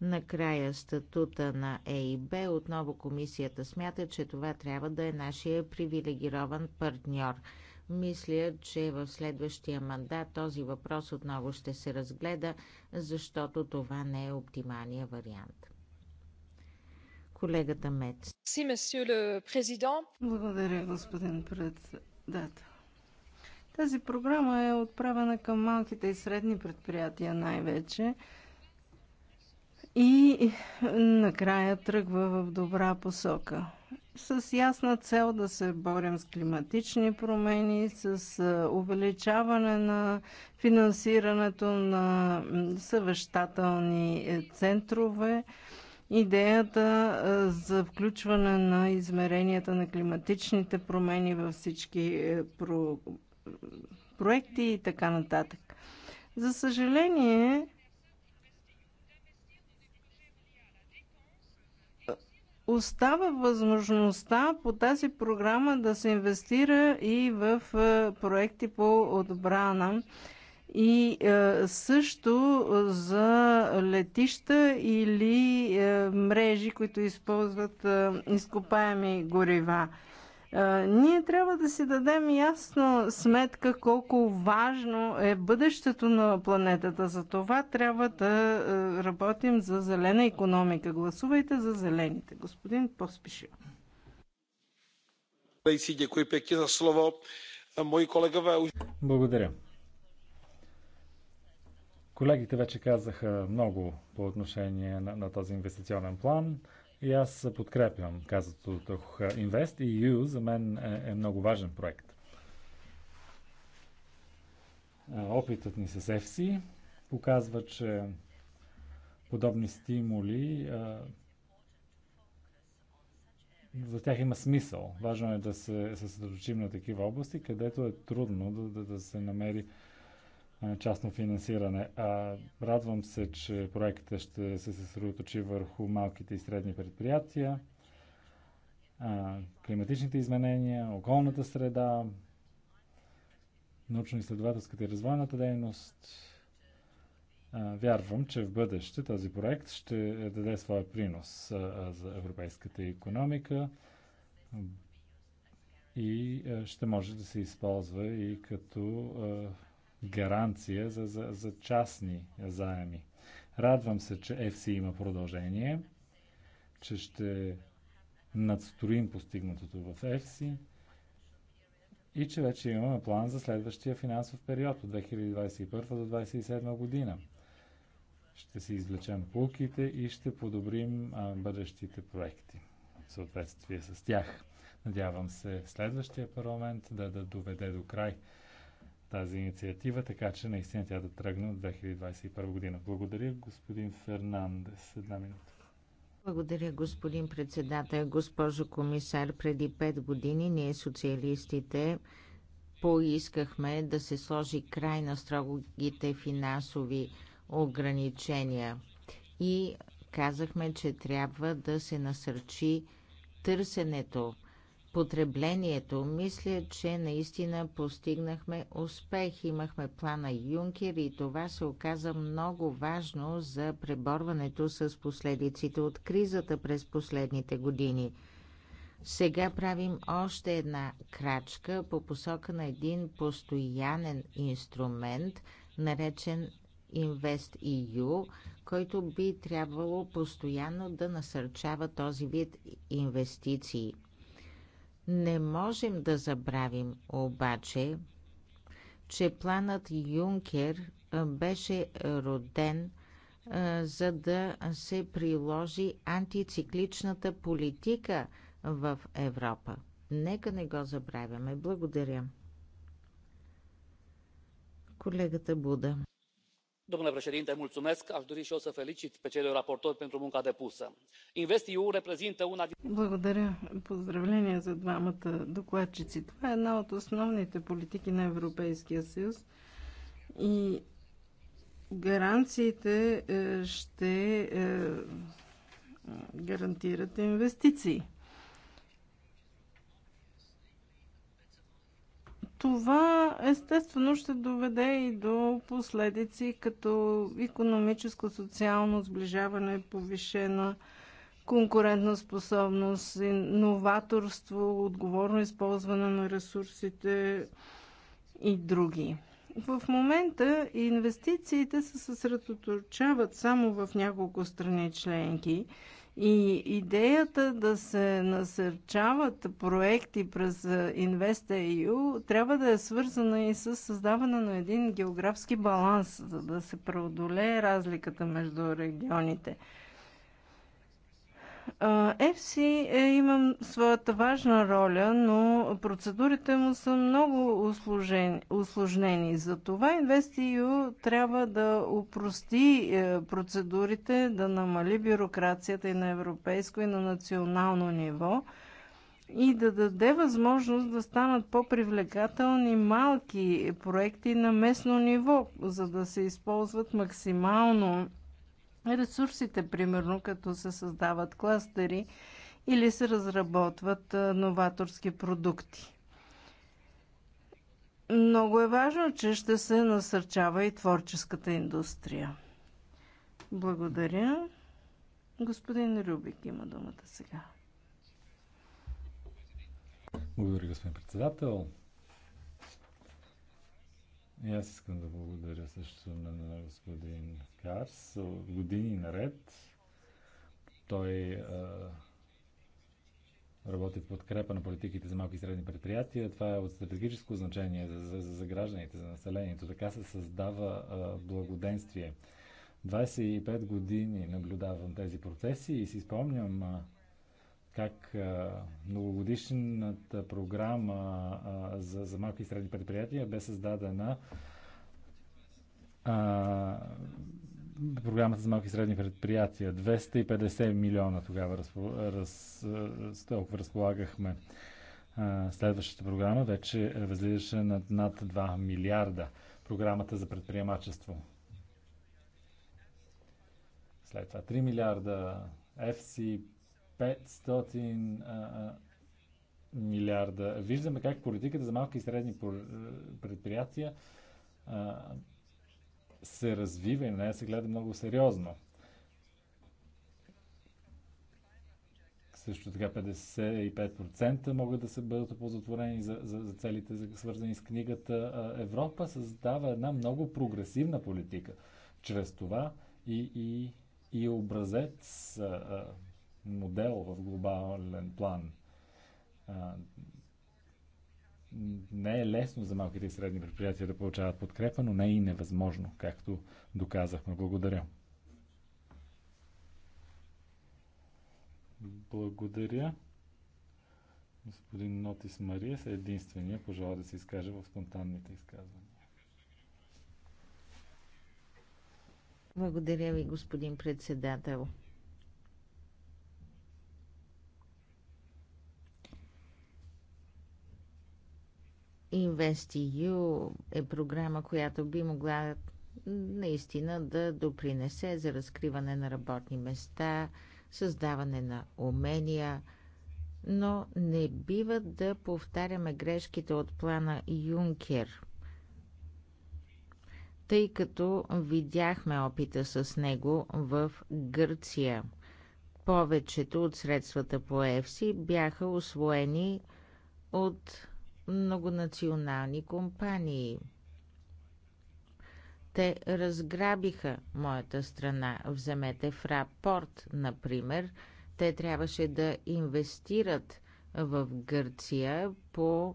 Накрая статута на ЕИБ отново комисията смята, че това трябва да е нашия привилегирован партньор – мисля, че в следващия мандат този въпрос отново ще се разгледа, защото това не е оптималния вариант. Колегата Мец. Благодаря, господин председател. Тази програма е отправена към малките и средни предприятия най-вече и накрая тръгва в добра посока с ясна цел да се борим с климатични промени, с увеличаване на финансирането на съвещателни е, центрове. Идеята за включване на измеренията на климатичните промени във всички е, проекти и така нататък. За съжаление, остава възможността по тази програма да се инвестира и в е, проекти по отбрана и е, също за летища или е, мрежи, които използват изкопаеми горива ние трябва да си дадем ясно сметка колко важно е бъдещето на планетата. За това трябва да работим за зелена економика. Гласувайте за зелените. Господин Поспишил. Благодаря. Колегите вече казаха много по отношение на, на този инвестиционен план. И аз подкрепям казват от Invest EU. За мен е, е много важен проект. Опитът ни с FC показва, че подобни стимули за тях има смисъл. Важно е да се съсредоточим на такива области, където е трудно да, да, да се намери частно финансиране. А, радвам се, че проектът ще се съсредоточи върху малките и средни предприятия, а, климатичните изменения, околната среда, научно-изследователската и развойната дейност. А, вярвам, че в бъдеще този проект ще даде своя принос а, за европейската економика и а, ще може да се използва и като а, гаранция за, за, за частни заеми. Радвам се, че FC има продължение, че ще надстроим постигнатото в FC и че вече имаме план за следващия финансов период от 2021 до 2027 година. Ще си извлечем полките и ще подобрим а, бъдещите проекти в съответствие с тях. Надявам се следващия парламент да, да доведе до край тази инициатива, така че наистина тя да тръгне от 2021 година. Благодаря, господин Фернандес. Една минута. Благодаря, господин председател. Госпожо комисар, преди 5 години ние социалистите поискахме да се сложи край на строгите финансови ограничения и казахме, че трябва да се насърчи търсенето потреблението. Мисля, че наистина постигнахме успех. Имахме плана Юнкер и това се оказа много важно за преборването с последиците от кризата през последните години. Сега правим още една крачка по посока на един постоянен инструмент, наречен InvestEU, който би трябвало постоянно да насърчава този вид инвестиции – не можем да забравим обаче, че планът Юнкер беше роден за да се приложи антицикличната политика в Европа. Нека не го забравяме. Благодаря. Колегата Буда domnule președinte aș dori și eu să îi felicit pe cei doi raportori pentru munca depusă. investeu reprezintă una din. Благодаря. Поздравления за двамата докладчици. Това е една от основните политики на Европейския съюз и гаранциите е, ще е, гарантират инвестиции. Това естествено ще доведе и до последици като економическо, социално сближаване, повишена конкурентна способност, новаторство, отговорно използване на ресурсите и други. В момента инвестициите се съсредоточават само в няколко страни членки – и идеята да се насърчават проекти през InvestEU трябва да е свързана и с създаване на един географски баланс, за да се преодолее разликата между регионите. FC е, има своята важна роля, но процедурите му са много усложнени. Затова InvestEU трябва да упрости е, процедурите, да намали бюрокрацията и на европейско и на национално ниво и да даде възможност да станат по-привлекателни малки проекти на местно ниво, за да се използват максимално ресурсите, примерно като се създават кластери или се разработват новаторски продукти. Много е важно, че ще се насърчава и творческата индустрия. Благодаря. Господин Рюбик има думата сега. Благодаря, господин председател. И аз искам да благодаря също на, господин Карс. Години наред той а, работи в подкрепа на политиките за малки и средни предприятия. Това е от стратегическо значение за, за, за, за гражданите, за населението. Така се създава а, благоденствие. 25 години наблюдавам тези процеси и си спомням а, как многогодишната програма за, за малки и средни предприятия бе създадена а, програмата за малки и средни предприятия. 250 милиона тогава раз, раз, разполагахме. следващата програма вече възлизаше над, над 2 милиарда. Програмата за предприемачество. След това 3 милиарда, FC, 500 милиарда. Виждаме как политиката за малки и средни предприятия се развива и на нея се гледа много сериозно. Също така 55% могат да се бъдат оползотворени за, за, за целите, за, свързани с книгата. Европа създава една много прогресивна политика. Чрез това и, и, и образец а, модел в глобален план. А, не е лесно за малките и средни предприятия да получават подкрепа, но не е и невъзможно, както доказахме. Благодаря. Благодаря. Господин Нотис Мария е единствения, пожела да се изкаже в спонтанните изказвания. Благодаря ви, господин председател. InvestEU е програма, която би могла наистина да допринесе за разкриване на работни места, създаване на умения, но не бива да повтаряме грешките от плана Юнкер, тъй като видяхме опита с него в Гърция. Повечето от средствата по ЕФСИ бяха освоени от многонационални компании. Те разграбиха моята страна. Вземете Фрапорт, например. Те трябваше да инвестират в Гърция по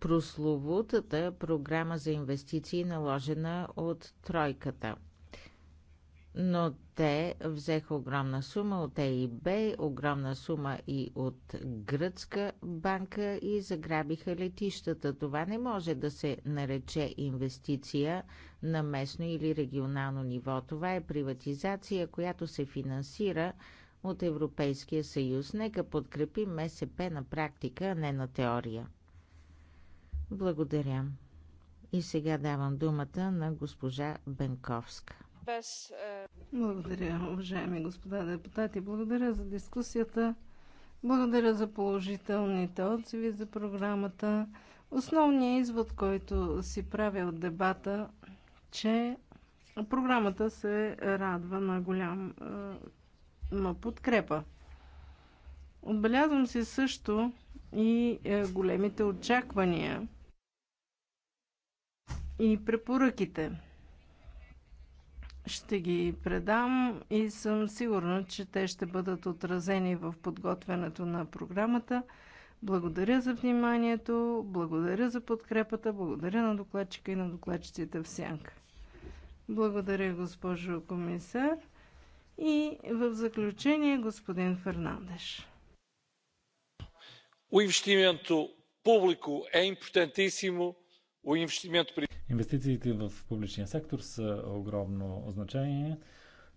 прословутата програма за инвестиции, наложена от тройката – но те взеха огромна сума от ЕИБ, огромна сума и от гръцка банка и заграбиха летищата. Това не може да се нарече инвестиция на местно или регионално ниво. Това е приватизация, която се финансира от Европейския съюз. Нека подкрепим МСП на практика, а не на теория. Благодаря. И сега давам думата на госпожа Бенковска без... Е, Благодаря, уважаеми господа депутати. Благодаря за дискусията. Благодаря за положителните отзиви за програмата. Основният извод, който си правя от дебата, че програмата се радва на голяма е, подкрепа. Отбелязвам си също и е, големите очаквания и препоръките ще ги предам и съм сигурна, че те ще бъдат отразени в подготвянето на програмата. Благодаря за вниманието, благодаря за подкрепата, благодаря на докладчика и на докладчиците в Сянка. Благодаря, госпожо комисар. И в заключение, господин Фернандеш. O investimento е é Инвестициите в публичния сектор са огромно значение.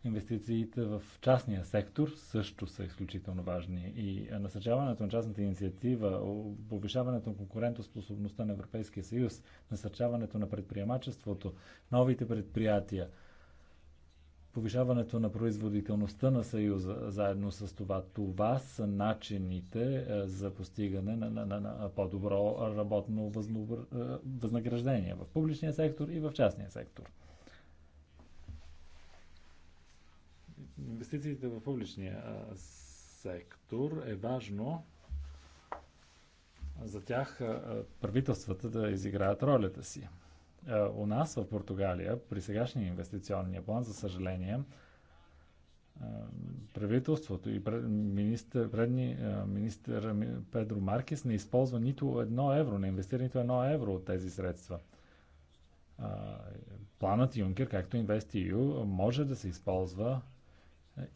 Инвестициите в частния сектор също са изключително важни и насърчаването на частната инициатива, повишаването на конкурентоспособността на Европейския съюз, насърчаването на предприемачеството, новите предприятия – повишаването на производителността на Съюза заедно с това. Това са начините е, за постигане на, на, на, на по-добро работно е, възнаграждение в публичния сектор и в частния сектор. Инвестициите в публичния сектор е важно за тях правителствата да изиграят ролята си. Е, у нас в Португалия при сегашния инвестиционния план, за съжаление, е, правителството и пред, министър, предни е, министър Педро Маркис не използва нито едно евро, не инвестира нито едно евро от тези средства. Планът Юнкер, както InvestEU, може да се използва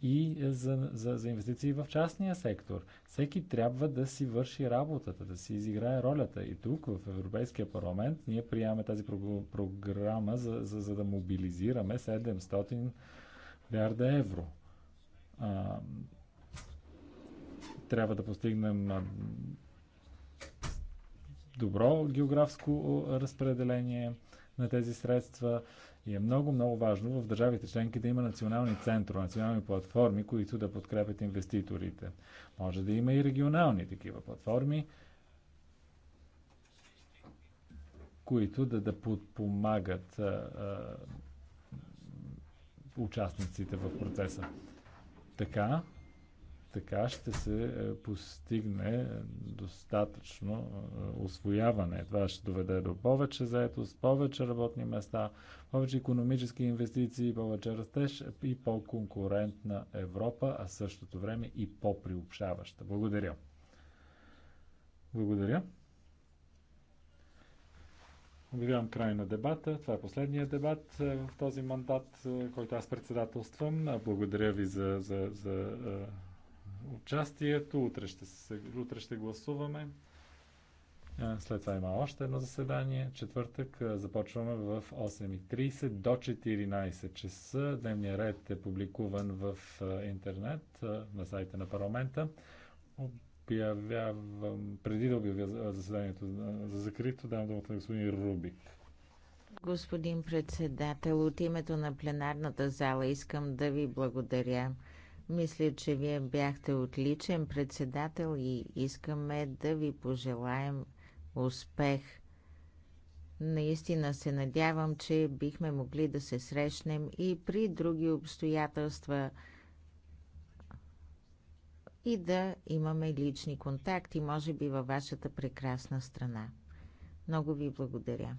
и е, за, за, за инвестиции в частния сектор. Всеки трябва да си върши работата, да си изиграе ролята. И тук, в Европейския парламент, ние приемаме тази програма, за, за, за да мобилизираме 700 милиарда евро. А, трябва да постигнем добро географско разпределение на тези средства. И е много, много важно в държавите членки да има национални центрове, национални платформи, които да подкрепят инвеститорите. Може да има и регионални такива платформи, които да, да подпомагат а, а, участниците в процеса. Така, така ще се е, постигне достатъчно е, освояване. Това ще доведе до повече заетост, повече работни места, повече економически инвестиции, повече растеж и по-конкурентна Европа, а същото време и по-приобщаваща. Благодаря. Благодаря. Обявявам край на дебата. Това е последният дебат е, в този мандат, който аз председателствам. Благодаря ви за, за, за участието. Утре ще, се, утре ще гласуваме. След това има още едно заседание. Четвъртък започваме в 8.30 до 14 часа. Дневният ред е публикуван в интернет на сайта на парламента. Обявявам, преди да обявя заседанието за закрито, давам думата на господин Рубик. Господин председател, от името на пленарната зала искам да ви благодаря мисля, че вие бяхте отличен председател и искаме да ви пожелаем успех. Наистина се надявам, че бихме могли да се срещнем и при други обстоятелства и да имаме лични контакти, може би във вашата прекрасна страна. Много ви благодаря.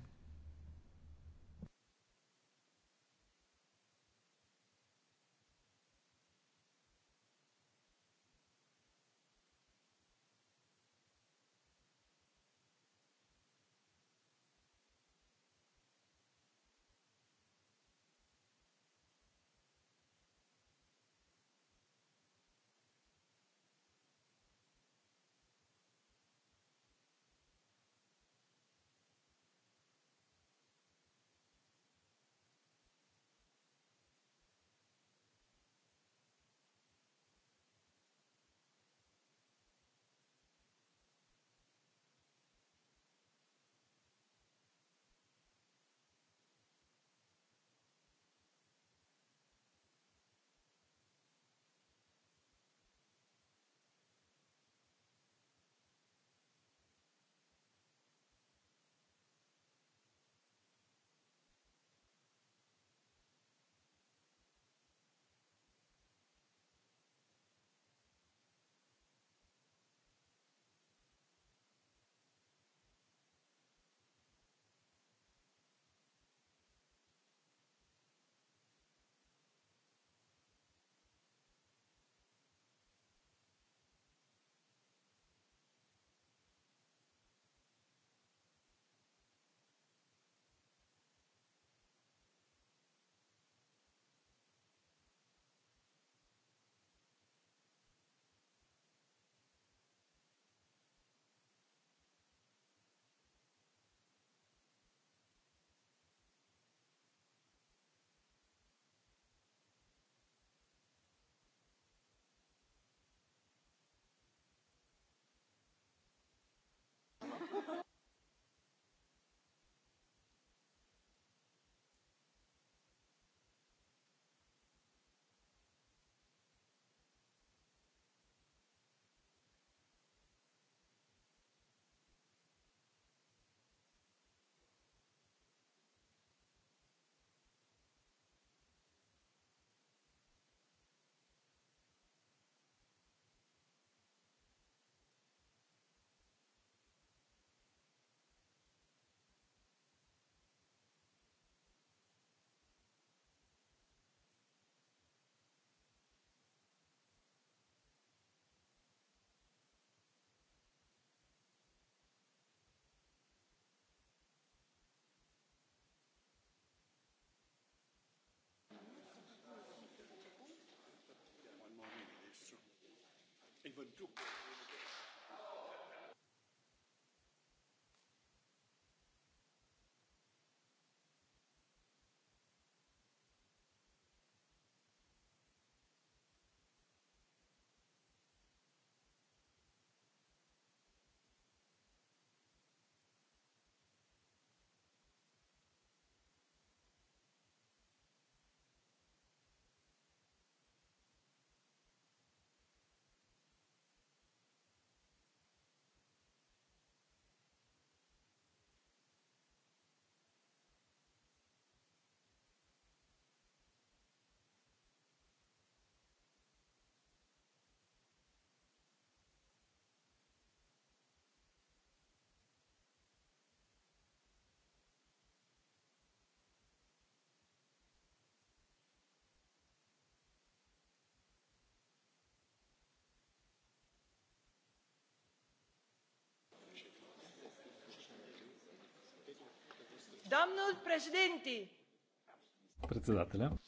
even took. Domnul președinte! Председателя.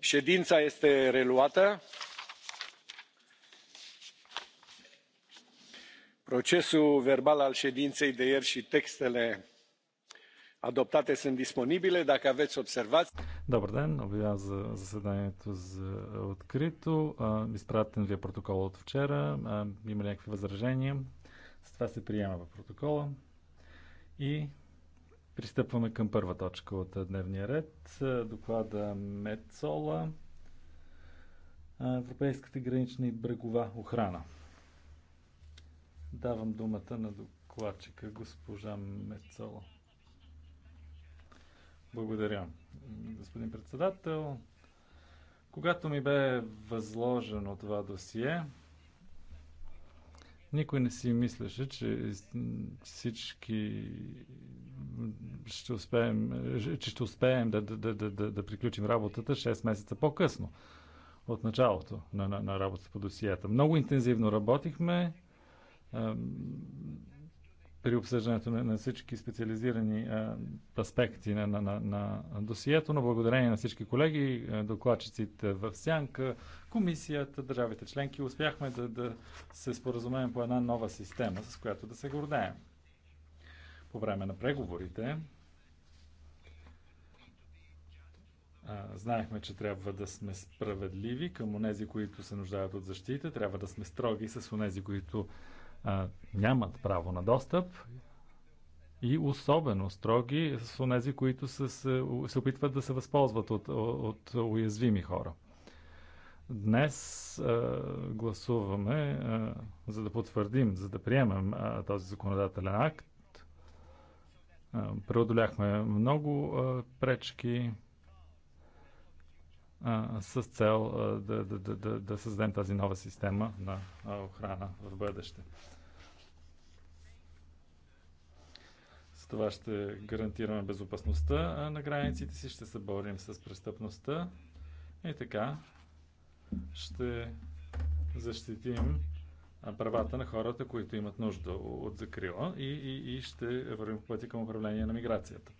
Ședința este reluată. Procesul verbal al ședinței de ieri și textele Адоптате са диспонибиле, дака вече обсервация. Добър ден, обявявам за заседанието за открито. Изпратен ви е протокол от вчера. Има ли някакви възражения? С това се приема в протокола. И пристъпваме към първа точка от дневния ред. Доклада Мецола. Европейската гранична и брегова охрана. Давам думата на докладчика госпожа Мецола. Благодаря. Господин председател, когато ми бе възложено това досие, никой не си мислеше, че всички ще успеем, че ще успеем да, да, да, да, да приключим работата 6 месеца по-късно от началото на, на, на работа по досията. Много интензивно работихме при обсъждането на, на всички специализирани а, аспекти на, на, на, на досието, но благодарение на всички колеги, докладчиците в Сянка, комисията, държавите членки, успяхме да, да се споразумеем по една нова система, с която да се гордеем. По време на преговорите знаехме, че трябва да сме справедливи към онези, които се нуждаят от защита, трябва да сме строги с онези, които нямат право на достъп и особено строги с тези, които се, се опитват да се възползват от, от уязвими хора. Днес а, гласуваме, а, за да потвърдим, за да приемем а, този законодателен акт. А, преодоляхме много а, пречки с цел да, да, да, да, да създадем тази нова система на охрана в бъдеще. С това ще гарантираме безопасността на границите си, ще се борим с престъпността и така ще защитим правата на хората, които имат нужда от закрила и, и, и ще вървим по пъти към управление на миграцията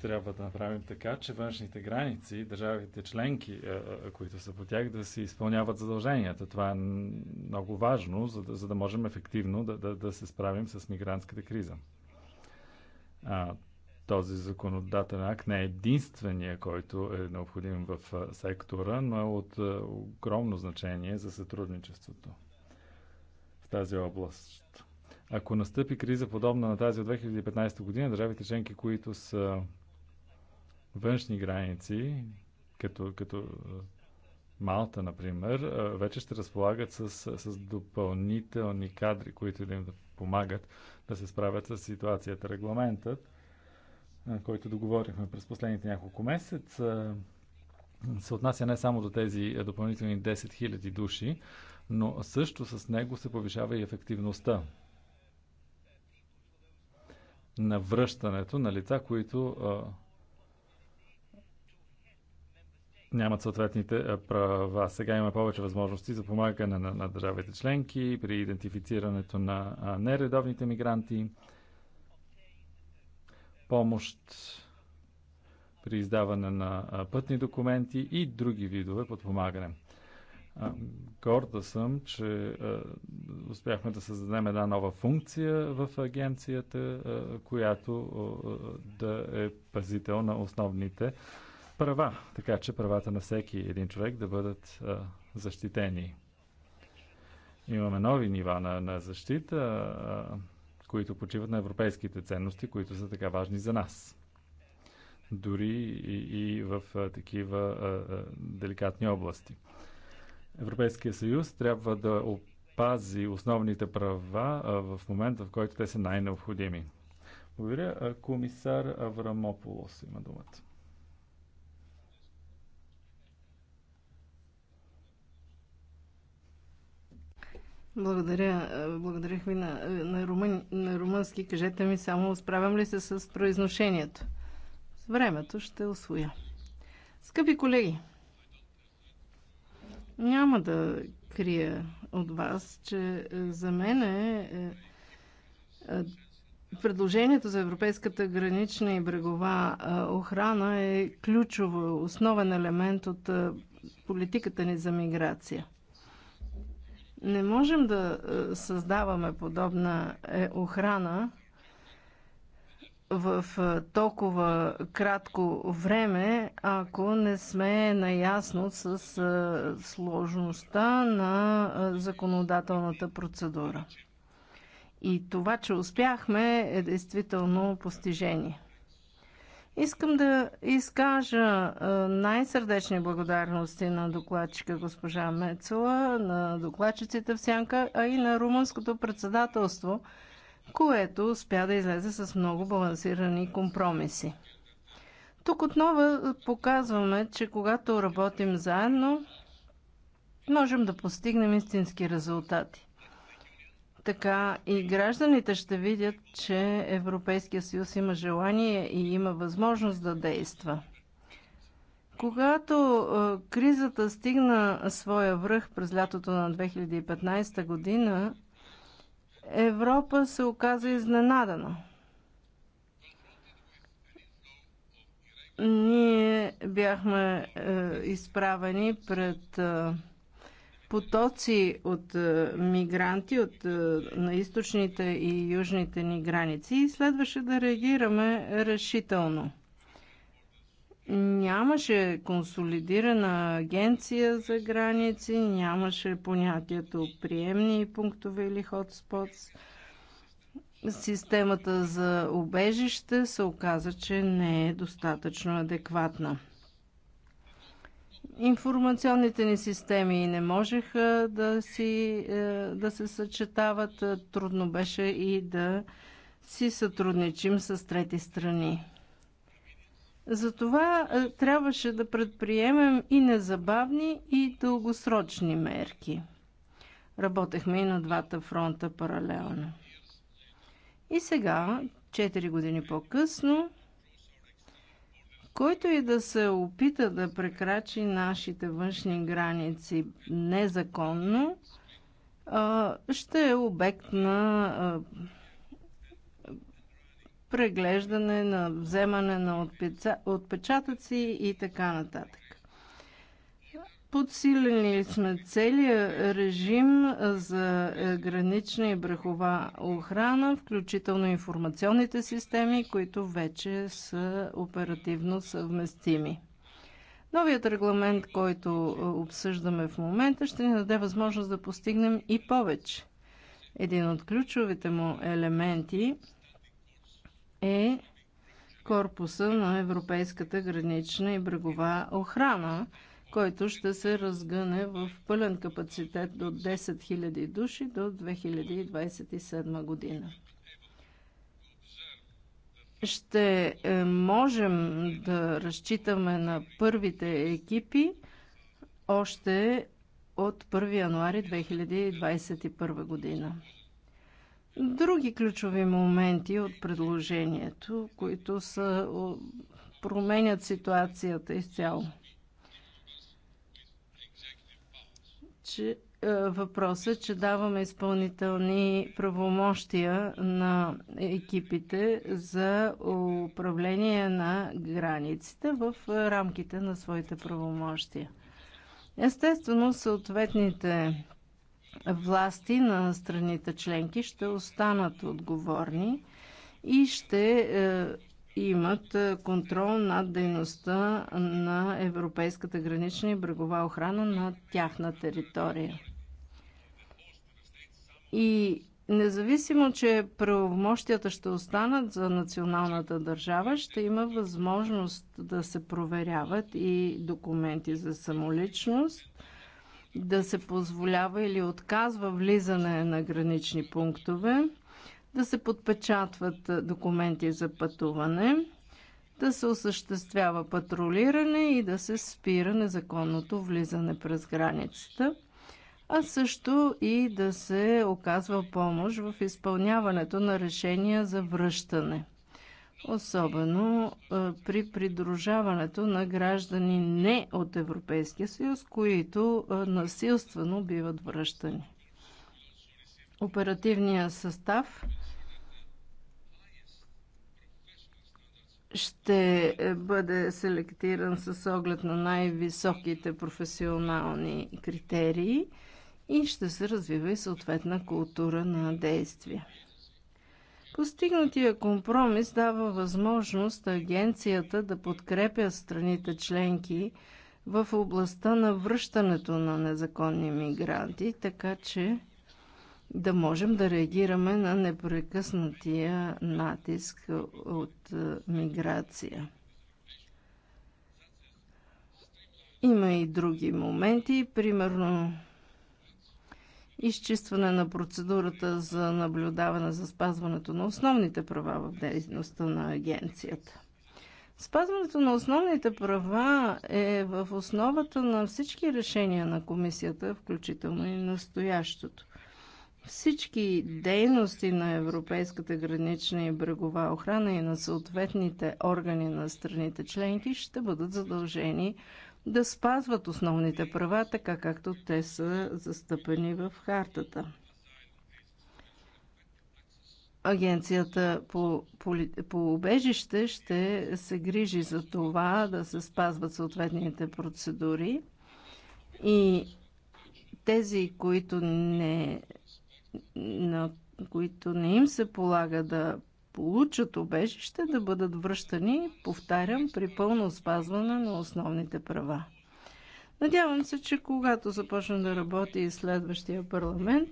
трябва да направим така, че външните граници, държавите членки, е, е, които са по тях, да си изпълняват задълженията. Това е много важно, за да, за да можем ефективно да, да, да се справим с мигрантската криза. А, този законодателен акт не е единствения, който е необходим в е, сектора, но е от огромно значение за сътрудничеството в тази област. Ако настъпи криза подобна на тази от 2015 година, държавите членки, които са външни граници, като, като Малта, например, вече ще разполагат с, с допълнителни кадри, които да им помагат да се справят с ситуацията. Регламентът, който договорихме през последните няколко месеца, се отнася не само до тези допълнителни 10 000 души, но също с него се повишава и ефективността на връщането на лица, които нямат съответните права. Сега има повече възможности за помагане на, на държавите членки при идентифицирането на нередовните мигранти, помощ при издаване на пътни документи и други видове подпомагане. Горда съм, че успяхме да създадем една нова функция в агенцията, която да е пазител на основните права, така че правата на всеки един човек да бъдат а, защитени. Имаме нови нива на, на защита, а, които почиват на европейските ценности, които са така важни за нас. Дори и, и в а, такива а, а, деликатни области. Европейския съюз трябва да опази основните права а, в момента, в който те са най-необходими. Благодаря. Комисар Аврамополос има думата. Благодаря. Е, Благодарих ви на, на, румън, на румънски. Кажете ми само, справям ли се с произношението. С времето ще освоя. Скъпи колеги, няма да крия от вас, че е, за мен е, е, предложението за Европейската гранична и брегова охрана е ключово, основен елемент от политиката ни за миграция – не можем да е, създаваме подобна е, охрана в е, толкова кратко време, ако не сме наясно с сложността на законодателната процедура. И това, че успяхме, е действително постижение. Искам да изкажа най-сърдечни благодарности на докладчика госпожа Мецова, на докладчиците в Сянка, а и на румънското председателство, което успя да излезе с много балансирани компромиси. Тук отново показваме, че когато работим заедно, можем да постигнем истински резултати така и гражданите ще видят, че Европейския съюз има желание и има възможност да действа. Когато е, кризата стигна своя връх през лятото на 2015 година, Европа се оказа изненадана. Ние бяхме е, изправени пред. Е, потоци от е, мигранти от, е, на източните и южните ни граници и следваше да реагираме решително. Нямаше консолидирана агенция за граници, нямаше понятието приемни пунктове или хотспотс. Системата за обежище се оказа, че не е достатъчно адекватна информационните ни системи не можеха да, си, е, да се съчетават. Трудно беше и да си сътрудничим с трети страни. Затова е, трябваше да предприемем и незабавни, и дългосрочни мерки. Работехме и на двата фронта паралелно. И сега, 4 години по-късно, който и да се опита да прекрачи нашите външни граници незаконно, ще е обект на преглеждане, на вземане на отпечатъци и така нататък. Подсилени сме целия режим за гранична и брехова охрана, включително информационните системи, които вече са оперативно съвместими. Новият регламент, който обсъждаме в момента, ще ни даде възможност да постигнем и повече. Един от ключовите му елементи е корпуса на Европейската гранична и брегова охрана – който ще се разгъне в пълен капацитет до 10 000 души до 2027 година. Ще е, можем да разчитаме на първите екипи още от 1 януари 2021 година. Други ключови моменти от предложението, които са, променят ситуацията изцяло – че е, въпроса, е, че даваме изпълнителни правомощия на екипите за управление на границите в рамките на своите правомощия. Естествено, съответните власти на страните членки ще останат отговорни и ще е, имат е, контрол над дейността на Европейската гранична и брегова охрана на тяхна територия. И независимо, че правомощията ще останат за националната държава, ще има възможност да се проверяват и документи за самоличност, да се позволява или отказва влизане на гранични пунктове, да се подпечатват документи за пътуване, да се осъществява патрулиране и да се спира незаконното влизане през границата, а също и да се оказва помощ в изпълняването на решения за връщане особено при придружаването на граждани не от Европейския съюз, които насилствено биват връщани. Оперативният състав ще е, бъде селектиран с оглед на най-високите професионални критерии и ще се развива и съответна култура на действие. Постигнатия компромис дава възможност агенцията да подкрепя страните членки в областта на връщането на незаконни мигранти, така че да можем да реагираме на непрекъснатия натиск от е, миграция. Има и други моменти, примерно изчистване на процедурата за наблюдаване за спазването на основните права в дейността на агенцията. Спазването на основните права е в основата на всички решения на комисията, включително и настоящото. Всички дейности на Европейската гранична и брегова охрана и на съответните органи на страните членки ще бъдат задължени да спазват основните права, така както те са застъпени в хартата. Агенцията по, по, по убежище ще се грижи за това да се спазват съответните процедури и тези, които не на които не им се полага да получат обежище, да бъдат връщани, повтарям, при пълно спазване на основните права. Надявам се, че когато започна да работи и следващия парламент,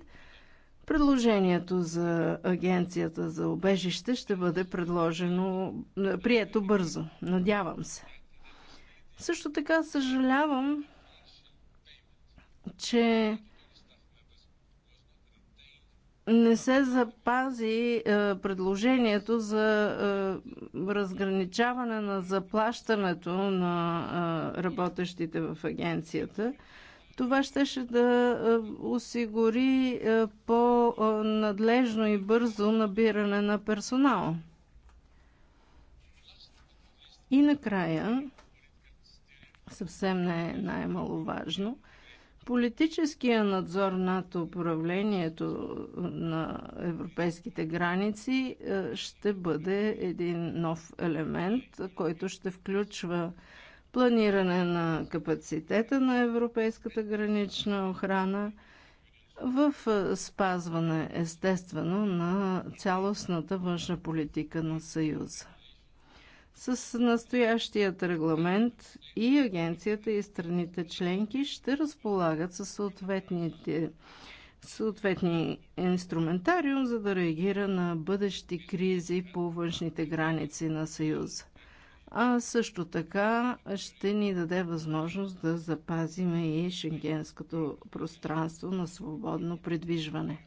предложението за агенцията за обежище ще бъде предложено, прието бързо. Надявам се. Също така съжалявам, че не се запази е, предложението за е, разграничаване на заплащането на е, работещите в агенцията. Това щеше да осигури по-надлежно и бързо набиране на персонал. И накрая, съвсем не е най-маловажно, политическия надзор над управлението на европейските граници е, ще бъде един нов елемент, който ще включва планиране на капацитета на европейската гранична охрана в е, спазване естествено на цялостната външна политика на Съюза. С настоящият регламент и агенцията и страните членки ще разполагат със съответните съответни инструментариум, за да реагира на бъдещи кризи по външните граници на Съюза. А също така ще ни даде възможност да запазиме и шенгенското пространство на свободно придвижване.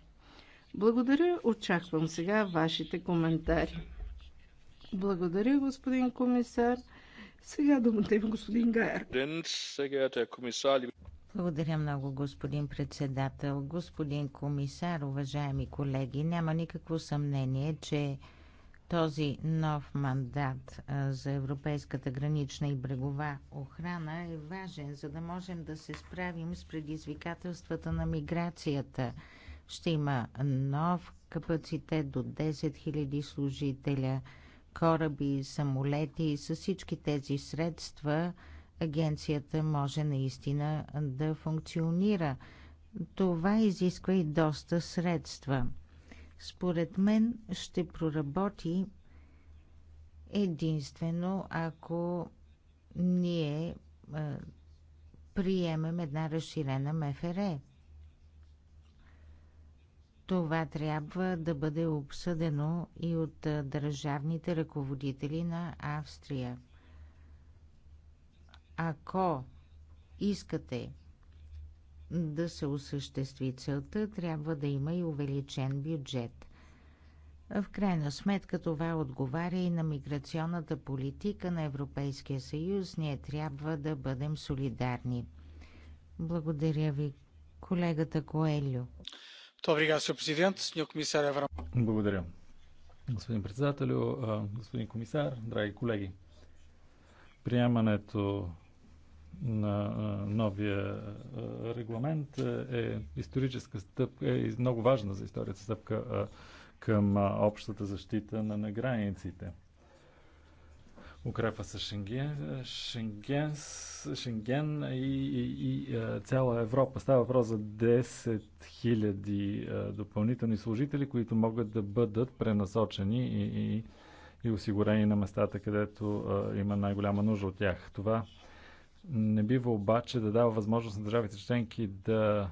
Благодаря, очаквам сега вашите коментари. Благодаря, господин комисар. Сега думата има господин Гайер. Благодаря много, господин председател, господин комисар, уважаеми колеги. Няма никакво съмнение, че този нов мандат за Европейската гранична и брегова охрана е важен, за да можем да се справим с предизвикателствата на миграцията. Ще има нов капацитет до 10 000 служителя – кораби, самолети. С всички тези средства агенцията може наистина да функционира. Това изисква и доста средства. Според мен ще проработи единствено ако ние приемем една разширена МФР. Това трябва да бъде обсъдено и от държавните ръководители на Австрия. Ако искате да се осъществи целта, трябва да има и увеличен бюджет. В крайна сметка това отговаря и на миграционната политика на Европейския съюз. Ние трябва да бъдем солидарни. Благодаря ви, колегата Коелю. Благодаря. Господин председател, господин комисар, драги колеги, приемането на новия регламент е, е историческа стъпка, е много важна за историята стъпка към общата защита на, на границите укрепва се Шенген, Шенген, Шенген и, и, и е, цяла Европа. Става въпрос за 10 000 е, допълнителни служители, които могат да бъдат пренасочени и, и, и осигурени на местата, където е, има най-голяма нужда от тях. Това не бива обаче да дава възможност на държавите членки да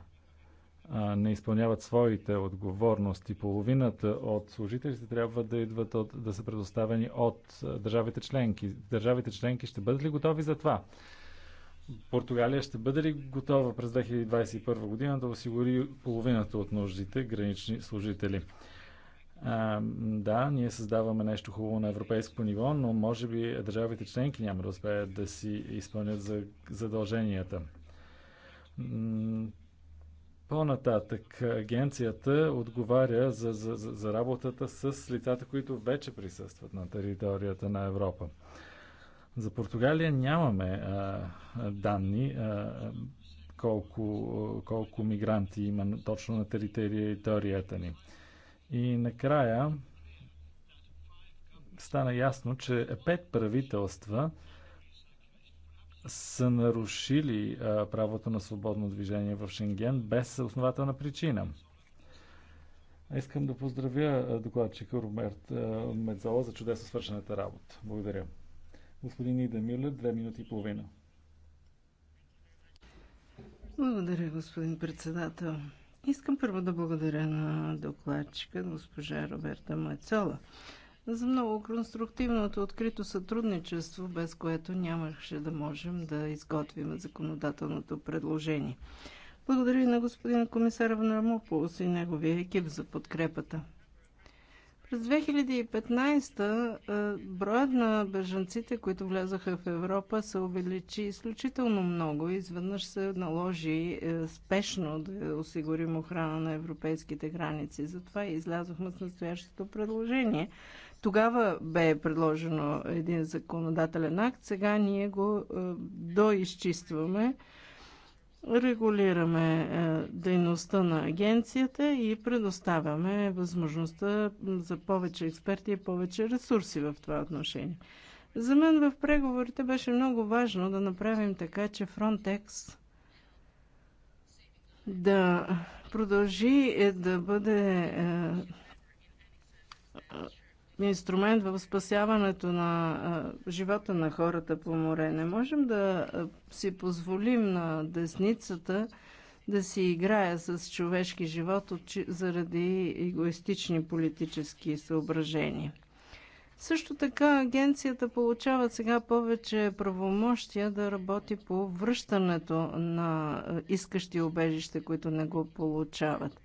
не изпълняват своите отговорности. Половината от служителите трябва да идват от, да са предоставени от държавите членки. Държавите членки ще бъдат ли готови за това? Португалия ще бъде ли готова през 2021 година да осигури половината от нуждите гранични служители? А, да, ние създаваме нещо хубаво на европейско ниво, но може би държавите членки няма да успеят да си изпълнят задълженията по-нататък агенцията отговаря за, за, за работата с лицата, които вече присъстват на територията на Европа. За Португалия нямаме а, данни а, колко, колко мигранти има точно на територията ни. И накрая стана ясно, че пет правителства са нарушили а, правото на свободно движение в Шенген без основателна причина. Искам да поздравя докладчика Румерт Медзола за чудесно свършената работа. Благодаря. Господин Ида Милер, две минути и половина. Благодаря, господин председател. Искам първо да благодаря на докладчика госпожа Роберта Мецола за много конструктивното открито сътрудничество, без което нямаше да можем да изготвим законодателното предложение. Благодаря и на господин комисар Авнамополос и неговия екип за подкрепата. През 2015 е, броят на бежанците, които влязоха в Европа, се увеличи изключително много. Изведнъж се наложи е, спешно да осигурим охрана на европейските граници. Затова излязохме с настоящото предложение тогава бе предложено един законодателен акт, сега ние го е, доизчистваме, регулираме е, дейността на агенцията и предоставяме възможността за повече експерти и повече ресурси в това отношение. За мен в преговорите беше много важно да направим така, че Frontex да продължи е, да бъде инструмент в спасяването на живота на хората по море. Не можем да си позволим на десницата да си играе с човешки живот заради егоистични политически съображения. Също така агенцията получава сега повече правомощия да работи по връщането на искащи обежище, които не го получават.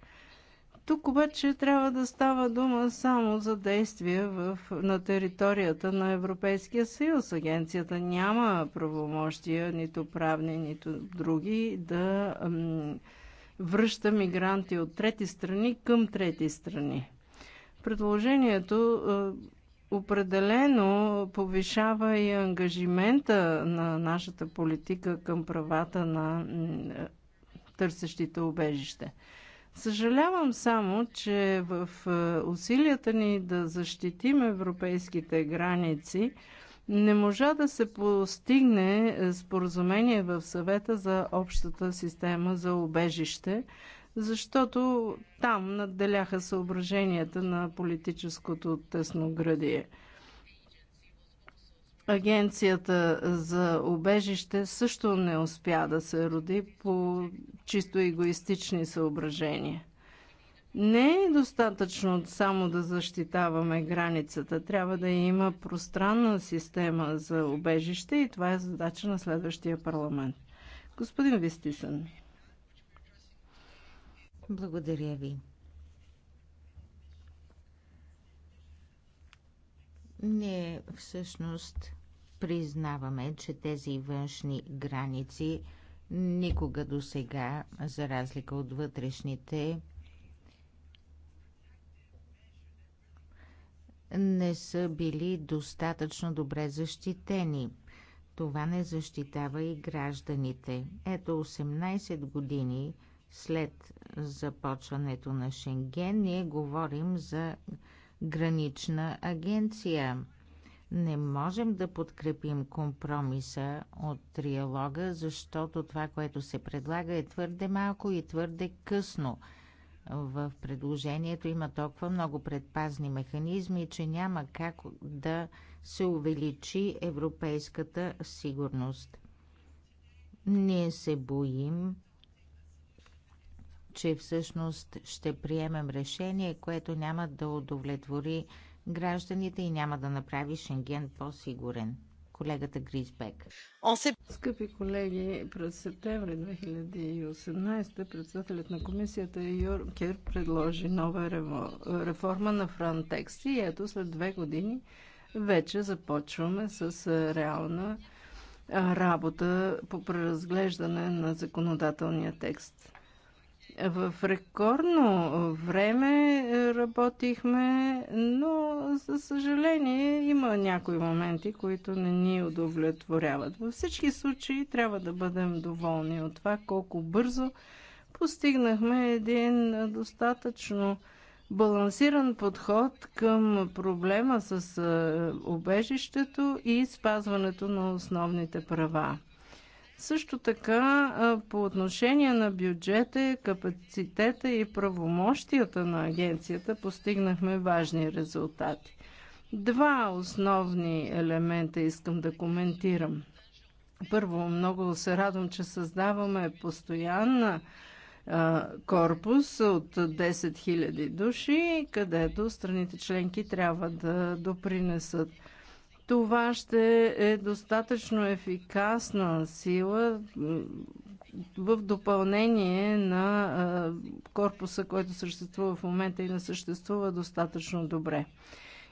Тук обаче трябва да става дума само за действия в, на територията на Европейския съюз. Агенцията няма правомощия, нито правни, нито други, да връща мигранти от трети страни към трети страни. Предложението определено повишава и ангажимента на нашата политика към правата на търсещите убежище. Съжалявам само, че в е, усилията ни да защитим европейските граници не можа да се постигне е, споразумение в съвета за общата система за обежище, защото там надделяха съображенията на политическото тесноградие. Агенцията за обежище също не успя да се роди по чисто егоистични съображения. Не е достатъчно само да защитаваме границата. Трябва да има пространна система за обежище и това е задача на следващия парламент. Господин Вистисън. Благодаря ви. Не всъщност Признаваме, че тези външни граници никога до сега, за разлика от вътрешните, не са били достатъчно добре защитени. Това не защитава и гражданите. Ето 18 години след започването на Шенген ние говорим за гранична агенция. Не можем да подкрепим компромиса от триалога, защото това, което се предлага е твърде малко и твърде късно. В предложението има толкова много предпазни механизми, че няма как да се увеличи европейската сигурност. Ние се боим, че всъщност ще приемем решение, което няма да удовлетвори гражданите и няма да направи Шенген по-сигурен. Колегата Гризбек. Скъпи колеги, през септември 2018 председателят на комисията Юркер предложи нова реформа на Франтекс. И ето след две години вече започваме с реална работа по преразглеждане на законодателния текст. В рекордно време работихме, но за съжаление има някои моменти, които не ни удовлетворяват. Във всички случаи трябва да бъдем доволни от това колко бързо постигнахме един достатъчно балансиран подход към проблема с обежището и спазването на основните права. Също така, по отношение на бюджета, капацитета и правомощията на агенцията постигнахме важни резултати. Два основни елемента искам да коментирам. Първо, много се радвам, че създаваме постоянна корпус от 10 000 души, където страните членки трябва да допринесат това ще е достатъчно ефикасна сила в допълнение на корпуса, който съществува в момента и не съществува достатъчно добре.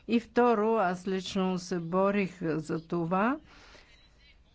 И второ, аз лично се борих за това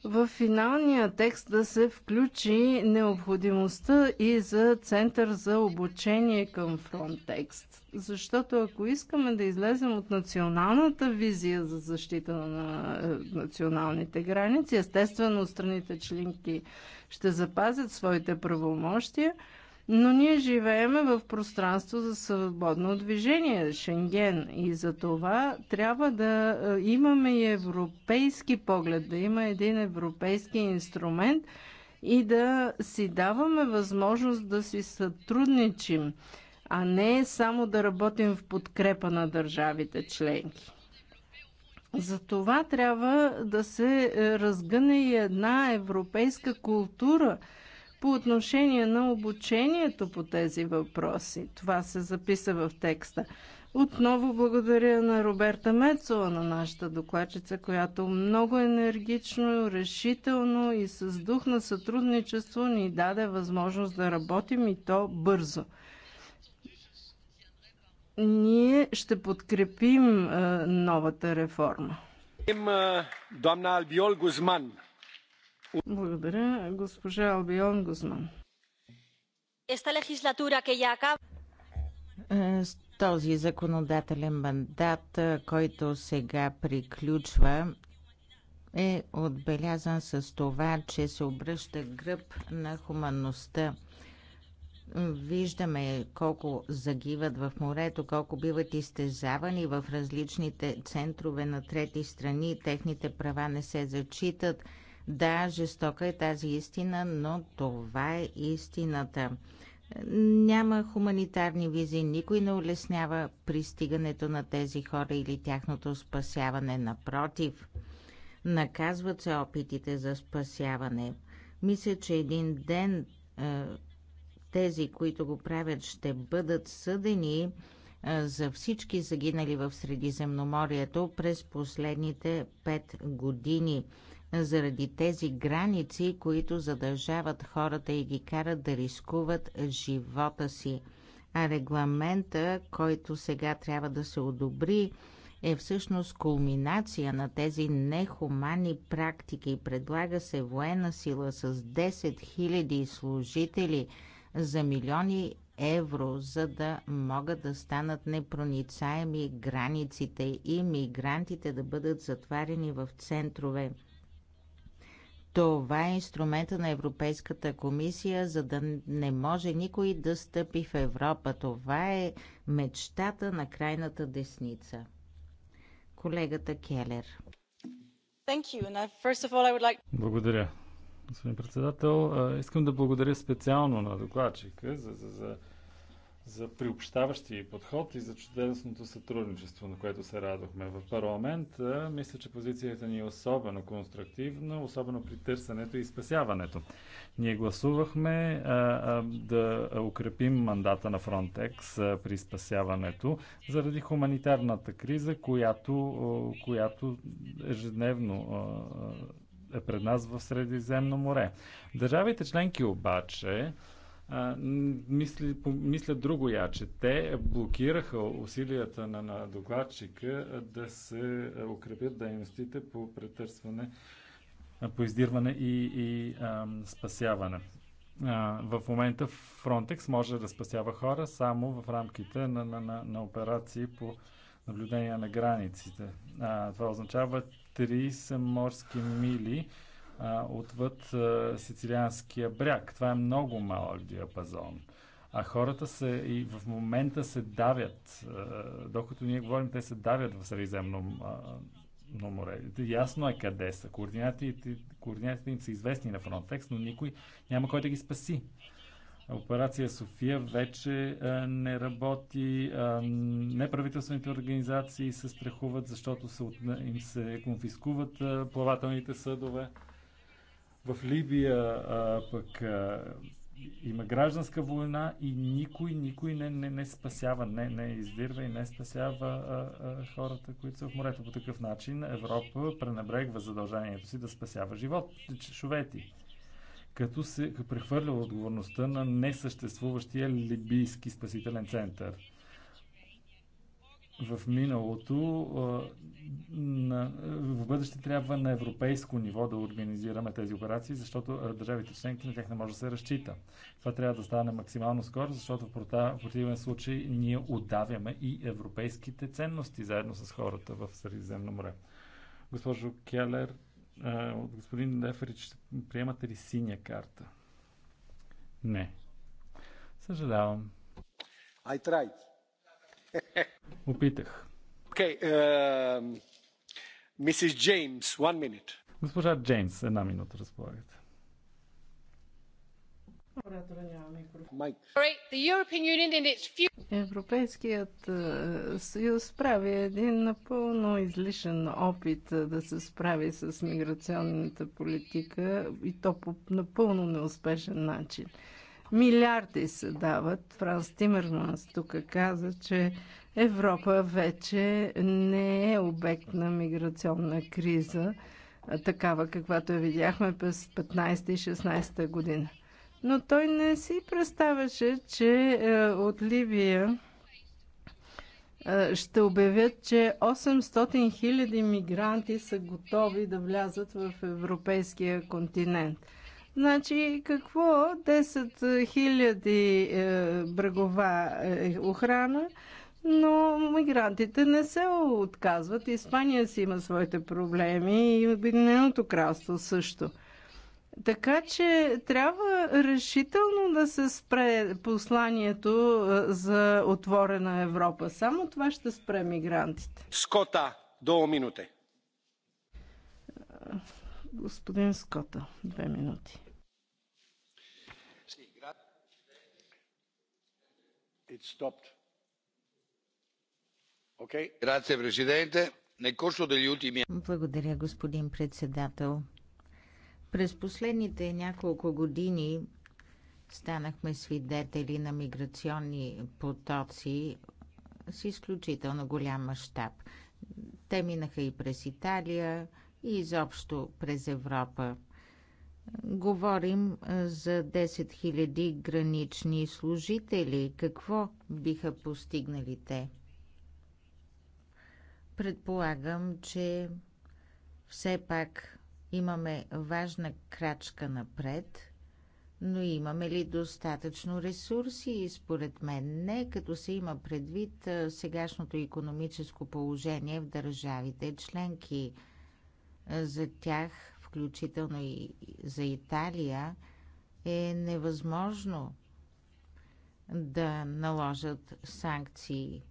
в финалния текст да се включи необходимостта и за Център за обучение към Frontex. Защото ако искаме да излезем от националната визия за защита на е, националните граници, естествено страните членки ще запазят своите правомощия – но ние живееме в пространство за свободно движение, Шенген, и за това трябва да е, имаме и европейски поглед, да има един европейски инструмент и да си даваме възможност да си сътрудничим, а не само да работим в подкрепа на държавите членки. За това трябва да се е, разгъне и една европейска култура – по отношение на обучението по тези въпроси. Това се записа в текста. Отново благодаря на Роберта Мецола, на нашата докладчица, която много енергично, решително и с дух на сътрудничество ни даде възможност да работим и то бързо. Ние ще подкрепим е, новата реформа. Е, доамна Албиол Гузман. Благодаря, госпожа Албион Гузман. Е, с този законодателен мандат, е, който сега приключва, е отбелязан с това, че се обръща гръб на хуманността. Виждаме колко загиват в морето, колко биват изтезавани в различните центрове на трети страни, техните права не се зачитат – да, жестока е тази истина, но това е истината. Няма хуманитарни визи, никой не улеснява пристигането на тези хора или тяхното спасяване. Напротив, наказват се опитите за спасяване. Мисля, че един ден е, тези, които го правят, ще бъдат съдени е, за всички загинали в Средиземноморието през последните пет години заради тези граници, които задължават хората и ги карат да рискуват живота си. А регламента, който сега трябва да се одобри, е всъщност кулминация на тези нехумани практики. Предлага се военна сила с 10 000 служители за милиони евро, за да могат да станат непроницаеми границите и мигрантите да бъдат затварени в центрове. Това е инструмента на Европейската комисия, за да не може никой да стъпи в Европа. Това е мечтата на крайната десница. Колегата Келер. Благодаря. Господин председател, искам да благодаря специално на докладчика за, за, за за приобщаващия подход и за чудесното сътрудничество, на което се радохме в парламент. Мисля, че позицията ни е особено конструктивна, особено при търсенето и спасяването. Ние гласувахме а, а, да укрепим мандата на Frontex а, при спасяването заради хуманитарната криза, която, а, която ежедневно а, е пред нас в Средиземно море. Държавите членки обаче мисли, мисля друго я, че те блокираха усилията на, на докладчика да се укрепят дейностите по претърсване, по издирване и, и ам, спасяване. А, в момента Frontex може да спасява хора само в рамките на, на, на, на операции по наблюдение на границите. А, това означава 30 морски мили отвъд сицилианския бряг. Това е много малък диапазон. А хората се и в момента се давят. Докато ние говорим, те се давят в Средиземно а, море. Ясно е къде са. Координатите, координатите им са известни на Frontex, но никой няма кой да ги спаси. Операция София вече а, не работи. А, неправителствените организации се страхуват, защото се, им се конфискуват а, плавателните съдове. В Либия а, пък а, има гражданска война и никой, никой не, не, не спасява, не, не издирва и не спасява а, а, хората, които са в морето. По такъв начин Европа пренебрегва задължението си да спасява живот, човети, като се прехвърля отговорността на несъществуващия либийски спасителен център в миналото, на, в бъдеще трябва на европейско ниво да организираме тези операции, защото държавите членки на тях не може да се разчита. Това трябва да стане максимално скоро, защото в противен случай ние отдавяме и европейските ценности заедно с хората в Средиземно море. Госпожо Келер, от господин Лефрич, приемате ли синя карта? Не. Съжалявам. I tried. Опитах. Okay, uh, James, one minute. Госпожа Джеймс, една минута разполагате. Европейският е, съюз прави един напълно излишен опит е, да се справи с миграционната политика и то по напълно неуспешен начин. Милиарди се дават. Франс Тимерманс тук каза, че Европа вече не е обект на миграционна криза, такава каквато я видяхме през 15 и 16 година. Но той не си представяше, че е, от Ливия е, ще обявят, че 800 000 мигранти са готови да влязат в европейския континент – Значи какво? 10 000 е, брегова е, охрана, но мигрантите не се отказват. Испания си има своите проблеми и Обединеното кралство също. Така че трябва решително да се спре посланието е, за отворена Европа. Само това ще спре мигрантите. Скота, до минуте. Господин Скота, две минути. Благодаря, господин председател. През последните няколко години станахме свидетели на миграционни потоци с изключително голям мащаб. Те минаха и през Италия, и изобщо през Европа. Говорим за 10 000 гранични служители. Какво биха постигнали те? Предполагам, че все пак имаме важна крачка напред, но имаме ли достатъчно ресурси? Според мен не, като се има предвид сегашното економическо положение в държавите членки. За тях включително и за Италия, е невъзможно да наложат санкции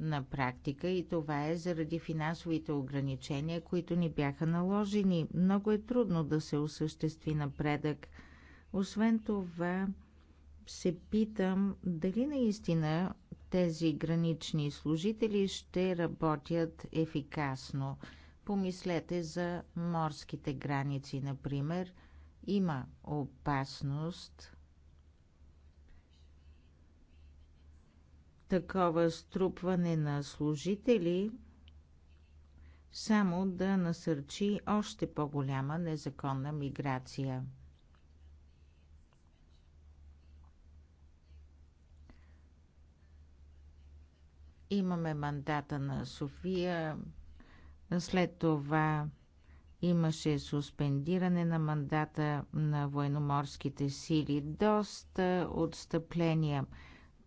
на практика и това е заради финансовите ограничения, които ни бяха наложени. Много е трудно да се осъществи напредък. Освен това, се питам дали наистина тези гранични служители ще работят ефикасно – Помислете за морските граници, например. Има опасност такова струпване на служители само да насърчи още по-голяма незаконна миграция. Имаме мандата на София, след това имаше суспендиране на мандата на военноморските сили. Доста отстъпления.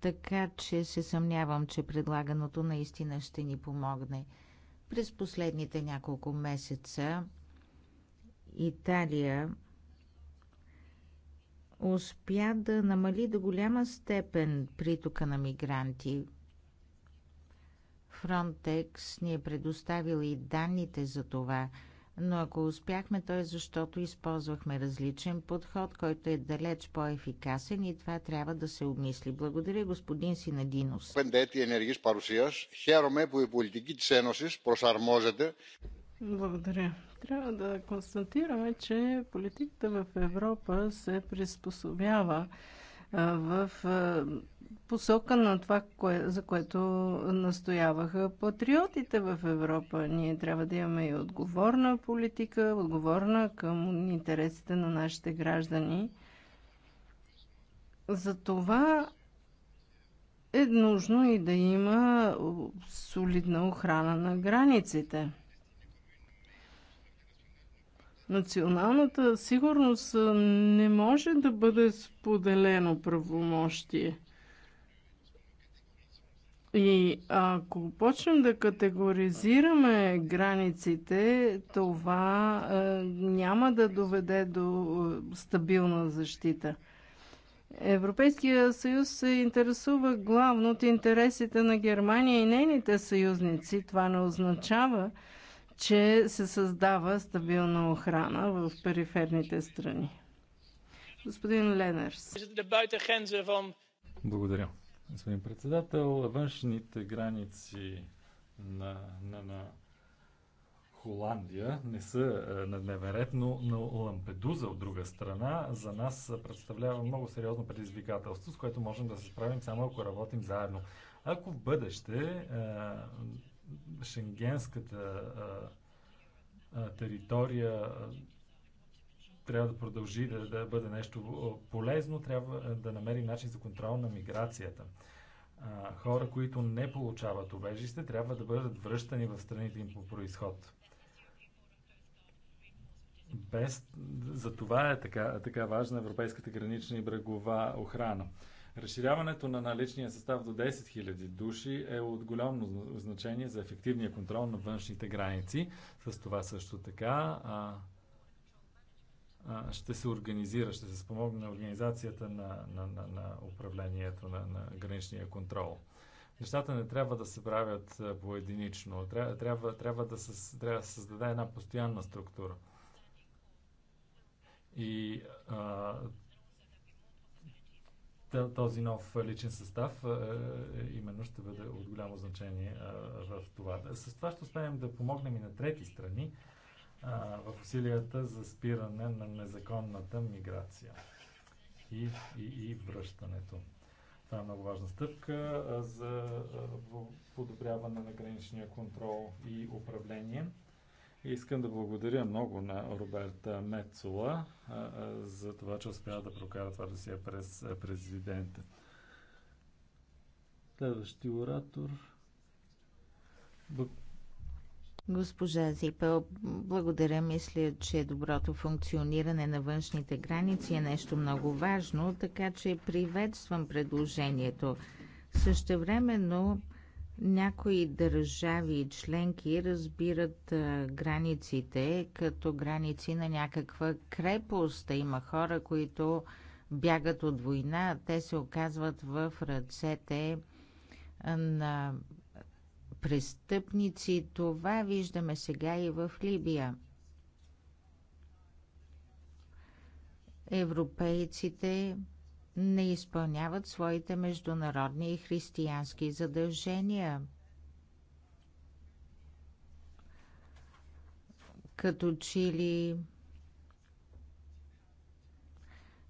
Така че се съмнявам, че предлаганото наистина ще ни помогне. През последните няколко месеца Италия успя да намали до голяма степен притока на мигранти. Frontex ни е предоставил и данните за това, но ако успяхме, то е защото използвахме различен подход, който е далеч по-ефикасен и това трябва да се обмисли. Благодаря, господин Синадинос. Пендети Хероме по и политики Благодаря. Трябва да констатираме, че политиката в Европа се приспособява в посока на това, кое, за което настояваха патриотите в Европа. Ние трябва да имаме и отговорна политика, отговорна към интересите на нашите граждани. За това е нужно и да има солидна охрана на границите. Националната сигурност не може да бъде споделено правомощие. И ако почнем да категоризираме границите, това е, няма да доведе до е, стабилна защита. Европейския съюз се интересува главно от интересите на Германия и нейните съюзници. Това не означава, че се създава стабилна охрана в периферните страни. Господин Ленерс. Благодаря господин председател. Външните граници на, на, на Холандия не са е, на дневен ред, но, но Лампедуза от друга страна за нас представлява много сериозно предизвикателство, с което можем да се справим само ако работим заедно. Ако в бъдеще е, шенгенската е, територия трябва да продължи да, да бъде нещо полезно, трябва да намери начин за контрол на миграцията. А, хора, които не получават убежище, трябва да бъдат връщани в страните им по происход. Без... За това е така, така важна европейската гранична и брегова охрана. Разширяването на наличния състав до 10 000 души е от голямо значение за ефективния контрол на външните граници. С това също така а, ще се организира, ще се спомогне на организацията на, на, на, на управлението на, на граничния контрол. Нещата не трябва да се правят поединично. Трябва, трябва, трябва, да, се, трябва да се създаде една постоянна структура. И а, този нов личен състав е, именно ще бъде от голямо значение в това. С това ще успеем да помогнем и на трети страни в усилията за спиране на незаконната миграция и, и, и връщането. Това е много важна стъпка за подобряване на граничния контрол и управление. И искам да благодаря много на Роберта Мецула за това, че успя да прокара това досие през президента. Следващи оратор. Госпожа Зипел, благодаря. Мисля, че доброто функциониране на външните граници е нещо много важно, така че приветствам предложението. Същевременно някои държави и членки разбират границите като граници на някаква крепост. Има хора, които бягат от война, те се оказват в ръцете на престъпници. Това виждаме сега и в Либия. Европейците не изпълняват своите международни и християнски задължения. Като че ли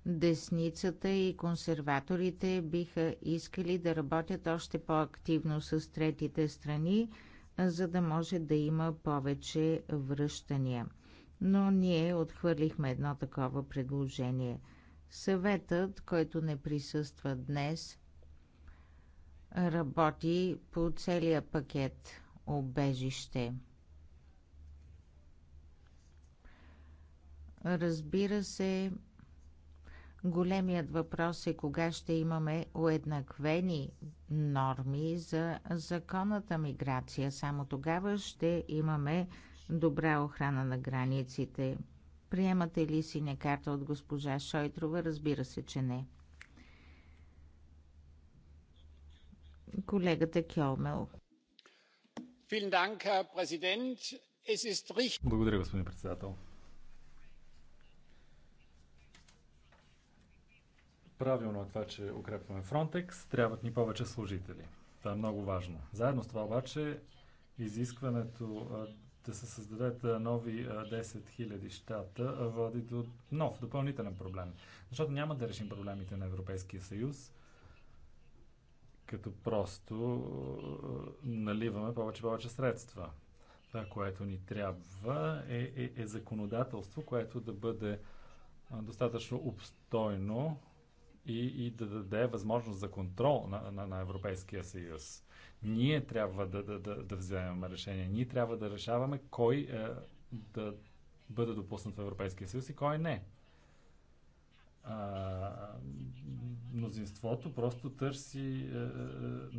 Десницата и консерваторите биха искали да работят още по-активно с третите страни, за да може да има повече връщания. Но ние отхвърлихме едно такова предложение. Съветът, който не присъства днес, работи по целия пакет обежище. Разбира се, Големият въпрос е кога ще имаме уеднаквени норми за законната миграция. Само тогава ще имаме добра охрана на границите. Приемате ли синя карта от госпожа Шойтрова? Разбира се, че не. Колегата Кьолмел. Благодаря, господин председател. Правилно е това, че укрепваме Frontex. Трябват ни повече служители. Това е много важно. Заедно с това обаче изискването да се създадат нови 10 000 щата води до нов, допълнителен проблем. Защото няма да решим проблемите на Европейския съюз, като просто наливаме повече-повече средства. Това, което ни трябва е, е, е законодателство, което да бъде достатъчно обстойно, и, и да даде възможност за контрол на, на, на Европейския съюз. Ние трябва да, да, да, да вземем решение. Ние трябва да решаваме кой е, да бъде допуснат в Европейския съюз и кой не. А, мнозинството просто търси е, е,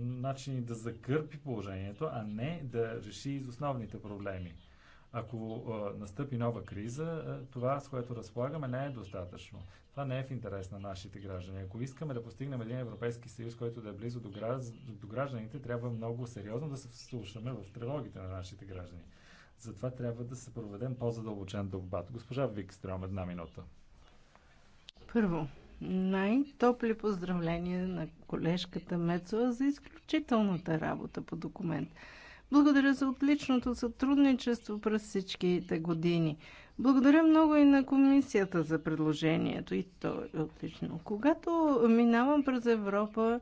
е начини да закърпи положението, а не да реши из основните проблеми. Ако настъпи нова криза, това, с което разполагаме, не е достатъчно. Това не е в интерес на нашите граждани. Ако искаме да постигнем един Европейски съюз, който да е близо до, граз... до гражданите, трябва много сериозно да се вслушаме в тревогите на нашите граждани. Затова трябва да се проведем по-задълбочен дълбат. Госпожа Викстрам, една минута. Първо, най-топли поздравления на колежката Мецова за изключителната работа по документ. Благодаря за отличното сътрудничество през всичките години. Благодаря много и на комисията за предложението. И то е отлично. Когато минавам през Европа,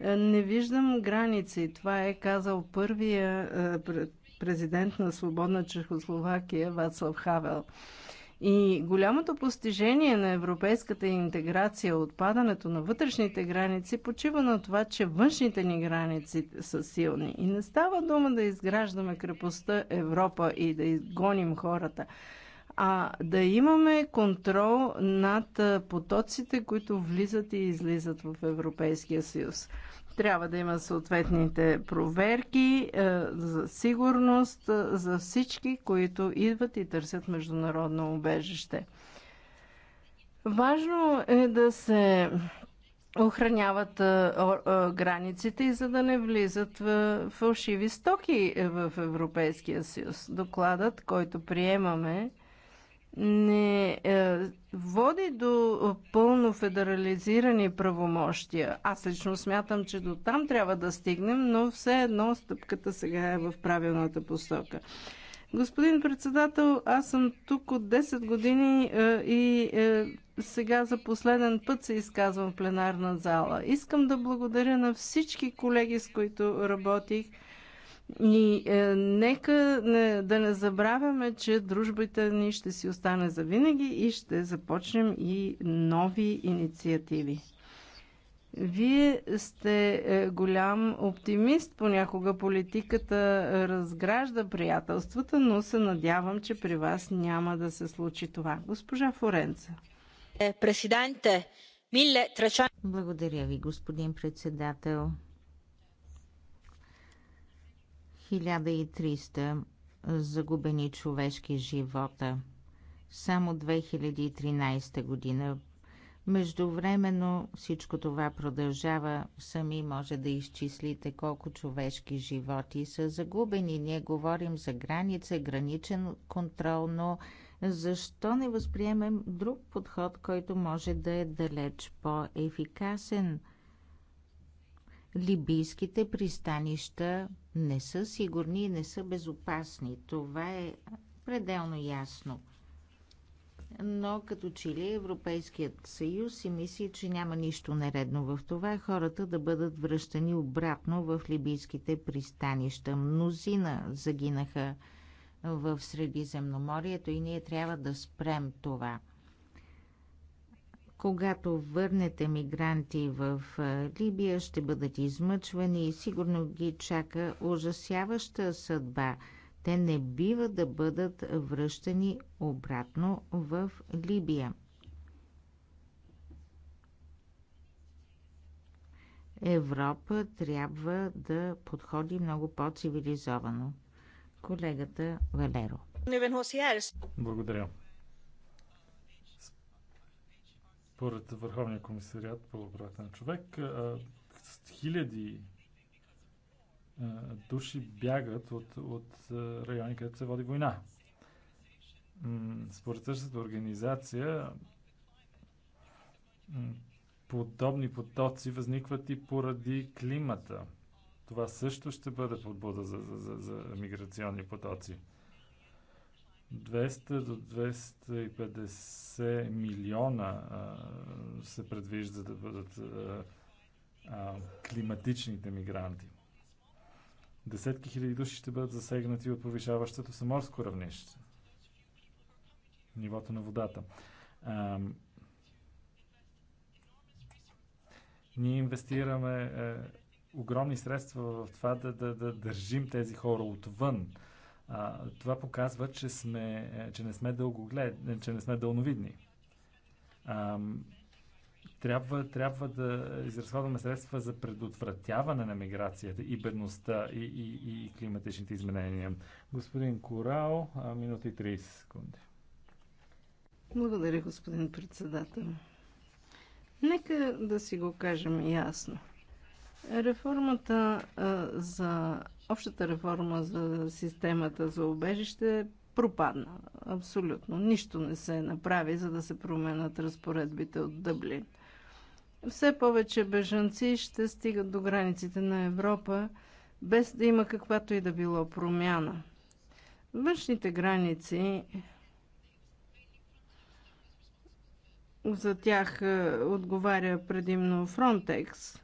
е, не виждам граници. Това е казал първия е, президент на Свободна Чехословакия Вацлав Хавел. И голямото постижение на европейската интеграция, отпадането на вътрешните граници, почива на това, че външните ни граници са силни. И не става дума да изграждаме крепостта Европа и да изгоним хората, а да имаме контрол над потоците, които влизат и излизат в Европейския съюз. Трябва да има съответните проверки е, за сигурност е, за всички, които идват и търсят международно убежище. Важно е да се охраняват е, границите и за да не влизат в фалшиви стоки в Европейския съюз. Докладът, който приемаме, не е, води до пълно федерализирани правомощия. Аз лично смятам, че до там трябва да стигнем, но все едно стъпката сега е в правилната посока. Господин председател, аз съм тук от 10 години е, и е, сега за последен път се изказвам в пленарна зала. Искам да благодаря на всички колеги, с които работих и е, нека не, да не забравяме, че дружбата ни ще си остане за винаги и ще започнем и нови инициативи. Вие сте е, голям оптимист. Понякога политиката разгражда приятелствата, но се надявам, че при вас няма да се случи това. Госпожа Форенца. Е, президенте, 1300... Благодаря ви, господин председател. 1300 загубени човешки живота само 2013 година. Междувременно всичко това продължава. Сами може да изчислите колко човешки животи са загубени. Ние говорим за граница, граничен контрол, но защо не възприемем друг подход, който може да е далеч по-ефикасен – либийските пристанища не са сигурни и не са безопасни. Това е пределно ясно. Но като че ли Европейският съюз и мисли, че няма нищо нередно в това хората да бъдат връщани обратно в либийските пристанища. Мнозина загинаха в Средиземноморието и ние трябва да спрем това – когато върнете мигранти в Либия, ще бъдат измъчвани и сигурно ги чака ужасяваща съдба. Те не бива да бъдат връщани обратно в Либия. Европа трябва да подходи много по-цивилизовано. Колегата Валеро. Благодаря. Според Върховния комисариат по правата на човек, хиляди души бягат от, от райони, където се води война. Според същата организация, подобни потоци възникват и поради климата. Това също ще бъде подбуда за, за, за, за миграционни потоци. 200 до 250 милиона а, се предвижда да бъдат а, а, климатичните мигранти. Десетки хиляди души ще бъдат засегнати от повишаващото се морско равнище. Нивото на водата. А, ние инвестираме е, огромни средства в това да, да, да държим тези хора отвън а, това показва, че, сме, е, че не сме дългоглед, е, че не сме дълновидни. А, трябва, трябва да изразходваме средства за предотвратяване на миграцията и бедността и, и, и климатичните изменения. Господин Корал, минути 30 секунди. Благодаря, господин председател. Нека да си го кажем ясно. Реформата а, за общата реформа за системата за обежище пропадна. Абсолютно. Нищо не се направи, за да се променят разпоредбите от Дъблин. Все повече бежанци ще стигат до границите на Европа, без да има каквато и да било промяна. Външните граници за тях е, отговаря предимно Фронтекс,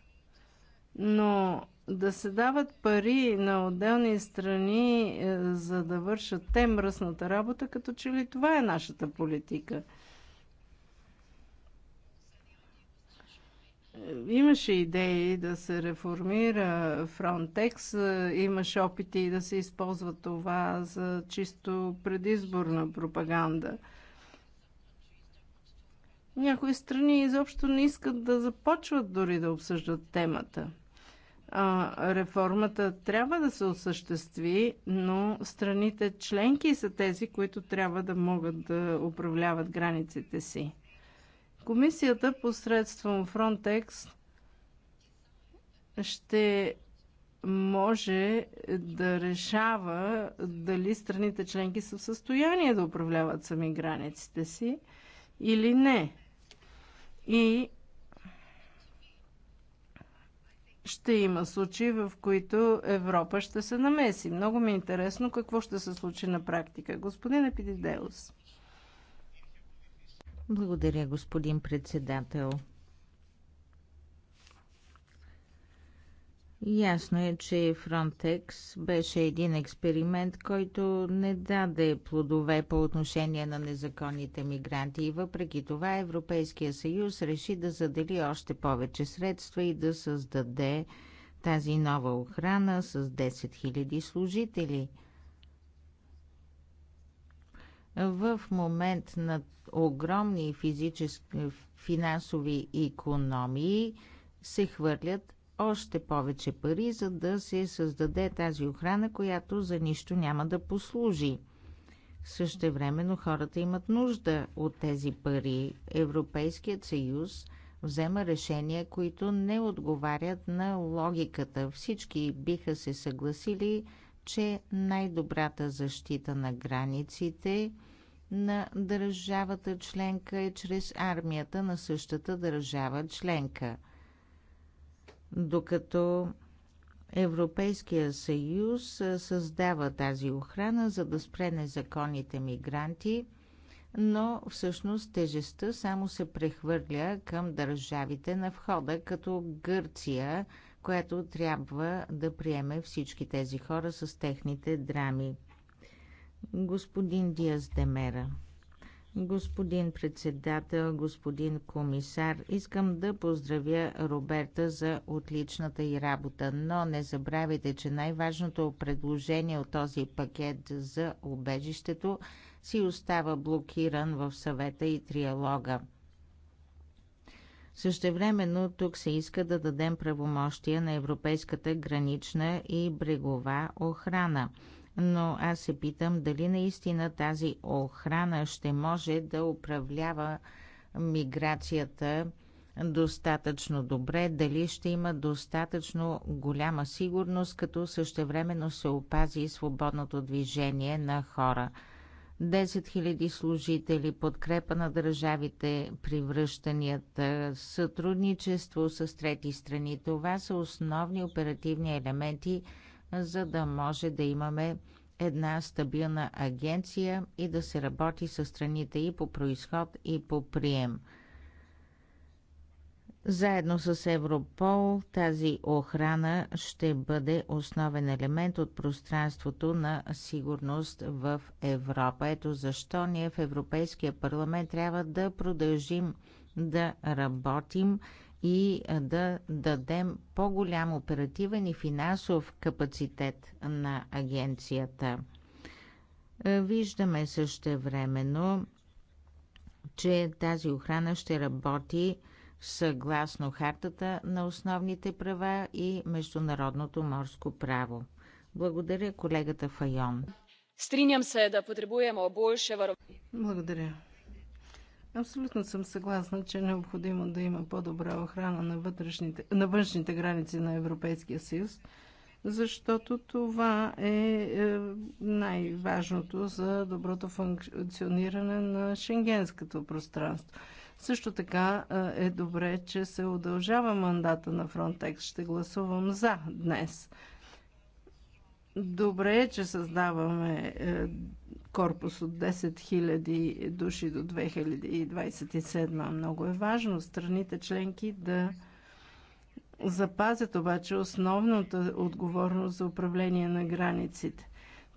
но да се дават пари на отделни страни, е, за да вършат те мръсната работа, като че ли това е нашата политика. Имаше идеи да се реформира Фронтекс, имаше опити да се използва това за чисто предизборна пропаганда. Някои страни изобщо не искат да започват дори да обсъждат темата – а, реформата трябва да се осъществи, но страните членки са тези, които трябва да могат да управляват границите си. Комисията посредством Frontex ще може да решава дали страните членки са в състояние да управляват сами границите си или не. И ще има случаи, в които Европа ще се намеси. Много ми е интересно какво ще се случи на практика. Господин Епидидеус. Благодаря, господин председател. Ясно е, че Frontex беше един експеримент, който не даде плодове по отношение на незаконните мигранти и въпреки това Европейския съюз реши да задели още повече средства и да създаде тази нова охрана с 10 000 служители. В момент на огромни физически, финансови економии се хвърлят още повече пари, за да се създаде тази охрана, която за нищо няма да послужи. Същевременно хората имат нужда от тези пари. Европейският съюз взема решения, които не отговарят на логиката. Всички биха се съгласили, че най-добрата защита на границите на държавата членка е чрез армията на същата държава членка – докато Европейския съюз създава тази охрана, за да спре незаконните мигранти, но всъщност тежестта само се прехвърля към държавите на входа, като Гърция, която трябва да приеме всички тези хора с техните драми. Господин Диас Демера. Господин председател, господин комисар, искам да поздравя Роберта за отличната й работа, но не забравяйте, че най-важното предложение от този пакет за обежището си остава блокиран в съвета и триалога. Същевременно тук се иска да дадем правомощия на Европейската гранична и брегова охрана – но аз се питам дали наистина тази охрана ще може да управлява миграцията достатъчно добре, дали ще има достатъчно голяма сигурност, като същевременно се опази свободното движение на хора. 10 000 служители, подкрепа на държавите привръщанията, сътрудничество с трети страни. Това са основни оперативни елементи – за да може да имаме една стабилна агенция и да се работи с страните и по происход, и по прием. Заедно с Европол тази охрана ще бъде основен елемент от пространството на сигурност в Европа. Ето защо ние в Европейския парламент трябва да продължим да работим и да дадем по-голям оперативен и финансов капацитет на агенцията. Е, виждаме също времено, че тази охрана ще работи съгласно хартата на основните права и международното морско право. Благодаря колегата Файон. Стриням се да потребуемо больше Благодаря. Абсолютно съм съгласна, че е необходимо да има по-добра охрана на, вътрешните, на външните граници на Европейския съюз, защото това е, е най-важното за доброто функциониране на шенгенското пространство. Също така е, е добре, че се удължава мандата на Фронтекс. Ще гласувам за днес. Добре е, че създаваме е, корпус от 10 000 души до 2027. Много е важно страните членки да запазят обаче основната отговорност за управление на границите.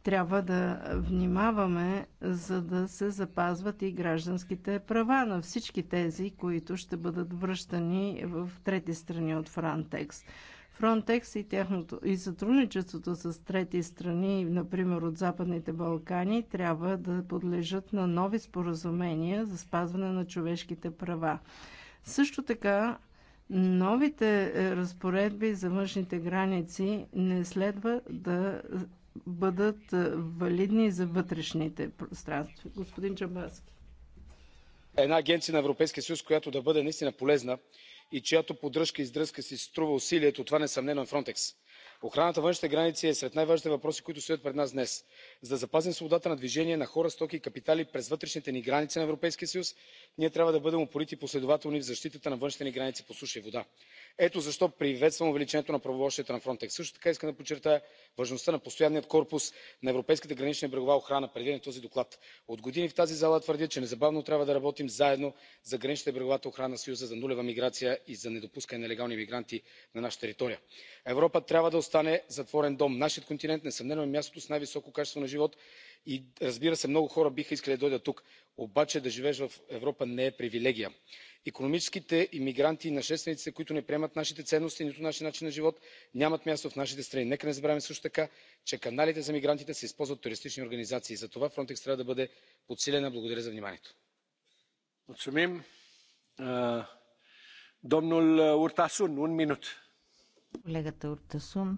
Трябва да внимаваме, за да се запазват и гражданските права на всички тези, които ще бъдат връщани в трети страни от Франтекс. Frontex и, тяхното, и сътрудничеството с трети страни, например от Западните Балкани, трябва да подлежат на нови споразумения за спазване на човешките права. Също така, новите е, разпоредби за външните граници не следва да бъдат е, валидни за вътрешните пространства. Господин Чабаски. Една агенция на Европейския съюз, която да бъде наистина полезна и чиято поддръжка и издръжка си струва усилието това несъмнено е фронтекс. охраната на външните граници е сред най важните въпроси които стоят пред нас днес за да запазим свободата на движение на хора стоки и капитали през вътрешните ни граници на европейския съюз ние трябва да бъдем упорити и последователни в защитата на външните ни граници по суша и вода. ето защо приветствам увеличението на правомощията на фронтекс. също така искам да подчертая важността на постоянния корпус на европейската гранична и брегова охрана предвиден в този доклад. от години в тази зала твърдя че незабавно трябва да работим заедно за граничната и бреговата охрана на съюза за нулева миграция и за недопускане на нелегални мигранти на наша територия. европа трябва да остане затворен дом. нашият континент несъмнено е мястото с най високо качество на живот и разбира се много хора биха искали да дойдат тук обаче да живееш в европа не е привилегия. икономическите имигранти и нашествениците които не приемат нашите ценности нито нашия начин на живот нямат място в нашите страни. нека не забравяме също така че каналите за мигрантите се използват от терористични организации. затова frontex трябва да бъде подсилена. благодаря за вниманието. Колегата Уртасун. Э,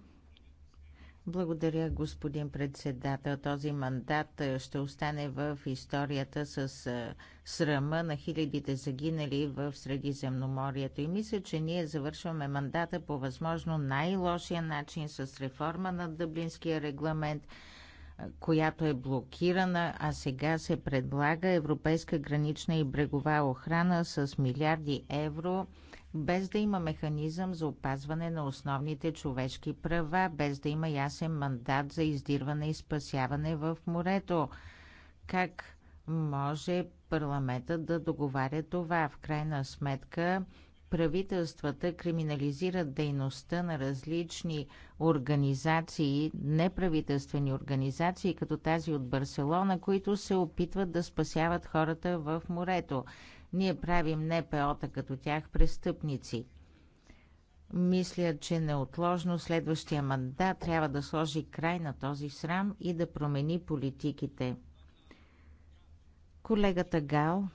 благодаря, господин председател. Този мандат е, ще остане в историята с е, срама на хилядите загинали в Средиземноморието. И мисля, че ние завършваме мандата по възможно най-лошия начин с реформа на Дъблинския регламент, е, която е блокирана, а сега се предлага Европейска гранична и брегова охрана с милиарди евро – без да има механизъм за опазване на основните човешки права, без да има ясен мандат за издирване и спасяване в морето. Как може парламентът да договаря това? В крайна сметка правителствата криминализират дейността на различни организации, неправителствени организации, като тази от Барселона, които се опитват да спасяват хората в морето. Ние правим НПО-та като тях престъпници. Мисля, че неотложно следващия мандат трябва да сложи край на този срам и да промени политиките. Колегата Гал.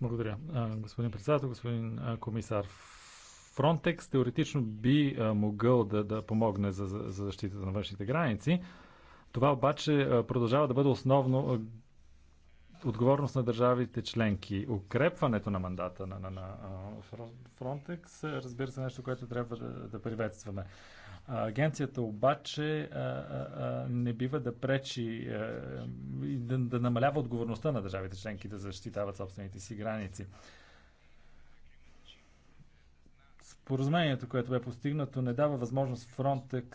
Благодаря. Господин председател, господин комисар, Фронтекс теоретично би могъл да, да помогне за, за защитата на външните граници, това обаче продължава да бъде основно отговорност на държавите членки. Укрепването на мандата на, на, на Frontex, е, разбира се, нещо, което трябва да, да приветстваме. Агенцията обаче а, а, не бива да пречи а, и да, да намалява отговорността на държавите членки да защитават собствените си граници. Споразумението, което бе постигнато, не дава възможност Frontex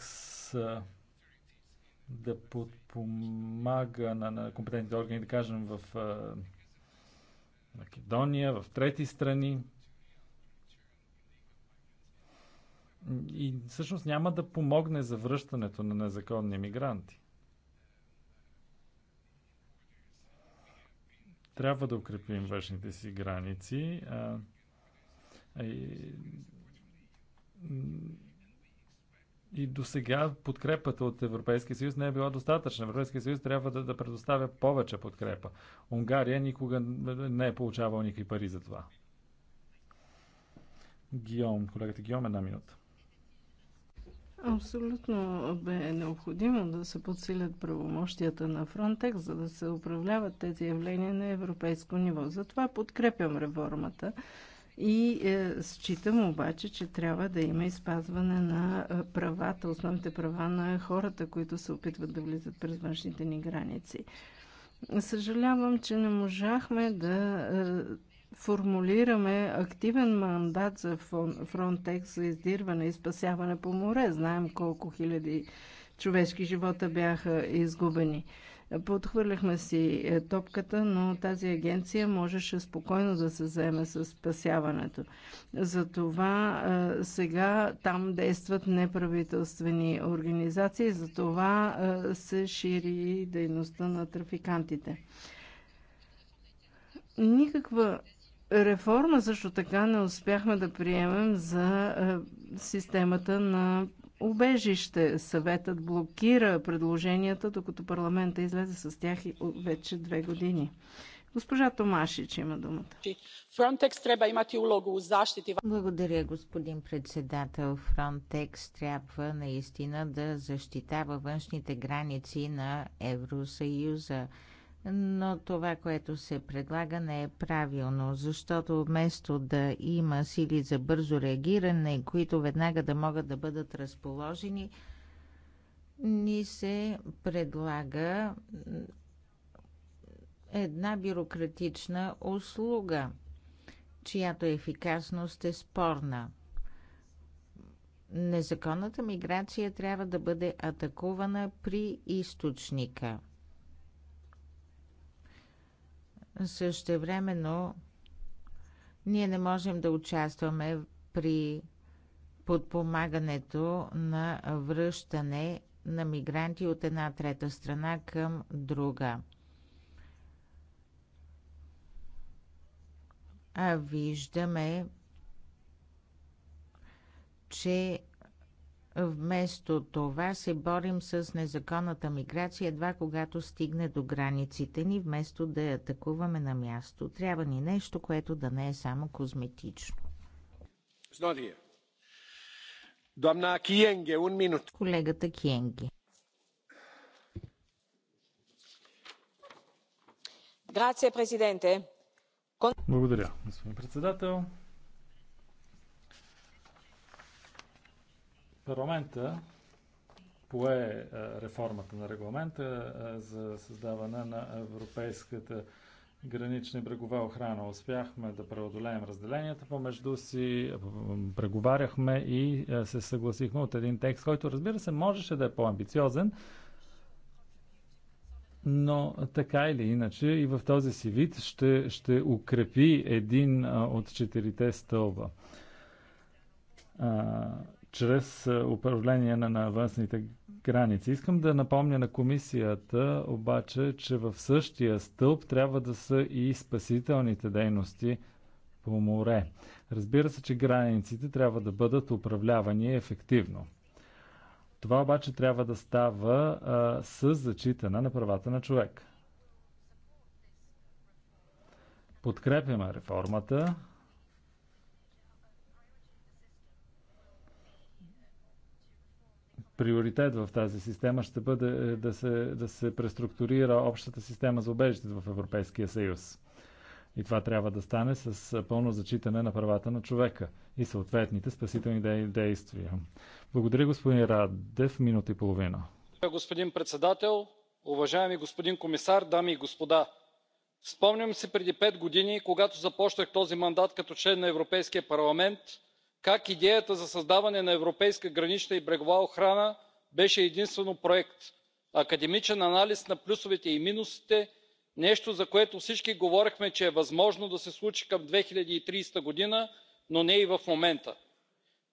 да подпомага на, на компетентните органи, да кажем, в а, Македония, в трети страни. И всъщност няма да помогне за връщането на незаконни мигранти. Трябва да укрепим външните си граници. А, и, и до сега подкрепата от Европейския съюз не е била достатъчна. Европейския съюз трябва да, да предоставя повече подкрепа. Унгария никога не е получавал никакви пари за това. Гиом, колегата Гиом, една минута. Абсолютно бе необходимо да се подсилят правомощията на Фронтекс, за да се управляват тези явления на европейско ниво. Затова подкрепям реформата и е, считам обаче, че трябва да има изпазване на е, правата, основните права на хората, които се опитват да влизат през външните ни граници. Съжалявам, че не можахме да е, формулираме активен мандат за фронтекс за издирване и спасяване по море. Знаем колко хиляди човешки живота бяха изгубени. Подхвърляхме си е, топката, но тази агенция можеше спокойно да се заеме с спасяването. Затова е, сега там действат неправителствени организации, затова е, се шири дейността на трафикантите. Никаква реформа също така не успяхме да приемем за системата на убежище. Съветът блокира предложенията, докато парламента излезе с тях вече две години. Госпожа Томашич има думата. Фронтекс трябва имати улога у защити. Благодаря, господин председател. Frontex трябва наистина да защитава външните граници на Евросъюза но това, което се предлага, не е правилно, защото вместо да има сили за бързо реагиране, които веднага да могат да бъдат разположени, ни се предлага една бюрократична услуга, чиято ефикасност е спорна. Незаконната миграция трябва да бъде атакувана при източника – времено ние не можем да участваме при подпомагането на връщане на мигранти от една трета страна към друга. А виждаме, че Вместо това се борим с незаконната миграция едва когато стигне до границите ни, вместо да я атакуваме на място. Трябва ни нещо, което да не е само козметично. Киенге, Колегата Киенге. Благодаря, господин председател. Парламента пое е, реформата на регламента е, за създаване на Европейската гранична и брегова охрана. Успяхме да преодолеем разделенията помежду си, е, преговаряхме и се съгласихме от един текст, който разбира се можеше да е по-амбициозен, но така или иначе и в този си вид ще, ще укрепи един от четирите стълба чрез управление на, на външните граници. Искам да напомня на комисията обаче, че в същия стълб трябва да са и спасителните дейности по море. Разбира се, че границите трябва да бъдат управлявани ефективно. Това обаче трябва да става а, с зачитане на правата на човек. Подкрепяме реформата, приоритет в тази система ще бъде е, да се, да се преструктурира общата система за убежище в Европейския съюз. И това трябва да стане с е, пълно зачитане на правата на човека и съответните спасителни действия. Благодаря, господин Радев. Минута и половина. Господин председател, уважаеми господин комисар, дами и господа! Спомням си преди пет години, когато започнах този мандат като член на Европейския парламент, как идеята за създаване на европейска гранична и брегова охрана беше единствено проект академичен анализ на плюсовете и минусите нещо за което всички говорехме че е възможно да се случи към две хиляди и тридесета година но не и в момента.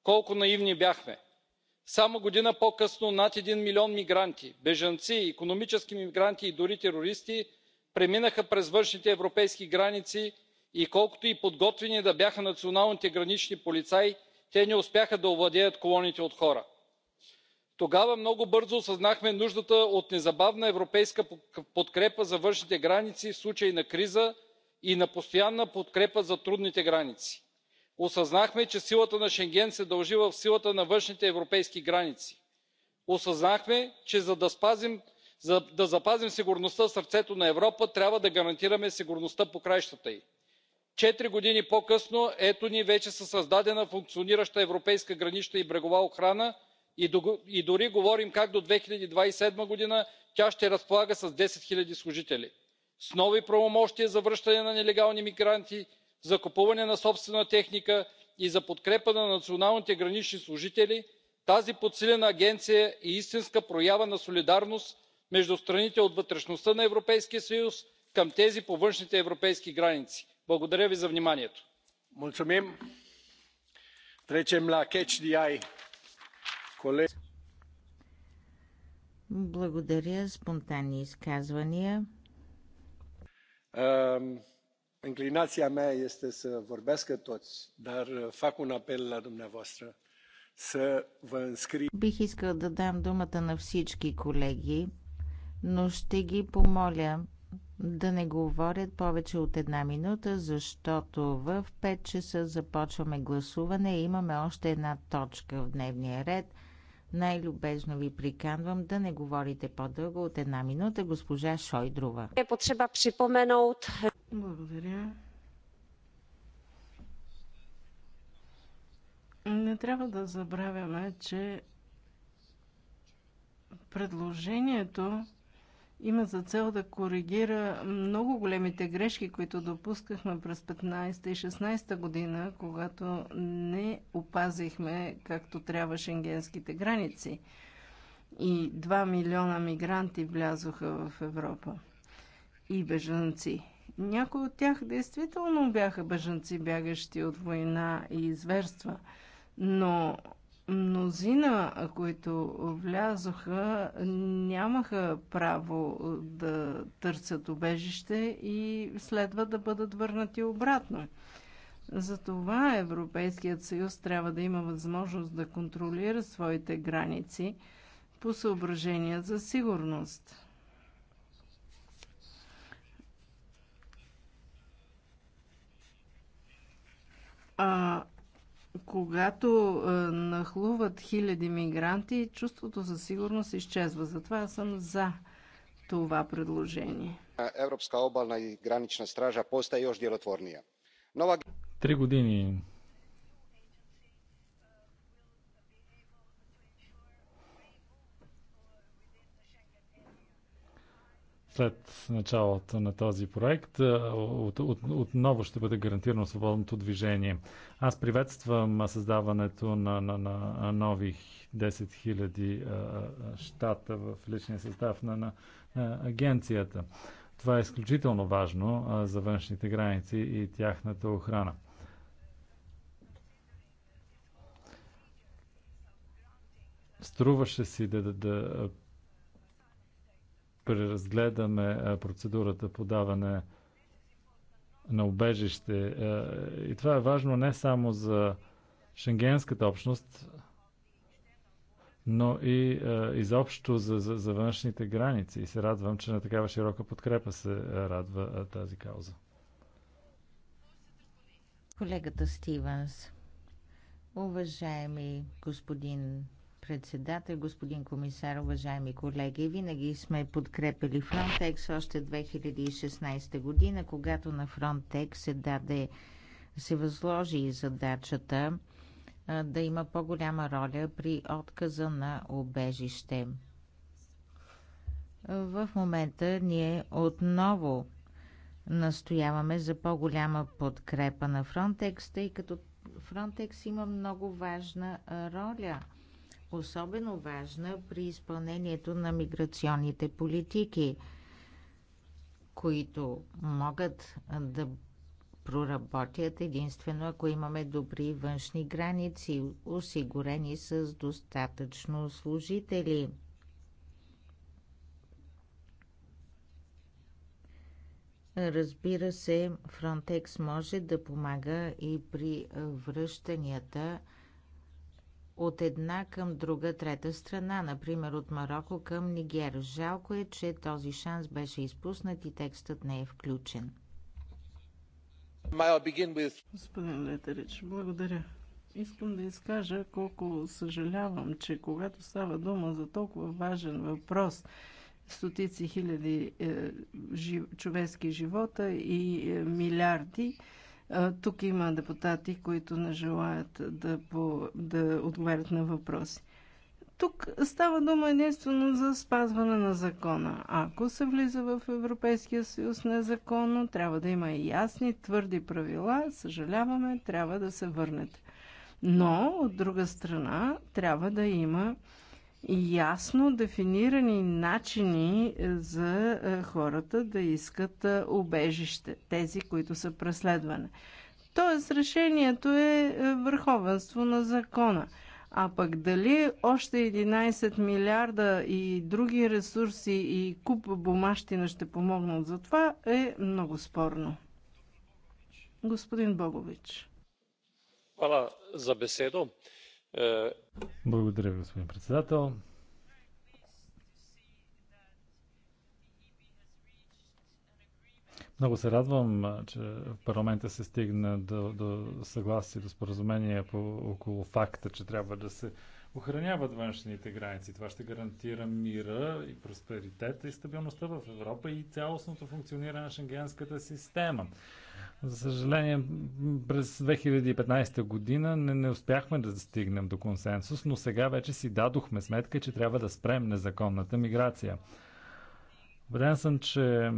колко наивни бяхме! само година по късно над един милион мигранти бежанци икономически мигранти и дори терористи преминаха през външните европейски граници и колкото и подготвени да бяха националните гранични полицаи те не успяха да овладеят колоните от хора. тогава много бързо осъзнахме нуждата от незабавна европейска подкрепа за външните граници в случай на криза и на постоянна подкрепа за трудните граници. осъзнахме че силата на шенген се дължи в силата на външните европейски граници. осъзнахме че за да запазим сигурността в сърцето на европа трябва да гарантираме сигурността по краищата четири години по късно ето ни вече със създадена функционираща европейска гранична и брегова охрана и дори говорим как до две хиляди двадесет и седма година тя ще разполага с десет хиляди служители с нови правомощия за връщане на нелегални мигранти закупуване на собствена техника и за подкрепа на националните гранични служители тази подсилена агенция е истинска проява на солидарност между страните от вътрешността на европейския съюз към тези по външните европейски граници благодаря ви за вниманието. Благодаря. Спонтанни изказвания. Инклинация ме е да vorbească toți, dar но un apel на dumneavoastră să vă înscri... Бих искал да дам думата на всички колеги, но ще ги помоля да не говорят повече от една минута, защото в 5 часа започваме гласуване и имаме още една точка в дневния ред. Най-любезно ви приканвам да не говорите по-дълго от една минута, госпожа Шойдрова. Е потреба от. Благодаря. Не трябва да забравяме, че предложението има за цел да коригира много големите грешки, които допускахме през 15 и 16 година, когато не опазихме както трябва шенгенските граници. И 2 милиона мигранти влязоха в Европа. И бежанци. Някои от тях действително бяха бежанци, бягащи от война и зверства. Но мнозина, които влязоха, нямаха право да търсят убежище и следва да бъдат върнати обратно. Затова Европейският съюз трябва да има възможност да контролира своите граници по съображения за сигурност. А когато е, нахлуват хиляди мигранти, чувството за сигурност изчезва. Затова съм за това предложение. Европска обална и гранична стража постае još djelotvornija. Три години след началото на този проект е, от, от, отново ще бъде гарантирано свободното движение. Аз приветствам създаването на, на, на нови 10 000 е, е, щата в личния състав на, на агенцията. Това е изключително важно за външните граници и тяхната охрана. струваше си да, да, да преразгледаме процедурата подаване на убежище. И това е важно не само за шенгенската общност, но и изобщо за, за, за външните граници. И се радвам, че на такава широка подкрепа се радва тази кауза. Колегата Стивенс, уважаеми господин председател, господин комисар, уважаеми колеги. Винаги сме подкрепили Frontex още 2016 година, когато на Frontex се даде се възложи и задачата да има по-голяма роля при отказа на обежище. В момента ние отново настояваме за по-голяма подкрепа на Frontex, тъй като Frontex има много важна роля – особено важна при изпълнението на миграционните политики, които могат да проработят единствено ако имаме добри външни граници, осигурени с достатъчно служители. Разбира се, Frontex може да помага и при връщанията от една към друга трета страна, например от Марокко към Нигер. Жалко е, че този шанс беше изпуснат и текстът не е включен. Господин Летерич, благодаря. Искам да изкажа колко съжалявам, че когато става дума за толкова важен въпрос, стотици хиляди е, жив, човешки живота и е, милиарди, е, тук има депутати, които не желаят да, по, да отговарят на въпроси. Тук става дума единствено за спазване на закона. Ако се влиза в Европейския съюз незаконно, трябва да има ясни, твърди правила. Съжаляваме, трябва да се върнете. Но, от друга страна, трябва да има ясно дефинирани начини е, за е, хората да искат е, убежище, тези, които са преследвани. Тоест, решението е върховенство на закона. А пък дали още 11 милиарда и други ресурси и куп бумащина ще помогнат за това е много спорно. Господин Богович. Hvala за беседо. Благодаря, господин председател. Много се радвам, че в парламента се стигна до, до съгласие, до споразумение по, около факта, че трябва да се охраняват външните граници. Това ще гарантира мира и просперитета и стабилността в Европа и цялостното функциониране на шенгенската система. За съжаление, през 2015 година не, не успяхме да стигнем до консенсус, но сега вече си дадохме сметка, че трябва да спрем незаконната миграция. Убеден съм, че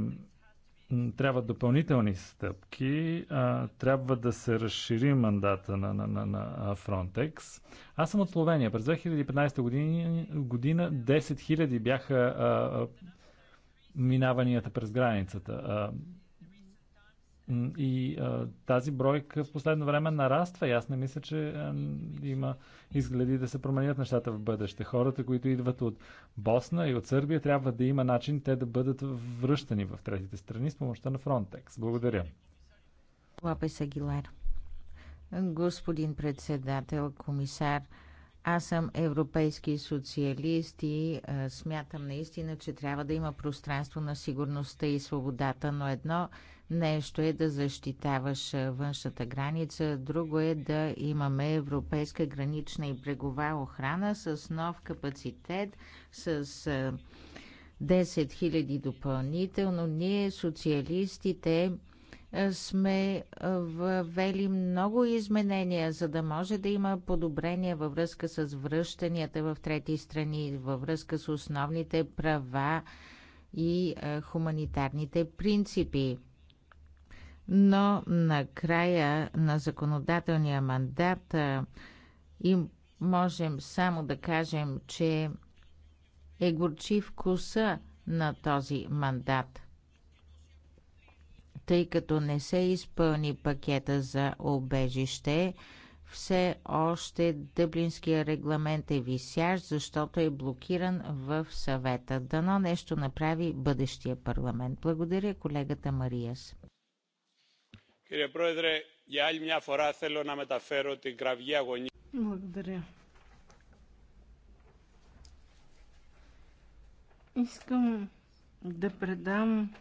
трябва допълнителни стъпки, а, трябва да се разшири мандата на, на, на, на Frontex. Аз съм от Словения. През 2015 година, година 10 000 бяха а, а, минаванията през границата. А, и а, тази бройка в последно време нараства и аз не мисля, че а, има изгледи да се променят нещата в бъдеще. Хората, които идват от Босна и от Сърбия, трябва да има начин те да бъдат връщани в третите страни с помощта на Фронтекс. Благодаря. Лапес Агилар. Господин председател, комисар, аз съм европейски социалист и а, смятам наистина, че трябва да има пространство на сигурността и свободата, но едно Нещо е да защитаваш външната граница, друго е да имаме европейска гранична и брегова охрана с нов капацитет, с 10 000 допълнително. Ние, социалистите, сме въвели много изменения, за да може да има подобрения във връзка с връщанията в трети страни, във връзка с основните права и хуманитарните принципи но на края на законодателния мандат им можем само да кажем, че е горчи вкуса на този мандат, тъй като не се изпълни пакета за обежище, все още Дъблинския регламент е висящ, защото е блокиран в съвета. Дано нещо направи бъдещия парламент. Благодаря колегата Мариас. Благодаря. Искам да предам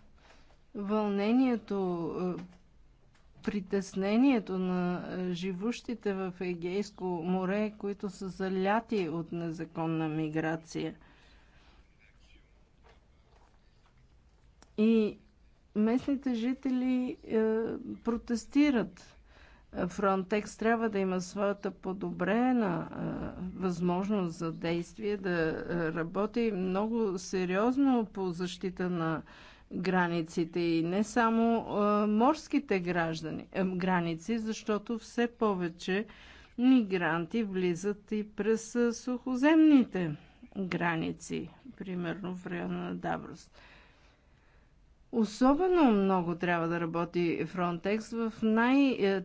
вълнението, е, притеснението на живущите в Егейско море, които са заляти от незаконна миграция. И местните жители е, протестират. Фронтекс трябва да има своята подобрена е, възможност за действие, да е, работи много сериозно по защита на границите и не само е, морските граждани, е, граници, защото все повече мигранти влизат и през е, сухоземните граници, примерно в района на Даврос. Особено много трябва да работи Frontex в най- е,